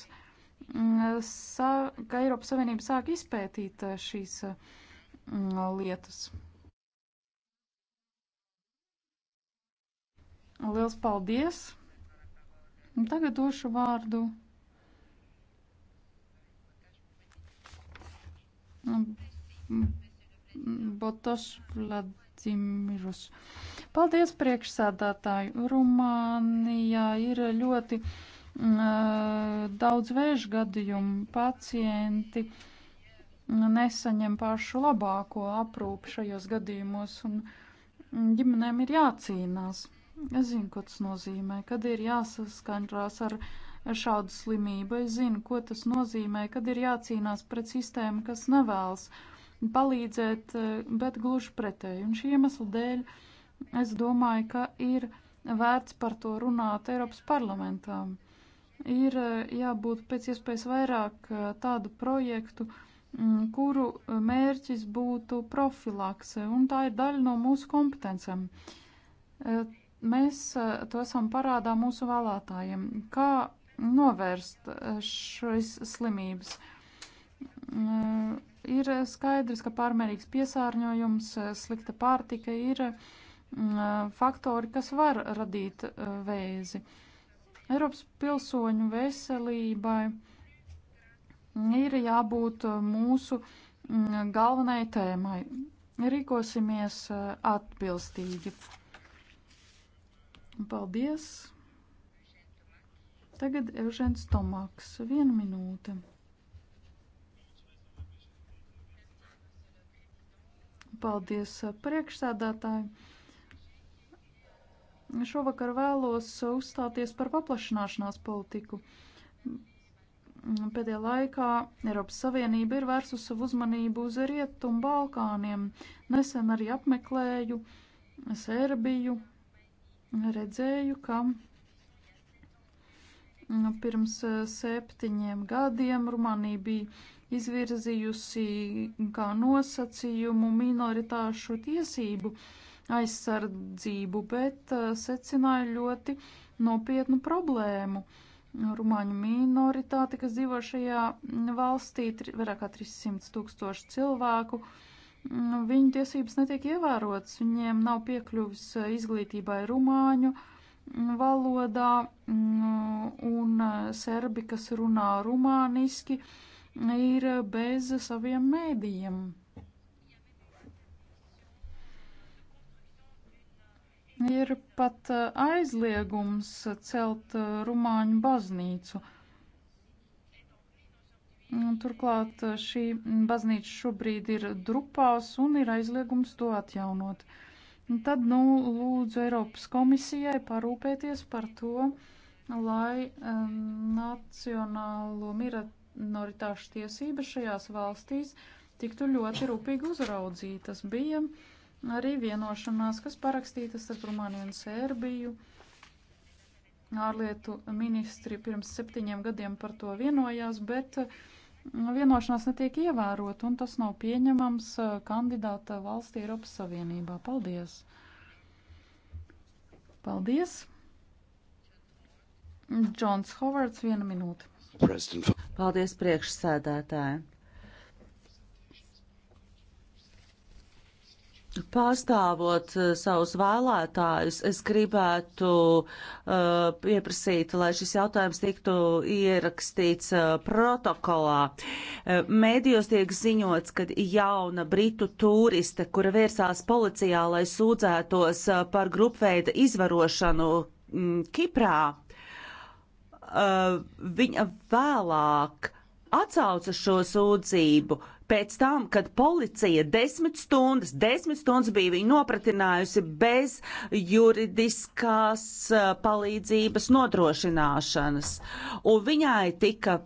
mm, sa, ka Eiropas Savienība sāk izpētīt eh, šīs eh, mm, lietas. Liels paldies! Un tagad došu vārdu Botoš Vlad cimirus. Paldies priekšsādātāji. Rumānijā ir ļoti uh, daudz vēža gadījumu. Pacienti nesaņem pašu labāko aprūpi šajos gadījumos un ģimenēm ir jācīnās. Es zinu, ko tas nozīmē, kad ir jāsaskanrās ar šādu slimību. Es zinu, ko tas nozīmē, kad ir jācīnās pret sistēmu, kas nevēlas uh, palīdzēt, eh, bet gluži pretēji. Un šī iemesla dēļ es domāju, ka ir vērts par to runāt Eiropas parlamentā. Ir eh, jābūt pēc iespējas vairāk eh, tādu projektu, mm, kuru mērķis būtu profilakse, un tā ir daļa no mūsu kompetencēm. Mēs to esam parādā mūsu vēlētājiem, kā novērst šīs slimības mm, Ir eh, skaidrs, ka pārmērīgs piesārņojums, eh, slikta pārtika ir mm, eh, faktori, kas var radīt vēzi. Eiropas pilsoņu veselībai ir jābūt mūsu mm, galvenai tēmai. Rīkosimies atbilstīgi. Paldies! Tagad Evžens Tomaks. Vienu minūti. Paldies uh, priekšsēdētājiem! Šovakar vēlos uh, uzstāties par paplašināšanās politiku. Mm, pēdējā laikā Eiropas Savienība ir vērsus savu uzmanību uz Rietumu Balkāniem. Nesen arī apmeklēju Serbiju, redzēju, ka mm, pirms uh, septiņiem gadiem Rumānija bija izvirzījusi kā nosacījumu minoritāšu tiesību aizsardzību, bet uh, secināja ļoti nopietnu problēmu. Rumāņu minoritāte, kas dzīvo šajā valstī, vairāk kā 300 tūkstoši cilvēku, mm, viņu tiesības netiek ievērotas, viņiem nav piekļuvis uh, izglītībai rumāņu mm, valodā, mm, un uh, serbi, kas runā rumāniski, uh, ir bez saviem mēdījiem. Ir pat aizliegums celt Rumāņu baznīcu. Turklāt šī baznīca šobrīd ir drupās un ir aizliegums to atjaunot. Tad, nu, lūdzu Eiropas komisijai parūpēties par to, lai um, Nacionālo mirat minoritāšu tiesības šajās valstīs tiktu ļoti rūpīgi uzraudzītas. Bija arī vienošanās, kas parakstītas ar Rumāniju un Sērbiju. Ārlietu ministri pirms septiņiem gadiem par to vienojās, bet mm, vienošanās netiek ievērot, un tas nav pieņemams kandidāta valstī Eiropas Savienībā. Paldies! Paldies! Džons Hovards, viena minūte. President. Paldies priekšsēdētājiem! Pārstāvot uh, savus vēlētājus, es gribētu uh, pieprasīt, lai šis jautājums tiktu ierakstīts uh, protokolā. Uh, Mēdījos tiek ziņots, ka jauna britu turiste, kura vērsās policijā, lai sūdzētos uh, par grupveida izvarošanu mm, Kiprā, uh, viņa vēlāk atsauca šo sūdzību pēc tam, kad policija desmit stundas, desmit stundas bija viņu nopratinājusi bez juridiskās uh, palīdzības nodrošināšanas. Un viņai tika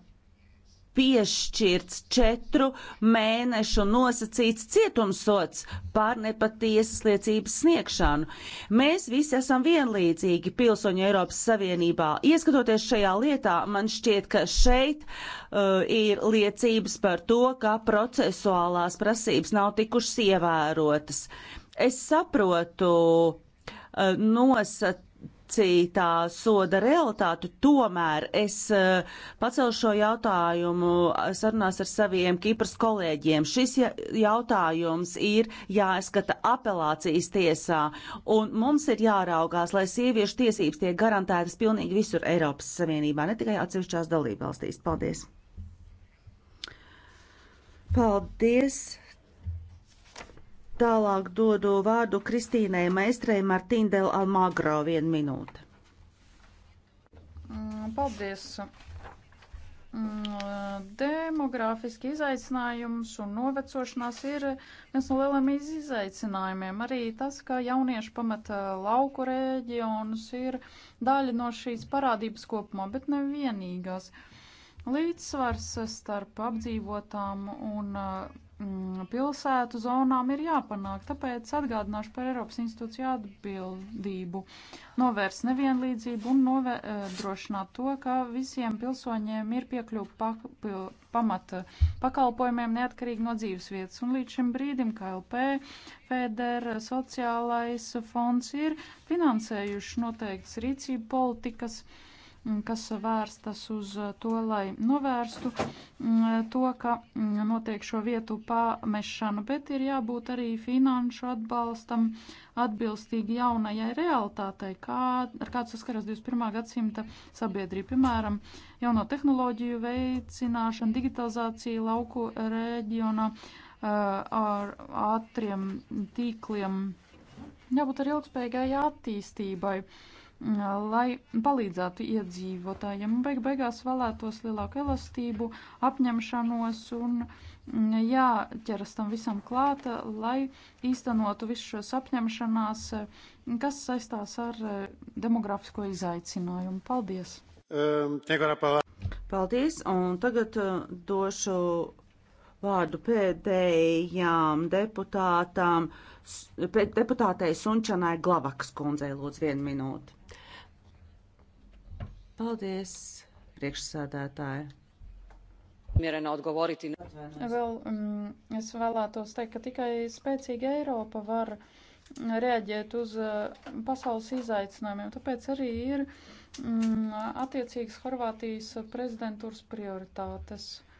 piešķirts četru mēnešu nosacīts cietumsots par nepatiesas liecības sniegšanu. Mēs visi esam vienlīdzīgi pilsoņu Eiropas Savienībā. Ieskatoties šajā lietā, man šķiet, ka šeit uh, ir liecības par to, ka procesuālās prasības nav tikušas ievērotas. Es saprotu uh, nosacīt nosacītā soda realitāti, tomēr es eh, pacelšu šo jautājumu eh, sarunās ar saviem Kipras kolēģiem. Šis jautājums ir jāizskata apelācijas tiesā, un mums ir jāraugās, lai sieviešu tiesības tiek garantētas pilnīgi visur Eiropas Savienībā, ne tikai atsevišķās dalībvalstīs. Paldies! Paldies! Tālāk dodu vārdu Kristīnai Meistrei Martīndel Almagro vienu minūti. Mm, paldies! Mm, demogrāfiski izaicinājums un novecošanās ir viens no lieliem izaicinājumiem. Arī tas, ka jaunieši pameta lauku reģionus, ir daļa no šīs parādības kopumā, bet ne vienīgās. Līdzsvars starp apdzīvotām un uh, Mm, pilsētu zonām ir jāpanāk. Tāpēc atgādināšu par Eiropas institūciju atbildību, novērst nevienlīdzību un nodrošināt eh, to, ka visiem pilsoņiem ir piekļuva pak pil pamata pakalpojumiem neatkarīgi no dzīves vietas. Un līdz šim brīdim KLP, FEDER, sociālais fonds ir finansējuši noteikts rīcību politikas. Uh, Mm, kas vērstas uz eh, to, lai novērstu mm, to, ka mm, notiek šo vietu pamešana, bet ir jābūt arī finanšu atbalstam atbilstīgi jaunajai realitātei, kā, ar kādu saskaras 21. gadsimta sabiedrība. Piemēram, jauno tehnoloģiju veicināšana, digitalizācija lauku reģionā eh, ar ātriem tīkliem. Jābūt arī ilgspējīgai attīstībai. Uh, lai palīdzētu iedzīvotājiem. Beig beigās vēlētos lielāku elastību, apņemšanos un mm, jāķeras tam visam klāta, lai īstenotu visu šos apņemšanās, kas saistās ar eh, demografisko izaicinājumu. Paldies! Um, Paldies, un tagad eh, došu vārdu pēdējām deputātām, deputātei Sunčanai Glavakas kundzei lūdzu vienu minūti. Paldies, priekšsēdētāji. Mierena odgovoriti. Vēl mm, es vēlētos teikt, ka tikai spēcīga Eiropa var reaģēt uz mm, pasaules izaicinājumiem, tāpēc arī ir mm, attiecīgas Horvātijas prezidentūras prioritātes. Uh,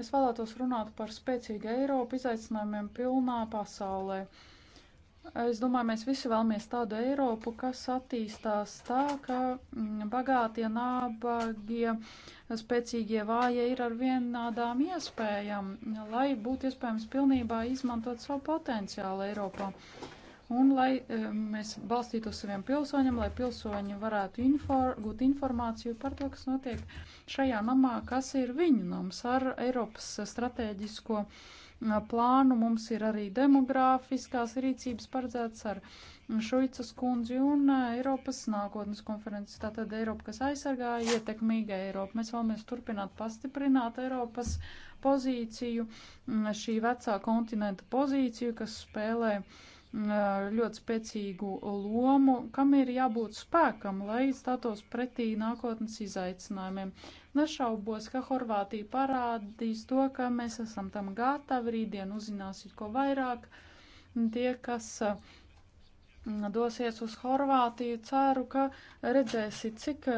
Es vēlētos runāt par spēcīgu Eiropu izaicinājumiem pilnā pasaulē. Es domāju, mēs visi vēlamies tādu Eiropu, kas attīstās tā, ka mm, bagātie, nābagie, spēcīgie, vāji ir ar vienādām iespējām, lai būtu iespējams pilnībā izmantot savu potenciālu Eiropā. Uh, un lai eh, mēs balstītu uz saviem pilsoņiem, lai pilsoņi varētu infor, gūt informāciju par to, kas notiek šajā namā, kas ir viņu nams ar Eiropas strateģisko eh, plānu. Mums ir arī demogrāfiskās rīcības paredzēts ar Šuicas kundzi un eh, Eiropas nākotnes konferences. Tātad Eiropa, kas aizsargā ietekmīga Eiropa. Mēs vēlamies turpināt pastiprināt Eiropas pozīciju, mm, šī vecā kontinenta pozīciju, kas spēlē uh, Mm, ļoti spēcīgu lomu, kam ir jābūt spēkam, lai stātos pretī nākotnes izaicinājumiem. Nešaubos, ka Horvātija parādīs to, ka mēs esam tam gatavi, rītdien uzzināsit ko vairāk. Tie, kas dosies uz Horvātiju, ceru, ka redzēsit, cik